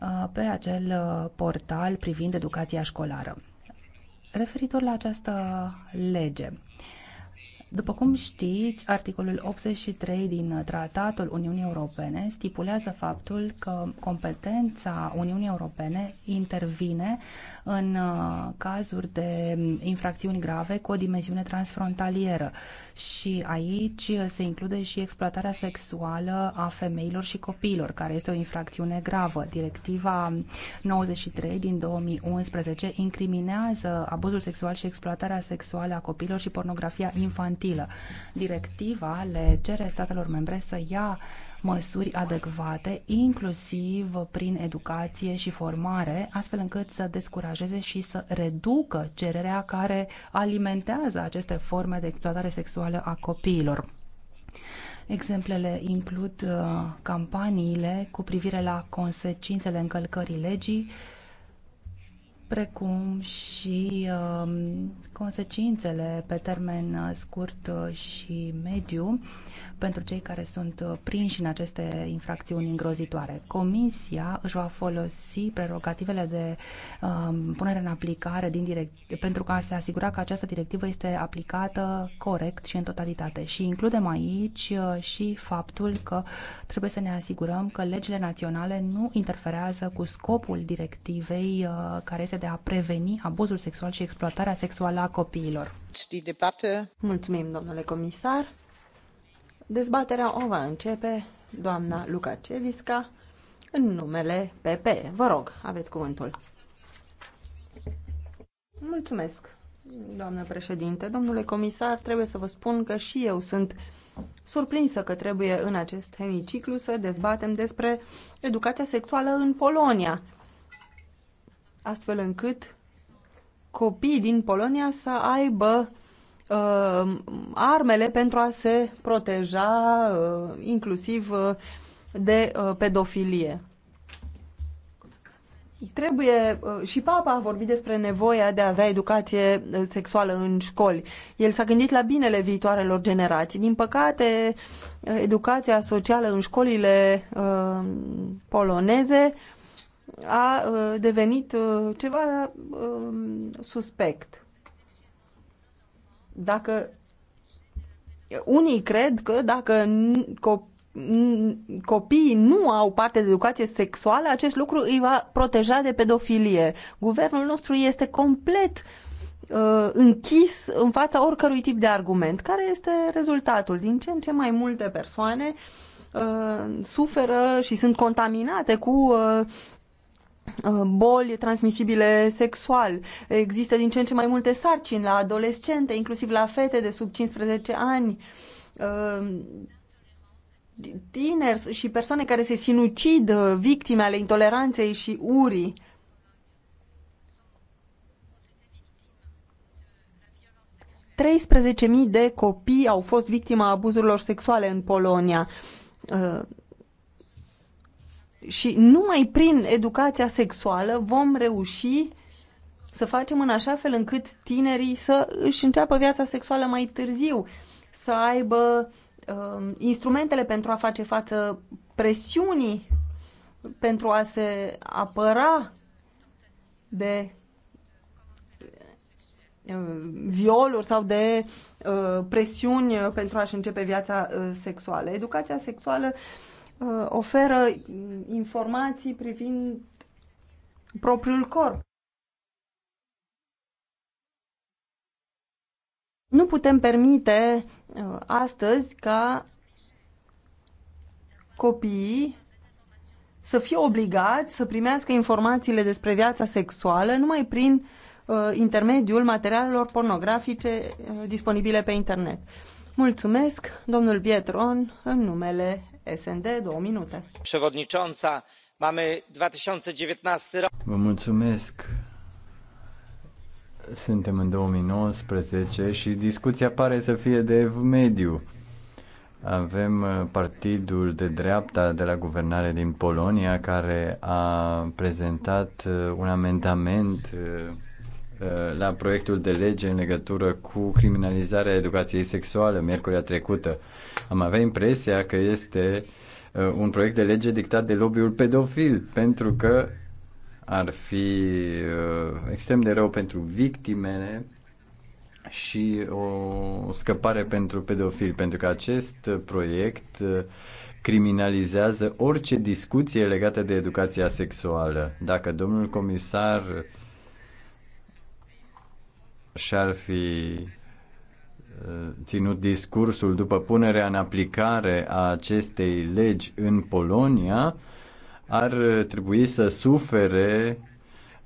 uh, pe acel uh, portal privind educația școlară. Referitor la această lege, după cum știți, articolul 83 din Tratatul Uniunii Europene stipulează faptul că competența Uniunii Europene intervine în uh, cazuri de infracțiuni grave cu o dimensiune transfrontalieră și aici se include și exploatarea sexuală a femeilor și copiilor, care este o infracțiune gravă. Directiva 93 din 2011 incriminează abuzul sexual și exploatarea sexuală a copiilor și pornografia infantilă utilă. Directiva le cere statelor membre să ia măsuri adecvate, inclusiv prin educație și formare, astfel încât să descurajeze și să reducă cererea care alimentează aceste forme de exploatare sexuală a copiilor. Exemplele includ uh, campaniile cu privire la consecințele încălcării legii precum și um, consecințele pe termen uh, scurt uh, și mediu pentru cei care sunt uh, prinși în aceste infracțiuni îngrozitoare. Comisia își va folosi prerogativele de um, punere în aplicare din direct, pentru a se asigura că această directivă este aplicată corect și în totalitate. Și includem aici uh, și faptul că trebuie să ne asigurăm că legile naționale nu interferează cu scopul directivei uh, care este de a preveni abuzul sexual și exploatarea sexuală a copiilor. Mulțumim, domnule comisar. Dezbaterea o va începe doamna Lukaceviska în numele PP. Vă rog, aveți cuvântul. Mulțumesc, doamnă președinte. Domnule comisar, trebuie să vă spun că și eu sunt surprinsă că trebuie în acest hemiciclu să dezbatem despre educația sexuală în Polonia, astfel încât copiii din Polonia să aibă uh, armele pentru a se proteja uh, inclusiv uh, de uh, pedofilie. Trebuie, uh, și Papa a vorbit despre nevoia de a avea educație uh, sexuală în școli. El s-a gândit la binele viitoarelor generații. Din păcate, uh, educația socială în școlile uh, poloneze a uh, devenit ceva suspect dacă unii cred că dacă copiii nu au parte de educație sexuală, acest lucru îi va proteja de pedofilie. Guvernul nostru este complet uh, închis în fața oricărui tip de argument. Care este rezultatul? Din ce în ce mai multe persoane uh, suferă și sunt contaminate cu uh, Uh, boli transmisibile sexual. Există din ce în ce mai multe sarcini la adolescente, inclusiv la fete de sub 15 ani, uh, tineri și persoane care se sinucid uh, victime ale intoleranței și urii. mii de copii au fost victima abuzurilor sexuale în Polonia. Și numai prin educația sexuală vom reuși să facem în așa fel încât tinerii să își înceapă viața sexuală mai târziu, să aibă uh, instrumentele pentru a face față presiunii, pentru a se apăra de uh, violuri sau de uh, presiuni pentru a-și începe viața uh, sexuală. Educația sexuală uh, Uh, oferă informații privind propriul corp. Nu putem permite uh, astăzi ca copiii să fie obligați să primească informațiile despre viața sexuală numai prin uh, intermediul materialelor pornografice uh, disponibile pe internet. Mulțumesc, domnul Pietron, în numele SND, două minute. Przewodnicząca, mamy 2019 Vă mulțumesc. Suntem în 2019 și discuția pare să fie de ev mediu. Avem uh, partidul de dreapta de la guvernare din Polonia care a prezentat uh, un amendament uh, la proiectul de lege în legătură cu criminalizarea educației sexuale miercurea trecută. Am avea impresia că este uh, un proiect de lege dictat de lobby-ul pedofil, pentru că ar fi uh, extrem de rău pentru victimele și o scăpare pentru pedofil, pentru că acest proiect uh, criminalizează orice discuție legată de educația sexuală. Dacă domnul comisar și-ar fi ținut discursul după punerea în aplicare a acestei legi în Polonia, ar trebui să sufere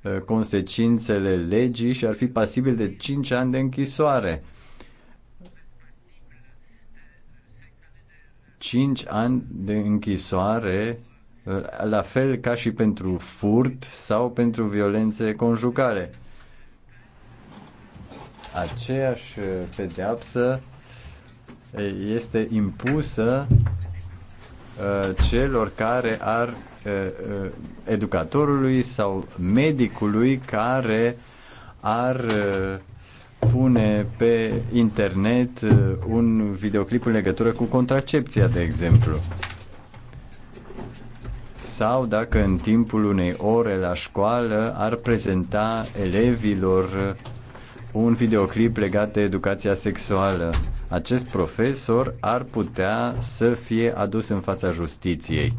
uh, consecințele legii și ar fi pasibil de 5 ani de închisoare. 5 ani de închisoare, uh, la fel ca și pentru furt sau pentru violențe conjugale aceeași uh, pedeapsă este impusă uh, celor care ar uh, educatorului sau medicului care ar pune pe internet un videoclip în legătură cu contracepția, de exemplu. Sau dacă în timpul unei ore la școală ar prezenta elevilor un videoclip legat de educația sexuală. Acest profesor ar putea să fie adus în fața justiției.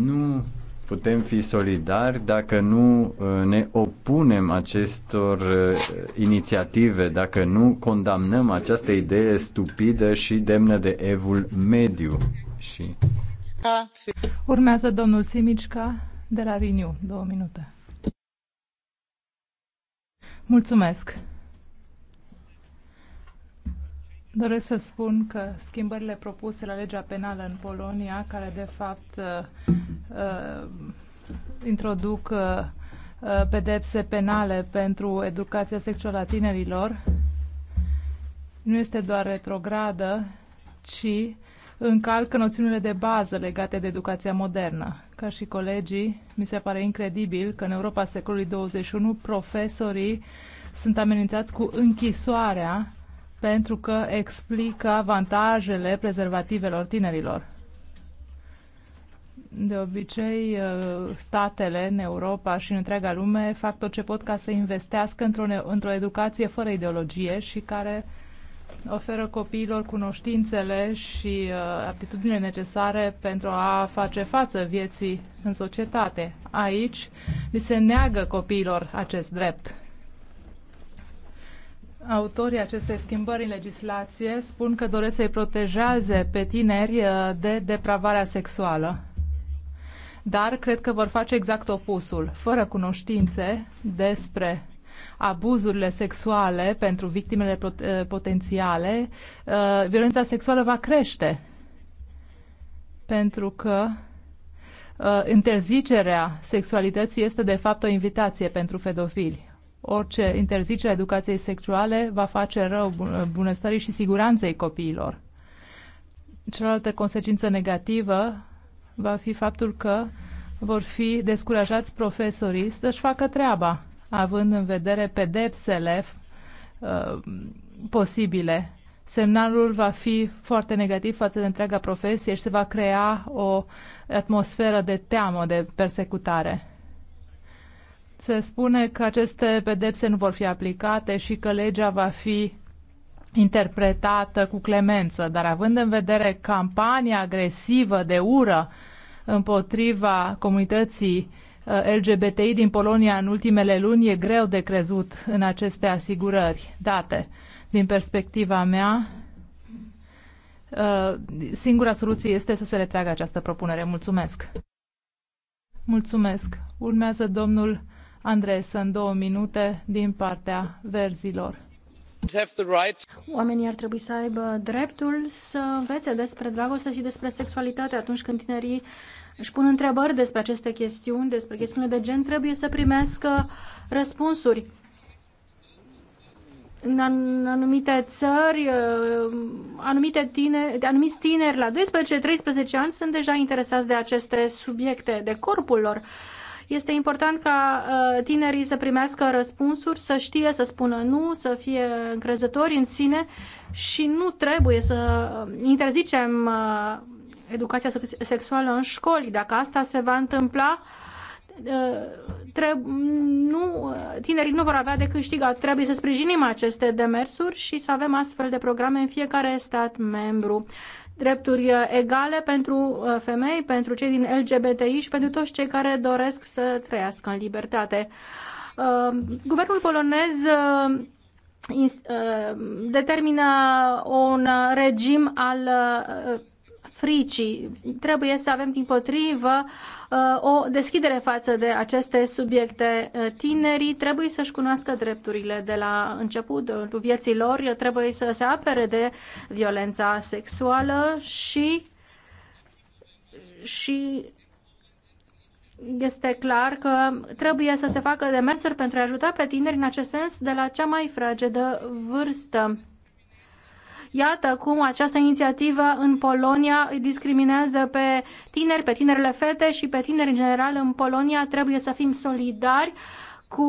Nu putem fi solidari dacă nu uh, ne opunem acestor uh, inițiative, dacă nu condamnăm această idee stupidă și demnă de evul mediu. Și... Urmează domnul Simicca de la Renew, două minute. Mulțumesc. Doresc să spun că schimbările propuse la legea penală în Polonia, care de fapt uh, uh introduc uh, uh, pedepse penale pentru educația sexuală a tinerilor, nu este doar retrogradă, ci încalcă noțiunile de bază legate de educația modernă. Ca și colegii, mi se pare incredibil că în Europa secolului 21 profesorii sunt amenințați cu închisoarea pentru că explică avantajele prezervativelor tinerilor. De obicei, uh, statele în Europa și în întreaga lume fac tot ce pot ca să investească într-o, într, -o, educație fără ideologie și care uh, oferă copiilor cunoștințele și uh, aptitudinile necesare pentru a face față vieții în societate. Aici li se neagă copiilor acest drept. Autorii acestei schimbări în legislație spun că doresc să-i protejeze pe tineri uh, de depravarea sexuală. Dar cred că vor face exact opusul, fără cunoștințe despre abuzurile sexuale pentru victimele pot- eh, potențiale, eh, violența sexuală va crește. Pentru că eh, interzicerea sexualității este de fapt o invitație pentru fedofili. Orice interzicere a educației sexuale va face rău bunăstării și siguranței copiilor. Cealaltă consecință negativă va fi faptul că vor fi descurajați profesorii să-și facă treaba având în vedere pedepsele uh, posibile. Semnalul va fi foarte negativ față de întreaga profesie și se va crea o atmosferă de teamă, de persecutare. Se spune că aceste pedepse nu vor fi aplicate și că legea va fi interpretată cu clemență, dar având în vedere campania agresivă de ură împotriva comunității Uh, LGBTI din Polonia în ultimele luni e greu de crezut în aceste asigurări date. Din perspectiva mea, uh, singura soluție este să se retragă această propunere. Mulțumesc! Mulțumesc! Urmează domnul Andres în două minute din partea verzilor. Oamenii ar trebui să aibă dreptul să învețe despre dragoste și despre sexualitate atunci când tinerii uh, își pun întrebări despre aceste chestiuni, despre chestiunile de gen, trebuie să primească răspunsuri. În anumite țări, uh, anumite tine, anumiți tineri la 12-13 ani sunt deja interesați de aceste subiecte, de corpul lor. Este important ca uh, tinerii să primească răspunsuri, să știe să spună nu, să fie încrezători în sine și nu trebuie să uh, interzicem educația sexuală în școli. Dacă asta se va întâmpla, ă, nu, tinerii nu vor avea de câștigat. Trebuie să sprijinim aceste demersuri și să avem astfel de programe în fiecare stat membru. Drepturi egale pentru ă, femei, pentru cei din LGBTI și pentru toți cei care doresc să trăiască în libertate. Ă, guvernul polonez determină un regim al fricii. Trebuie să avem din potrivă uh, o deschidere față de aceste subiecte. Uh, tinerii trebuie să-și cunoască drepturile de la începutul vieții lor, trebuie să se apere de violența sexuală și și este clar că trebuie să se facă demersuri pentru a ajuta pe tineri în acest sens de la cea mai fragedă vârstă. Iată cum această inițiativă în Polonia îi discriminează pe tineri, pe tinerele fete și pe tineri în general în Polonia. Trebuie să fim solidari cu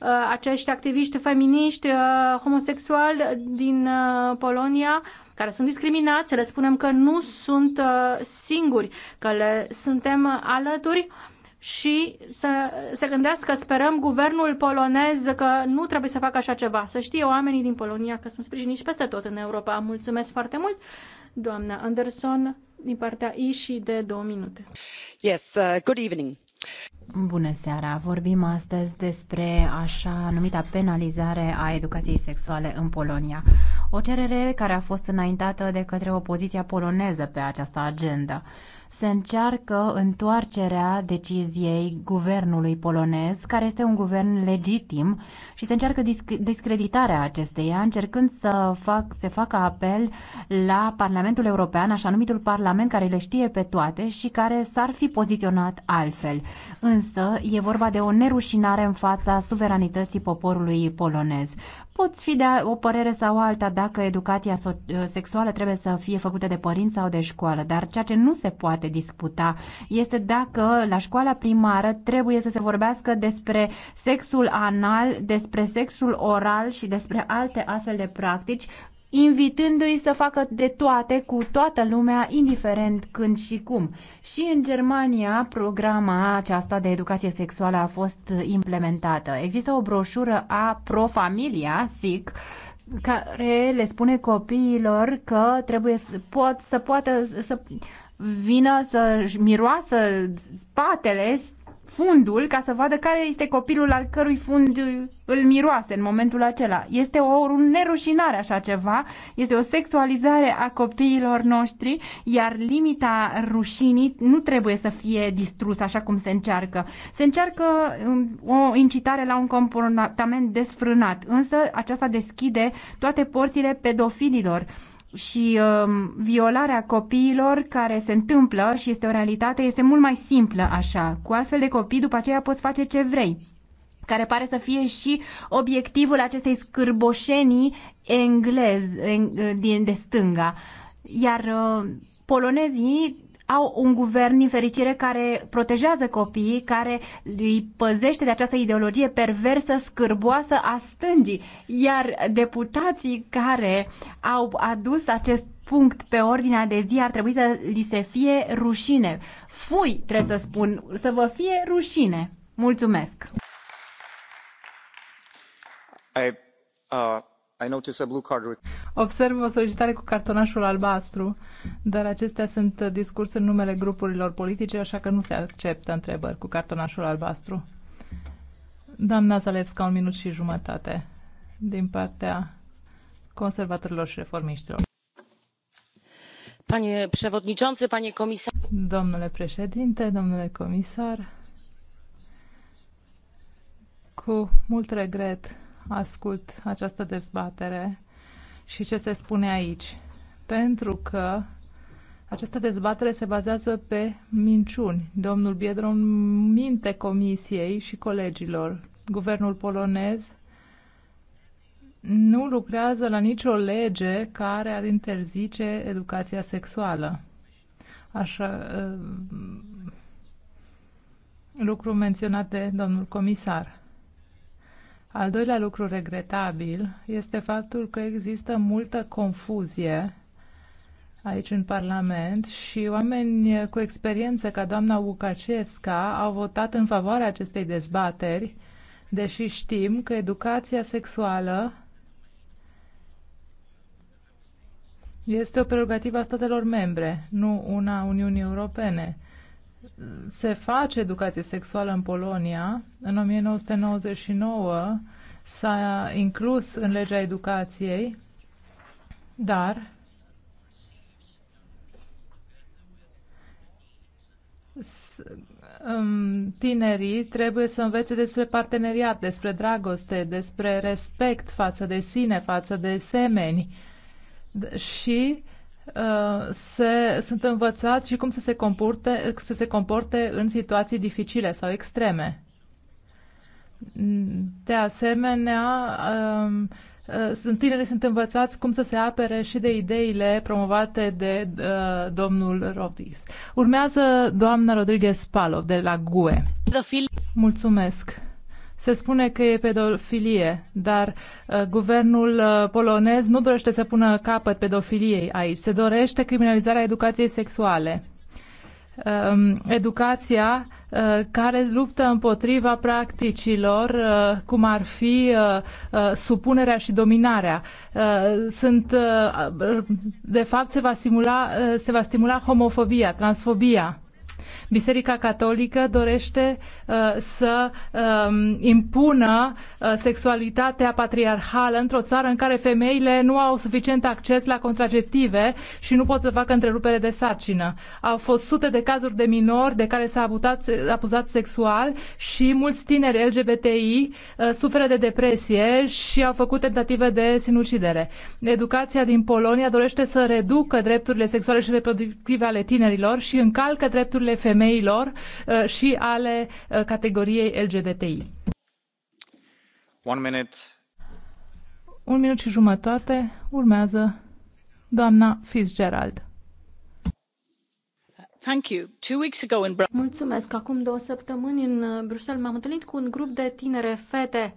uh, acești activiști feminiști uh, homosexuali din uh, Polonia care sunt discriminați, le spunem că nu sunt uh, singuri, că le suntem alături. Uh, și să se gândească, sperăm, guvernul polonez că nu trebuie să facă așa ceva. Să știe oamenii din Polonia că sunt sprijiniți peste tot în Europa. Mulțumesc foarte mult, doamna Anderson, din partea I și de două minute. Yes, uh, good evening. Bună seara! Vorbim astăzi despre așa numita penalizare a educației sexuale în Polonia. O cerere care a fost înaintată de către opoziția poloneză pe această agendă se încearcă întoarcerea deciziei guvernului polonez, care este un guvern legitim, și se încearcă discreditarea acesteia, încercând să fac, se facă apel la Parlamentul European, așa numitul Parlament care le știe pe toate și care s-ar fi poziționat altfel. Însă e vorba de o nerușinare în fața suveranității poporului polonez. Poți fi de o părere sau alta dacă educația sexuală trebuie să fie făcută de părinți sau de școală, dar ceea ce nu se poate disputa este dacă la școala primară trebuie să se vorbească despre sexul anal, despre sexul oral și despre alte astfel de practici invitându-i să facă de toate cu toată lumea, indiferent când și cum. Și în Germania, programa aceasta de educație sexuală a fost implementată. Există o broșură a Pro Familia, SIC, care le spune copiilor că trebuie să, pot, să poată să vină să miroasă spatele fundul ca să vadă care este copilul al cărui fund îl miroase în momentul acela. Este o nerușinare așa ceva, este o sexualizare a copiilor noștri, iar limita rușinii nu trebuie să fie distrusă așa cum se încearcă. Se încearcă um, o incitare la un comportament desfrânat, însă aceasta deschide toate porțile pedofililor și um, violarea copiilor care se întâmplă și este o realitate este mult mai simplă așa. Cu astfel de copii după aceea poți face ce vrei care pare să fie și obiectivul acestei scârboșenii englez, en, de stânga. Iar uh, polonezii au un guvern, din fericire, care protejează copiii, care îi păzește de această ideologie perversă, scârboasă a stângii. Iar deputații care au adus acest punct pe ordinea de zi ar trebui să li se fie rușine. Fui, trebuie să spun, să vă fie rușine. Mulțumesc! I, uh... I notice a blue card. Observ o solicitare cu cartonașul albastru, dar acestea sunt discursuri în numele grupurilor politice, așa că nu se acceptă întrebări cu cartonașul albastru. Doamna Zalevska, un minut și jumătate din partea conservatorilor și reformiștilor. Panie przewodniczący, panie komisar. Domnule președinte, domnule comisar, cu mult regret ascult această dezbatere și ce se spune aici. Pentru că această dezbatere se bazează pe minciuni. Domnul Biedron minte comisiei și colegilor. Guvernul polonez nu lucrează la nicio lege care ar interzice educația sexuală. Așa, uh, lucru menționat de domnul comisar. Al doilea lucru regretabil este faptul că există multă confuzie aici în Parlament și oameni cu experiență ca doamna Ucacesca au votat în favoarea acestei dezbateri, deși știm că educația sexuală este o prerogativă a statelor membre, nu una a Uniunii Europene se face educație sexuală în Polonia. În 1999 s-a inclus în legea educației, dar um, tinerii trebuie să învețe despre parteneriat, despre dragoste, despre respect față de sine, față de semeni și Uh, se, sunt învățați și cum să se, comporte, să se comporte în situații dificile sau extreme. De asemenea, um, uh, tinerii sunt învățați cum să se apere și de ideile promovate de uh, domnul Rodis. Urmează doamna Rodriguez Palov de la GUE. Mulțumesc! Se spune că e pedofilie, dar uh, guvernul uh, polonez nu dorește să pună capăt pedofiliei aici. Se dorește criminalizarea educației sexuale. Um, uh, educația care luptă împotriva practicilor, uh, cum ar fi uh, uh, supunerea și dominarea. Sunt, de fapt, se va, simula, se va stimula homofobia, transfobia. Biserica Catolică dorește uh, să um, impună uh, sexualitatea patriarhală într-o țară în care femeile nu au suficient acces la contraceptive și nu pot să facă întrerupere de sarcină. Au fost sute de cazuri de minori de care s-a abuzat, abuzat sexual și mulți tineri LGBTI uh, suferă de depresie și au făcut tentative de sinucidere. Educația din Polonia dorește să reducă drepturile sexuale și reproductive ale tinerilor și încalcă drepturile femeilor femeilor uh, și ale uh, categoriei LGBTI. One minute. Un minut și jumătate urmează doamna Fitzgerald. Mulțumesc. Acum două săptămâni în uh, Bruxelles m-am întâlnit cu un grup de tinere fete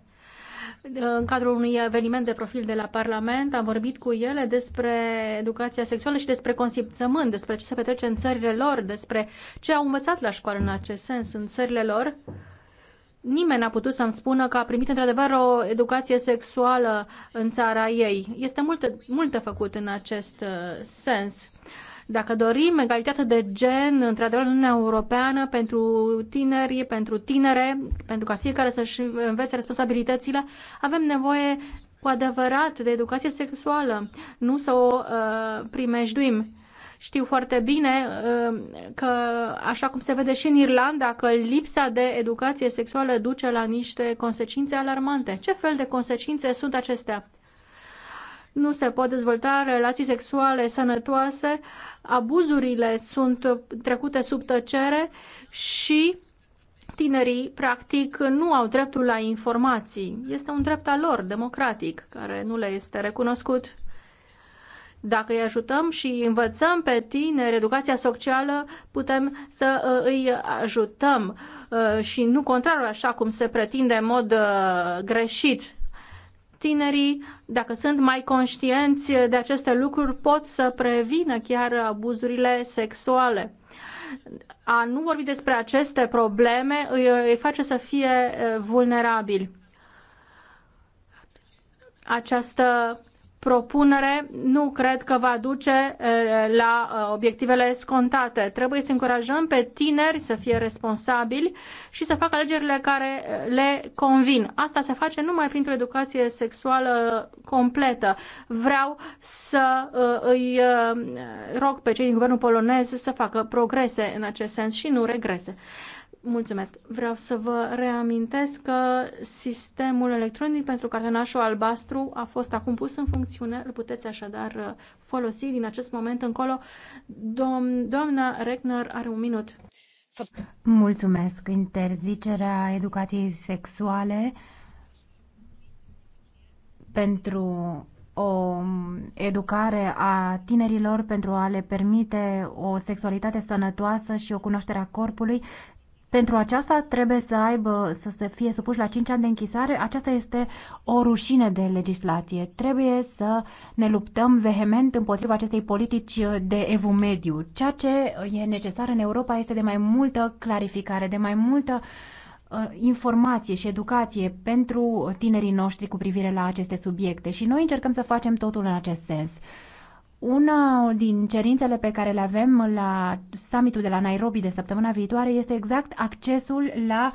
în cadrul unui eveniment de profil de la Parlament, am vorbit cu ele despre educația sexuală și despre consimțământ, despre ce se petrece în țările lor, despre ce au învățat la școală în acest sens în țările lor. Nimeni n-a putut să-mi spună că a primit într-adevăr o educație sexuală în țara ei. Este multă, multă făcut în acest uh, sens. Uh, dacă dorim egalitate de gen, într-adevăr, în Uniunea Europeană, pentru tineri, pentru tinere, pentru ca fiecare să-și învețe responsabilitățile, avem nevoie cu adevărat de educație sexuală, nu să o uh, primejduim. Știu foarte bine uh, că, așa cum se vede și în Irlanda, că lipsa de educație sexuală duce la niște consecințe alarmante. Ce fel de consecințe sunt acestea? Nu se pot dezvolta relații sexuale sănătoase uh, abuzurile sunt trecute sub tăcere și tinerii, practic, nu au dreptul la informații. Este un drept al lor, democratic, care nu le este recunoscut. Dacă îi ajutăm și învățăm pe tineri educația socială, putem să uh, îi ajutăm uh, și nu contrarul, așa cum se pretinde în mod uh, greșit tinerii, dacă sunt mai conștienți de aceste lucruri, pot să prevină chiar abuzurile sexuale. A nu vorbi despre aceste probleme îi face să fie eh, vulnerabili. Această propunere nu cred că va duce eh, la eh, obiectivele scontate. Trebuie să încurajăm pe tineri să fie responsabili și să facă alegerile care eh, le convin. Asta se face numai printr-o educație sexuală completă. Vreau să îi rog pe cei din guvernul polonez să facă progrese în acest sens și nu regrese. Mulțumesc. Vreau să vă reamintesc că sistemul electronic pentru cartonașul albastru a fost acum pus în funcțiune. Îl puteți așadar uh, folosi din acest moment încolo. Dom- doamna Reckner are un minut. Mulțumesc. Interzicerea educației sexuale pentru o um, educare a tinerilor pentru a le permite o sexualitate sănătoasă și o cunoaștere a corpului pentru aceasta trebuie să aibă, să se fie supuși la 5 ani de închisare. Aceasta este o rușine de legislație. Trebuie să ne luptăm vehement împotriva acestei politici de evumediu. Ceea ce e necesar în Europa este de mai multă clarificare, de mai multă uh, informație și educație pentru tinerii noștri cu privire la aceste subiecte și noi încercăm să facem totul în acest sens. Una din cerințele pe care le avem la summitul de la Nairobi de săptămâna viitoare este exact accesul la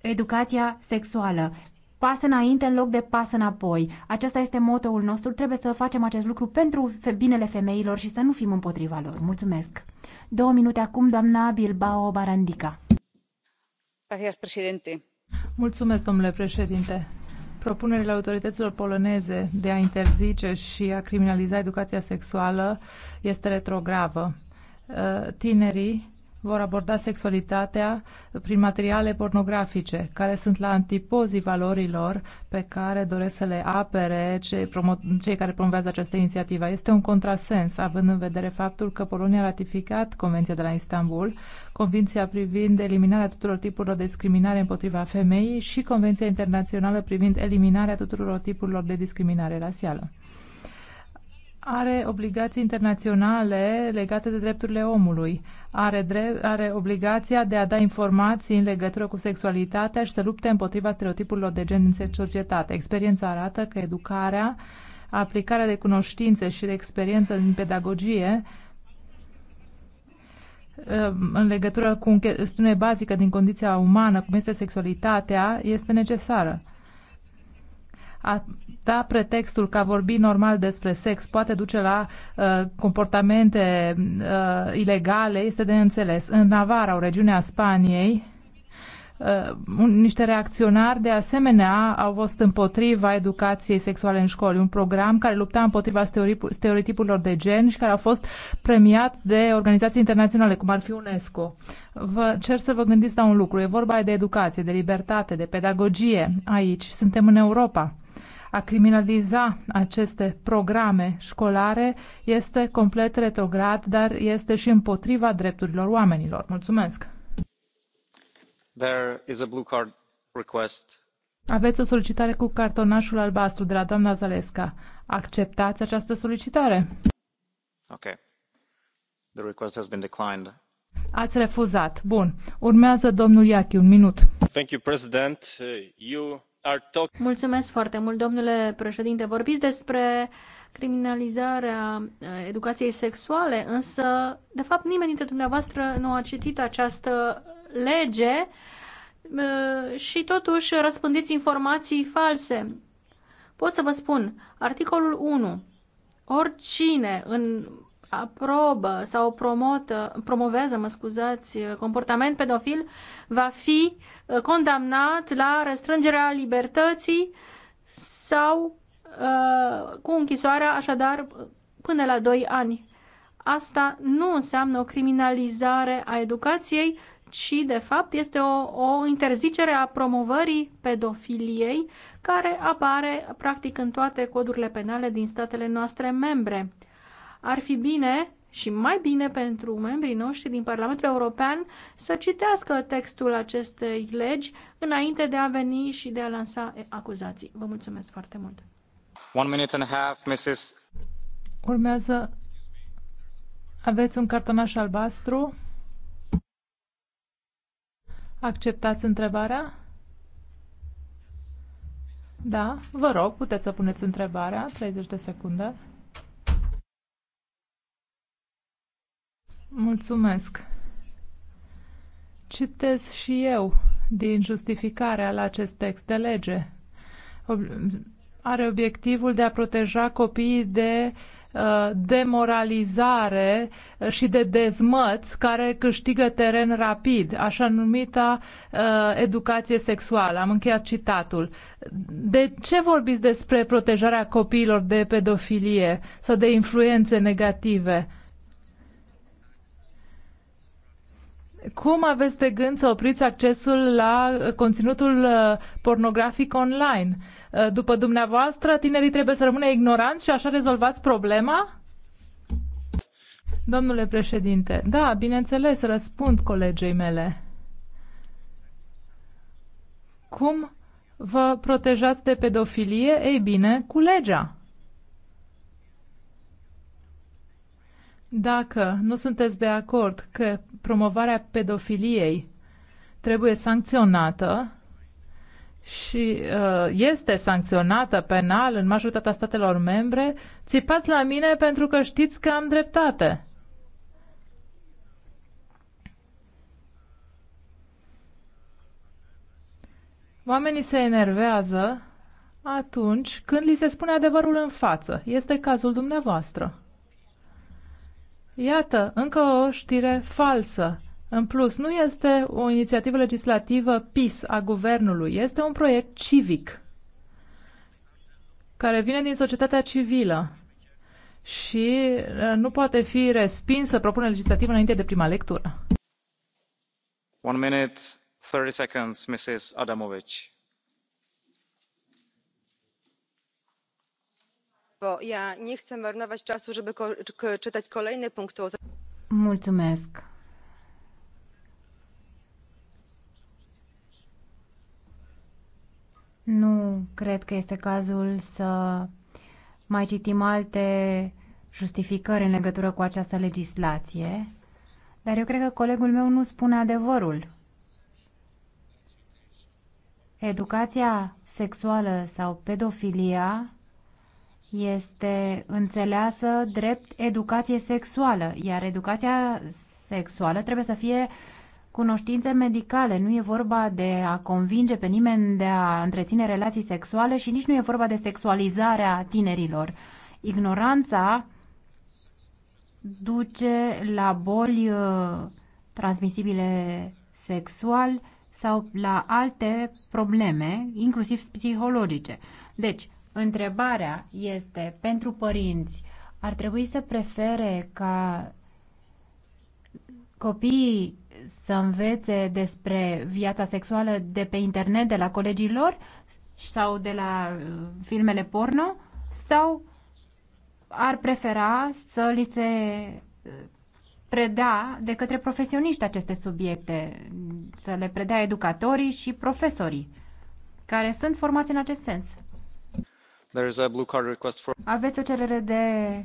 educația sexuală. Pas înainte în loc de pas înapoi. Acesta este motoul nostru. Trebuie să facem acest lucru pentru binele femeilor și să nu fim împotriva lor. Mulțumesc. Două minute acum, doamna Bilbao Barandica. Mulțumesc, domnule președinte Propunerile autorităților poloneze de a interzice și a criminaliza educația sexuală este retrogravă. Uh, tinerii vor aborda sexualitatea prin materiale pornografice, care sunt la antipozii valorilor pe care doresc să le apere cei, promo- cei care promovează această inițiativă. Este un contrasens, având în vedere faptul că Polonia a ratificat Convenția de la Istanbul, Convenția privind eliminarea tuturor tipurilor de discriminare împotriva femeii și Convenția Internațională privind eliminarea tuturor tipurilor de discriminare rasială are obligații internaționale legate de drepturile omului. Are, drept, are obligația de a da informații în legătură cu sexualitatea și să lupte împotriva stereotipurilor de gen în societate. Experiența arată că educarea, aplicarea de cunoștințe și de experiență în pedagogie um, în legătură cu chestiune bazică din condiția umană, cum este sexualitatea, este necesară. A, da pretextul că a vorbi normal despre sex poate duce la uh, comportamente uh, ilegale este de înțeles. În Navarra, o regiune a Spaniei, uh, niște reacționari de asemenea au fost împotriva educației sexuale în școli, un program care lupta împotriva stereotipurilor de gen și care a fost premiat de organizații internaționale, cum ar fi UNESCO. Vă cer să vă gândiți la un lucru. E vorba de educație, de libertate, de pedagogie aici. Suntem în Europa. A criminaliza aceste programe școlare este complet retrograd, dar este și împotriva drepturilor oamenilor. Mulțumesc! There is a blue card request. Aveți o solicitare cu cartonașul albastru de la doamna Zalesca. Acceptați această solicitare? Ok. The request has been declined. Ați refuzat. Bun. Urmează domnul Iachi, un minut. Thank you, President. Uh, you Mulțumesc foarte mult, domnule președinte. Vorbiți despre criminalizarea uh, educației sexuale, însă, de fapt, nimeni dintre dumneavoastră nu a citit această lege uh, și totuși răspândiți informații false. Pot să vă spun, articolul 1. Oricine în aprobă sau promotă, promovează, mă scuzați, comportament pedofil, va fi Uh, condamnat la restrângerea libertății sau uh, cu închisoarea, așadar, până la 2 ani. Asta nu înseamnă o criminalizare a educației, ci, de fapt, este o, o interzicere a promovării pedofiliei, care apare, practic, în toate codurile penale din statele noastre membre. Ar fi bine și mai bine pentru membrii noștri din Parlamentul European să citească textul acestei legi înainte de a veni și de a lansa acuzații. Vă mulțumesc foarte mult. One minute and a half, Mrs. Urmează. Aveți un cartonaș albastru? Acceptați întrebarea? Da, vă rog, puteți să puneți întrebarea, 30 de secunde. Mulțumesc. Citez și eu din justificarea la acest text de lege. Are obiectivul de a proteja copiii de uh, demoralizare uh, și de dezmăți care câștigă teren rapid, așa numita uh, educație sexuală. Am încheiat citatul. De ce vorbiți despre protejarea copiilor de pedofilie sau de influențe negative? Uh, Cum aveți de gând să opriți accesul la uh, conținutul uh, pornografic online? Uh, după dumneavoastră, tinerii trebuie să rămână ignoranți și așa rezolvați problema? Domnule președinte, da, bineînțeles, răspund colegei mele. Cum vă protejați de pedofilie? Ei bine, cu legea. Dacă nu sunteți de acord că promovarea pedofiliei trebuie sancționată și uh, este sancționată penal în majoritatea statelor membre, țipați la mine pentru că știți că am dreptate. Oamenii se enervează atunci când li se spune adevărul în față. Este cazul dumneavoastră. Iată, încă o știre falsă. În plus, nu este o inițiativă legislativă PIS a guvernului, este un proiect civic care vine din societatea civilă și uh, nu poate fi respinsă propunerea legislativă înainte de prima lectură. One minute, 30 seconds, Mrs. Adamovici Ja nie chcę marnować czasu, żeby czytać kolejne punkty. Mulțumesc. Nu cred că este cazul să mai citim alte justificări în legătură cu această legislație, dar eu cred că colegul meu nu spune adevărul. Educația sexuală sau pedofilia este înțeleasă drept educație sexuală, iar educația sexuală trebuie să fie cunoștințe medicale. Nu e vorba de a convinge pe nimeni de a întreține relații sexuale și nici nu e vorba de sexualizarea tinerilor. Ignoranța duce la boli uh, transmisibile sexual sau la alte probleme, inclusiv psihologice. Deci, Întrebarea este, pentru părinți, ar trebui să prefere ca copiii să învețe despre viața sexuală de pe internet, de la colegii lor sau de la uh, filmele porno sau ar prefera să li se uh, predea de către profesioniști aceste subiecte, să le predea educatorii și profesorii care sunt formați în acest sens. There is a blue card request for... Aveți o cerere de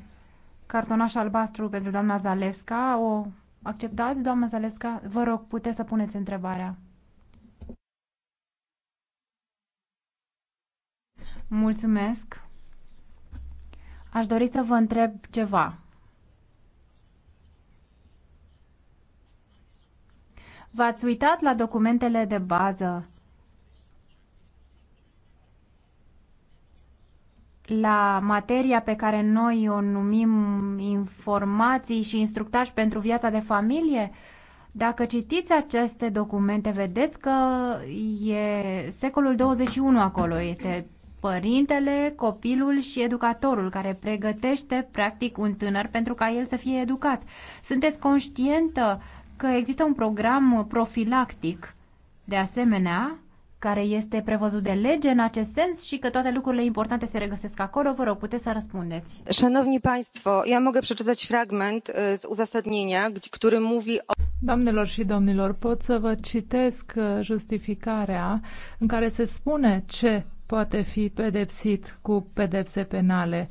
cartonaș albastru pentru doamna Zalesca. O acceptați, doamna Zalesca? Vă rog, puteți să puneți întrebarea. Mulțumesc. Aș dori să vă întreb ceva. V-ați uitat la documentele de bază la materia pe care noi o numim informații și instructaj pentru viața de familie? Dacă citiți aceste documente, vedeți că e secolul 21 acolo. Este părintele, copilul și educatorul care pregătește practic un tânăr pentru ca el să fie educat. Sunteți conștientă că există un program profilactic de asemenea care este prevăzut de lege în acest sens și că toate lucrurile importante se regăsesc acolo. Vă rog, puteți să răspundeți. Șanovni Państwo, ja mogę przeczytać fragment z uzasadnienia, który mówi o... Doamnelor și domnilor, pot să vă citesc justificarea în care se spune ce poate fi pedepsit cu pedepse penale.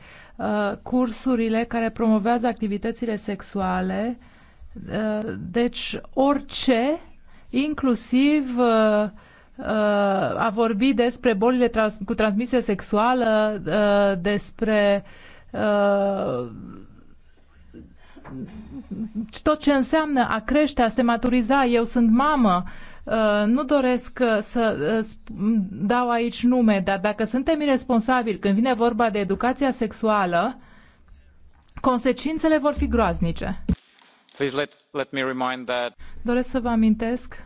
Cursurile care promovează activitățile sexuale, deci orice, inclusiv uh, Uh, a vorbi despre bolile trans- cu transmisie sexuală, uh, despre uh, tot ce înseamnă a crește, a se maturiza. Eu sunt mamă, nu doresc să dau aici nume, dar dacă suntem irresponsabili când vine vorba de educația sexuală, consecințele vor fi groaznice. Please let, let me remind that... Doresc să vă amintesc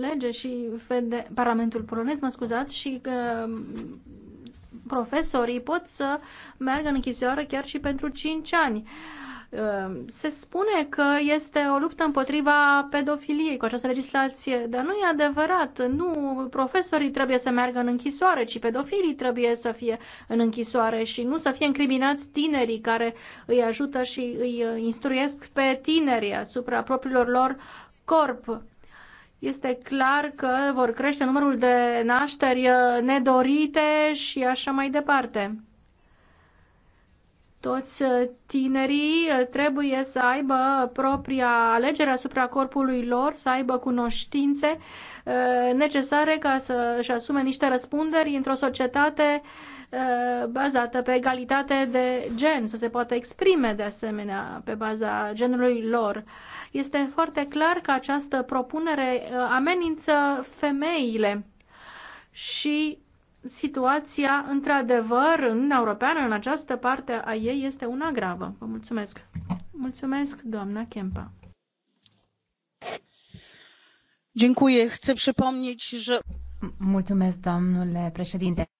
lege și fede, Parlamentul polonez, mă scuzați, și că uh, profesorii pot să meargă în închisoare chiar și pentru 5 ani. Uh, se spune că este o luptă împotriva pedofiliei cu această legislație, dar nu e adevărat. Nu profesorii trebuie să meargă în închisoare, ci pedofilii trebuie să fie în închisoare și nu să fie incriminați tinerii care îi ajută și îi uh, instruiesc pe tinerii asupra propriilor lor corp este clar că vor crește numărul de nașteri uh, nedorite și așa mai departe. Toți uh, tinerii uh, trebuie să aibă propria alegere asupra corpului lor, să aibă cunoștințe necesare ca să-și asume niște răspunderi într-o societate uh, Uh, bazată pe egalitate de gen, să se poată exprime de asemenea pe baza genului lor. Este foarte clar că această propunere uh, amenință femeile și situația, într-adevăr, în europeană, în această parte a ei, este una gravă. Vă mulțumesc. Mulțumesc, doamna Kempa. Dziękuję. Chcę przypomnieć, że... Mulțumesc, domnule președinte.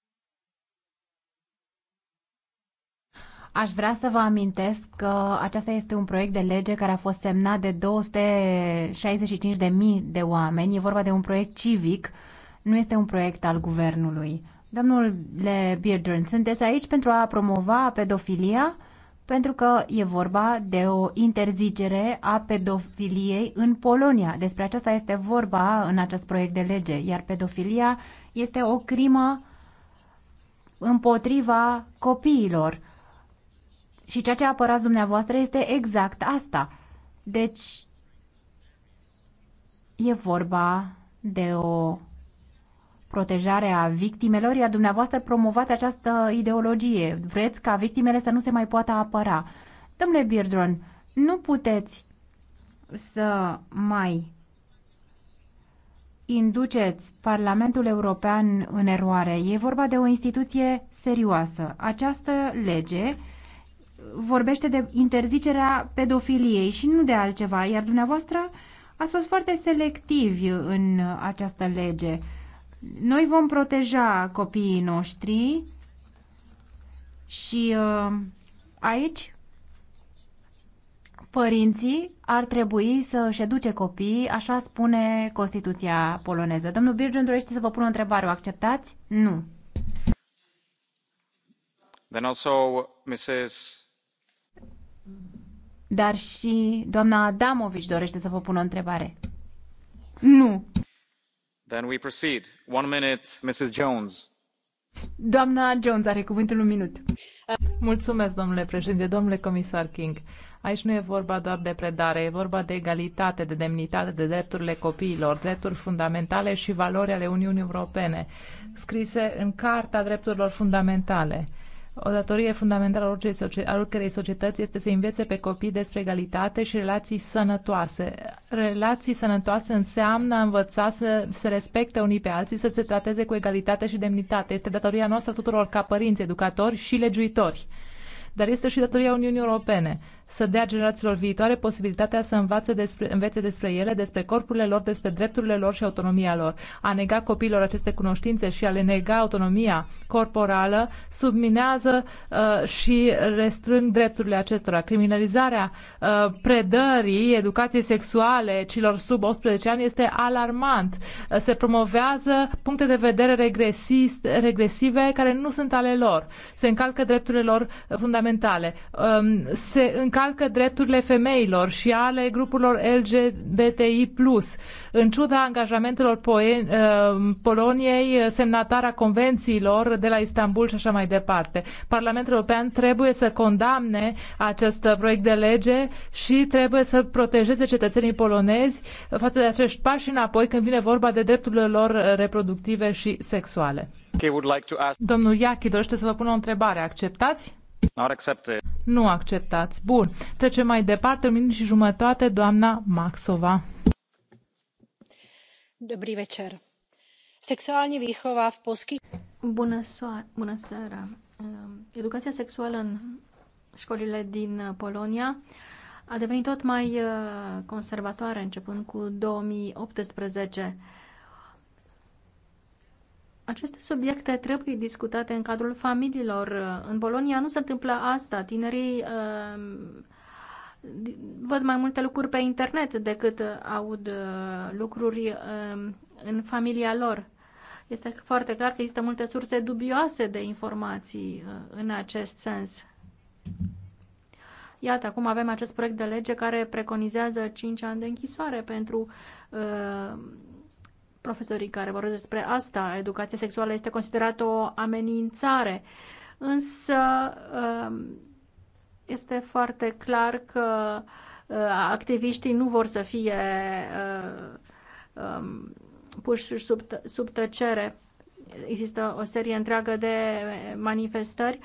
Aș vrea să vă amintesc că aceasta este un proiect de lege care a fost semnat de 265.000 de oameni. E vorba de un proiect civic, nu este un proiect al guvernului. Domnule Beardron, sunteți aici pentru a promova pedofilia? Pentru că e vorba de o interzicere a pedofiliei în Polonia. Despre aceasta este vorba în acest proiect de lege, iar pedofilia este o crimă împotriva copiilor și ceea ce apărați dumneavoastră este exact asta. Deci, e vorba de o protejare a victimelor, iar dumneavoastră promovați această ideologie. Vreți ca victimele să nu se mai poată apăra. Domnule Birdron, nu puteți să mai induceți Parlamentul European în eroare. E vorba de o instituție serioasă. Această lege vorbește de interzicerea pedofiliei și nu de altceva, iar dumneavoastră ați fost foarte selectivi în această lege. Noi vom proteja copiii noștri și uh, aici părinții ar trebui să își educe copiii, așa spune Constituția poloneză. Domnul Birgen dorește să vă pun o întrebare, o acceptați? Nu. Then also, Mrs dar și doamna Adamovici dorește să vă pună o întrebare. Nu. Then we proceed. One minute, Mrs. Jones. Doamna Jones are cuvântul un minut. Mulțumesc, domnule președinte, domnule comisar King. Aici nu e vorba doar de predare, e vorba de egalitate, de demnitate, de drepturile copiilor, drepturi fundamentale și valori ale Uniunii Europene, scrise în Carta Drepturilor Fundamentale. O datorie fundamentală a oricărei societăți este să învețe pe copii despre egalitate și relații sănătoase. Relații sănătoase înseamnă a învăța să se respecte unii pe alții, să se trateze cu egalitate și demnitate. Este datoria noastră tuturor ca părinți, educatori și legiuitori. Dar este și datoria Uniunii Europene să dea generațiilor viitoare posibilitatea să învațe despre, învețe despre ele, despre corpurile lor, despre drepturile lor și autonomia lor. A nega copiilor aceste cunoștințe și a le nega autonomia corporală subminează uh, și restrâng drepturile acestora. Criminalizarea uh, predării educației sexuale celor sub 18 ani este alarmant. Uh, se promovează puncte de vedere regresist, regresive care nu sunt ale lor. Se încalcă drepturile lor uh, fundamentale. Uh, se încalcă încalcă drepturile femeilor și ale grupurilor LGBTI+, în ciuda angajamentelor uh, Poloniei, semnatarea convențiilor de la Istanbul și așa mai departe. Parlamentul European trebuie să condamne acest proiect de lege și trebuie să protejeze cetățenii polonezi față de acești pași înapoi când vine vorba de drepturile lor reproductive și sexuale. Domnul Iachi dorește să vă pună o întrebare. Acceptați? Nu acceptați. Bun. Trecem mai departe. Un minut și jumătate, doamna Maxova. Dobrý večer. Sexuální výchova v posky... Bună, soa... Bună seara. Ehm, educația sexuală în școlile din Polonia a devenit tot mai ehm, conservatoare începând cu 2018 aceste subiecte trebuie discutate în cadrul familiilor. În Polonia nu se întâmplă asta. Tinerii uh, văd mai multe lucruri pe internet decât aud uh, lucruri uh, în familia lor. Este foarte clar că există multe surse dubioase de informații uh, în acest sens. Iată, acum avem acest proiect de lege care preconizează 5 ani de închisoare pentru uh, profesorii care vorbesc despre asta. Educația sexuală este considerată o amenințare, însă um, este foarte clar că uh, activiștii nu vor să fie uh, um, puși sub, sub tăcere. Există o serie întreagă de manifestări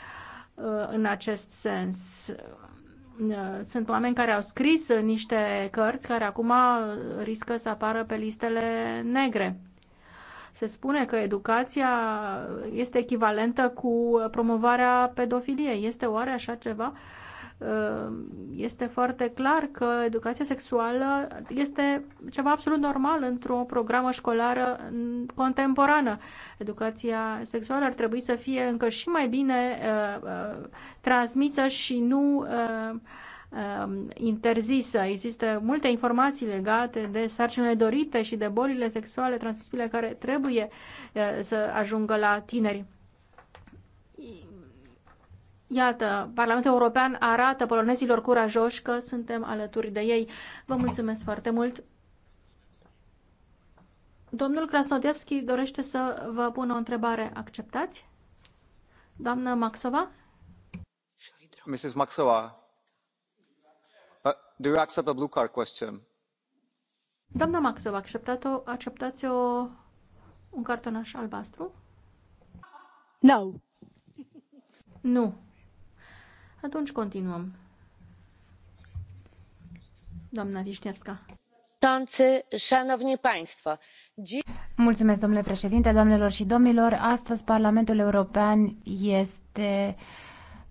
uh, în acest sens. Uh, sunt oameni care au scris niște cărți care acum riscă să apară pe listele negre. Se spune că educația este echivalentă cu promovarea pedofiliei. Este oare așa ceva? Uh, este foarte clar că educația sexuală este ceva absolut normal într-o programă școlară contemporană. Educația sexuală ar trebui să fie încă și mai bine uh, uh, transmisă și nu um, interzisă. Există multe informații legate de sarcinile dorite și de bolile sexuale transmisibile care trebuie să ajungă la tineri. Iată, Parlamentul European arată polonezilor curajoși că suntem alături de ei. Vă mulțumesc foarte mult! Domnul Krasnodevski dorește să vă pună o întrebare. Acceptați? Doamnă Maxova? Mrs. Maxova, uh, do you accept a blue card question? Doamna Maxova, acceptați o acceptați o, un cartonaș albastru? No. Nu. Atunci continuăm. Doamna Vișnevska. Mulțumesc, domnule președinte, doamnelor și domnilor. Astăzi Parlamentul European este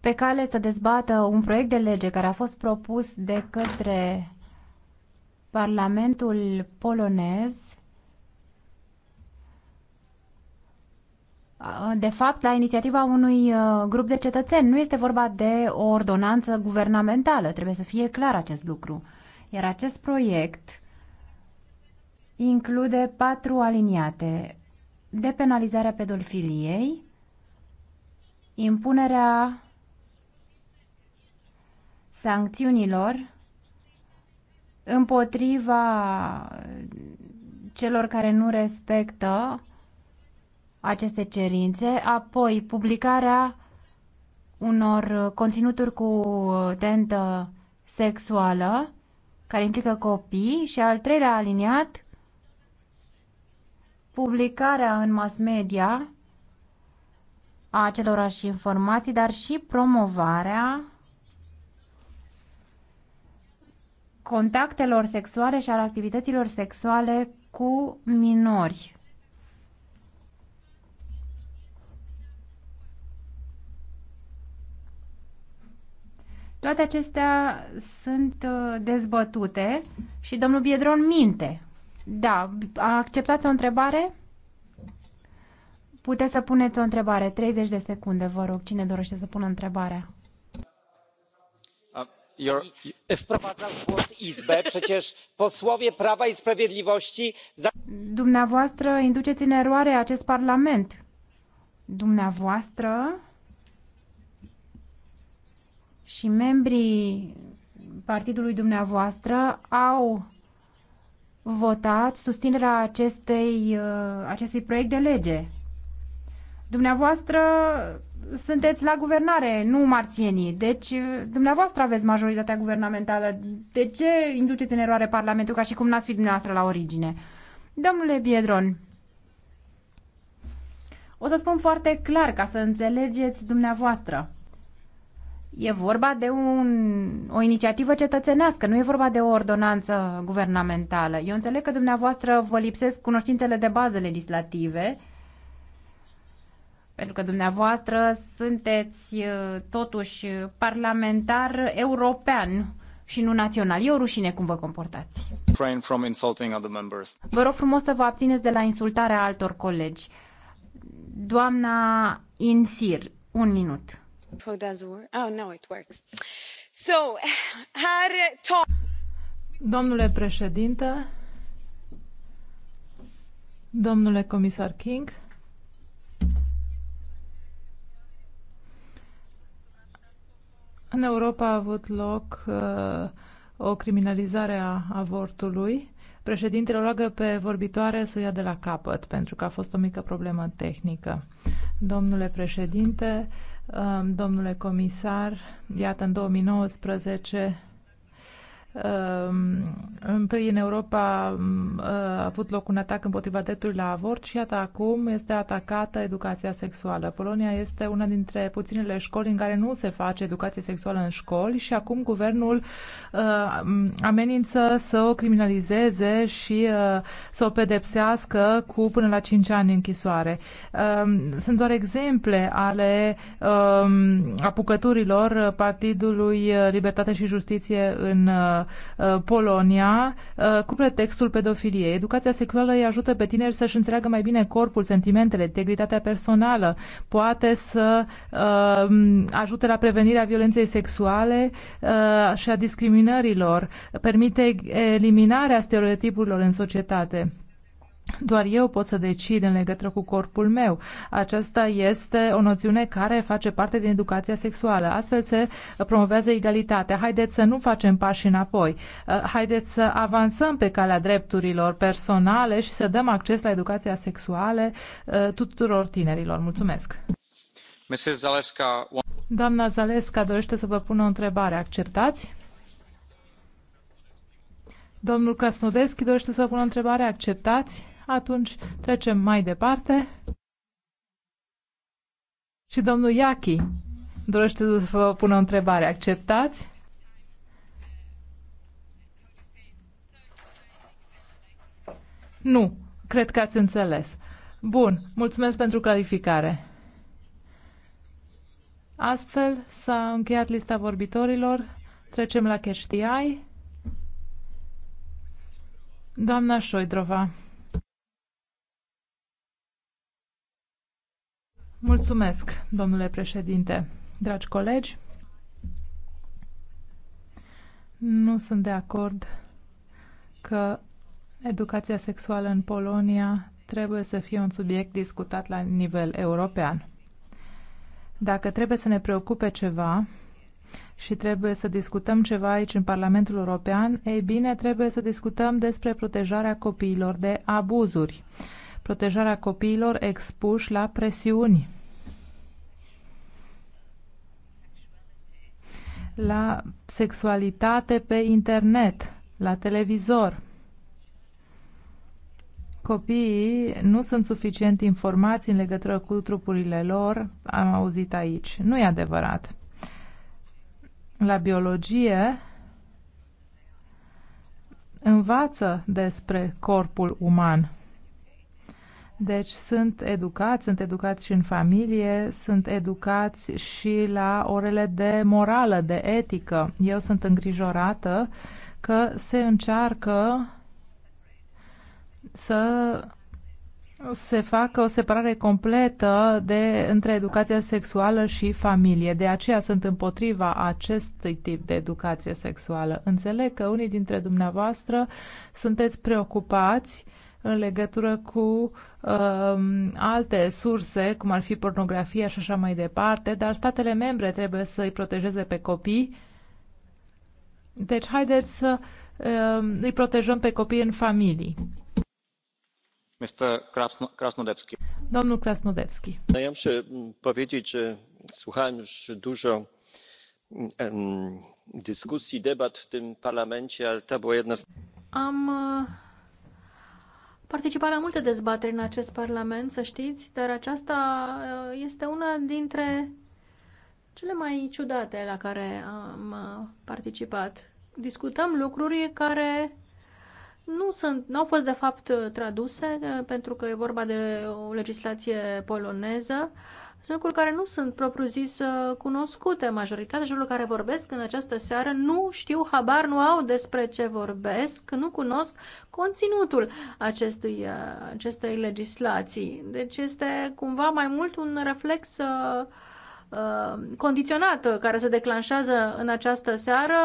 pe cale să dezbată un proiect de lege care a fost propus de către Parlamentul polonez de fapt, la inițiativa unui uh, grup de cetățeni. Nu este vorba de o ordonanță guvernamentală, trebuie să fie clar acest lucru. Iar acest proiect include patru aliniate. Depenalizarea pedofiliei, impunerea sancțiunilor împotriva celor care nu respectă aceste cerințe, apoi publicarea unor conținuturi cu tentă sexuală care implică copii și al treilea aliniat publicarea în mass media a acelorași informații, dar și promovarea contactelor sexuale și al activităților sexuale cu minori. Toate acestea sunt uh, dezbătute și domnul Biedron minte. Da, acceptați o întrebare? Puteți să puneți o întrebare. 30 de secunde, vă rog. Cine dorește să pună întrebarea? wprowadzał uh, błąd izbę przecież posłowie prawa i sprawiedliwości. dumneavoastră induceți în eroare acest parlament. dumneavoastră și membrii partidului dumneavoastră au votat susținerea acestei, uh, acestui proiect de lege. Dumneavoastră sunteți la guvernare, nu marțienii. Deci, uh, dumneavoastră aveți majoritatea guvernamentală. De ce induceți în eroare Parlamentul ca și cum n-ați fi dumneavoastră la origine? Domnule Biedron, o să spun foarte clar ca să înțelegeți dumneavoastră. E vorba de un, o inițiativă cetățenească, nu e vorba de o ordonanță guvernamentală. Eu înțeleg că dumneavoastră vă lipsesc cunoștințele de bază legislative, pentru că dumneavoastră sunteți uh, totuși parlamentar european și nu național. E o rușine cum vă comportați. Vă rog frumos să vă abțineți de la insultarea altor colegi. Doamna Insir, un minut. Ah, domnule președinte, domnule comisar King, în Europa a avut loc uh, o criminalizare a avortului. Președintele o roagă pe vorbitoare să o ia de la capăt, pentru că a fost o mică problemă tehnică. Domnule președinte, Um, domnule comisar, iată, în 2019 Ehm, întâi în Europa mm, eh, a avut loc un atac împotriva dreptului la avort și iată acum este atacată educația sexuală. Polonia este una dintre puținele școli în care nu se face educație sexuală în școli și acum guvernul eh, amenință să o criminalizeze și eh, să o pedepsească cu până la 5 ani închisoare. Ehm, sunt doar exemple ale ehm, apucăturilor Partidului Libertate și Justiție în Uh, Polonia uh, cu pretextul pedofiliei. Educația sexuală îi ajută pe tineri să-și înțeleagă mai bine corpul, sentimentele, integritatea personală. Poate să uh, ajute la prevenirea violenței sexuale și a discriminărilor. Permite eliminarea stereotipurilor în societate. Doar eu pot să decid în legătură cu corpul meu. Aceasta este o noțiune care face parte din educația sexuală. Astfel se promovează egalitatea. Haideți să nu facem pași înapoi. Uh, haideți să avansăm pe calea drepturilor personale și să dăm acces la educația sexuală uh, tuturor tinerilor. Mulțumesc! Mrs. Zalewska... Doamna Zalesca dorește să vă pună o întrebare. Acceptați? Domnul Krasnodeschi dorește să vă pună o întrebare. Acceptați? Atunci trecem mai departe. Și domnul Iachi dorește să vă pună o întrebare. Acceptați? Nu. Cred că ați înțeles. Bun. Mulțumesc pentru clarificare. Astfel s-a încheiat lista vorbitorilor. Trecem la CashTI. Doamna Șoidrova. Mulțumesc, domnule președinte. Dragi colegi, nu sunt de acord că educația sexuală în Polonia trebuie să fie un subiect discutat la nivel european. Dacă trebuie să ne preocupe ceva și trebuie să discutăm ceva aici în Parlamentul European, ei bine, trebuie să discutăm despre protejarea copiilor de abuzuri protejarea copiilor expuși la presiuni, la sexualitate pe internet, la televizor. Copiii nu sunt suficient informați în legătură cu trupurile lor, am auzit aici. Nu e adevărat. La biologie învață despre corpul uman. Deci sunt educați, sunt educați și în familie, sunt educați și la orele de morală, de etică. Eu sunt îngrijorată că se încearcă să se facă o separare completă de, între educația sexuală și familie. De aceea sunt împotriva acestui tip de educație sexuală. Înțeleg că unii dintre dumneavoastră sunteți preocupați în legătură cu uh, Um, alte surse, cum ar fi pornografia și așa mai departe, dar statele membre trebuie să îi protejeze pe copii. Deci haideți să um, îi protejăm pe copii în familii. Mr. Krasnodebski. Domnul Am Ja muszę că że słuchałem już dużo mm, discuții, debat în tym dar ale ta była jedna Am uh participat la multe dezbateri în acest Parlament, să știți, dar aceasta uh, este una dintre cele mai ciudate la care am uh, participat. Discutăm lucruri care nu sunt, n-au fost de fapt traduse uh, pentru că e vorba de o legislație poloneză. Uh, sunt lucruri care nu sunt propriu-zis uh, cunoscute. Majoritatea celor care vorbesc în această seară nu știu, habar nu au despre ce vorbesc, nu cunosc conținutul acestui, uh, acestei legislații. Deci este cumva mai mult un reflex uh, condiționat care se declanșează în această seară,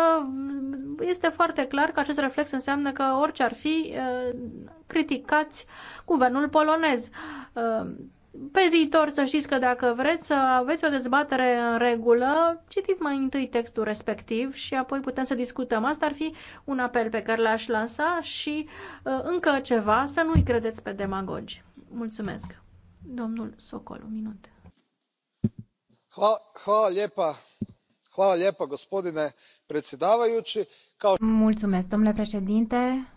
este foarte clar că acest reflex înseamnă că orice ar fi, criticați guvernul polonez. Pe viitor să știți că dacă vreți să aveți o dezbatere în regulă, citiți mai întâi textul respectiv și apoi putem să discutăm. Asta ar fi un apel pe care l-aș lansa și uh, încă ceva, să nu-i credeți pe demagogi. Mulțumesc. Domnul Socol, un minut. Hvala lepa. Hvala lepa, gospodine predsedavajući. Mulțumesc, domnule președinte.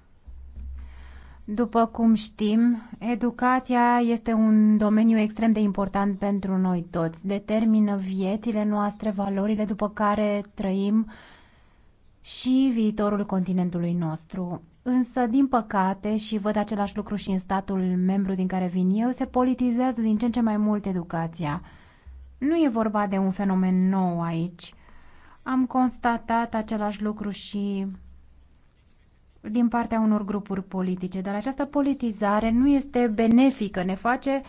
După cum știm, educația este un domeniu extrem de important pentru noi toți. Determină viețile noastre, valorile după care trăim și viitorul continentului nostru. Însă, din păcate, și văd același lucru și în statul membru din care vin eu, se politizează din ce în ce mai mult educația. Nu e vorba de un fenomen nou aici. Am constatat același lucru și din partea unor grupuri politice, dar această politizare nu este benefică, ne face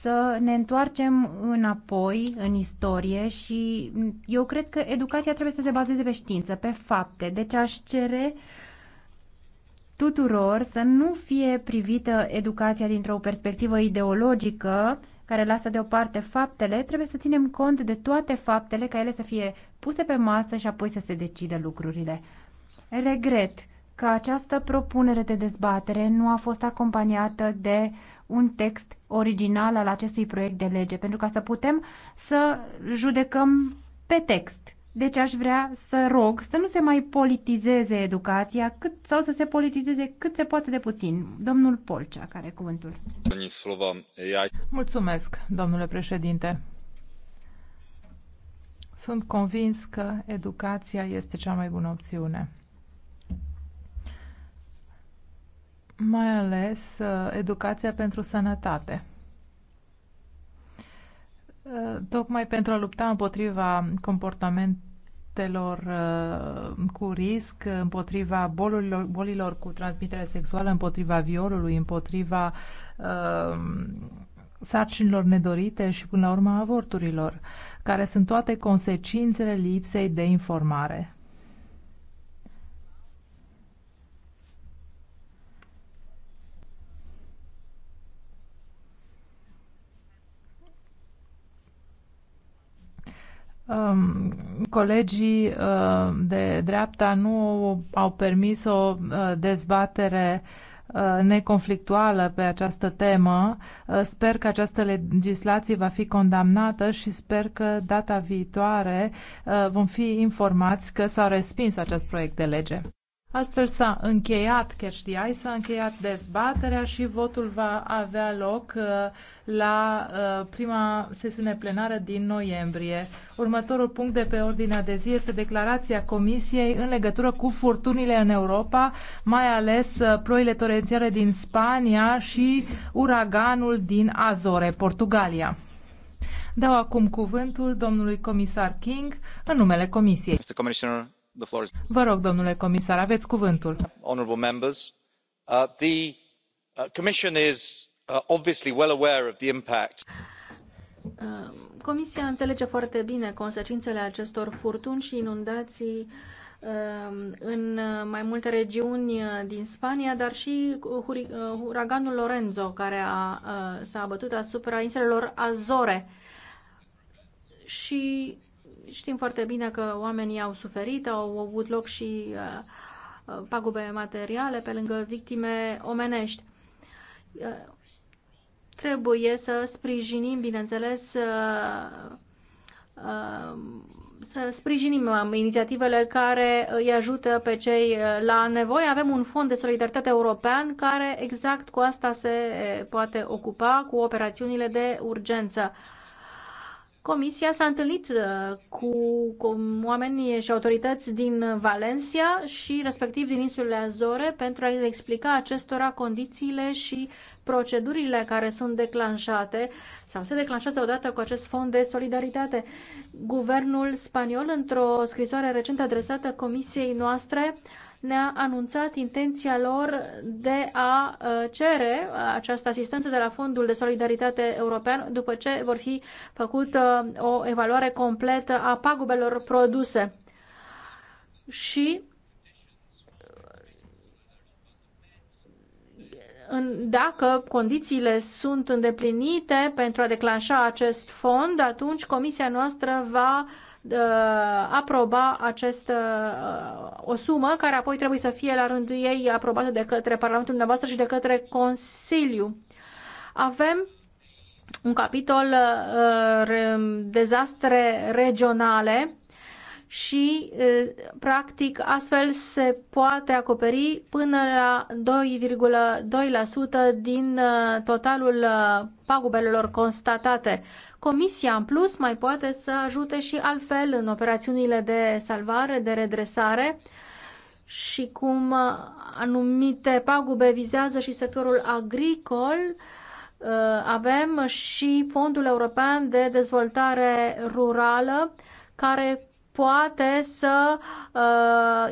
să ne întoarcem înapoi în istorie și eu cred că educația trebuie să se bazeze pe știință, pe fapte. Deci aș cere tuturor să nu fie privită educația dintr-o perspectivă ideologică care lasă deoparte faptele, trebuie să ținem cont de toate faptele ca ele să fie puse pe masă și apoi să se decide lucrurile. Regret că această propunere de dezbatere nu a fost acompaniată de un text original al acestui proiect de lege, pentru ca să putem să judecăm pe text. Deci aș vrea să rog să nu se mai politizeze educația cât, sau să se politizeze cât se poate de puțin. Domnul Polcea, care are cuvântul. Mulțumesc, domnule președinte. Sunt convins că educația este cea mai bună opțiune. mai ales uh, educația pentru sănătate. Uh, tocmai pentru a lupta împotriva comportamentelor uh, cu risc, împotriva bolilor, bolilor cu transmitere sexuală, împotriva violului, împotriva uh, sarcinilor nedorite și până la urmă avorturilor, care sunt toate consecințele lipsei de informare. um, colegii uh, de dreapta nu au permis o uh, dezbatere uh, neconflictuală pe această temă. Uh, sper că această legislație va fi condamnată și sper că data viitoare uh, vom fi informați că s-a respins acest proiect de lege. Astfel s-a încheiat, chiar știai, s-a încheiat dezbaterea și votul va avea loc uh, la uh, prima sesiune plenară din noiembrie. Următorul punct de pe ordinea de zi este declarația Comisiei în legătură cu furtunile în Europa, mai ales uh, ploile torențiale din Spania și uraganul din Azore, Portugalia. Dau acum cuvântul domnului comisar King în numele Comisiei. Mr. Commissioner, Vă rog, domnule comisar, aveți cuvântul. Honorable members, uh, the uh, Commission is uh, obviously well aware of the impact. Comisia înțelege foarte bine consecințele acestor furtuni și inundații în mai multe regiuni din Spania, dar și uraganul Lorenzo, care a, s-a abătut asupra insulelor Azore. Și Știm foarte bine că oamenii au suferit, au avut loc și uh, uh, pagube materiale pe lângă victime omenești. Uh, trebuie să sprijinim, bineînțeles, să sprijinim um, inițiativele care îi ajută pe cei la nevoie. Avem un fond de solidaritate european care exact cu asta se poate ocupa, cu operațiunile de urgență. Comisia s-a întâlnit uh, cu, cu oameni și autorități din Valencia și respectiv din insulele Azore pentru a explica acestora condițiile și procedurile care sunt declanșate sau se declanșează odată cu acest fond de solidaritate. Guvernul spaniol, într-o scrisoare recent adresată Comisiei noastre, ne-a anunțat intenția lor de a uh, cere această asistență de la Fondul de Solidaritate European după ce vor fi făcută uh, o evaluare completă a pagubelor produse. Și dacă condițiile sunt îndeplinite pentru a declanșa acest fond, atunci comisia noastră va uh, aproba acest, uh, o sumă care apoi trebuie să fie la rândul ei aprobată de către Parlamentul dumneavoastră și de către Consiliu. Avem un capitol uh, dezastre regionale și, practic, astfel se poate acoperi până la 2,2% din totalul pagubelor constatate. Comisia, în plus, mai poate să ajute și altfel în operațiunile de salvare, de redresare și cum anumite pagube vizează și sectorul agricol, avem și Fondul European de Dezvoltare Rurală, care poate să uh,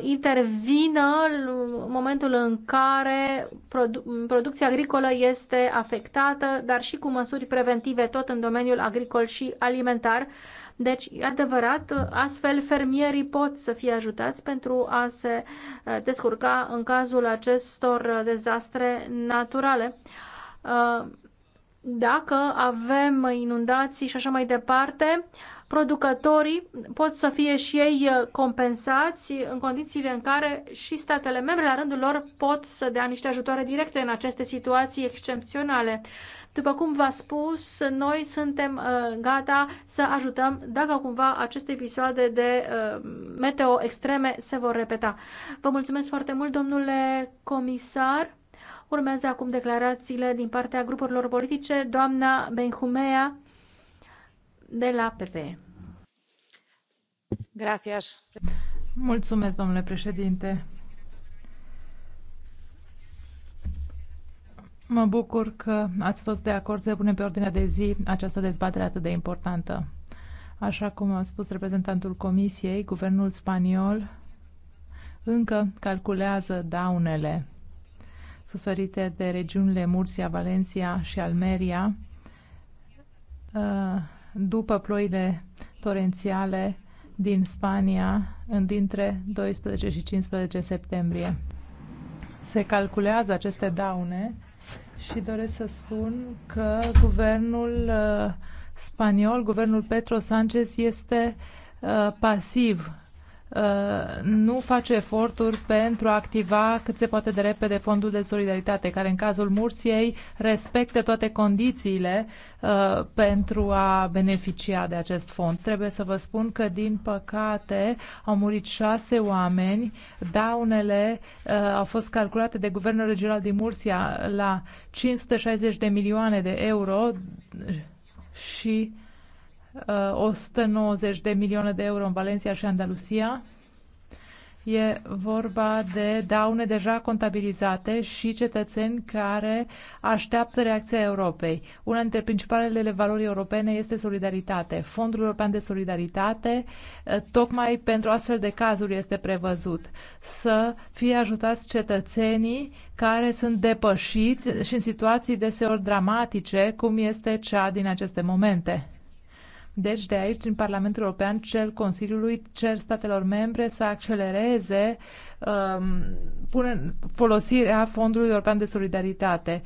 intervină în momentul în care produ- producția agricolă este afectată, dar și cu măsuri preventive tot în domeniul agricol și alimentar. Deci, e adevărat, astfel fermierii pot să fie ajutați pentru a se uh, descurca în cazul acestor dezastre naturale. Uh, dacă avem inundații și așa mai departe, uh, producătorii pot să fie și ei uh, compensați în condițiile în care și statele membre, la rândul lor, pot să dea niște ajutoare directe în aceste situații excepționale. După cum v-a spus, noi suntem uh, gata să ajutăm dacă cumva aceste episoade de uh, meteo extreme se vor repeta. Vă mulțumesc foarte mult, domnule comisar. Urmează acum declarațiile din partea grupurilor politice. Doamna Benhumea de Mulțumesc, domnule președinte. Mă bucur că ați fost de acord să punem pe ordinea de zi această dezbatere atât de importantă. Așa cum a spus reprezentantul Comisiei, guvernul spaniol încă calculează daunele suferite de regiunile Murcia, Valencia și Almeria uh, după ploile torențiale din Spania dintre 12 și 15 septembrie. Se calculează aceste daune și doresc să spun că guvernul uh, spaniol, guvernul Pedro Sanchez, este uh, pasiv Uh, nu face eforturi pentru a activa cât se poate de repede fondul de solidaritate, care în cazul Mursiei respectă toate condițiile uh, pentru a beneficia de acest fond. Trebuie să vă spun că, din păcate, au murit șase oameni. Daunele uh, au fost calculate de Guvernul Regional din Mursia la 560 de milioane de euro și uh, 190 uh, de milioane de euro în Valencia și Andalusia. E vorba de daune deja contabilizate și cetățeni care așteaptă reacția Europei. Una dintre principalele valori europene este solidaritate. Fondul European de Solidaritate uh, tocmai pentru astfel de cazuri este prevăzut. Să fie ajutați cetățenii care sunt depășiți și în situații deseori dramatice, cum este cea din aceste momente. Deci de aici, din Parlamentul European, cer Consiliului, cer statelor membre să accelereze um, pune, folosirea Fondului European de Solidaritate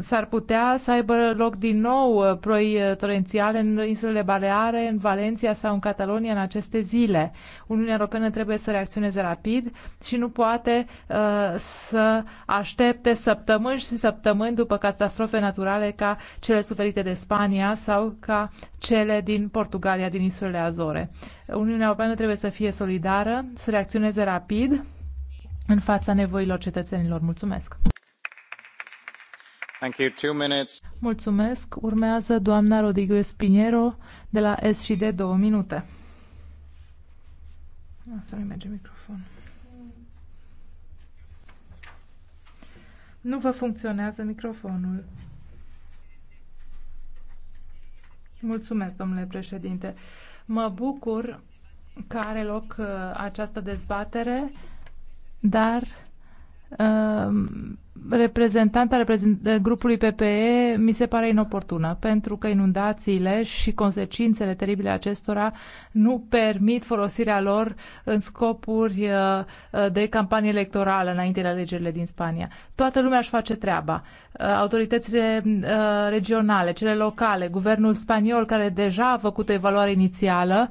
s-ar putea să aibă loc din nou uh, ploi uh, torențiale în insulele Baleare, în Valencia sau în Catalonia în aceste zile. Uniunea Europeană trebuie să reacționeze rapid și nu poate uh, să aștepte săptămâni și săptămâni după catastrofe naturale ca cele suferite de Spania sau ca cele din Portugalia, din insulele Azore. Uniunea Europeană trebuie să fie solidară, să reacționeze rapid în fața nevoilor cetățenilor. Mulțumesc! Mulțumesc. Urmează doamna Rodriguez Pinheiro de la SCD, două minute. Asta nu merge microfonul. Nu vă funcționează microfonul. Mulțumesc, domnule președinte. Mă bucur că are loc uh, această dezbatere, dar uh, reprezentanta grupului PPE mi se pare inoportună, pentru că inundațiile și consecințele teribile acestora nu permit folosirea lor în scopuri uh, uh, de campanie electorală înainte de alegerile din Spania. Toată lumea își face treaba. Uh, autoritățile regionale, cele locale, guvernul spaniol care deja a făcut o evaluare inițială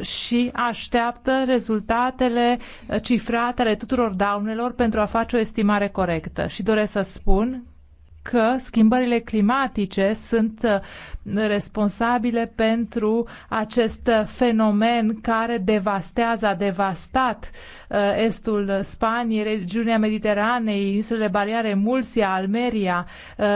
și așteaptă rezultatele cifrate ale tuturor daunelor pentru a face o estimare corectă. Și doresc să spun că schimbările climatice sunt uh, responsabile pentru acest uh, fenomen care devastează, a devastat uh, estul Spaniei, regiunea Mediteranei, insulele Baleare, Mulsia, Almeria,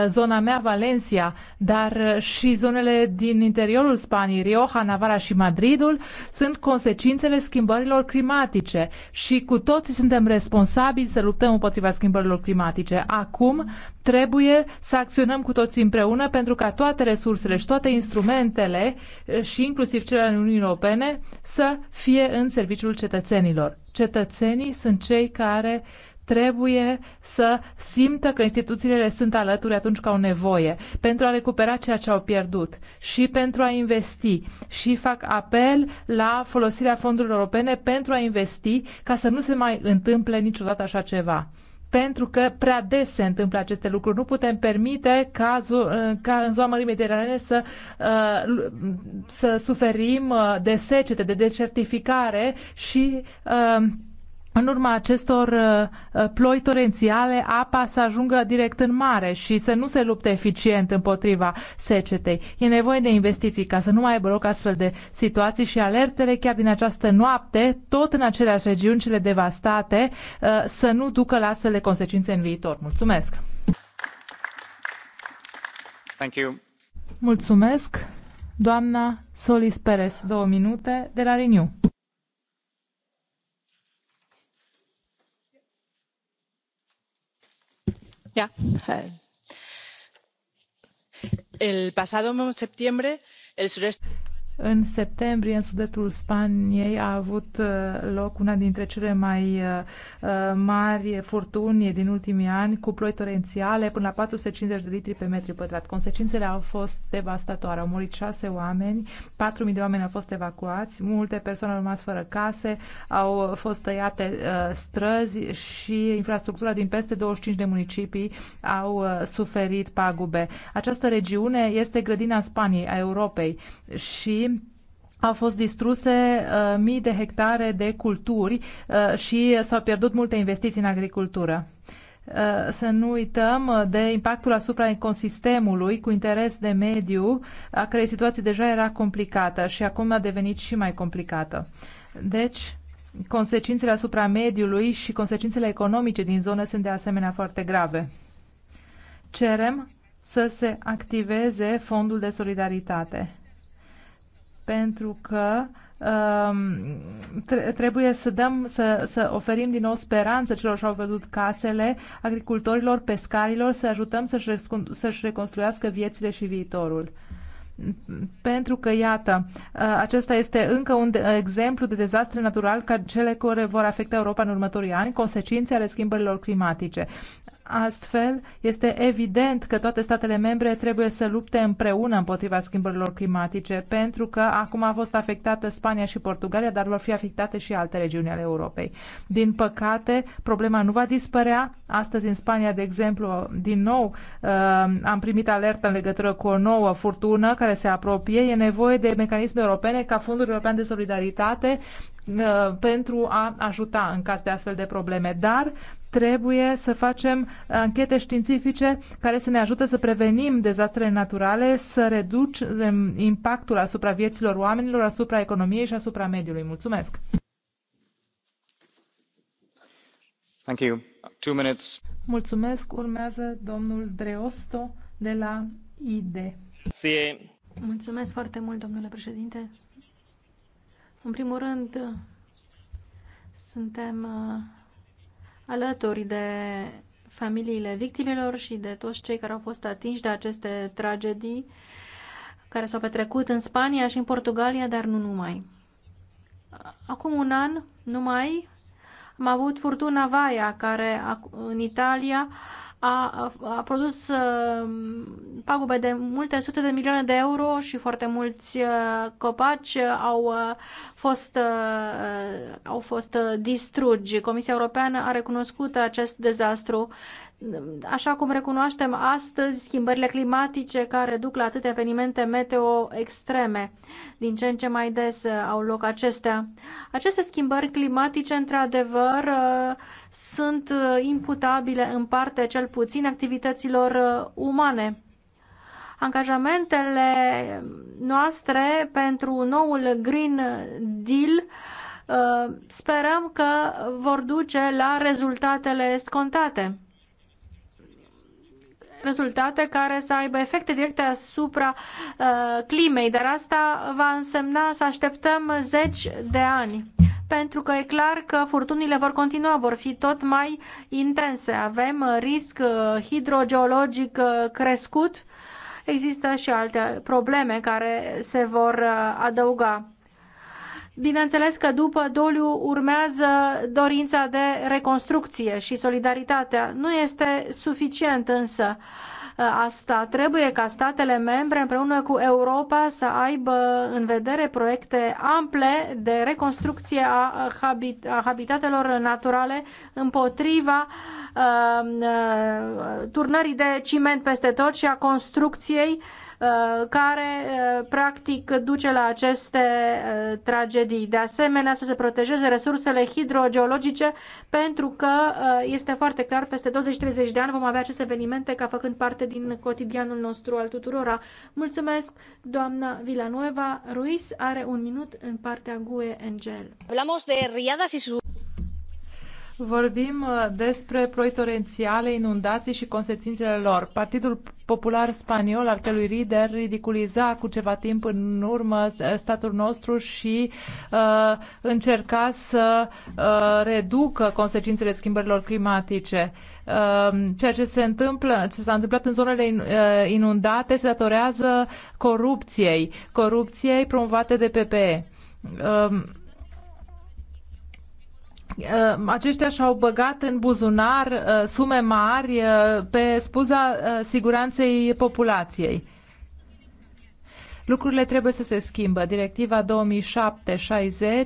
zona mea Valencia, dar și zonele din interiorul Spaniei, Rioja, Navarra și Madridul, sunt consecințele schimbărilor climatice și cu toții suntem responsabili să luptăm împotriva schimbărilor climatice. Acum Trebuie să acționăm cu toți împreună pentru ca toate resursele și toate instrumentele și inclusiv cele ale Uniunii Europene să fie în serviciul cetățenilor. Cetățenii sunt cei care trebuie să simtă că instituțiile sunt alături atunci când au nevoie, pentru a recupera ceea ce au pierdut și pentru a investi. Și fac apel la folosirea fondurilor europene pentru a investi ca să nu se mai întâmple niciodată așa ceva pentru că prea des se întâmplă aceste lucruri. Nu putem permite cazul, uh, ca în zona Mării Mediterane să, uh, să suferim uh, de secete, de desertificare și în urma acestor uh, uh, ploi torențiale, apa să ajungă direct în mare și să nu se lupte eficient împotriva secetei. E nevoie de investiții ca să nu mai aibă loc astfel de situații și alertele chiar din această noapte, tot în aceleași regiuni cele devastate, uh, să nu ducă la astfel de consecințe în viitor. Mulțumesc! Thank you. Mulțumesc, doamna Solis Perez, două minute de la Renew. el pasado septiembre el sureste de în septembrie, în sudetul Spaniei, a avut uh, loc una dintre cele mai uh, uh, mari furtuni din ultimii ani, cu ploi torențiale până la 450 de litri pe metri pătrat. Consecințele au fost devastatoare. Au murit șase oameni, 4.000 de oameni au fost evacuați, multe persoane au rămas fără case, au fost tăiate străzi și infrastructura din peste 25 de municipii au suferit pagube. Această regiune este grădina Spaniei, a Europei și au fost distruse uh, mii de hectare de culturi uh, și s-au pierdut multe investiții în agricultură. Uh, să nu uităm uh, de impactul asupra ecosistemului cu interes de mediu, a cărei situație deja era complicată și acum a devenit și mai complicată. Deci, consecințele asupra mediului și consecințele economice din zonă sunt de asemenea foarte grave. Cerem să se activeze fondul de solidaritate pentru că um, trebuie să dăm, să, să oferim din nou speranță celor și-au văzut casele, agricultorilor, pescarilor, să ajutăm să-și, să-și reconstruiască viețile și viitorul. Pentru că, iată, uh, acesta este încă un exemplu de dezastre natural ca cele care vor afecta Europa în următorii ani, consecințe ale schimbărilor climatice. Astfel, este evident că toate statele membre trebuie să lupte împreună împotriva schimbărilor climatice, pentru că acum a fost afectată Spania și Portugalia, dar vor fi afectate și alte regiuni ale Europei. Din păcate, problema nu va dispărea. Astăzi, în Spania, de exemplu, din nou uh, am primit alertă în legătură cu o nouă furtună care se apropie. E nevoie de mecanisme europene ca Fondul European de Solidaritate uh, pentru a ajuta în caz de astfel de probleme. Dar trebuie să facem anchete științifice care să ne ajute să prevenim dezastrele naturale, să reducem impactul asupra vieților oamenilor, asupra economiei și asupra mediului. Mulțumesc! Thank you. Two minutes. Mulțumesc. Urmează domnul Dreosto de la ID. Mulțumesc foarte mult, domnule președinte. În primul rând, suntem uh, alături de familiile victimelor și de toți cei care au fost atinși de aceste tragedii care s-au petrecut în Spania și în Portugalia, dar nu numai. Acum un an, numai, am avut furtuna Vaia, care în Italia a, a produs uh, pagube de multe sute de milioane de euro și foarte mulți uh, copaci au uh, fost, au fost distrugi. Comisia Europeană a recunoscut acest dezastru așa cum recunoaștem astăzi schimbările climatice care duc la atâtea evenimente meteo extreme. Din ce în ce mai des au loc acestea. Aceste schimbări climatice, într-adevăr, sunt uh, imputabile în parte cel puțin activităților uh, umane. Angajamentele noastre pentru noul Green Deal uh, sperăm că vor duce la rezultatele scontate rezultate care să aibă efecte directe asupra climei, dar asta va însemna să așteptăm zeci de ani pentru că e clar că furtunile vor continua, vor fi tot mai intense. Avem uh, risc uh, hidrogeologic uh, crescut, există și alte probleme care se vor adăuga. Bineînțeles că după doliu urmează dorința de reconstrucție și solidaritatea. Nu este suficient însă. Uh, Uh, asta. Trebuie ca statele membre împreună cu Europa să aibă în vedere proiecte ample de reconstrucție a, habit- a habitatelor naturale împotriva uh, uh, turnării de ciment peste tot și a construcției uh, Uh, care uh, practic duce la aceste uh, tragedii. De asemenea, să se protejeze resursele hidrogeologice pentru că este foarte clar, peste 20-30 de ani vom avea aceste evenimente ca făcând parte din cotidianul nostru al tuturora. Mulțumesc, doamna Villanueva Ruiz are un minut în partea GUE Angel. de Vorbim uh, despre ploi torențiale, inundații și consecințele lor. Partidul Popular Spaniol, al călui lider, ridiculiza cu ceva timp în urmă uh, statul nostru și uh, încerca să uh, reducă consecințele schimbărilor climatice. Uh, ceea ce se întâmplă, ce s-a întâmplat în zonele uh, inundate se datorează corupției, corupției promovate de PPE. Uh, um, Uh, aceștia și-au băgat în buzunar uh, sume mari uh, pe spuza siguranței populației. Lucrurile trebuie să se schimbă. Directiva 2007-60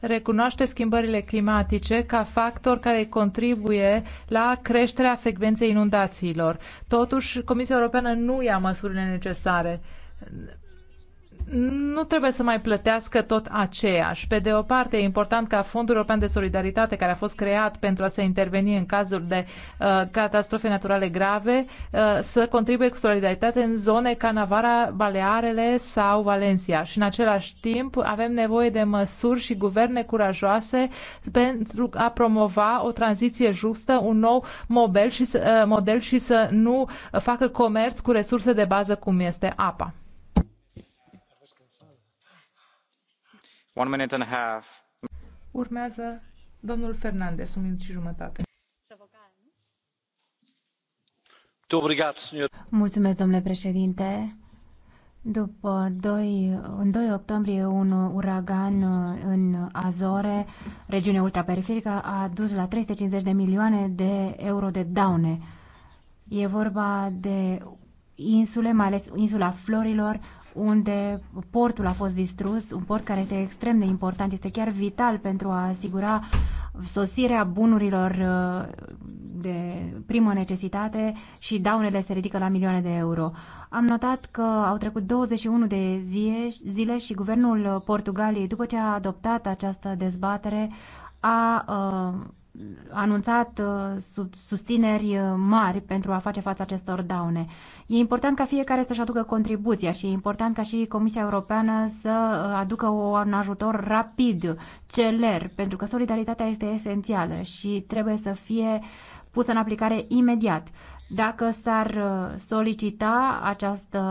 recunoaște schimbările climatice ca factor care contribuie la creșterea frecvenței inundațiilor. Totuși, Comisia Europeană nu ia măsurile necesare nu trebuie să mai plătească tot aceeași. Pe de o parte, e important ca Fondul European de Solidaritate, care a fost creat pentru a se interveni în cazuri de uh, catastrofe naturale grave, uh, să contribuie cu solidaritate în zone ca Navara, Balearele sau Valencia. Și în același timp avem nevoie de măsuri și guverne curajoase pentru a promova o tranziție justă, un nou model și, uh, model și să nu facă comerț cu resurse de bază cum este apa. One minute and a half. Urmează domnul Fernandez, un minut și jumătate. Mulțumesc, domnule președinte. După 2, în 2 octombrie, un uragan uh, în Azore, regiune ultraperiferică, a dus la 350 de milioane de euro de daune. E vorba de insule, mai ales insula Florilor, unde portul a fost distrus, un port care este extrem de important, este chiar vital pentru a asigura sosirea bunurilor uh, de primă necesitate și daunele se ridică la milioane de euro. Am notat că au trecut 21 de zile, și guvernul Portugaliei, după ce a adoptat această dezbatere, a uh, anunțat uh, susțineri uh, mari pentru a face față acestor daune. E important ca fiecare să-și aducă contribuția și e important ca și Comisia Europeană să uh, aducă un ajutor rapid, celer, pentru că solidaritatea este esențială și trebuie să fie pusă în aplicare imediat. Dacă s-ar uh, solicita această,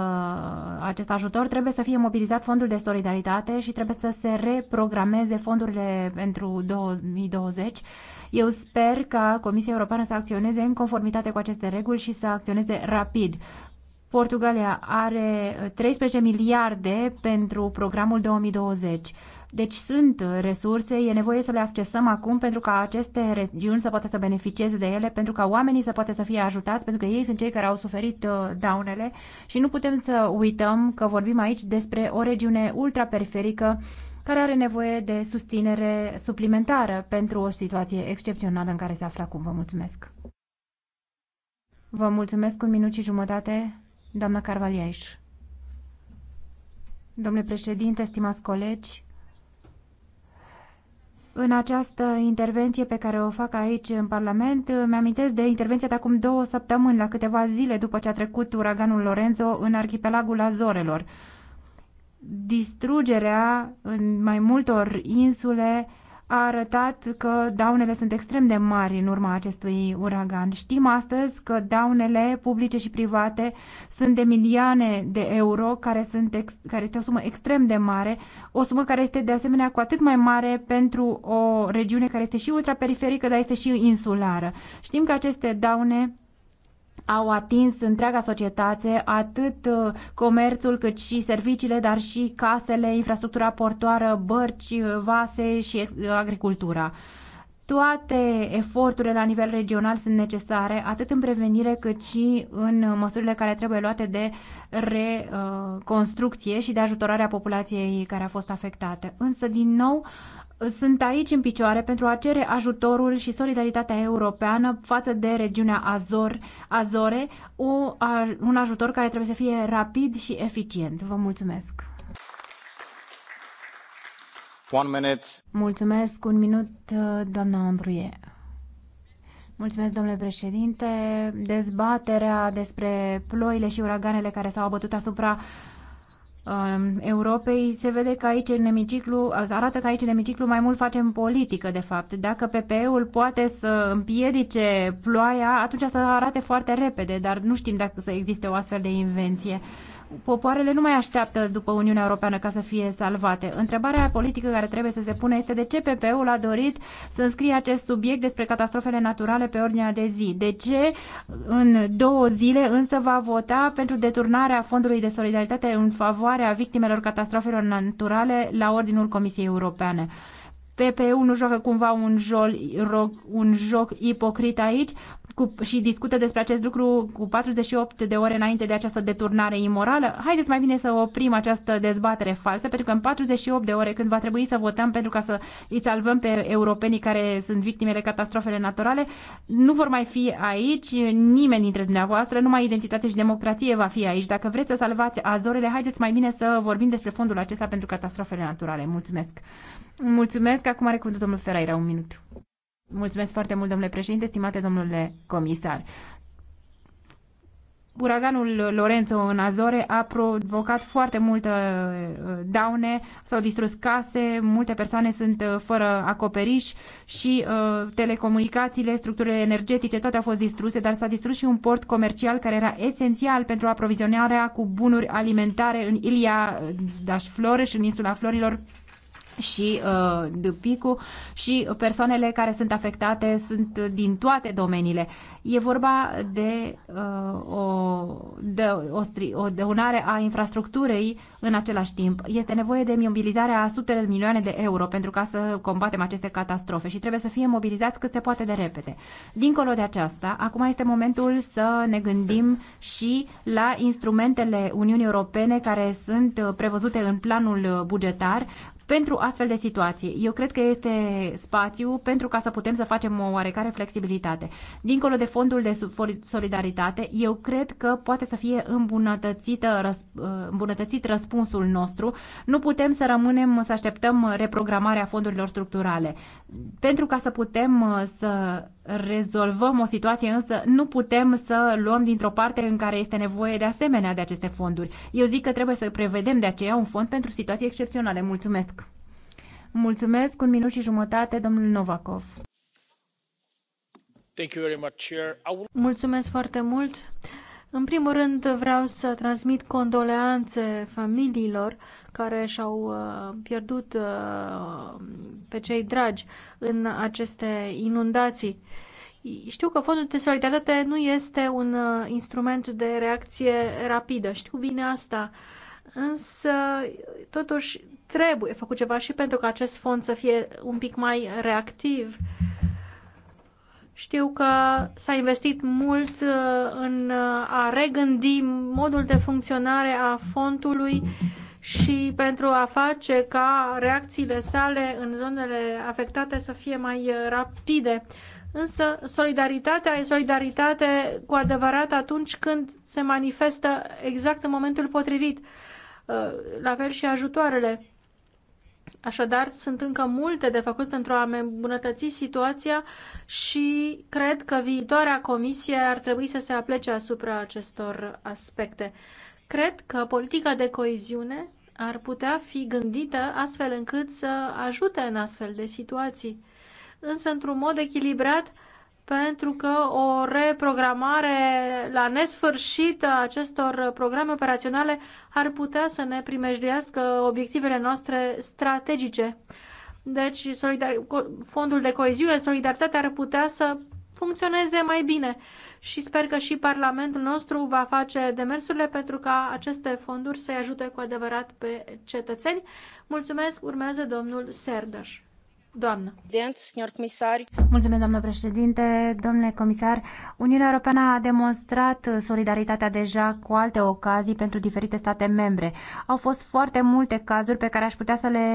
acest ajutor, trebuie să fie mobilizat fondul de solidaritate și trebuie să se reprogrameze fondurile pentru 2020. Eu sper ca Comisia Europeană să acționeze în conformitate cu aceste reguli și să acționeze rapid. Portugalia are 13 miliarde pentru programul 2020. Deci sunt uh, resurse, e nevoie să le accesăm acum pentru ca aceste regiuni să poată să beneficieze de ele, pentru ca oamenii să poată să fie ajutați, pentru că ei sunt cei care au suferit uh, daunele și nu putem să uităm că vorbim aici despre o regiune ultraperiferică care are nevoie de susținere suplimentară pentru o situație excepțională în care se află acum. Vă mulțumesc! Vă mulțumesc un minut și jumătate, doamna Carvalhaiș. Domnule președinte, stimați colegi, în această intervenție pe care o fac aici în Parlament, mi-amintesc de intervenția de acum două săptămâni, la câteva zile după ce a trecut uraganul Lorenzo în arhipelagul Azorelor. Distrugerea în mai multor insule a arătat că daunele sunt extrem de mari în urma acestui uragan. Știm astăzi că daunele publice și private sunt de milioane de euro, care, sunt ex- care este o sumă extrem de mare, o sumă care este de asemenea cu atât mai mare pentru o regiune care este și ultraperiferică, dar este și insulară. Știm că aceste daune au atins întreaga societate, atât uh, comerțul cât și serviciile, dar și casele, infrastructura portoară, bărci, uh, vase și uh, agricultura. Toate eforturile la nivel regional sunt necesare, atât în prevenire cât și în măsurile care trebuie luate de reconstrucție și de ajutorarea populației care a fost afectată. Însă, din nou, uh, sunt aici în picioare pentru a cere ajutorul și solidaritatea europeană față de regiunea Azor, Azore, o, a, un ajutor care trebuie să fie rapid și eficient. Vă mulțumesc! One minute. Mulțumesc, un minut, uh, doamna Andruie. Mulțumesc, domnule președinte. Dezbaterea despre ploile și uraganele care s-au abătut asupra uh, Um, Europei, se vede că aici în emiciclu, uh, arată că aici în emiciclu mai mult facem politică, de fapt. Dacă PPE-ul poate să împiedice ploaia, atunci să arate foarte repede, dar nu știm dacă să existe o astfel de invenție popoarele nu mai așteaptă după Uniunea Europeană ca să fie salvate. Întrebarea politică care trebuie să se pune este de ce PP-ul a dorit să înscrie acest subiect despre catastrofele naturale pe ordinea de zi. De ce în două zile însă va vota pentru deturnarea Fondului de Solidaritate în favoarea victimelor catastrofelor naturale la ordinul Comisiei Europene? PPU nu joacă cumva un, jol, un joc ipocrit aici cu, și discută despre acest lucru cu 48 de ore înainte de această deturnare imorală? Haideți mai bine să oprim această dezbatere falsă, pentru că în 48 de ore când va trebui să votăm pentru ca să îi salvăm pe europenii care sunt victimele catastrofele naturale, nu vor mai fi aici nimeni dintre dumneavoastră, numai identitate și democrație va fi aici. Dacă vreți să salvați Azorele, haideți mai bine să vorbim despre fondul acesta pentru catastrofele naturale. Mulțumesc! Mulțumesc! Că Acum are cuvântul domnul Ferreira, un minut. Mulțumesc foarte mult, domnule președinte, stimate domnule comisar. Uraganul Lorenzo în Azore a provocat foarte multe uh, daune, s-au distrus case, multe persoane sunt uh, fără acoperiș și uh, telecomunicațiile, structurile energetice, toate au fost distruse, dar s-a distrus și un port comercial care era esențial pentru aprovizionarea cu bunuri alimentare în Ilia Dașflore și în insula Florilor, și uh, dâpicul și persoanele care sunt afectate sunt din toate domeniile. E vorba de, uh, o, de o, stri, o dăunare a infrastructurii în același timp. Este nevoie de mobilizarea a sute de milioane de euro pentru ca să combatem aceste catastrofe și trebuie să fie mobilizați cât se poate de repede. Dincolo de aceasta, acum este momentul să ne gândim și la instrumentele Uniunii Europene care sunt uh, prevăzute în planul uh, bugetar pentru astfel de situații. Eu cred că este spațiu pentru ca să putem să facem o oarecare flexibilitate. Dincolo de fondul de solidaritate, eu cred că poate să fie îmbunătățită, uh, îmbunătățit răspunsul nostru. Nu putem să rămânem să așteptăm reprogramarea fondurilor structurale. Pentru ca să putem uh, să rezolvăm o situație, însă nu putem să luăm dintr-o parte în care este nevoie de asemenea de aceste fonduri. Eu zic că trebuie să prevedem de aceea un fond pentru situații excepționale. Mulțumesc! Mulțumesc, un minut și jumătate, domnul Novakov. Mulțumesc foarte mult. În primul rând vreau să transmit condoleanțe familiilor care și-au uh, pierdut uh, pe cei dragi în aceste inundații. Știu că fondul de solidaritate nu este un uh, instrument de reacție rapidă, știu bine asta, însă totuși trebuie făcut ceva și pentru că acest fond să fie un pic mai reactiv. Știu că s-a investit mult uh, în uh, a regândi modul de funcționare a fondului și pentru a face ca reacțiile sale în zonele afectate să fie mai uh, rapide. Însă solidaritatea e solidaritate cu adevărat atunci când se manifestă exact în momentul potrivit. La fel și ajutoarele Așadar, sunt încă multe de făcut pentru a îmbunătăți situația și cred că viitoarea comisie ar trebui să se aplece asupra acestor aspecte. Cred că politica de coeziune ar putea fi gândită astfel încât să ajute în astfel de situații, însă într-un mod echilibrat pentru că o reprogramare la nesfârșit a acestor programe operaționale ar putea să ne primejduiască obiectivele noastre strategice. Deci, solidar... fondul de coeziune, solidaritatea ar putea să funcționeze mai bine și sper că și Parlamentul nostru va face demersurile pentru ca aceste fonduri să-i ajute cu adevărat pe cetățeni. Mulțumesc, urmează domnul Serdăș. Doamnă. Mulțumesc, președinte, domnule comisar. Uniunea Europeană a demonstrat solidaritatea deja cu alte ocazii pentru diferite state membre. Au fost foarte multe cazuri pe care aș putea să le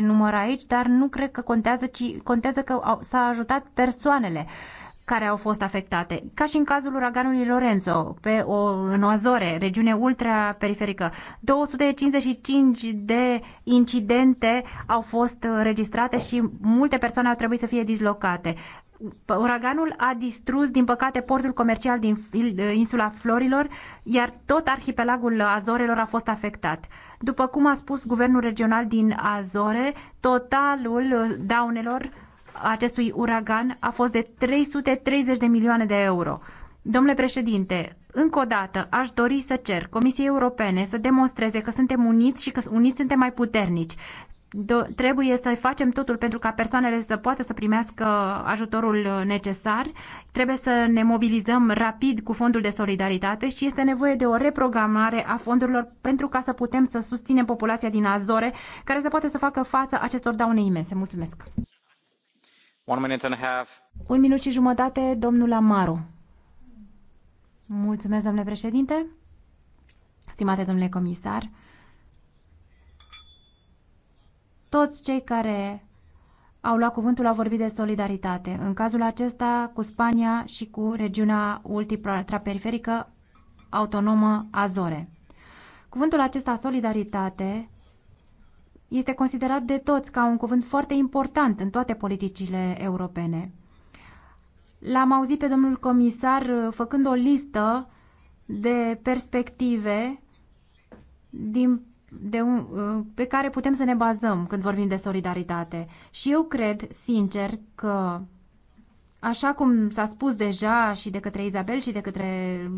număr aici, dar nu cred că contează, ci contează că s-a ajutat persoanele care au fost afectate, ca și în cazul uraganului Lorenzo, pe o, în Oazore, regiune ultraperiferică. 255 de incidente au fost registrate și multe persoane au trebuit să fie dislocate. Uraganul a distrus, din păcate, portul comercial din insula Florilor, iar tot arhipelagul Azorelor a fost afectat. După cum a spus guvernul regional din Azore, totalul daunelor acestui uragan a fost de 330 de milioane de euro. Domnule președinte, încă o dată aș dori să cer Comisiei Europene să demonstreze că suntem uniți și că uniți suntem mai puternici. Do- trebuie să facem totul pentru ca persoanele să poată să primească ajutorul necesar. Trebuie să ne mobilizăm rapid cu fondul de solidaritate și este nevoie de o reprogramare a fondurilor pentru ca să putem să susținem populația din Azore care să poată să facă față acestor daune imense. Mulțumesc! Un minut și jumătate, domnul Amaru. Mulțumesc, domnule președinte. Stimate domnule comisar, toți cei care au luat cuvântul, au vorbit de solidaritate. În cazul acesta, cu Spania și cu regiunea ultraperiferică autonomă Azore. Cuvântul acesta, solidaritate, este considerat de toți ca un cuvânt foarte important în toate politicile europene. L-am auzit pe domnul comisar uh, făcând o listă de perspective din, de un, uh, pe care putem să ne bazăm când vorbim de solidaritate. Și eu cred, sincer, că Așa cum s-a spus deja și de către Isabel și de către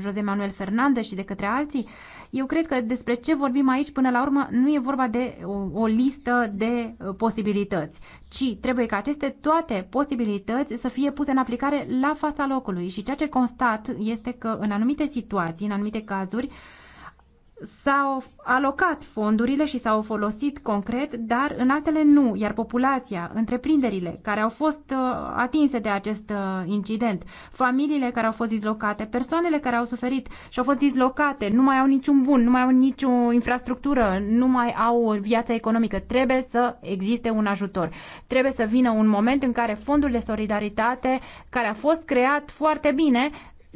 José Manuel Fernandez și de către alții, eu cred că despre ce vorbim aici până la urmă nu e vorba de o, o listă de uh, posibilități, ci trebuie ca aceste toate posibilități să fie puse în aplicare la fața locului și ceea ce constat este că în anumite situații, în anumite cazuri, uh, s-au alocat fondurile și s-au folosit concret, dar în altele nu, iar populația, întreprinderile care au fost uh, atinse de acest uh, incident, familiile care au fost dislocate, persoanele care au suferit și au fost dislocate, nu mai au niciun bun, nu mai au nicio infrastructură, nu mai au viață economică. Trebuie să existe un ajutor. Trebuie să vină un moment în care fondul de solidaritate, care a fost creat foarte bine,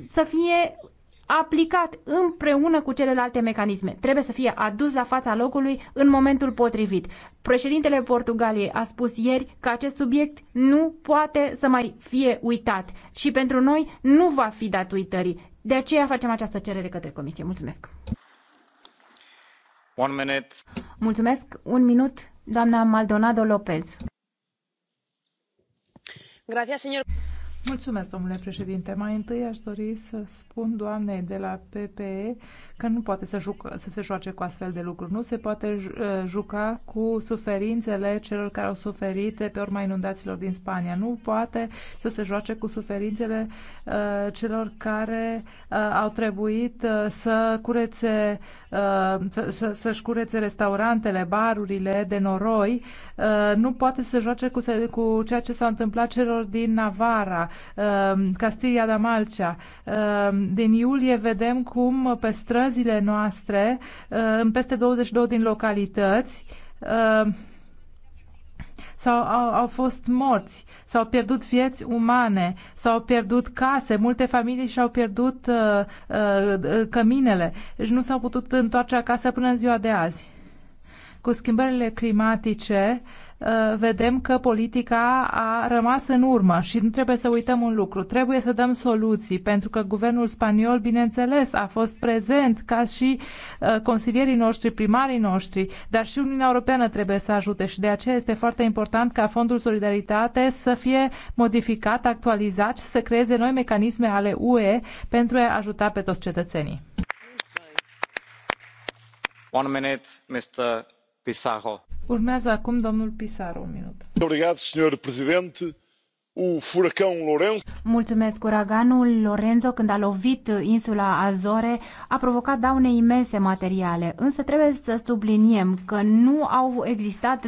să fie aplicat împreună cu celelalte mecanisme. Trebuie să fie adus la fața locului în momentul potrivit. Președintele Portugaliei a spus ieri că acest subiect nu poate să mai fie uitat și pentru noi nu va fi dat uitării. De aceea facem această cerere către Comisie. Mulțumesc! One minute. Mulțumesc. Un minut, doamna Maldonado Lopez. Gracias, señor. Mulțumesc, domnule președinte. Mai întâi aș dori să spun doamnei de la PPE că nu poate să, jucă, să se joace cu astfel de lucruri. Nu se poate eh, juca cu suferințele celor care au suferit pe urma inundațiilor din Spania. Nu poate să se joace cu suferințele uh, celor care uh, au trebuit să curețe, uh, să, să-și curețe restaurantele, barurile de noroi. Uh, nu poate să se joace cu, cu ceea ce s-a întâmplat celor din Navara Um, Castilla da Malcea. Um, din iulie vedem cum pe străzile noastre, uh, în peste 22 din localități, um, sau au, au fost morți, s-au pierdut vieți umane, s-au pierdut case, multe familii și-au pierdut uh, uh, căminele și deci nu s-au putut întoarce acasă până în ziua de azi. Cu schimbările climatice, uh, Eh, vedem că politica a rămas în urmă și nu trebuie să uităm un lucru. Trebuie să dăm soluții, pentru că guvernul spaniol, bineînțeles, a fost prezent ca și eh, consilierii noștri, primarii noștri, dar și Uniunea Europeană trebuie să ajute și de aceea este foarte important ca Fondul Solidaritate să fie modificat, actualizat și să creeze noi mecanisme ale UE pentru a ajuta pe toți cetățenii. One minute, Mr. Pizarro Urmează acum domnul Pisaru, un minut. Mulțumesc. Uraganul Lorenzo, când a lovit insula Azore, a provocat daune imense materiale. Însă trebuie să subliniem că nu au existat,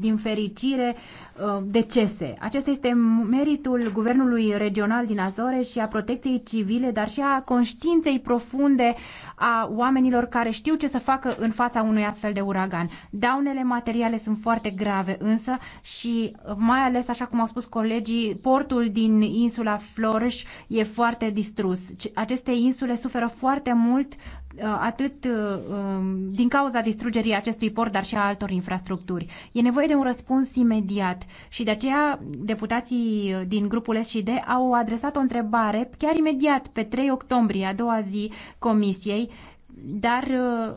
din fericire, Uh, decese. Acesta este meritul guvernului regional din Azore și a protecției civile, dar și a conștiinței profunde a oamenilor care știu ce să facă în fața unui astfel de uragan. Daunele materiale sunt foarte grave însă și mai ales, așa cum au spus colegii, portul din insula Flores e foarte distrus. Aceste insule suferă foarte mult Uh, atât uh, um, din cauza distrugerii acestui port, dar și a altor infrastructuri. E nevoie de un răspuns imediat și de aceea deputații din grupul S&D au adresat o întrebare chiar imediat pe 3 octombrie, a doua zi, comisiei, dar uh,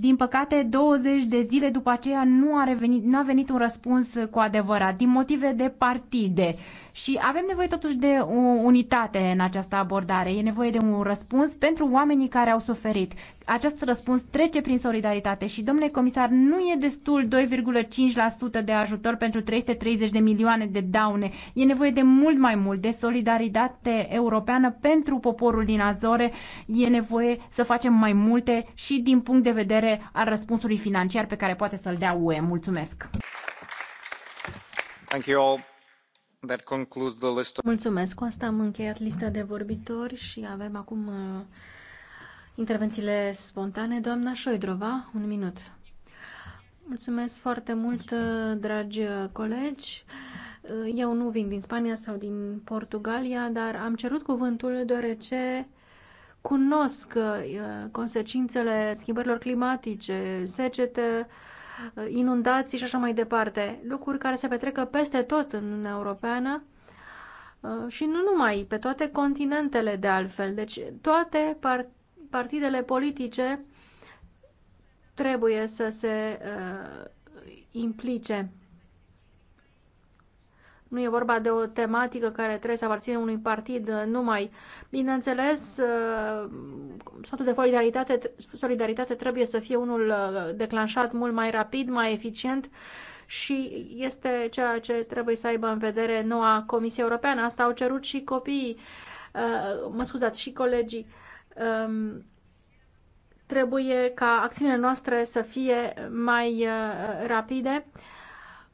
din păcate, 20 de zile după aceea nu a, revenit, nu a venit un răspuns cu adevărat, din motive de partide și avem nevoie totuși de o unitate în această abordare. E nevoie de un răspuns pentru oamenii care au suferit. Acest răspuns trece prin solidaritate și, domnule comisar, nu e destul 2,5% de ajutor pentru 330 de milioane de daune. E nevoie de mult mai mult, de solidaritate europeană pentru poporul din Azore. E nevoie să facem mai multe și din punct de vedere al răspunsului financiar pe care poate să-l dea UE. Mulțumesc! Thank you all. Mulțumesc. Cu asta am încheiat lista de vorbitori și avem acum uh, intervențiile spontane. Doamna Șoidrova, un minut. Mulțumesc foarte mult, uh, dragi uh, colegi. Eu nu vin din Spania sau din Portugalia, dar am cerut cuvântul deoarece cunosc consecințele schimbărilor climatice, secete, Uh, inundații și așa mai departe, lucruri care se petrecă peste tot în Uniunea Europeană uh, și nu numai, pe toate continentele de altfel. Deci toate partidele politice trebuie să se uh, implice nu e vorba de o tematică care trebuie să aparține unui partid numai. Bineînțeles, uh, sfatul de solidaritate, solidaritate trebuie să fie unul uh, declanșat mult mai rapid, mai eficient și este ceea ce trebuie să aibă în vedere noua Comisie Europeană. Asta au cerut și copiii, uh, mă scuzați, și colegii um, trebuie ca acțiunile noastre să fie mai rapide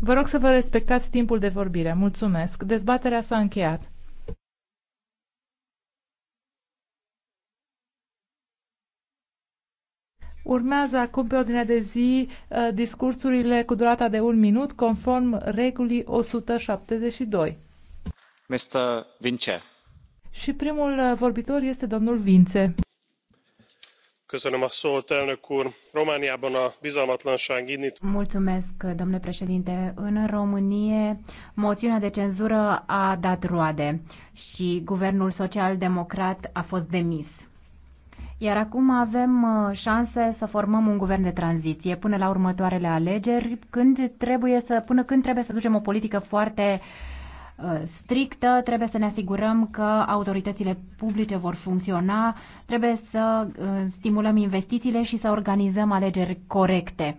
Vă rog să vă respectați timpul de vorbire. Mulțumesc. Dezbaterea s-a încheiat. Urmează acum pe ordinea de zi uh, discursurile cu durata de un minut, conform regulii 172. Mr. Vince. Și primul uh, vorbitor este domnul Vince. Mulțumesc, domnule președinte. În România, moțiunea de cenzură a dat roade și guvernul social-democrat a fost demis. Iar acum avem uh, șanse să formăm un guvern de tranziție până la următoarele alegeri, când trebuie să, până când trebuie să ducem o politică foarte uh, Uh, strictă, trebuie să ne asigurăm că autoritățile publice vor funcționa, trebuie să uh, stimulăm investițiile și să organizăm alegeri corecte.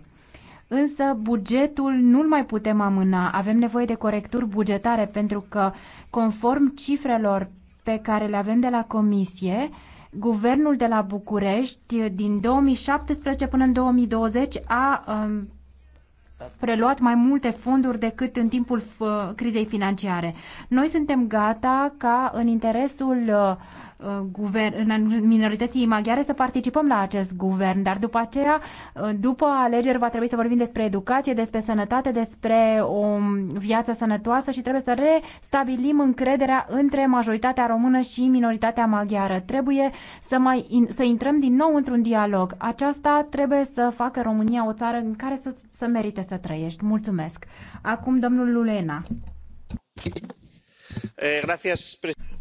Însă bugetul nu-l mai putem amâna. Avem nevoie de corecturi bugetare pentru că, conform cifrelor pe care le avem de la Comisie, guvernul de la București din 2017 până în 2020 a um, preluat mai multe fonduri decât în timpul uh, crizei financiare. Noi suntem gata ca în interesul uh, Uh, guvern, minorității maghiare să participăm la acest guvern, dar după aceea, uh, după alegeri, va trebui să vorbim despre educație, despre sănătate, despre o viață sănătoasă și trebuie să restabilim încrederea între majoritatea română și minoritatea maghiară. Trebuie să, mai, să intrăm din nou într-un dialog. Aceasta trebuie să facă România o țară în care să, să merite să trăiești. Mulțumesc! Acum, domnul Lulena. Eh,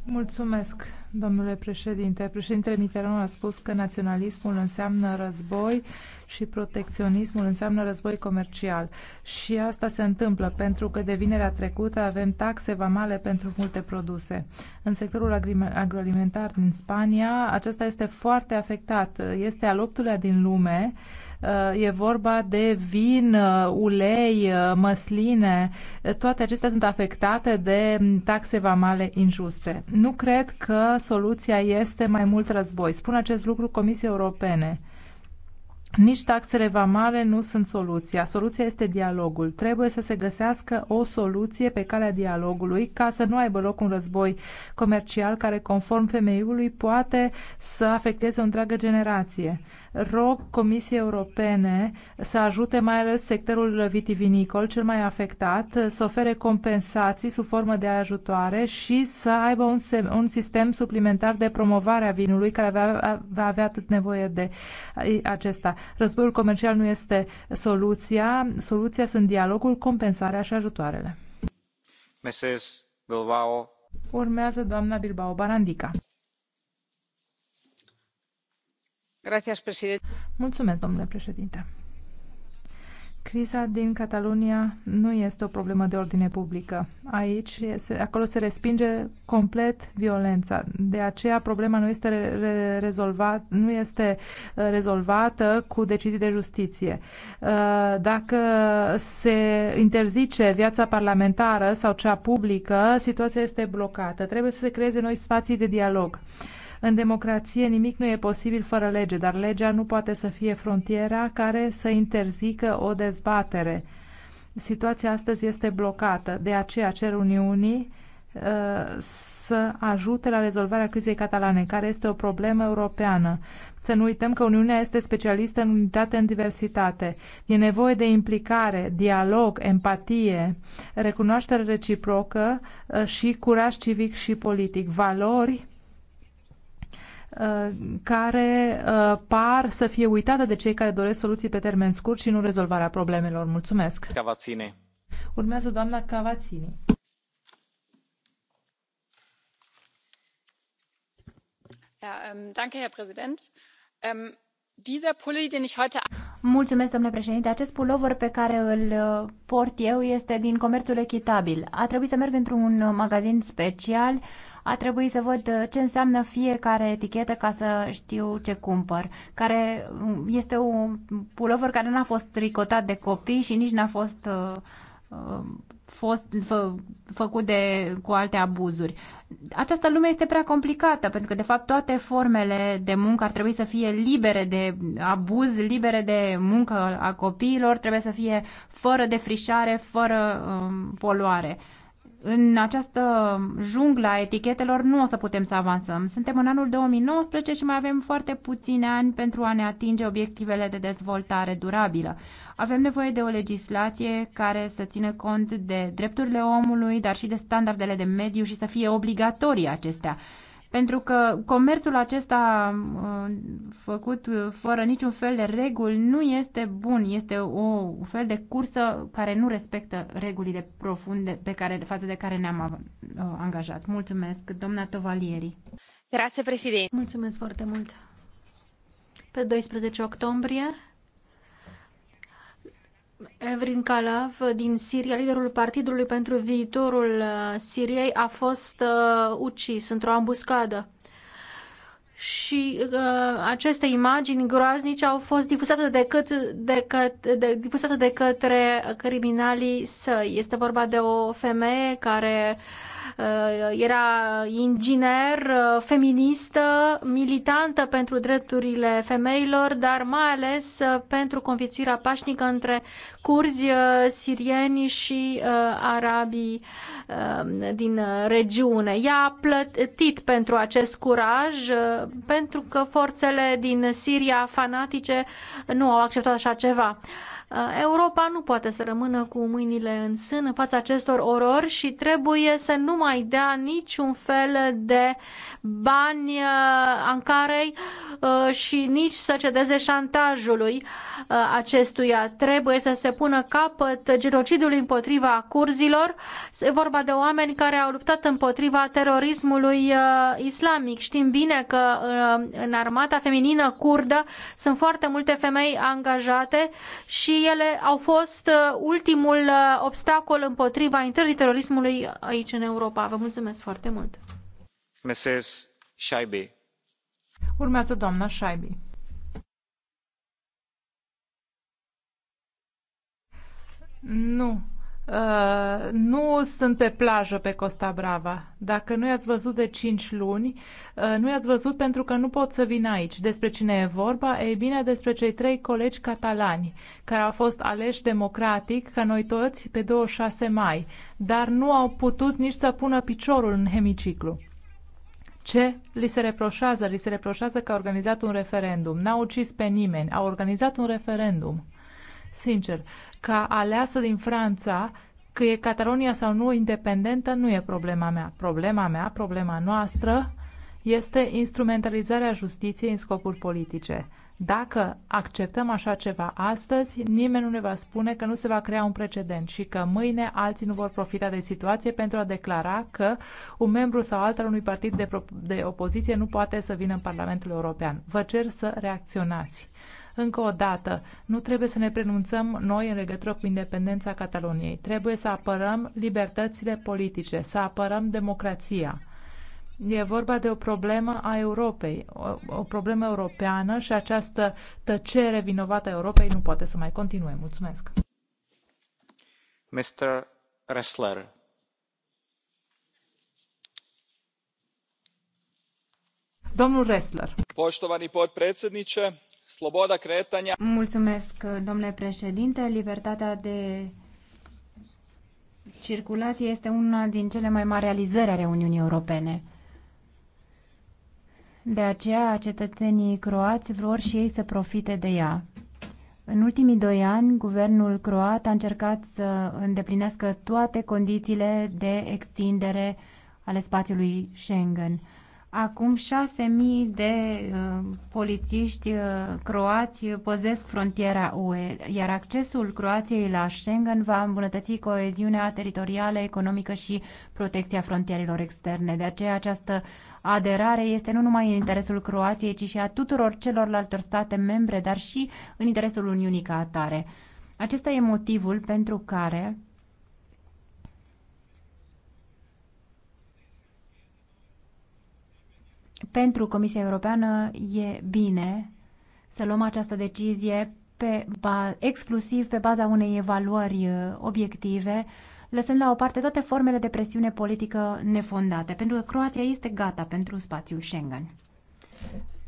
Mulțumesc, domnule președinte. Președintele Mitterrand a spus că naționalismul înseamnă război și protecționismul înseamnă război comercial. Și asta se întâmplă pentru că de vinerea trecută avem taxe vamale pentru multe produse. În sectorul agroalimentar din Spania, acesta este foarte afectat. Este al optulea din lume Uh, e vorba de vin, uh, ulei, uh, măsline. Toate acestea sunt afectate de um, taxe vamale injuste. Nu cred că soluția este mai mult război. Spun acest lucru Comisiei Europene nici taxele vamale nu sunt soluția. Soluția este dialogul. Trebuie să se găsească o soluție pe calea dialogului ca să nu aibă loc un război comercial care, conform femeiului, poate să afecteze o întreagă generație. Rog Comisiei Europene să ajute mai ales sectorul vitivinicol, cel mai afectat, să ofere compensații sub formă de ajutoare și să aibă un, un sistem suplimentar de promovare a vinului care va, va avea atât nevoie de acesta Războiul comercial nu este soluția. Soluția sunt dialogul, compensarea și ajutoarele. Mrs. Bilbao. Urmează doamna Bilbao Barandica. Gracias, Mulțumesc, domnule președinte. Criza din Catalunia nu este o problemă de ordine publică. Aici, acolo se respinge complet violența. De aceea, problema nu este, re rezolvat, nu este uh, rezolvată cu decizii de justiție. Uh, dacă se interzice viața parlamentară sau cea publică, situația este blocată. Trebuie să se creeze noi spații de dialog. În democrație nimic nu e posibil fără lege, dar legea nu poate să fie frontiera care să interzică o dezbatere. Situația astăzi este blocată, de aceea cer Uniunii uh, să ajute la rezolvarea crizei catalane, care este o problemă europeană. Să nu uităm că Uniunea este specialistă în unitate în diversitate. E nevoie de implicare, dialog, empatie, recunoaștere reciprocă uh, și curaj civic și politic, valori Uh, care uh, par să fie uitate de cei care doresc soluții pe termen scurt și nu rezolvarea problemelor. Mulțumesc! Cavazzini. Urmează doamna Cavazzini. Ja, um, danke, Herr Präsident. Um, dieser Pulli, den ich heute Mulțumesc, domnule președinte. Acest pulover pe care îl uh, port eu este din comerțul echitabil. A trebuit să merg într-un magazin special a trebuit să văd uh, ce înseamnă fiecare etichetă ca să știu ce cumpăr. Care mm, este un pulover care n-a fost tricotat de copii și nici n-a fost uh, um, fost fă, făcut de, cu alte abuzuri. Această lume este prea complicată, pentru că, de fapt, toate formele de muncă ar trebui să fie libere de abuz, libere de muncă a copiilor, trebuie să fie fără defrișare, fără um, poluare. Uh, în această junglă a etichetelor nu o să putem să avansăm. Suntem în anul 2019 și mai avem foarte puține ani pentru a ne atinge obiectivele de dezvoltare durabilă. Avem nevoie de o legislație care să țină cont de drepturile omului, dar și de standardele de mediu și să fie obligatorii acestea. Pentru că comerțul acesta uh, făcut uh, fără niciun fel de reguli nu este bun, este o fel de cursă care nu respectă regulile profunde pe care, față de care ne-am uh, angajat. Mulțumesc, doamna Tovalieri. Grazie, președinte. Mulțumesc foarte mult. Pe 12 octombrie Evrin Kalav din Siria, liderul Partidului pentru Viitorul uh, Siriei, a fost uh, ucis într-o ambuscadă. Și uh, aceste imagini groaznice au fost difuzate de, cât, de, căt, de, difuzate de către criminalii săi. Este vorba de o femeie care uh, Uh, era inginer, uh, feministă, militantă pentru drepturile femeilor, dar mai ales uh, pentru conviețuirea pașnică între curzi, sirieni și arabii din regiune. Ea a plătit pentru acest curaj, pentru că forțele din Siria fanatice nu au acceptat așa ceva. Uh, Europa nu poate să rămână cu mâinile în sân în fața acestor orori și trebuie să nu mai dea niciun fel de bani uh, Ancarei uh, și nici să cedeze șantajului acestuia. Trebuie să se pună capăt genocidului împotriva curzilor. E vorba de oameni care au luptat împotriva terorismului islamic. Știm bine că în armata feminină curdă sunt foarte multe femei angajate și ele au fost uh, ultimul uh, obstacol împotriva intrării terorismului aici în Europa. Vă mulțumesc foarte mult. Mrs. Shaibi. Urmează doamna Shaibi. Nu Uh, nu sunt pe plajă pe Costa Brava. Dacă nu i-ați văzut de 5 luni, uh, nu i-ați văzut pentru că nu pot să vin aici. Despre cine e vorba? Ei bine, despre cei trei colegi catalani care au fost aleși democratic, ca noi toți, pe 26 mai, dar nu au putut nici să pună piciorul în hemiciclu. Ce li se reproșează? Li se reproșează că au organizat un referendum. N-au ucis pe nimeni, au organizat un referendum sincer, ca aleasă din Franța, că e Catalonia sau nu independentă, nu e problema mea. Problema mea, problema noastră, este instrumentalizarea justiției în scopuri politice. Dacă acceptăm așa ceva astăzi, nimeni nu ne va spune că nu se va crea un precedent și că mâine alții nu vor profita de situație pentru a declara că un membru sau altul unui partid de, de opoziție nu poate să vină în Parlamentul European. Vă cer să reacționați. Încă o dată, nu trebuie să ne pronunțăm noi în legătură cu independența Cataloniei. Trebuie să apărăm libertățile politice, să apărăm democrația. E vorba de o problemă a Europei, o, o problemă europeană și această tăcere vinovată a Europei nu poate să mai continue. Mulțumesc. Mr. Ressler. Domnul Ressler. Poștovani podpredsednice, sloboda kretanja. Mulțumesc, domnule președinte. Libertatea de circulație este una din cele mai mari realizări ale Uniunii Europene. De aceea, cetățenii croați vor și ei să profite de ea. În ultimii doi ani, guvernul croat a încercat să îndeplinească toate condițiile de extindere ale spațiului Schengen. Acum mii de uh, polițiști uh, croați păzesc frontiera UE, iar accesul Croației la Schengen va îmbunătăți coeziunea teritorială, economică și protecția frontierelor externe. De aceea această aderare este nu numai în interesul Croației, ci și a tuturor celorlalte state membre, dar și în interesul Uniunii ca atare. Acesta e motivul pentru care pentru Comisia Europeană e bine să luăm această decizie pe exclusiv pe baza unei evaluări uh, obiective, lăsând la o parte toate formele de presiune politică nefondate, pentru că Croația este gata pentru spațiul Schengen.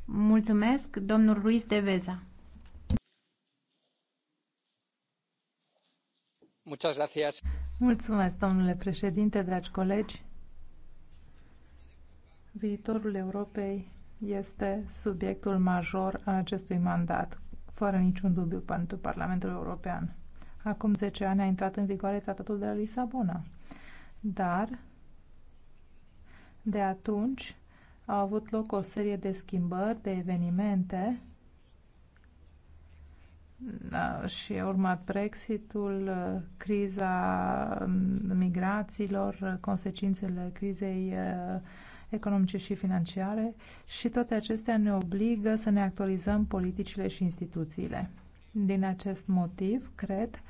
Mulțumesc, domnul Ruiz de Veza. Mulțumesc, domnule președinte, dragi colegi. Viitorul Europei este subiectul major al acestui mandat, fără niciun dubiu pentru Parlamentul European. Acum 10 ani a intrat în vigoare tratatul de la Lisabona, dar de atunci au avut loc o serie de schimbări, de evenimente și a urmat Brexitul, criza mm, migrațiilor, consecințele crizei eh, economice și financiare și toate acestea ne obligă să ne actualizăm politicile și instituțiile. Din acest motiv, cred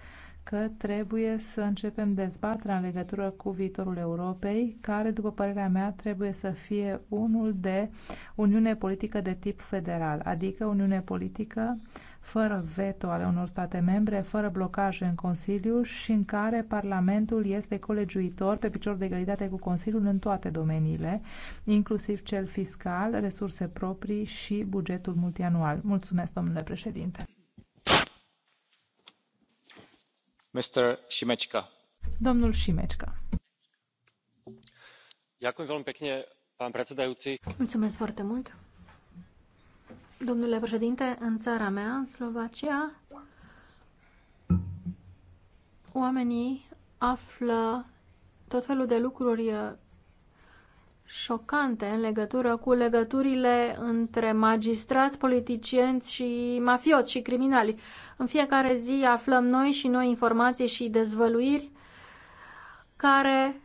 că trebuie să începem dezbaterea în legătură cu viitorul Europei, care, după părerea mea, trebuie să fie unul de uniune politică de tip federal, adică uniune politică uh, fără veto ale unor state membre, fără blocaje în Consiliu și în care Parlamentul este colegiuitor pe picior de egalitate cu Consiliul în toate domeniile, inclusiv cel fiscal, resurse proprii și bugetul multianual. Mulțumesc, domnule președinte. Mr. Šimečka. Domnul Šimečka. Mulțumesc foarte mult. Domnule președinte, în țara mea, în Slovacia, oamenii află tot felul de lucruri uh, șocante în legătură cu legăturile între magistrați, politicieni și mafioți și criminali. În fiecare zi aflăm noi și noi informații și dezvăluiri care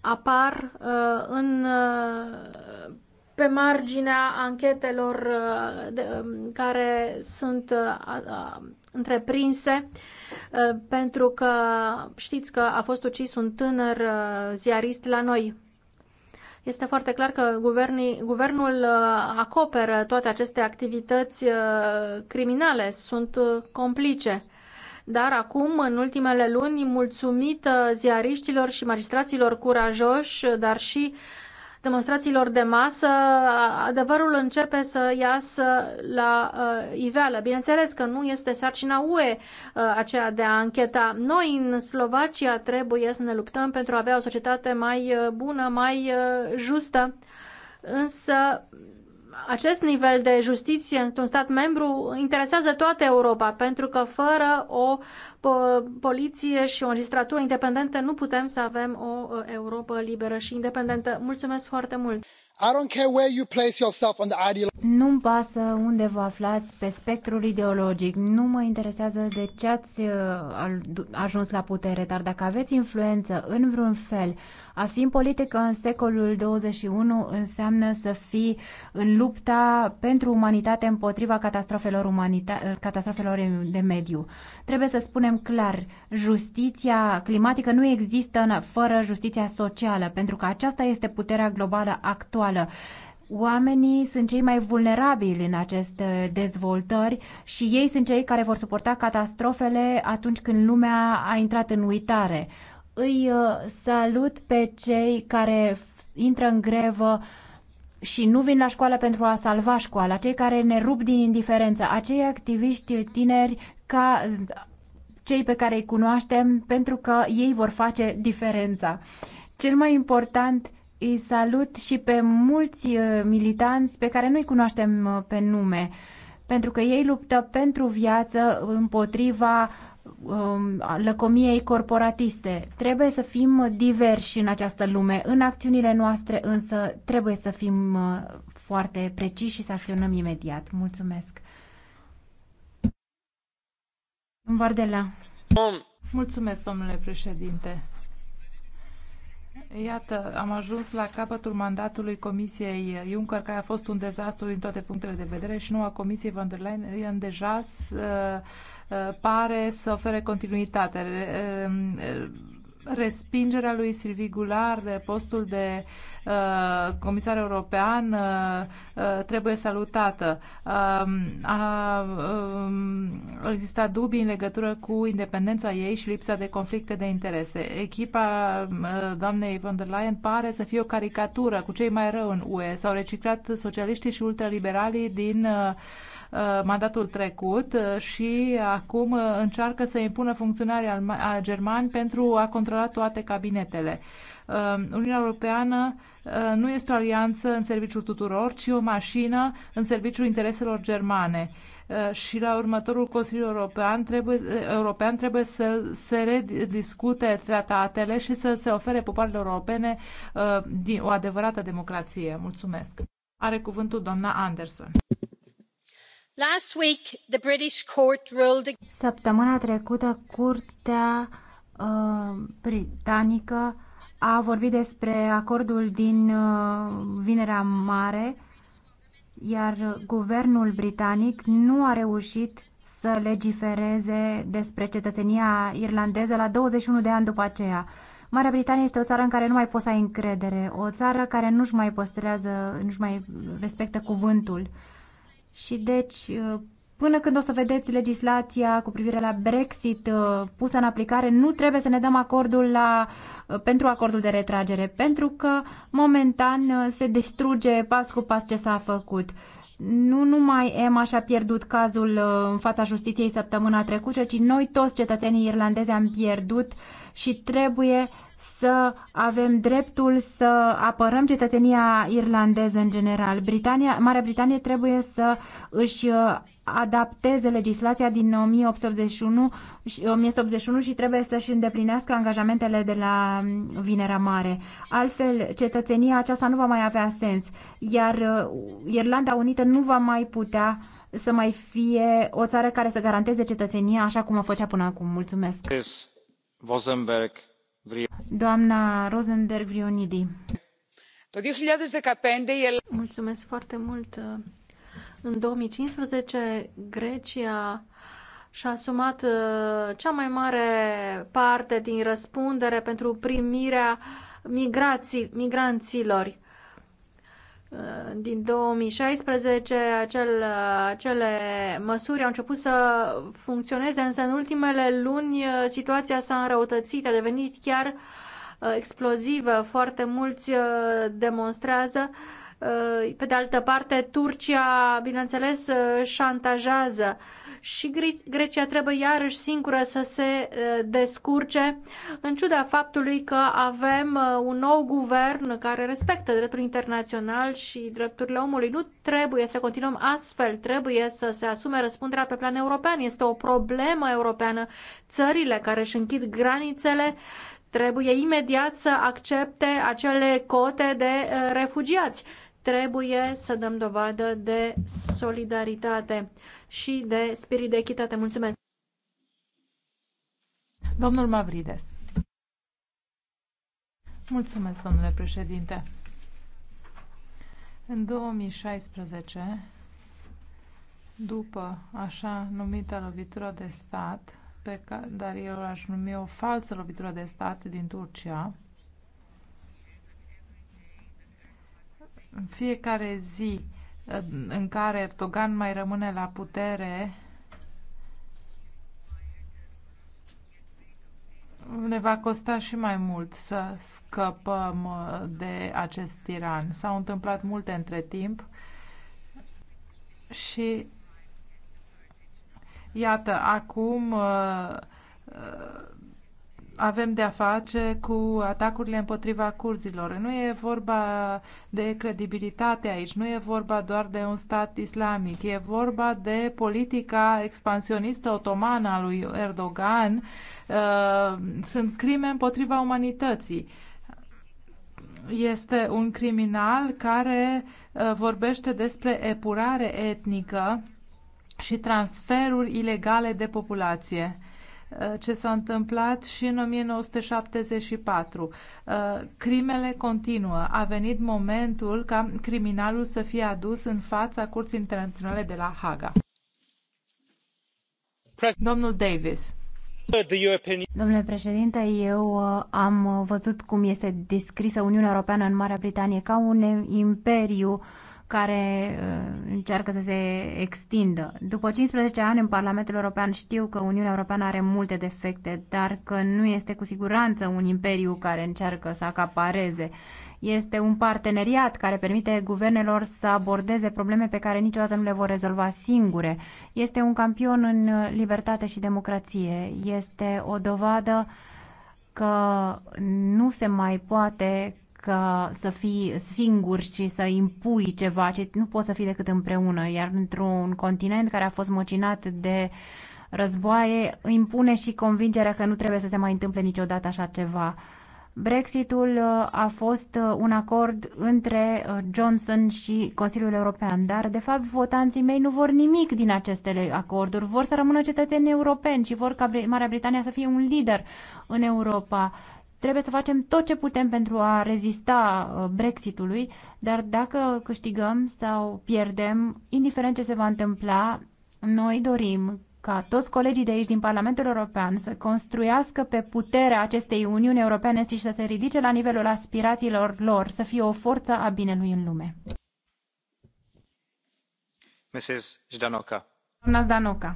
apar uh, în uh, pe marginea anchetelor uh, um, care sunt uh, întreprinse, uh, pentru că știți că a fost ucis un tânăr ziarist la noi. Este foarte clar că guvernii, guvernul acoperă toate aceste activități criminale, sunt complice dar acum, în ultimele luni, mulțumită ziariștilor și magistraților curajoși, dar și demonstrațiilor de masă, adevărul începe să iasă la uh, iveală. Bineînțeles că nu este sarcina UE uh, aceea de a încheta. Noi în Slovacia trebuie să ne luptăm pentru a avea o societate mai uh, bună, mai uh, justă. Însă acest nivel de justiție într-un stat membru interesează toată Europa, pentru că fără o poliție și o magistratură independentă nu putem să avem o Europa liberă și independentă. Mulțumesc foarte mult! Nu-mi pasă unde vă aflați pe spectrul ideologic. Nu mă interesează de ce ați uh, ajuns la putere, dar dacă aveți influență în vreun fel a fi în politică în secolul 21 înseamnă să fii în lupta pentru umanitate împotriva catastrofelor, umanita- catastrofelor de mediu. Trebuie să spunem clar, justiția climatică nu există fără justiția socială, pentru că aceasta este puterea globală actuală oamenii sunt cei mai vulnerabili în aceste dezvoltări și ei sunt cei care vor suporta catastrofele atunci când lumea a intrat în uitare. Îi uh, salut pe cei care intră în grevă și nu vin la școală pentru a salva școala, cei care ne rup din indiferență, acei activiști tineri ca cei pe care îi cunoaștem pentru că ei vor face diferența. Cel mai important îi salut și pe mulți uh, militanți pe care nu-i cunoaștem uh, pe nume, pentru că ei luptă pentru viață împotriva Um, lăcomiei corporatiste. Trebuie să fim diversi în această lume. În acțiunile noastre însă trebuie să fim uh, foarte preciși și să acționăm imediat. Mulțumesc. Vardela. Mulțumesc, domnule președinte. Iată, am ajuns la capătul mandatului Comisiei Juncker, care a fost un dezastru din toate punctele de vedere și noua Comisie von der Leyen deja uh, uh, pare să ofere continuitate uh, respingerea lui Silvi Gular de postul de uh, comisar european uh, uh, trebuie salutată. Uh, a uh, existat dubii în legătură cu independența ei și lipsa de conflicte de interese. Echipa uh, doamnei von der Leyen pare să fie o caricatură cu cei mai rău în UE. S-au reciclat socialiștii și ultraliberalii din uh, Uh, mandatul trecut uh, și acum uh, încearcă să impună funcționarii germani pentru a controla toate cabinetele. Uniunea Europeană nu este o alianță în serviciul tuturor, ci o mașină în serviciul intereselor germane. Și la următorul Consiliu European trebuie, European trebuie să se rediscute tratatele și să se ofere popoarelor europene o adevărată democrație. Mulțumesc! Are cuvântul doamna Anderson. Săptămâna trecută, Curtea uh, Britanică a vorbit despre acordul din uh, Vinerea Mare, iar guvernul britanic nu a reușit să legifereze despre cetățenia irlandeză la 21 de ani după aceea. Marea Britanie este o țară în care nu mai poți să ai încredere, o țară care nu-și mai păstrează, nu-și mai respectă cuvântul. Și deci, uh, până când o să vedeți legislația cu privire la Brexit uh, pusă în aplicare, nu trebuie să ne dăm acordul la, uh, pentru acordul de retragere, pentru că momentan se distruge pas cu pas ce s-a făcut. Nu numai Emma și-a pierdut cazul în fața justiției săptămâna trecută, ci noi toți cetățenii irlandezi am pierdut și trebuie să avem dreptul să apărăm cetățenia irlandeză în general. Britania, Marea Britanie trebuie să își uh, adapteze legislația din 1881 și, 1881 și trebuie să-și îndeplinească angajamentele de la um, Vinerea Mare. Altfel, cetățenia aceasta nu va mai avea sens, iar uh, Irlanda Unită nu va mai putea să mai fie o țară care să garanteze cetățenia așa cum o făcea până acum. Mulțumesc! Doamna Rosenberg Vrionidi. Mulțumesc foarte mult. În 2015, Grecia și-a asumat uh, cea mai mare parte din răspundere pentru primirea migrații, migranților. Uh, din 2016 acel, uh, acele măsuri au început să funcționeze, însă în ultimele luni uh, situația s-a înrăutățit, a devenit chiar explozivă. Foarte mulți demonstrează. Pe de altă parte, Turcia, bineînțeles, șantajează uh, și Grecia trebuie iarăși singură să se uh, descurce, în ciuda faptului că avem uh, un nou guvern care respectă dreptul internațional și drepturile omului. Nu trebuie să continuăm astfel, trebuie să se asume răspunderea pe plan european. Este o problemă europeană. Țările care își închid granițele trebuie imediat să accepte acele cote de uh, refugiați. Trebuie să dăm dovadă de solidaritate și de spirit de echitate. Mulțumesc! Domnul Mavrides. Mulțumesc, domnule președinte. În 2016, după așa numită lovitură de stat, pe care, dar eu aș numi o falsă lovitură de stat din Turcia, În fiecare zi eh, în care Erdogan mai rămâne la putere, ne va costa și mai mult să scăpăm eh, de acest tiran. S-au întâmplat multe între timp și iată, acum uh, uh, avem de-a face cu atacurile împotriva curzilor. Nu e vorba de credibilitate aici, nu e vorba doar de un stat islamic, e vorba de politica expansionistă otomană a lui Erdogan. Uh, sunt crime împotriva umanității este un criminal care uh, vorbește despre epurare etnică și transferuri ilegale de populație. Uh, ce s-a întâmplat și în 1974. Uh, crimele continuă. A venit momentul ca criminalul să fie adus în fața Curții Internaționale de la Haga. Domnul Davis. Domnule președinte, eu uh, am văzut cum este descrisă Uniunea Europeană în Marea Britanie ca un imperiu uh, care uh, încearcă să se extindă. După 15 ani în Parlamentul European știu că Uniunea Europeană are multe defecte, dar că nu este cu siguranță un imperiu care încearcă să acapareze. Este un parteneriat care permite guvernelor să abordeze probleme pe care niciodată nu le vor rezolva singure. Este un campion în libertate și democrație. Este o dovadă că nu se mai poate ca să fii singur și să impui ceva, ci nu poți să fii decât împreună. Iar într-un continent care a fost măcinat de războaie, impune și convingerea că nu trebuie să se mai întâmple niciodată așa ceva. Brexitul uh, a fost uh, un acord între uh, Johnson și Consiliul European, dar de fapt votanții mei nu vor nimic din aceste acorduri. Vor să rămână cetățeni europeni și vor ca Marea Britanie să fie un lider în Europa. Trebuie să facem tot ce putem pentru a rezista uh, Brexitului, dar dacă câștigăm sau pierdem, indiferent ce se va întâmpla, noi dorim ca toți colegii de aici din Parlamentul European să construiască pe puterea acestei Uniuni Europene și să se ridice la nivelul aspirațiilor lor, să fie o forță a binelui în lume. Mrs. Zdanoka. Doamna Zdanoka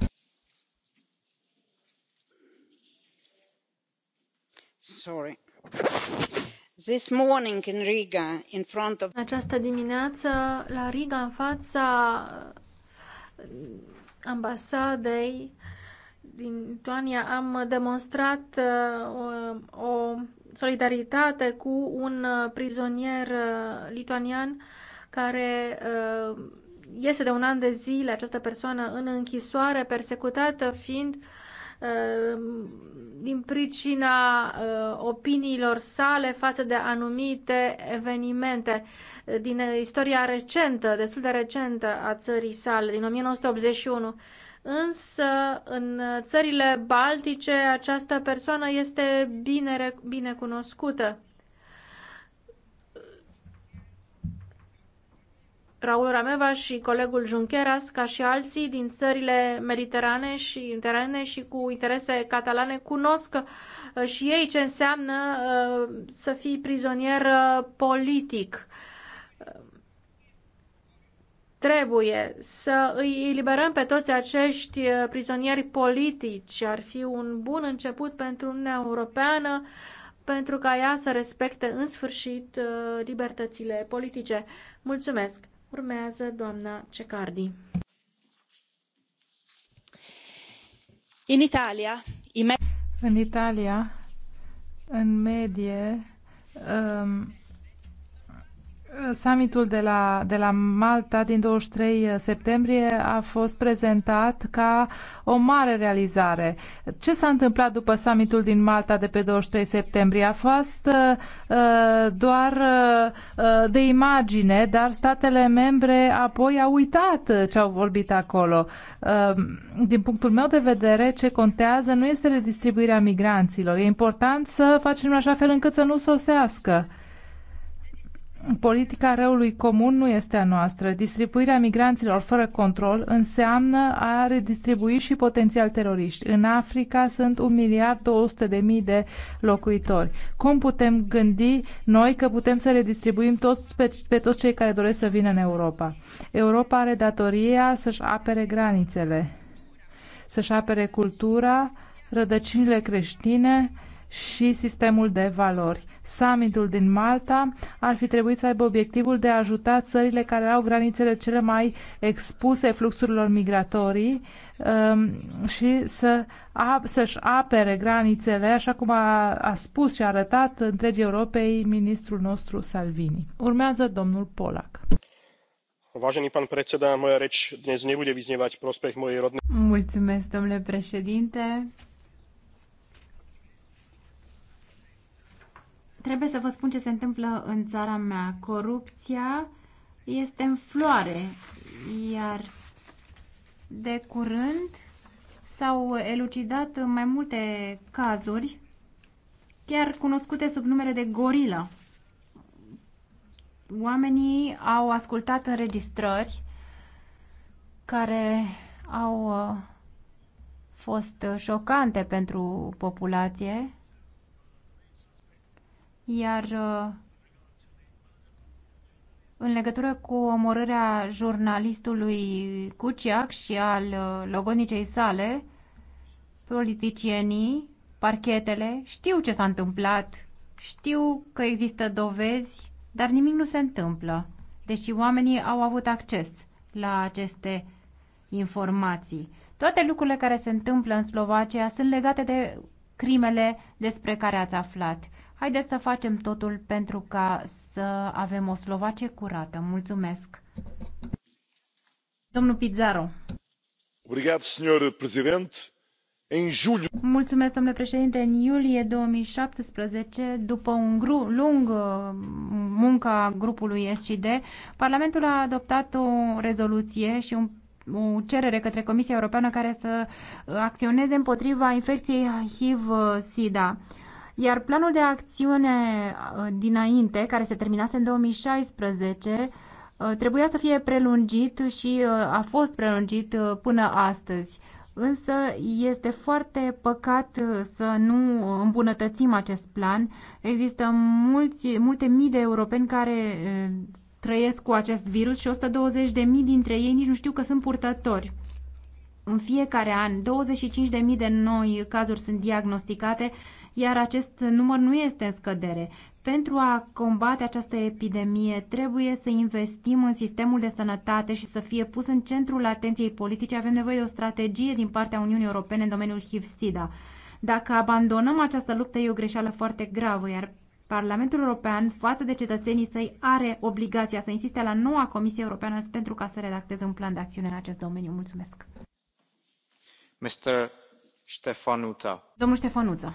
în Această dimineață, la Riga, în fața uh, ambasadei din Lituania, am demonstrat uh, o, o solidaritate cu un uh, prizonier lituanian care este de un an de zile această persoană în închisoare, persecutată fiind Ehm, din pricina eh, opiniilor sale față de anumite evenimente din eh, istoria recentă, destul de recentă a țării sale, din 1981. Însă, în țările baltice, această persoană este bine, bine cunoscută. Raul Rameva și colegul Junqueras, ca și alții din țările mediterane și interane și cu interese catalane, cunosc uh, și ei ce înseamnă uh, să fii prizonier uh, politic trebuie să îi eliberăm pe toți acești prizonieri politici. Ar fi un bun început pentru Uniunea Europeană, pentru ca ea să respecte în sfârșit libertățile politice. Mulțumesc! Urmează doamna Cecardi. In Italia, in... În Italia, în medie, um Summitul de la, de la Malta din 23 eh, septembrie a fost prezentat ca o mare realizare. Ce s-a întâmplat după summitul din Malta de pe 23 septembrie? A fost uh, doar uh, de imagine, dar statele membre apoi au uitat ce au vorbit acolo. Uh, din punctul meu de vedere, ce contează nu este redistribuirea migranților. E important să facem așa fel încât să nu sosească. Uh, Politica răului comun nu este a noastră. Distribuirea migranților fără control înseamnă a redistribui și potențial teroriști. În Africa sunt 1 miliard 200 de mii de locuitori. Cum putem gândi noi că putem să redistribuim toți pe, pe toți cei care doresc să vină în Europa? Europa are datoria să-și apere granițele, să-și apere cultura, rădăcinile creștine și sistemul de valori Summitul din Malta ar fi trebuit să aibă obiectivul de a ajuta țările care au granițele cele mai expuse fluxurilor migratorii um, și să, să-și apere granițele, așa cum a, a spus și a arătat întregii Europei ministrul nostru Salvini. Urmează domnul Polak. Vážený pán predseda, moja reč dnes nebude vyznievať prospech mojej rodnej... Mulțumesc, domnule președinte. Trebuie să vă spun ce se întâmplă în țara mea. Corupția este în floare, iar de curând s-au elucidat mai multe cazuri, chiar cunoscute sub numele de gorila. Oamenii au ascultat înregistrări care au uh, fost șocante pentru populație iar uh, în legătură cu omorârea jurnalistului Cuciac și al uh, logonicei sale, politicienii, parchetele știu ce s-a întâmplat, știu că există dovezi, dar nimic nu se întâmplă, deși oamenii au avut acces la aceste informații. Toate lucrurile care se întâmplă în Slovacia sunt legate de crimele despre care ați aflat. Haideți să facem totul pentru ca să avem o Slovacie curată. Mulțumesc! Domnul Pizarro. Obrigado, senhor presidente. În juliu... Mulțumesc, domnule președinte. În iulie 2017, după un gru- lung uh, munca grupului SCD, Parlamentul a adoptat o rezoluție și un o cerere către Comisia Europeană care să acționeze împotriva infecției HIV-SIDA. Iar planul de acțiune uh, dinainte, care se terminase în 2016, uh, trebuia să fie prelungit și uh, a fost prelungit până astăzi. Însă este foarte păcat să nu îmbunătățim acest plan. Există mulți, multe mii de europeni care trăiesc cu acest virus și 120.000 dintre ei nici nu știu că sunt purtători. În fiecare an, 25.000 de noi cazuri sunt diagnosticate, iar acest număr nu este în scădere. Pentru a combate această epidemie, trebuie să investim în sistemul de sănătate și să fie pus în centrul atenției politice. Avem nevoie de o strategie din partea Uniunii Europene în domeniul HIV-SIDA. Dacă abandonăm această luptă, e o greșeală foarte gravă, iar Parlamentul European, față de cetățenii săi, are obligația să insiste la noua Comisie Europeană pentru ca să redacteze un plan de acțiune în acest domeniu. Mulțumesc! Mr. Ștefanuța. Domnul Ștefanuța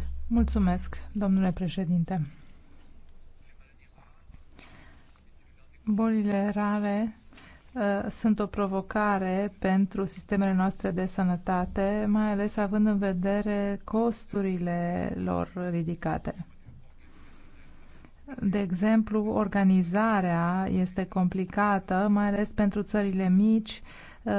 Mulțumesc, domnule președinte. Bolile rare uh, sunt o provocare pentru sistemele noastre de sănătate, mai ales având în vedere costurile lor ridicate. De exemplu, organizarea este complicată, mai ales pentru țările mici, uh, Uh,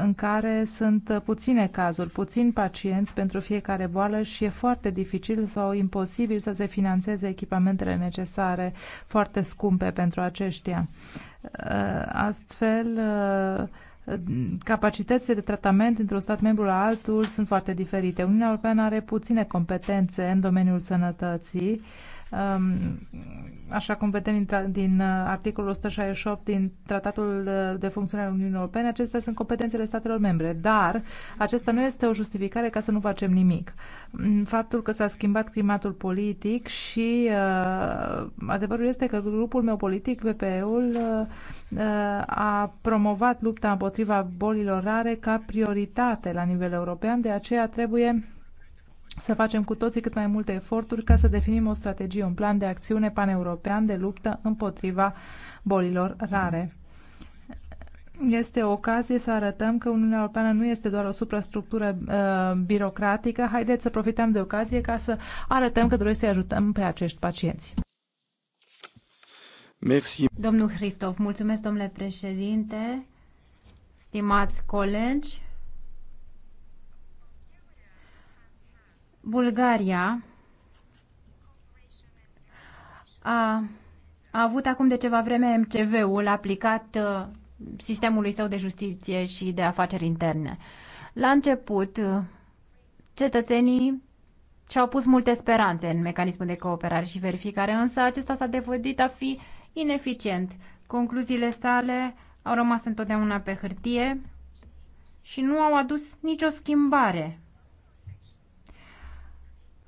în care sunt puține cazuri, puțini pacienți pentru fiecare boală și e foarte dificil sau imposibil să se financeze echipamentele necesare foarte scumpe pentru aceștia. Uh, astfel, uh, capacitățile de tratament dintr-un stat membru la altul sunt foarte diferite. Uniunea Europeană are puține competențe în domeniul sănătății, uh, Um, așa cum vedem din, din uh, articolul 168 din Tratatul uh, de Funcționare a Uniunii Europene, acestea sunt competențele statelor membre, dar acesta nu este o justificare ca să nu facem nimic. Mm, faptul că s-a schimbat climatul politic și uh, adevărul este că grupul meu politic, VPE-ul, uh, uh, a promovat lupta împotriva bolilor rare ca prioritate la nivel european, de aceea trebuie să facem cu toții cât mai multe eforturi ca să definim o strategie, un plan de acțiune paneuropean de luptă împotriva bolilor rare. Este o ocazie să arătăm că Uniunea Europeană nu este doar o suprastructură uh, birocratică. Haideți să profităm de ocazie ca să arătăm că dorim să-i ajutăm pe acești pacienți. Merci. Domnul Hristof, mulțumesc, domnule președinte, stimați colegi. Bulgaria a, a avut acum de ceva vreme MCV-ul aplicat uh, sistemului său de justiție și de afaceri interne. La început, uh, cetățenii și-au pus multe speranțe în mecanismul de cooperare și verificare, însă acesta s-a dovedit a fi ineficient. Concluziile sale au rămas întotdeauna pe hârtie și nu au adus nicio schimbare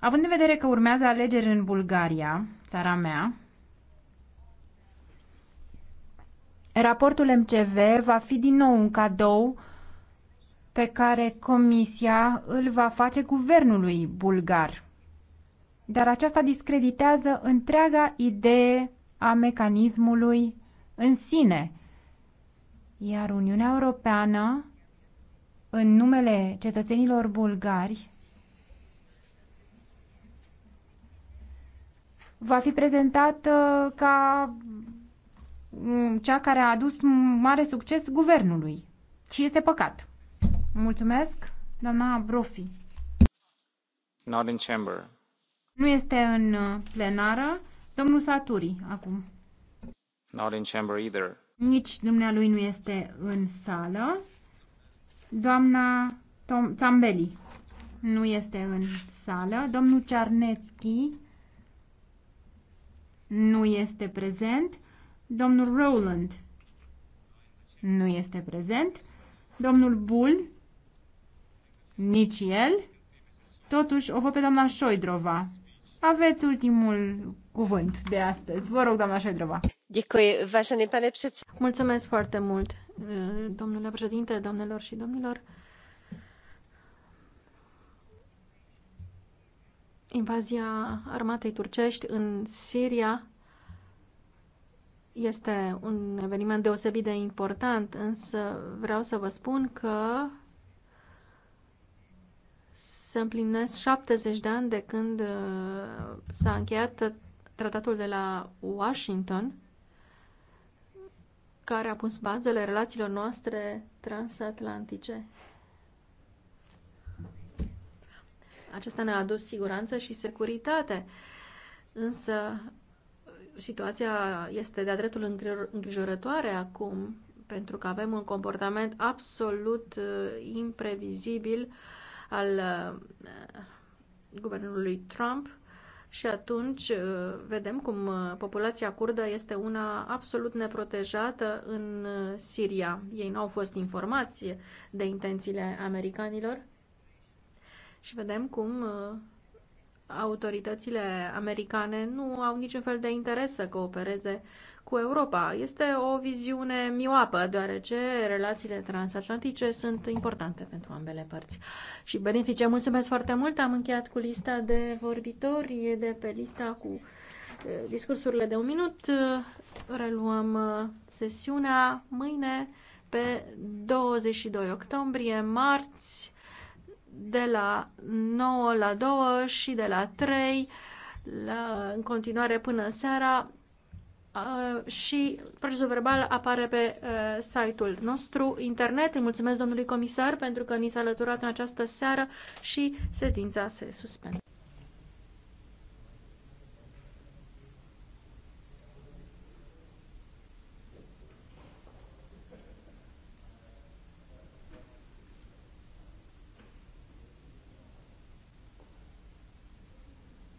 Având în vedere că urmează alegeri în Bulgaria, țara mea, raportul MCV va fi din nou un cadou pe care Comisia îl va face guvernului bulgar. Dar aceasta discreditează întreaga idee a mecanismului în sine. Iar Uniunea Europeană, în numele cetățenilor bulgari, va fi prezentată ca mm, cea care a adus mare succes guvernului. Și este păcat. Mulțumesc, doamna Brofi. Not in chamber. Nu este în uh, plenară. Domnul Saturi, acum. Not in chamber either. Nici dumnealui nu este în sală. Doamna Tom Zambeli nu este în sală. Domnul Cernețchi nu este prezent. Domnul Rowland nu este prezent. Domnul Bull, nici el. Totuși, o văd pe doamna Șoidrova. Aveți ultimul cuvânt de astăzi. Vă rog, doamna Șoidrova. Mulțumesc foarte mult, domnule președinte, domnilor și domnilor. invazia armatei turcești în Siria este un eveniment deosebit de important, însă vreau să vă spun că se împlinesc 70 de ani de când uh, s-a încheiat tratatul de la Washington, care a pus bazele relațiilor noastre transatlantice. Acesta ne-a adus siguranță și securitate. Însă situația este de-a dreptul îngrijorătoare acum, pentru că avem un comportament absolut uh, imprevizibil al uh, guvernului Trump și atunci uh, vedem cum populația curdă este una absolut neprotejată în Siria. Ei nu au fost informați de intențiile americanilor și vedem cum uh, autoritățile americane nu au niciun fel de interes să coopereze cu Europa. Este o viziune mioapă, deoarece relațiile transatlantice sunt importante pentru ambele părți. Și beneficie, mulțumesc foarte mult! Am încheiat cu lista de vorbitori, de pe lista cu uh, discursurile de un minut. Reluăm uh, sesiunea mâine pe 22 octombrie, marți, de la 9 la 2 și de la 3 la, în continuare până în seara și procesul verbal apare pe uh, site-ul nostru internet. Îi mulțumesc domnului comisar pentru că ni s-a alăturat în această seară și sedința se suspendă.